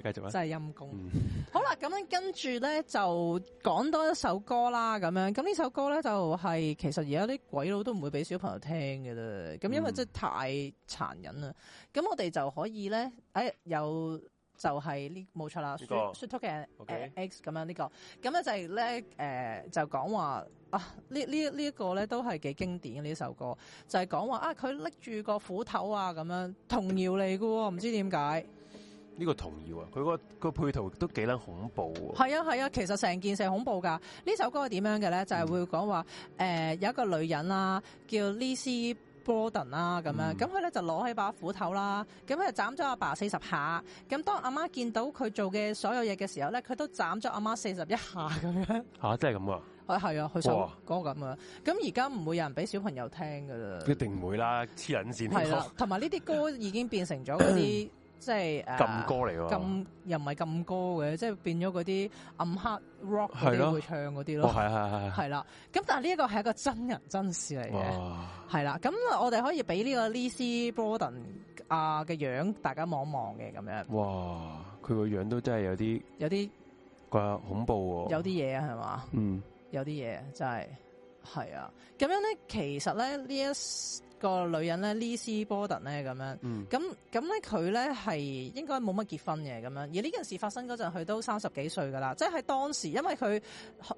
[SPEAKER 2] 真係陰公。嗯、好啦，咁樣跟住咧就講多一首歌啦。咁樣咁呢首歌咧就係、是、其實而家啲鬼佬都唔會俾小朋友聽嘅啦。咁因為真係太殘忍啦。咁我哋就可以咧，誒、哎、有就係呢冇錯啦。shoot to kill x 咁樣呢個。咁咧、這個、就係咧、呃、就講話啊、這個、呢呢呢一個咧都係幾經典嘅呢首歌。就係、是、講話啊佢拎住個斧頭啊咁樣童謠嚟嘅喎，唔知點解。
[SPEAKER 1] 呢個童謠啊，佢個個配圖都幾撚恐怖喎、
[SPEAKER 2] 啊！係啊係啊，其實成件事恐怖㗎。呢首歌係點樣嘅咧？就係、是、會講話誒，有一個女人啦、啊，叫 Lizzie Borden 啦、啊，咁樣。咁佢咧就攞起把斧頭啦，咁佢就斬咗阿爸四十下。咁當阿媽見到佢做嘅所有嘢嘅時候咧，佢都斬咗阿媽四十一下咁樣。
[SPEAKER 1] 嚇！即係咁啊！
[SPEAKER 2] 佢係啊，佢、啊啊、首歌咁樣。咁而家唔會有人俾小朋友聽㗎啦！一
[SPEAKER 1] 定唔會啦，黐人線！係
[SPEAKER 2] 同埋呢啲歌已經變成咗嗰啲。 即係誒，禁、uh, 歌嚟喎、啊，咁又唔係禁歌嘅，即係變咗嗰啲暗黑 rock
[SPEAKER 3] 嗰啲是的 會唱
[SPEAKER 2] 嗰啲咯，係係係係啦。咁但係呢一個係一個真人真事嚟嘅，係啦哇。咁我哋可以俾呢個 Lizzie Borden 啊、uh, 嘅樣，大家望一望嘅咁樣。
[SPEAKER 1] 哇！佢個樣都真係有啲有啲點怪恐怖喎，有
[SPEAKER 2] 啲嘢啊係嘛，嗯，有啲嘢真係係啊。咁、嗯、樣咧，其實咧呢一個女人咧 Lizzie Borden 咧，咁樣，咁咁咧，佢咧係應該冇乜結婚嘅，咁樣。而呢件事發生嗰陣，佢都三十幾歲噶啦，即係當時，因為佢誒、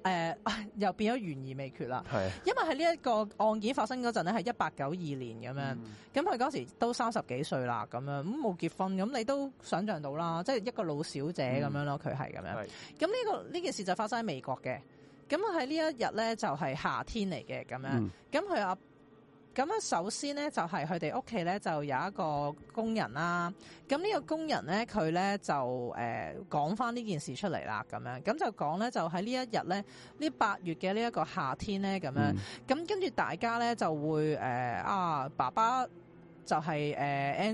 [SPEAKER 2] 呃、又變咗懸而未決啦，是啊、因為喺呢一個案件發生嗰陣咧，係一八九二年咁樣，咁佢嗰時都三十幾歲啦，咁樣咁冇結婚，咁你都想像到啦，即係一個老小姐咁樣咯，佢係咁樣。咁呢是、啊呢個呢件事就發生喺美國嘅，咁喺呢一日咧就係、是、夏天嚟嘅，咁樣，咁佢、嗯咁首先咧就係佢哋屋企咧就有一個工人啦。咁呢個工人咧，佢咧就誒講返呢件事出嚟啦。咁樣咁就講咧，就喺呢一日咧，呢八月嘅呢一個夏天咧，咁樣咁跟住大家咧就會誒、呃、啊爸爸。就係誒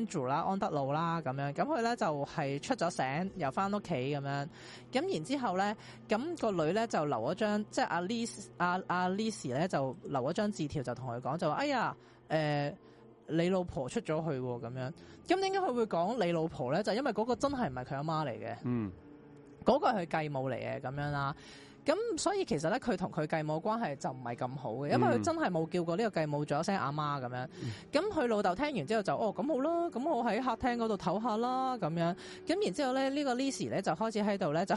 [SPEAKER 2] Andrew 啦、安德魯啦咁樣，咁佢咧就係、是、出咗醒，又翻屋企咁樣，咁然之後咧，咁、那個女咧就留咗張，即係阿 Lisa 阿阿 Lisa 咧就留咗張字條就跟他說，就同佢講就話：哎呀，誒、呃、你老婆出咗去喎咁樣。咁點解佢會講你老婆咧？就是、因為嗰個真係唔係佢阿媽嚟嘅，嗯，嗰個係佢繼母嚟嘅咁樣啦。咁所以其實咧，佢同佢繼母嘅關係就唔係咁好嘅，因為佢真係冇叫過呢個繼母做一聲阿媽咁樣。咁佢老豆聽完之後就哦，咁好啦，咁我喺客廳嗰度唞下啦咁樣。咁然之後咧，呢個 Lizzie 咧就開始喺度咧就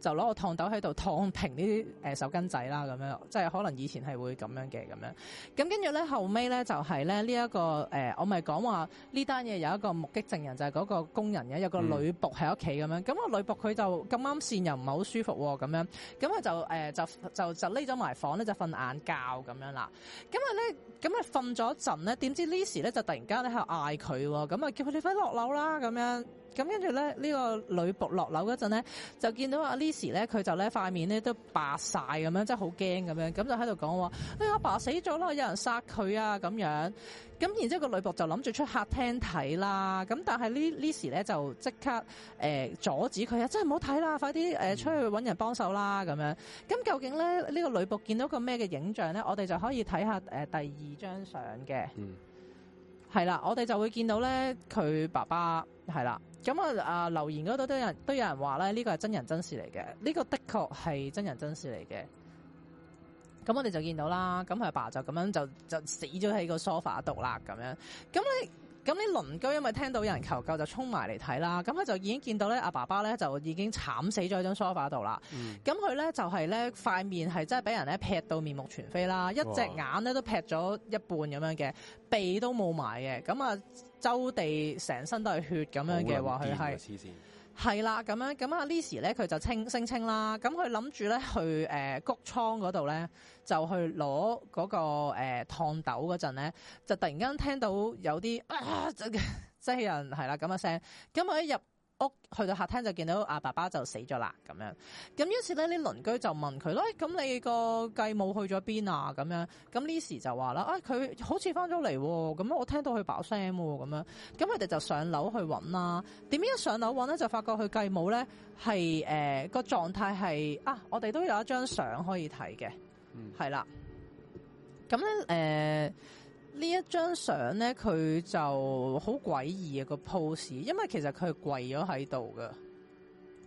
[SPEAKER 2] 就攞個燙斗喺度燙平呢啲誒手巾仔啦咁樣，即係可能以前係會咁樣嘅咁樣。咁跟住咧後尾咧就係咧呢一個誒，我咪講話呢單嘢有一個目擊證人就係嗰個工人嘅，有個女僕喺屋企咁樣。咁個女僕，佢就咁啱線又唔係好舒服咁樣，咁就誒、呃，就就就匿咗埋房咧，就瞓晏覺咁樣啦。咁啊咧，咁啊瞓咗一陣咧，點知呢時咧就突然間咧喺度嗌佢喎，咁啊叫佢哋快落樓啦咁樣。咁跟住咧，呢、這個女僕落樓嗰陣咧，就見到阿 Liz 咧，佢就咧塊面咧都白晒咁樣，即係好驚咁樣，咁就喺度講話，哎阿爸，爸死咗啦，有人殺佢啊！咁樣，咁然之後女、呃這個女僕就諗住出客廳睇啦，咁但係呢 Liz 咧就即刻誒阻止佢啊！真係唔好睇啦，快啲誒出去揾人幫手啦！咁樣，咁究竟咧呢個女僕見到個咩嘅影像咧？我哋就可以睇下誒第二張相嘅。嗯係啦，我哋就會見到咧，佢爸爸係啦，咁啊啊留言嗰度都有都有人話咧，呢個係真人真事嚟嘅，呢個的確係真人真事嚟嘅。咁我哋就見到啦，咁佢阿爸就咁樣就就死咗喺個 sofa 度啦，咁樣，咁你。咁啲鄰居因為聽到有人求救，就衝埋嚟睇啦。咁佢就已經見到咧，阿爸爸咧就已經慘死咗喺張梳化度啦。咁佢咧就係咧塊面係真係俾人咧劈到面目全非啦，一隻眼咧哇 都劈咗一半咁樣嘅，鼻都冇埋嘅，咁啊周地成身都係血咁樣嘅話，佢係、嗯。係啦，咁樣，咁啊，Liz 咧佢就清清清啦，咁佢諗住咧去誒、呃、穀倉嗰度咧，就去攞嗰誒熨斗陣嗰陣咧，就突然間聽到有啲啊，機器人係啦咁嘅聲，咁我一入。去到客廳就見到阿爸爸就死咗啦，咁樣，咁於是咧，啲鄰居就問佢咧，咁你個繼母去咗邊啊？咁樣，咁呢時就話啦，啊，佢好似翻咗嚟，咁我聽到佢把聲喎，咁樣，咁佢哋就上樓去揾啦。點知一上樓揾咧，就發覺佢繼母咧係誒個狀態係啊，我哋都有一張相可以睇嘅，係啦、嗯，咁咧誒。呃呢一張相咧，佢就好詭異嘅個 pose，因為其實佢係跪咗喺度㗎，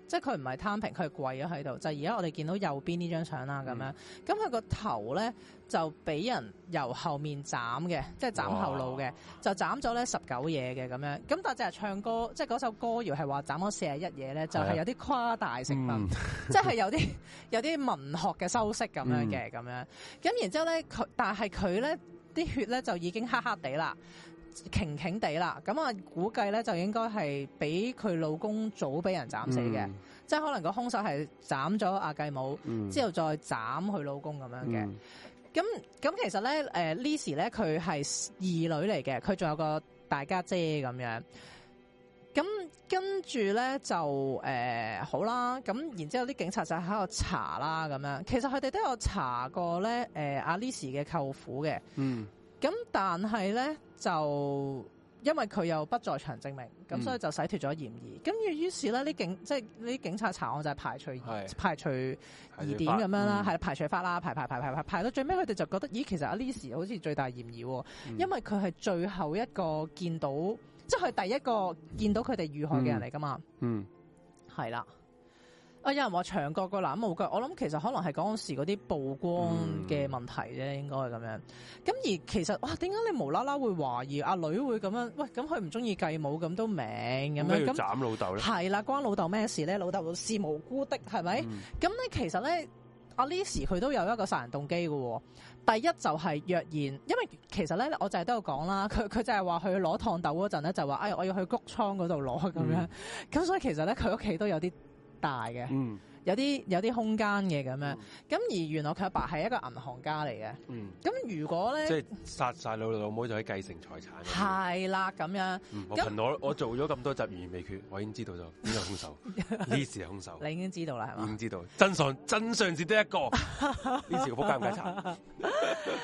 [SPEAKER 2] 即係佢唔係攤平，佢係跪咗喺度。就而、是、家我哋見到右邊呢張相啦，咁、嗯、樣，咁佢個頭咧就俾人由後面斬嘅，即係斬後腦嘅，哇 就斬咗咧十九嘢嘅咁樣。咁但淨係唱歌，即係嗰首歌，而係話斬咗四廿一嘢咧，就係、是、有啲誇大成分，
[SPEAKER 3] 嗯、 即
[SPEAKER 2] 係有啲有啲文學嘅修飾咁樣嘅咁樣。咁、嗯、然之後咧，佢但係佢咧。啲血咧就已經黑黑地啦，瓊瓊地啦，咁我估計咧就應該係俾佢老公早俾人斬死嘅，嗯、即係可能個兇手係斬咗阿繼母，嗯、之後再斬佢老公咁樣嘅。
[SPEAKER 3] 咁
[SPEAKER 2] 咁、嗯、其實咧，誒、呃、Lizzie 咧佢係二女嚟嘅，佢仲有個大家姐咁樣。咁、嗯、跟住咧就誒、呃、好啦，咁然之後啲警察就喺度查啦，咁樣其實佢哋都有查過咧誒、呃、阿 Lis 嘅舅父嘅，嗯，咁但係咧就因為佢又不在場證明，咁、嗯、所以就洗脫咗嫌疑。跟住於是咧啲警即係啲警察查案就係排除疑是排除疑點咁樣啦，係排，嗯、排除法啦，排排排排排排到最尾，佢哋就覺得咦，其實阿 Lis 好似最大嫌疑喎、哦，嗯、因為佢係最後一個見到。即係第一個見到佢哋遇害嘅人嚟噶嘛，嗯？嗯，係啦。啊，有人話長角個男冇腳，我諗其實可能係當時嗰啲曝光嘅問題啫，應該係咁樣。咁而其實，哇，點解你無啦啦會懷疑阿女會咁樣？喂，咁佢唔中意繼母咁都明，咁樣咁斬
[SPEAKER 1] 老豆係
[SPEAKER 2] 啦，關老豆咩事咧？老豆是無辜的，係咪？咁、嗯、你其實咧。阿 l i s 佢都有一個殺人動機嘅。哦，第一就係若然，因為其實咧我就係都有講啦，佢佢就係話去攞熨斗嗰陣咧就話哎呀，我要去穀倉嗰度攞咁樣。咁所以其實咧佢屋企都有啲大嘅。嗯有啲有啲空間嘅咁樣，咁、嗯、而原來佢阿爸係一個銀行家嚟嘅。嗯，咁如果咧，即係
[SPEAKER 1] 殺晒老，老老母就可以繼承財產。
[SPEAKER 2] 係啦，咁樣。嗯、那
[SPEAKER 1] 我我我做咗咁多集完未決，我已經知道咗邊個兇手，呢 次係兇手。
[SPEAKER 2] 你已經知道啦，係嘛？已經
[SPEAKER 1] 知道，真相真相只得
[SPEAKER 2] 一
[SPEAKER 3] 個。呢 次個福介唔解插？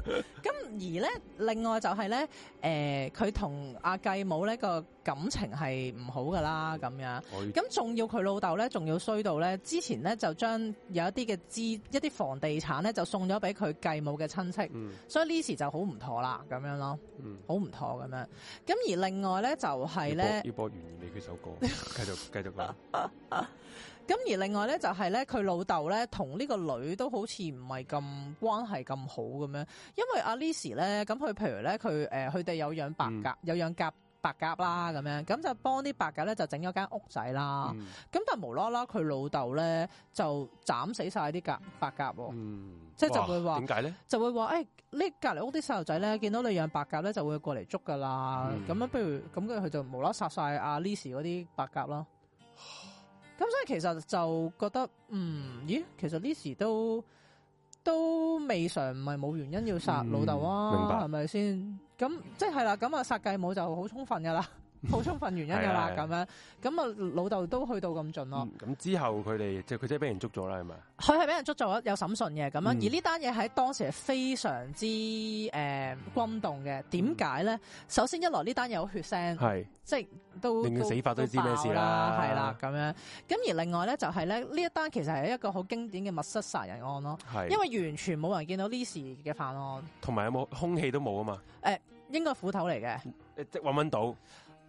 [SPEAKER 2] 咁 而咧，另外就係咧，誒、呃，佢同阿繼母呢個感情係唔好噶啦，咁我要 樣。咁仲要佢老豆咧，仲要衰到咧，之前咧就將有一啲嘅資，一啲房地產咧就送咗俾佢繼母嘅親戚，嗯、所以呢時就好唔妥啦，咁樣咯，嗯，好唔妥咁樣。咁而另外咧，就係、是、咧，
[SPEAKER 1] 要播完意未首歌，繼 續繼續啦。
[SPEAKER 2] 咁而另外咧，就係咧，佢老豆咧，同呢個女都好似唔係咁關係咁好咁樣。因為阿 Lisi 咧，咁佢譬如咧，佢佢哋有養白鴿，嗯、有養鴿白鴿啦咁樣，咁就幫啲白鴿咧就整咗間屋仔啦。咁、嗯、但係無啦啦，佢老豆咧就斬死曬啲白鴿喎。即係就會話點解咧？呢就會話誒，呢、哎、隔離屋啲細路仔咧見到你養白鴿咧，就會過嚟捉㗎啦。咁樣不如咁，跟住佢就無啦殺曬阿 Lisi 嗰啲白鴿咯。咁所以其實就覺得，嗯，咦，其實呢時都都未嘗唔係冇原因要殺老豆啊，明白，係咪先？咁即係啦，咁啊殺繼母就好充分嘅啦。好充分原因噶啦，咁樣咁啊老豆都去到咁盡咯。
[SPEAKER 1] 咁之後佢哋即係佢真係俾人捉咗啦，係咪？
[SPEAKER 2] 佢係俾人捉咗，有審訊嘅。咁樣而呢單嘢喺當時係非常之誒轟動嘅。點解咧？首先一來呢單嘢有血腥，係即係都死法都知咩事啦，係啦咁樣。咁而另外咧就係咧呢一單其實係一個好經典嘅密室殺人案咯。因為完全冇人見到呢時嘅犯案，
[SPEAKER 1] 同埋有冇空氣都冇啊嘛？
[SPEAKER 2] 誒，應該斧頭嚟嘅，
[SPEAKER 1] 即係搵搵到。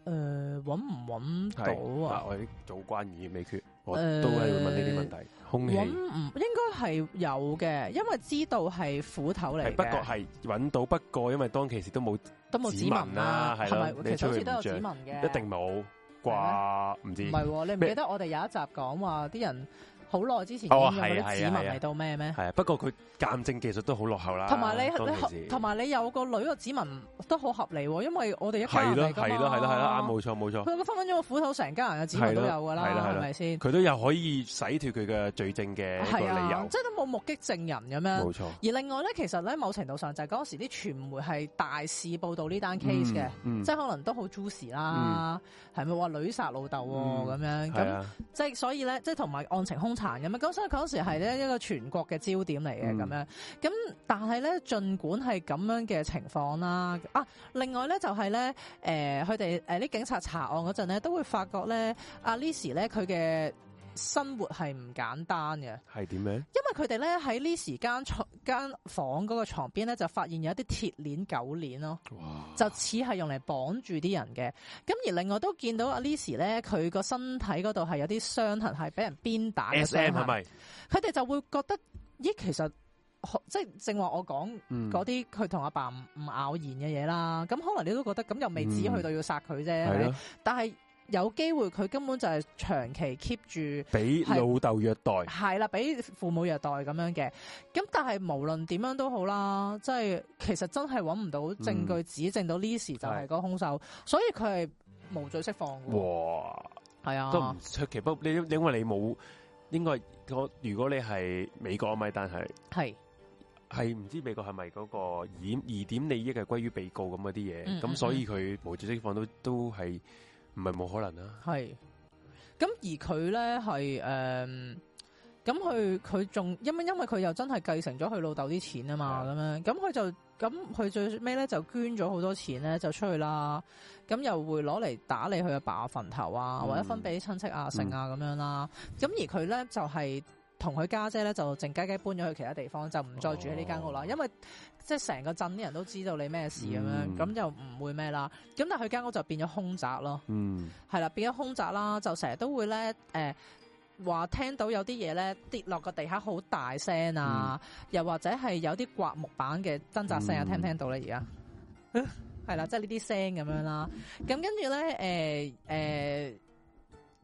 [SPEAKER 2] 誒，搵唔搵到啊？啊我
[SPEAKER 1] 早關而未決，我都係會問呢啲問題。呃、空氣搵
[SPEAKER 2] 唔應該係有嘅，因為知道係斧頭嚟嘅。不過係
[SPEAKER 1] 搵到，不過因為當其時都冇、啊、都冇指紋啦、啊，係咪？你其實好似都有指紋嘅，一定冇啩？唔、呃、嗎知唔係、啊、你唔記得
[SPEAKER 2] 我哋有一集講話啲人。好耐之前印嘅嗰啲指紋嚟到咩咩，
[SPEAKER 1] 係，不過佢鑑證技術都好落後啦。同埋你同
[SPEAKER 2] 埋你有個女個指紋都好合理喎，因為我哋一係咯，係咯，係咯，係咯，啱，冇錯，冇錯。佢分分鐘個斧頭成家人嘅指紋都有㗎啦，係咪先？佢都
[SPEAKER 1] 又可以洗脱佢嘅罪證嘅理由，即
[SPEAKER 2] 係都冇目擊證人咁樣。冇錯。而另外咧，其實咧某程度上就係嗰時啲傳媒係大肆報導呢單 case 嘅，即係可能都好 juicy 啦，係咪話女殺老豆咁樣？咁即係所以咧，即係同埋案情兇行咁啊！咁所以嗰時係咧一個全國嘅焦點嚟嘅咁樣，咁但係咧，盡管係咁樣嘅情況啦、啊。啊，另外咧就係、是、咧，誒、呃，佢哋誒啲警察查案嗰陣咧，都會發覺咧，阿 Liz 咧佢嘅。生活係唔簡單嘅，
[SPEAKER 1] 係點咩？
[SPEAKER 2] 因為佢哋咧喺呢時間床間房嗰個床邊咧，就發現有一啲鐵鏈、狗鏈咯，就似係用嚟綁住啲人嘅。咁而另外都見到阿 Liz 咧，佢個身體嗰度係有啲傷痕，係俾人鞭打嘅傷痕。SM，係咪？佢哋就會覺得，咦，其實即係正話我講嗰啲，佢同阿爸唔唔咬弦嘅嘢啦。咁可能你都覺得，咁又未止去到要殺佢啫。嗯、的但係。有機會佢根本就係長期 keep 住，俾老
[SPEAKER 1] 豆虐待
[SPEAKER 2] 係，係啦，俾父母虐待咁樣嘅。咁但係無論點樣都好啦，即係其實真係揾唔到證據，嗯、指證到呢時就係個兇手，對所以佢係無罪釋放
[SPEAKER 1] 嘅，哇，係啊，都唔出奇。不你因為你冇應該，如果你係美國咪？但係係係唔知美國係咪嗰個疑疑點利益係歸於被告咁嗰啲嘢，咁、嗯嗯、所以佢無罪釋放都都係。唔係冇可能啊，
[SPEAKER 2] 係，咁而佢咧係誒，咁佢佢仲，因為因為佢又真係繼承咗佢老豆啲錢啊嘛，咁樣的，咁佢就，咁佢最尾咧就捐咗好多錢咧，就出去啦，咁又會攞嚟打理佢阿爸墳頭啊，或者分俾親戚阿成啊咁樣啦，咁、嗯、而佢咧就係、是。同佢家姐咧就靜雞雞搬咗去其他地方，就唔再住喺呢間屋啦。哦、因為即係成個鎮啲人都知道你咩事咁、嗯、樣，咁就唔會咩啦。咁但係佢間屋就變咗凶宅咯。嗯，係啦，變咗凶宅啦，就成日都會咧誒話聽到有啲嘢咧跌落個地下好大聲啊，嗯、又或者係有啲刮木板嘅掙扎聲、啊，有、嗯、聽唔聽到咧？而家係啦，即係呢啲聲咁樣啦。咁跟住咧誒誒。呃呃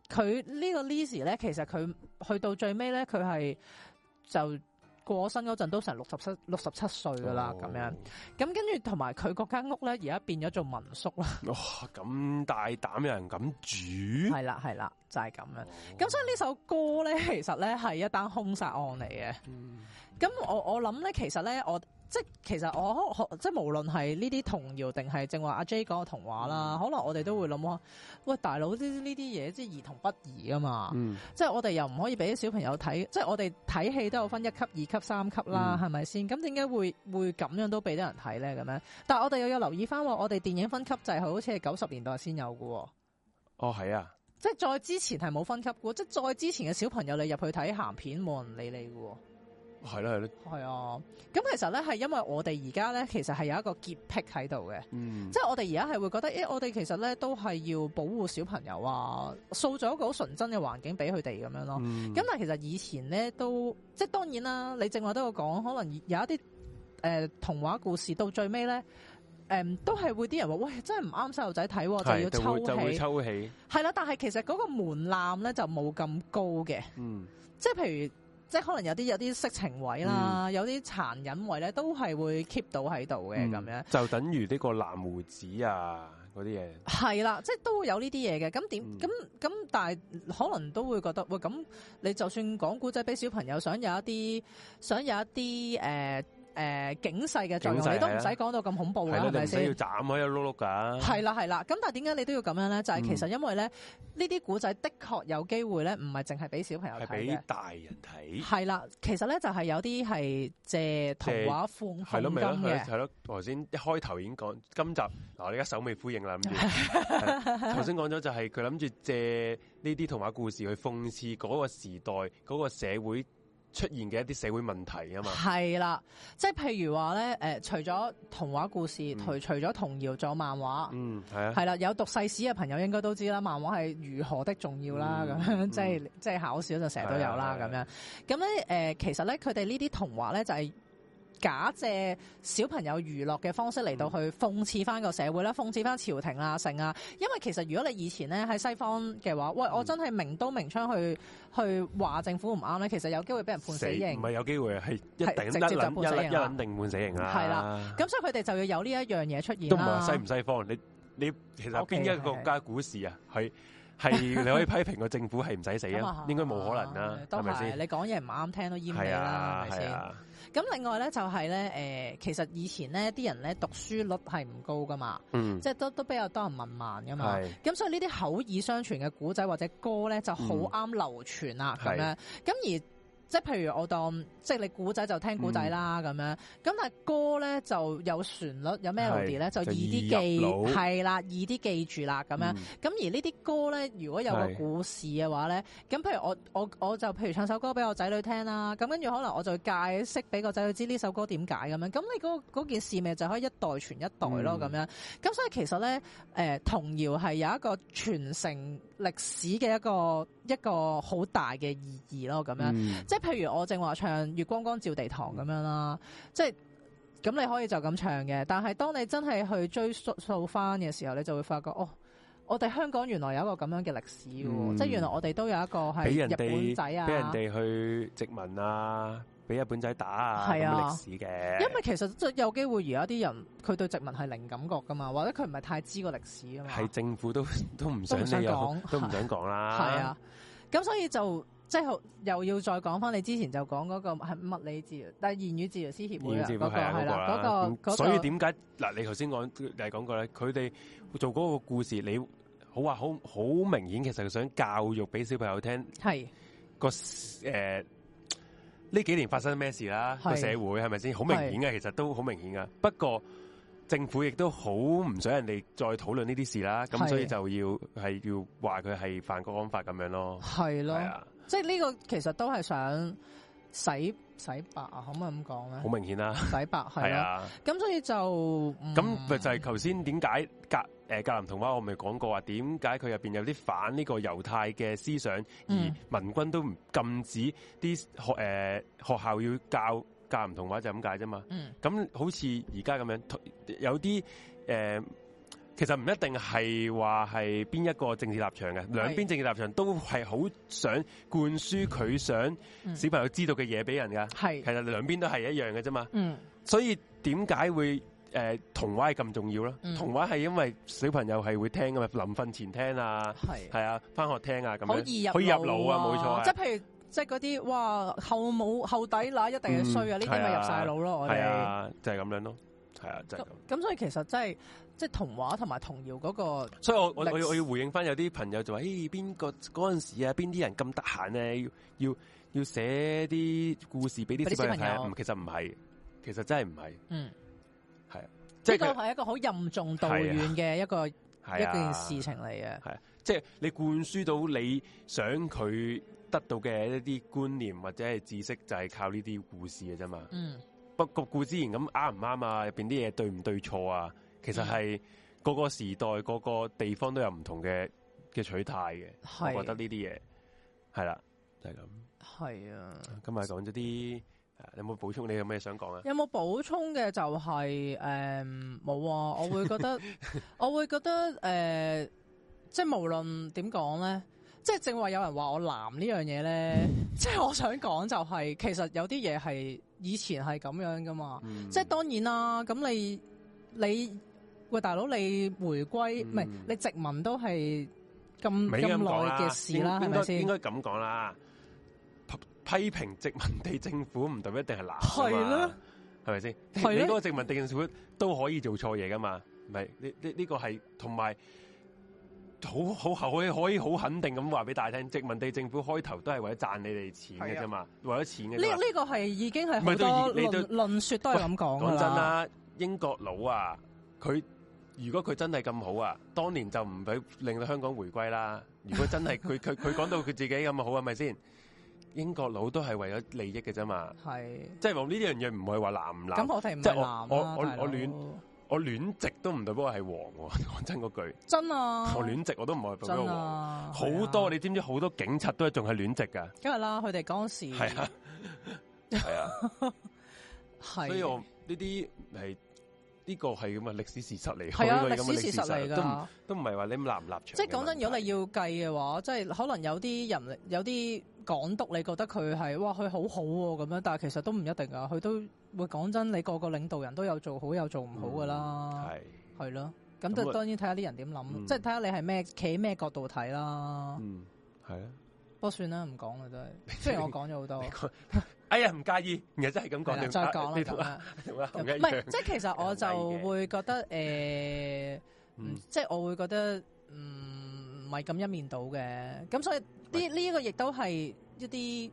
[SPEAKER 2] 佢呢個 Lizzie 咧，其實佢去到最尾咧，佢係就過身嗰陣都 67, 67、oh. 成六十七六十七歲噶啦，咁樣，咁跟住同埋佢嗰間屋咧，而家變咗做民宿啦。哇！咁大膽，有人咁住？係啦係啦，就係、是、咁樣。咁、oh. 所以呢首歌咧，其實咧係一單凶殺案嚟嘅。咁、mm. 我我諗咧，其實咧我。即其實我即係無論係呢啲童謠定係正話阿 J 講嘅童話啦，嗯、可能我哋都會諗話：喂，大佬呢啲嘢即係兒童不宜啊嘛！嗯、即係我哋又唔可以俾啲小朋友睇。即係我哋睇戲都有分一級、二級、三級啦，係咪先？咁點解會會咁樣都俾啲人睇咧？咁樣？但係我哋又有留意返，我哋電影分級制係好似係九十年代先有嘅。哦，係、哦、啊！即係再之前係冇分級嘅，即係再之前嘅小朋友你入去睇鹹片冇人理你嘅、哦。係啦，係啦。係啊，咁其實咧係因為我哋而家咧，其實係有一個潔癖喺度嘅。嗯，即係我哋而家係會覺得，誒、欸，我哋其實咧都係要保護小朋友啊，塑造一個好純真嘅環境俾佢哋咁樣咯。咁、嗯、但係其實以前咧都，即係當然啦。你正話都有講，可能有一啲誒、呃、童話故事到最尾咧，誒、嗯、都係會啲人話，喂，真係唔啱細路仔睇，的就要抽起。就會就會抽起。係啦，但係其實嗰個門檻咧就冇咁高嘅。嗯，即係譬如。即係可能有啲有啲色情位啦，嗯、有啲殘忍位咧，都係會 keep 到喺度嘅咁樣。
[SPEAKER 1] 就等於呢個藍胡子啊，嗰啲嘢。
[SPEAKER 2] 係啦，即係都會有呢啲嘢嘅。咁點？咁咁、嗯，但係可能都會覺得喂，咁你就算講古仔俾小朋友想，想有一啲，想有一啲誒。誒、呃、警世嘅作用，示你都唔使講到咁恐怖㗎，係咪先？吧要
[SPEAKER 1] 斬開一碌碌㗎。係
[SPEAKER 2] 啦、啊，係啦、啊。咁但係點解你都要咁樣咧？就係、是、其實因為咧，呢啲古仔的確有機會咧，唔係淨係俾小朋友睇係俾
[SPEAKER 1] 大人睇。係
[SPEAKER 2] 啦、啊，其實咧就係有啲係借童話諷諷借金嘅。係
[SPEAKER 1] 咯、啊，頭先、啊啊、一開頭已經講，今集嗱我而家首尾呼應啦。咁頭先講咗就係佢諗住借呢啲童話故事去諷刺嗰個時代嗰、那個社會。出現嘅一啲社會問題啊嘛，係
[SPEAKER 2] 啦，即係譬如話咧，誒、呃，除咗童話故事，嗯、除除咗童謠，仲有漫畫，嗯，係啊，係啦，有讀世史嘅朋友應該都知啦，漫畫係如何的重要啦，咁、嗯、樣即係、嗯、即係考試就成日都有啦，咁樣，咁咧誒，其實咧佢哋呢啲童話咧就係、是。假借小朋友娛樂嘅方式嚟到去諷刺翻個社會啦，諷刺翻朝廷啊、成啊。因為其實如果你以前咧喺西方嘅話，喂，我真係明刀明槍去去話政府唔啱咧，其實有機會俾人判死刑，唔
[SPEAKER 1] 係有機會係一定得一一定判死刑啊。係啦，
[SPEAKER 2] 咁所以佢哋就要有呢一樣嘢出現都唔係西唔
[SPEAKER 1] 西方，你你其實邊一個國家股市啊，係係你可以批評個政府係唔使死啊，應該冇可能啦，當然，你
[SPEAKER 2] 講嘢唔啱聽都煙味啦，係啊。咁另外咧就係、是、咧、呃，其實以前咧啲人咧讀書率係唔高噶嘛，嗯即，即係都都比較多人文盲噶嘛，咁是 所以呢啲口耳相傳嘅古仔或者歌咧就好啱流傳啦、啊，咁、嗯、樣咁是 而。即係譬如我當即係你古仔就聽古仔啦，咁、嗯、樣咁但係歌咧就有旋律有咩 e 咧，就易啲記系腦啦，易啲記住啦，咁、嗯、樣咁而呢啲歌咧，如果有個故事嘅話咧，咁是譬如我我我就譬如唱首歌俾我仔女聽啦，咁跟住可能我就解釋俾個仔女知呢首歌點解咁樣咁你嗰、那個、件事咪就可以一代傳一代咯咁、嗯、樣咁所以其實咧，誒、呃、童謠係有一個傳承歷史嘅一個一個好大嘅意義咯咁樣。嗯、即譬如我正話唱月光光照地堂，咁樣啦，嗯、即係咁你可以就咁唱嘅。但係當你真係去追溯翻嘅時候，你就會發覺，哦，我哋香港原來有一個咁樣嘅歷史嘅，嗯、即係原來我哋都有一個係日本仔啊，俾人哋
[SPEAKER 1] 去殖民啊，俾日本仔打啊，咁嘅歷史嘅。因為
[SPEAKER 2] 其實即有機會，而家啲人佢對殖民係零感覺噶嘛，或者佢唔係太知個歷史啊嘛。係
[SPEAKER 1] 政府都都唔想你講，都唔想講啦。係啊，
[SPEAKER 2] 咁、啊、所以就。即係又要再講翻你之前就講嗰個係物理治療，但係言語治療師協會嗰啦，嗰、嗰個嗰個、所以點
[SPEAKER 1] 解嗱？你頭先講嚟講過咧，佢哋做嗰個故事，你好話好好明顯，其實想教育俾小朋友聽係是、嗰個誒呢、呃、幾年發生咩事啦？是個社會係咪先好明顯嘅？是其實都好明顯嘅。不過政府亦都好唔想人哋再討論呢啲事啦，咁是所以就要係要話佢係犯國安法咁樣咯，
[SPEAKER 2] 係咯，係啊。即係呢個其實都係想洗洗白啊，可唔可以咁講咧？好明顯啦，洗白係咯。咁所以就
[SPEAKER 1] 咁咪、嗯、就係頭先點解格誒、呃、格林童話我咪講過話點解佢入面有啲反呢個猶太嘅思想，而民軍都唔禁止啲學、呃、學校要教格林童話就咁解啫嘛。咁、嗯、好似而家咁樣有啲誒。呃其實唔一定係話係邊一個政治立場嘅，兩邊政治立場都係好想灌輸佢想小朋友知道嘅嘢俾人㗎。係，係，其實兩邊都係一樣嘅啫嘛。嗯，所以點解會誒童話係咁重要咯？童話係、嗯、因為小朋友係會聽㗎嘛，臨瞓前聽啊，係啊係，翻學聽啊咁樣。可以入可以入腦啊，啊，冇錯。即係
[SPEAKER 2] 譬如即係嗰啲哇後母後底乸一定係衰啊，呢啲咪入晒腦咯。我哋係啊，
[SPEAKER 1] 就係咁樣咯。係啊，就係咁。
[SPEAKER 2] 咁所以其實真係。即係童話同埋童謠嗰個，所以我我我我要回
[SPEAKER 1] 應翻有啲朋友就話，誒、欸，邊個嗰陣時啊，邊啲人咁得閒咧？要要要寫啲故事俾啲小朋友？朋友其實唔係，其實真係唔係。嗯，係、啊。呢個係
[SPEAKER 2] 一個好任重道遠嘅一個、嗯、
[SPEAKER 1] 一件事
[SPEAKER 2] 情嚟嘅。
[SPEAKER 1] 係即係你灌輸到你想佢得到嘅一啲觀念或者係知識，就係靠呢啲故事嘅啫嘛。嗯，不過故之然咁啱唔啱啊？入邊啲嘢對唔對錯啊？其實係個個時代、個個地方都有唔同嘅嘅取態嘅，是啊、我覺得呢啲嘢係啦，就係、是、咁。
[SPEAKER 3] 係啊，今日
[SPEAKER 1] 講咗啲，有冇補充？你有咩想講啊？有冇
[SPEAKER 2] 補充嘅就係、是、誒，冇、呃、啊！我會覺得， 我會覺得誒、呃，即係無論點講咧，即係正話有人話我男呢樣嘢咧， 即係我想講就係、是，其實有啲嘢係以前係咁樣噶嘛，嗯、即係當然啦。咁你你。你喂，大佬，你回歸唔係你殖民都係咁咁耐嘅事啦，係咪先？應該
[SPEAKER 1] 咁講啦。批評殖民地政府唔代表一定係難係咯，係咪先？是是啊、你嗰個殖民地政府都可以做錯嘢噶嘛？唔係呢呢呢個係同埋好好可以可以好肯定咁話俾大家聽，殖民地政府開頭都係為咗賺你哋錢嘅啫、啊、嘛，為咗錢嘅。呢、這、呢
[SPEAKER 2] 個係已經係好多論說都係咁講。講
[SPEAKER 1] 真啦，英國佬啊，佢。如果佢真係咁好啊，當年就唔俾令到香港回歸啦。如果真係佢佢佢講到佢自己咁好，係咪先？英國佬都係為咗利益嘅啫嘛。係是，即係我呢啲樣嘢唔係話藍唔藍。咁我、啊、即我我我戀我戀殖都唔代表係黃。講真嗰句。
[SPEAKER 2] 真的啊。我
[SPEAKER 1] 戀殖我都唔係。真啊。好多、啊、你知唔知？好多警察都仲係戀殖噶。
[SPEAKER 2] 梗係啦，佢哋陣時。係 是啊。
[SPEAKER 1] 係 啊是。
[SPEAKER 2] 係。所以我呢
[SPEAKER 1] 啲係。這些呢個係咁啊，歷史事實嚟。係啊，係歷史事實嚟㗎。都唔都唔係話你立唔立場。即係講真，如果
[SPEAKER 2] 你要計嘅話，即係可能有啲人，有啲港督，你覺得佢係哇，佢好好喎咁樣，但係其實都唔一定啊。佢都會講真，你個個領導人都有做好，有做唔好㗎啦。係係咯，咁就啦、嗯、當然睇下啲人點諗，嗯、即係睇下你係咩企咩角度睇啦。嗯，係啊。不過算啦，唔講啦，真係。雖然我講咗好多。 哎呀，唔介
[SPEAKER 1] 意，原嚟真係咁講，的再講你同唔係？即係其實我就
[SPEAKER 2] 會覺得，誒、呃，嗯、即係我會覺得，唔係咁一面倒嘅。咁所以呢，呢呢喂 一個亦都係一啲，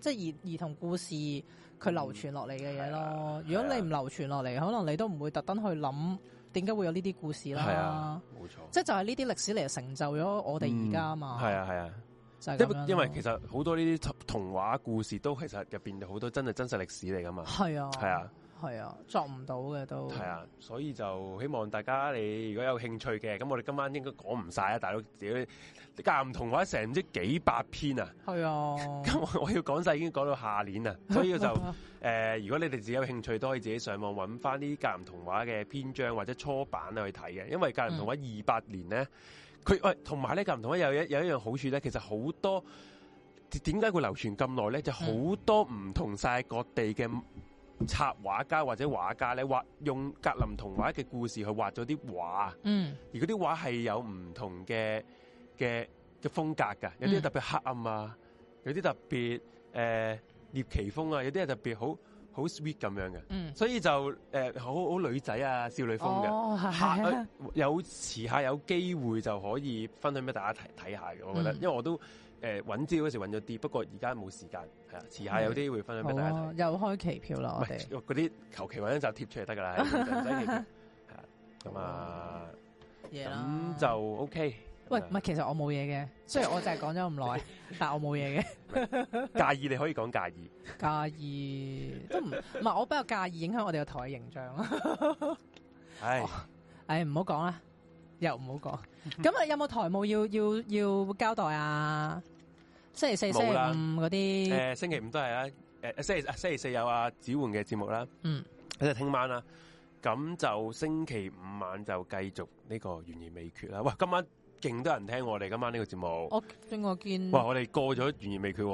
[SPEAKER 2] 即係兒兒童故事佢流傳落嚟嘅嘢咯。如果你唔流傳落嚟，可能你都唔會特登去諗，點解會有呢啲故事啦。冇錯，錯即係就係呢啲歷史嚟成就咗我哋而家啊嘛。係啊、嗯，係啊。是因為因為其實
[SPEAKER 1] 好多呢啲童話故事都其實入邊有好多真係真實歷史嚟噶嘛，係啊，
[SPEAKER 2] 係啊，作唔到嘅都係啊，
[SPEAKER 1] 所以就希望大家你如果有興趣嘅，咁我哋今晚應該講唔晒啊，大佬，自己啲格林童話成唔知幾百篇啊，
[SPEAKER 3] 係是啊，咁
[SPEAKER 1] 我要講晒已經講到下年啊， 所以就誒、呃，如果你哋自己有興趣，都可以自己上網揾翻啲格林童話嘅篇章或者初版去睇嘅，因為格林童話二百年咧。嗯佢喂，同埋咧《格林童話》有一有一樣好處咧，其實好多點解會流傳咁耐咧？就好、是、多唔同曬各地嘅插畫家或者畫家咧畫用《格林童話》嘅故事去畫咗啲畫嗯，而嗰啲畫係有唔同嘅嘅嘅風格㗎，有啲特別黑暗啊，有啲特別誒獵奇風啊，有啲係特別好。好 sweet 咁樣嘅，嗯、所以就誒、呃、好好女仔啊，少女風嘅、哦啊，有遲下有機會就可以分享俾大家睇睇下嘅，看看嗯、我覺得，因為我都誒揾資料嗰時揾咗啲，不過而家冇時間，係啊，遲下有啲會分享俾大家睇、嗯
[SPEAKER 2] 啊，又開期票
[SPEAKER 1] 咯，啲求其揾一集貼出嚟得㗎啦，唔係 啊，咁啊，
[SPEAKER 2] 咁
[SPEAKER 1] 就 OK。
[SPEAKER 2] 喂，唔係，其實我冇嘢嘅，雖然我就係講咗咁耐， 但係我冇嘢嘅。介意你可以講介，介意，介意都唔唔係，我比較介意影響我哋個台嘅形象
[SPEAKER 3] 咯 唉、
[SPEAKER 2] 哦。係、哎，唉，唔好講啦，又唔好講。咁啊，有冇台務要要要交代啊？星期四、星期五嗰啲，誒、呃，
[SPEAKER 1] 星期五都係啦。誒、呃，星期星期四有阿子煥嘅節目啦。嗯，即係聽晚啦。咁就星期五晚就繼續呢個懸疑未決啦。喂、呃，今晚。勁多人聽我哋今晚呢個節目，
[SPEAKER 2] 我見。哇，我
[SPEAKER 1] 哋過咗懸疑未決，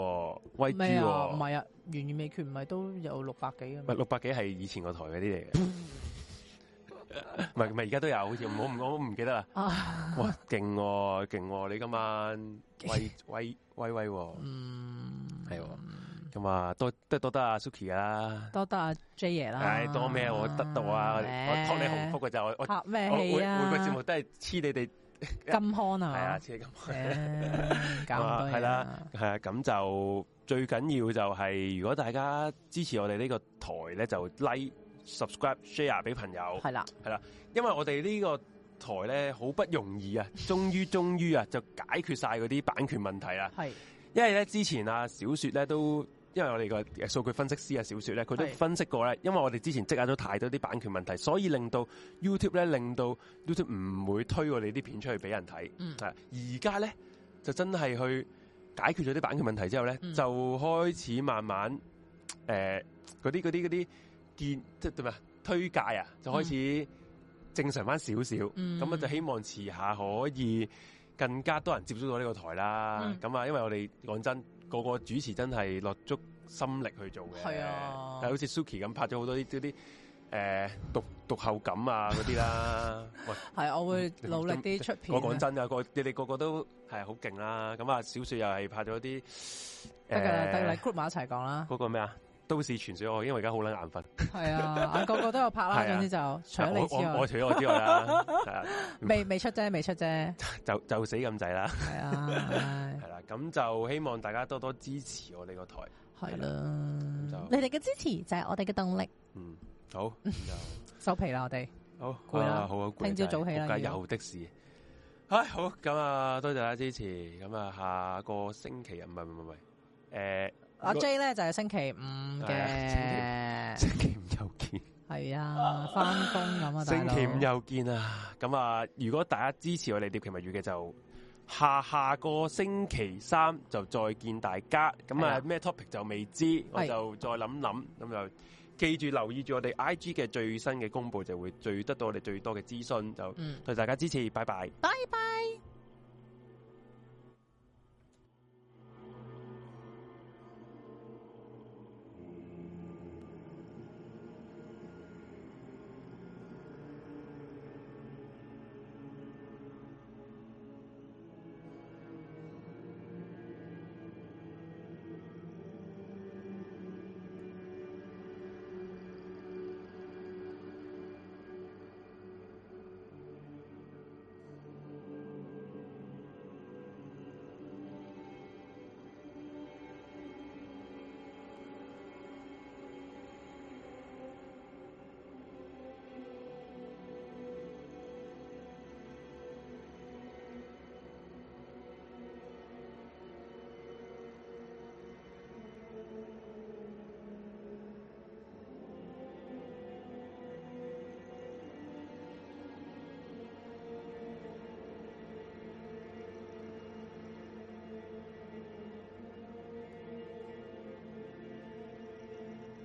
[SPEAKER 1] 威豬。唔
[SPEAKER 2] 係啊，懸疑未決唔係都有六百幾啊？唔係
[SPEAKER 1] 六百幾係以前個台嗰啲嚟嘅。唔係，唔係，而家都有，好似唔好唔我唔記得啦。哇，勁哦，勁哦！你今晚威威威威，嗯，
[SPEAKER 3] 係。
[SPEAKER 1] 咁啊，多都多得阿 Suki 啊，
[SPEAKER 2] 多得阿 J 爺啦，多咩？我
[SPEAKER 1] 得到啊，我託你鴻福嘅就我我吓命每個節目都係黐你哋。
[SPEAKER 2] 金康啊，係 啊，似係金康，咁啊，係啦
[SPEAKER 1] 係啊，咁就最緊要就係，如果大家支持我哋呢個台咧，就 like、subscribe、share 俾朋友，係啦的，係啦，因為我哋呢個台咧好不容易啊，終於終於啊就解決晒嗰啲版權問題啦，係的，因為咧之前啊小說咧都。因為我哋個數據分析師啊，小説咧，佢都分析過咧。因為我哋之前積壓咗太多啲版權問題，所以令到 YouTube 咧，令到 YouTube 唔會推我哋啲片出去俾人睇，嗯啊。而家咧就真係去解決咗啲版權問題之後咧，嗯、就開始慢慢嗰啲嗰啲嗰啲建即係啊推介啊，就開始正常翻少少。咁啊、嗯，就希望遲下可以更加多人接觸到呢個台啦。咁、嗯、啊，因為我哋講真。個個主持真係落足心力去做嘅，係是啊像，好似 Suki 咁拍咗好多啲嗰啲誒讀讀後感啊嗰啲啦，
[SPEAKER 2] 係 哇我會努力啲出片。我講真
[SPEAKER 1] 啊， 個你哋個個都係好勁啦，咁啊小雪又係拍咗啲
[SPEAKER 2] 得㗎啦，得啦，group 埋一齊講啦。
[SPEAKER 1] 嗰個咩啊？都市傳說我，因為而家好撚眼瞓。
[SPEAKER 2] 係啊，個個都有拍啦，總之就除咗你之外。我除咗我之外啦，未未出啫，未出啫，就
[SPEAKER 1] 就死咁滯啦。係啊，係啦，咁就希望大家多多支持我呢個台。
[SPEAKER 2] 係啦，你哋嘅支持就係我哋嘅動力。
[SPEAKER 1] 嗯，好，
[SPEAKER 2] 收皮啦，我哋。好，
[SPEAKER 1] 好啦，好啦，聽朝早起啦，梗有的士。唉，好，咁啊，多謝大家支持。咁啊，下個星期啊，唔係唔係唔係，誒。阿 J 咧就係、是、
[SPEAKER 2] 星期五嘅、哎，星期五又見，係 啊，返工咁啊，星期五
[SPEAKER 1] 又見啊，咁啊，如果大家支持我哋《疊奇物語》嘅，就下下個星期三就再見大家，咁啊咩、啊、topic 就未知，我就再諗諗，咁是就記住留意住我哋 I G 嘅最新嘅公布，就會聚得到我哋最多嘅資訊，就對大家支持，拜拜，
[SPEAKER 3] 拜拜。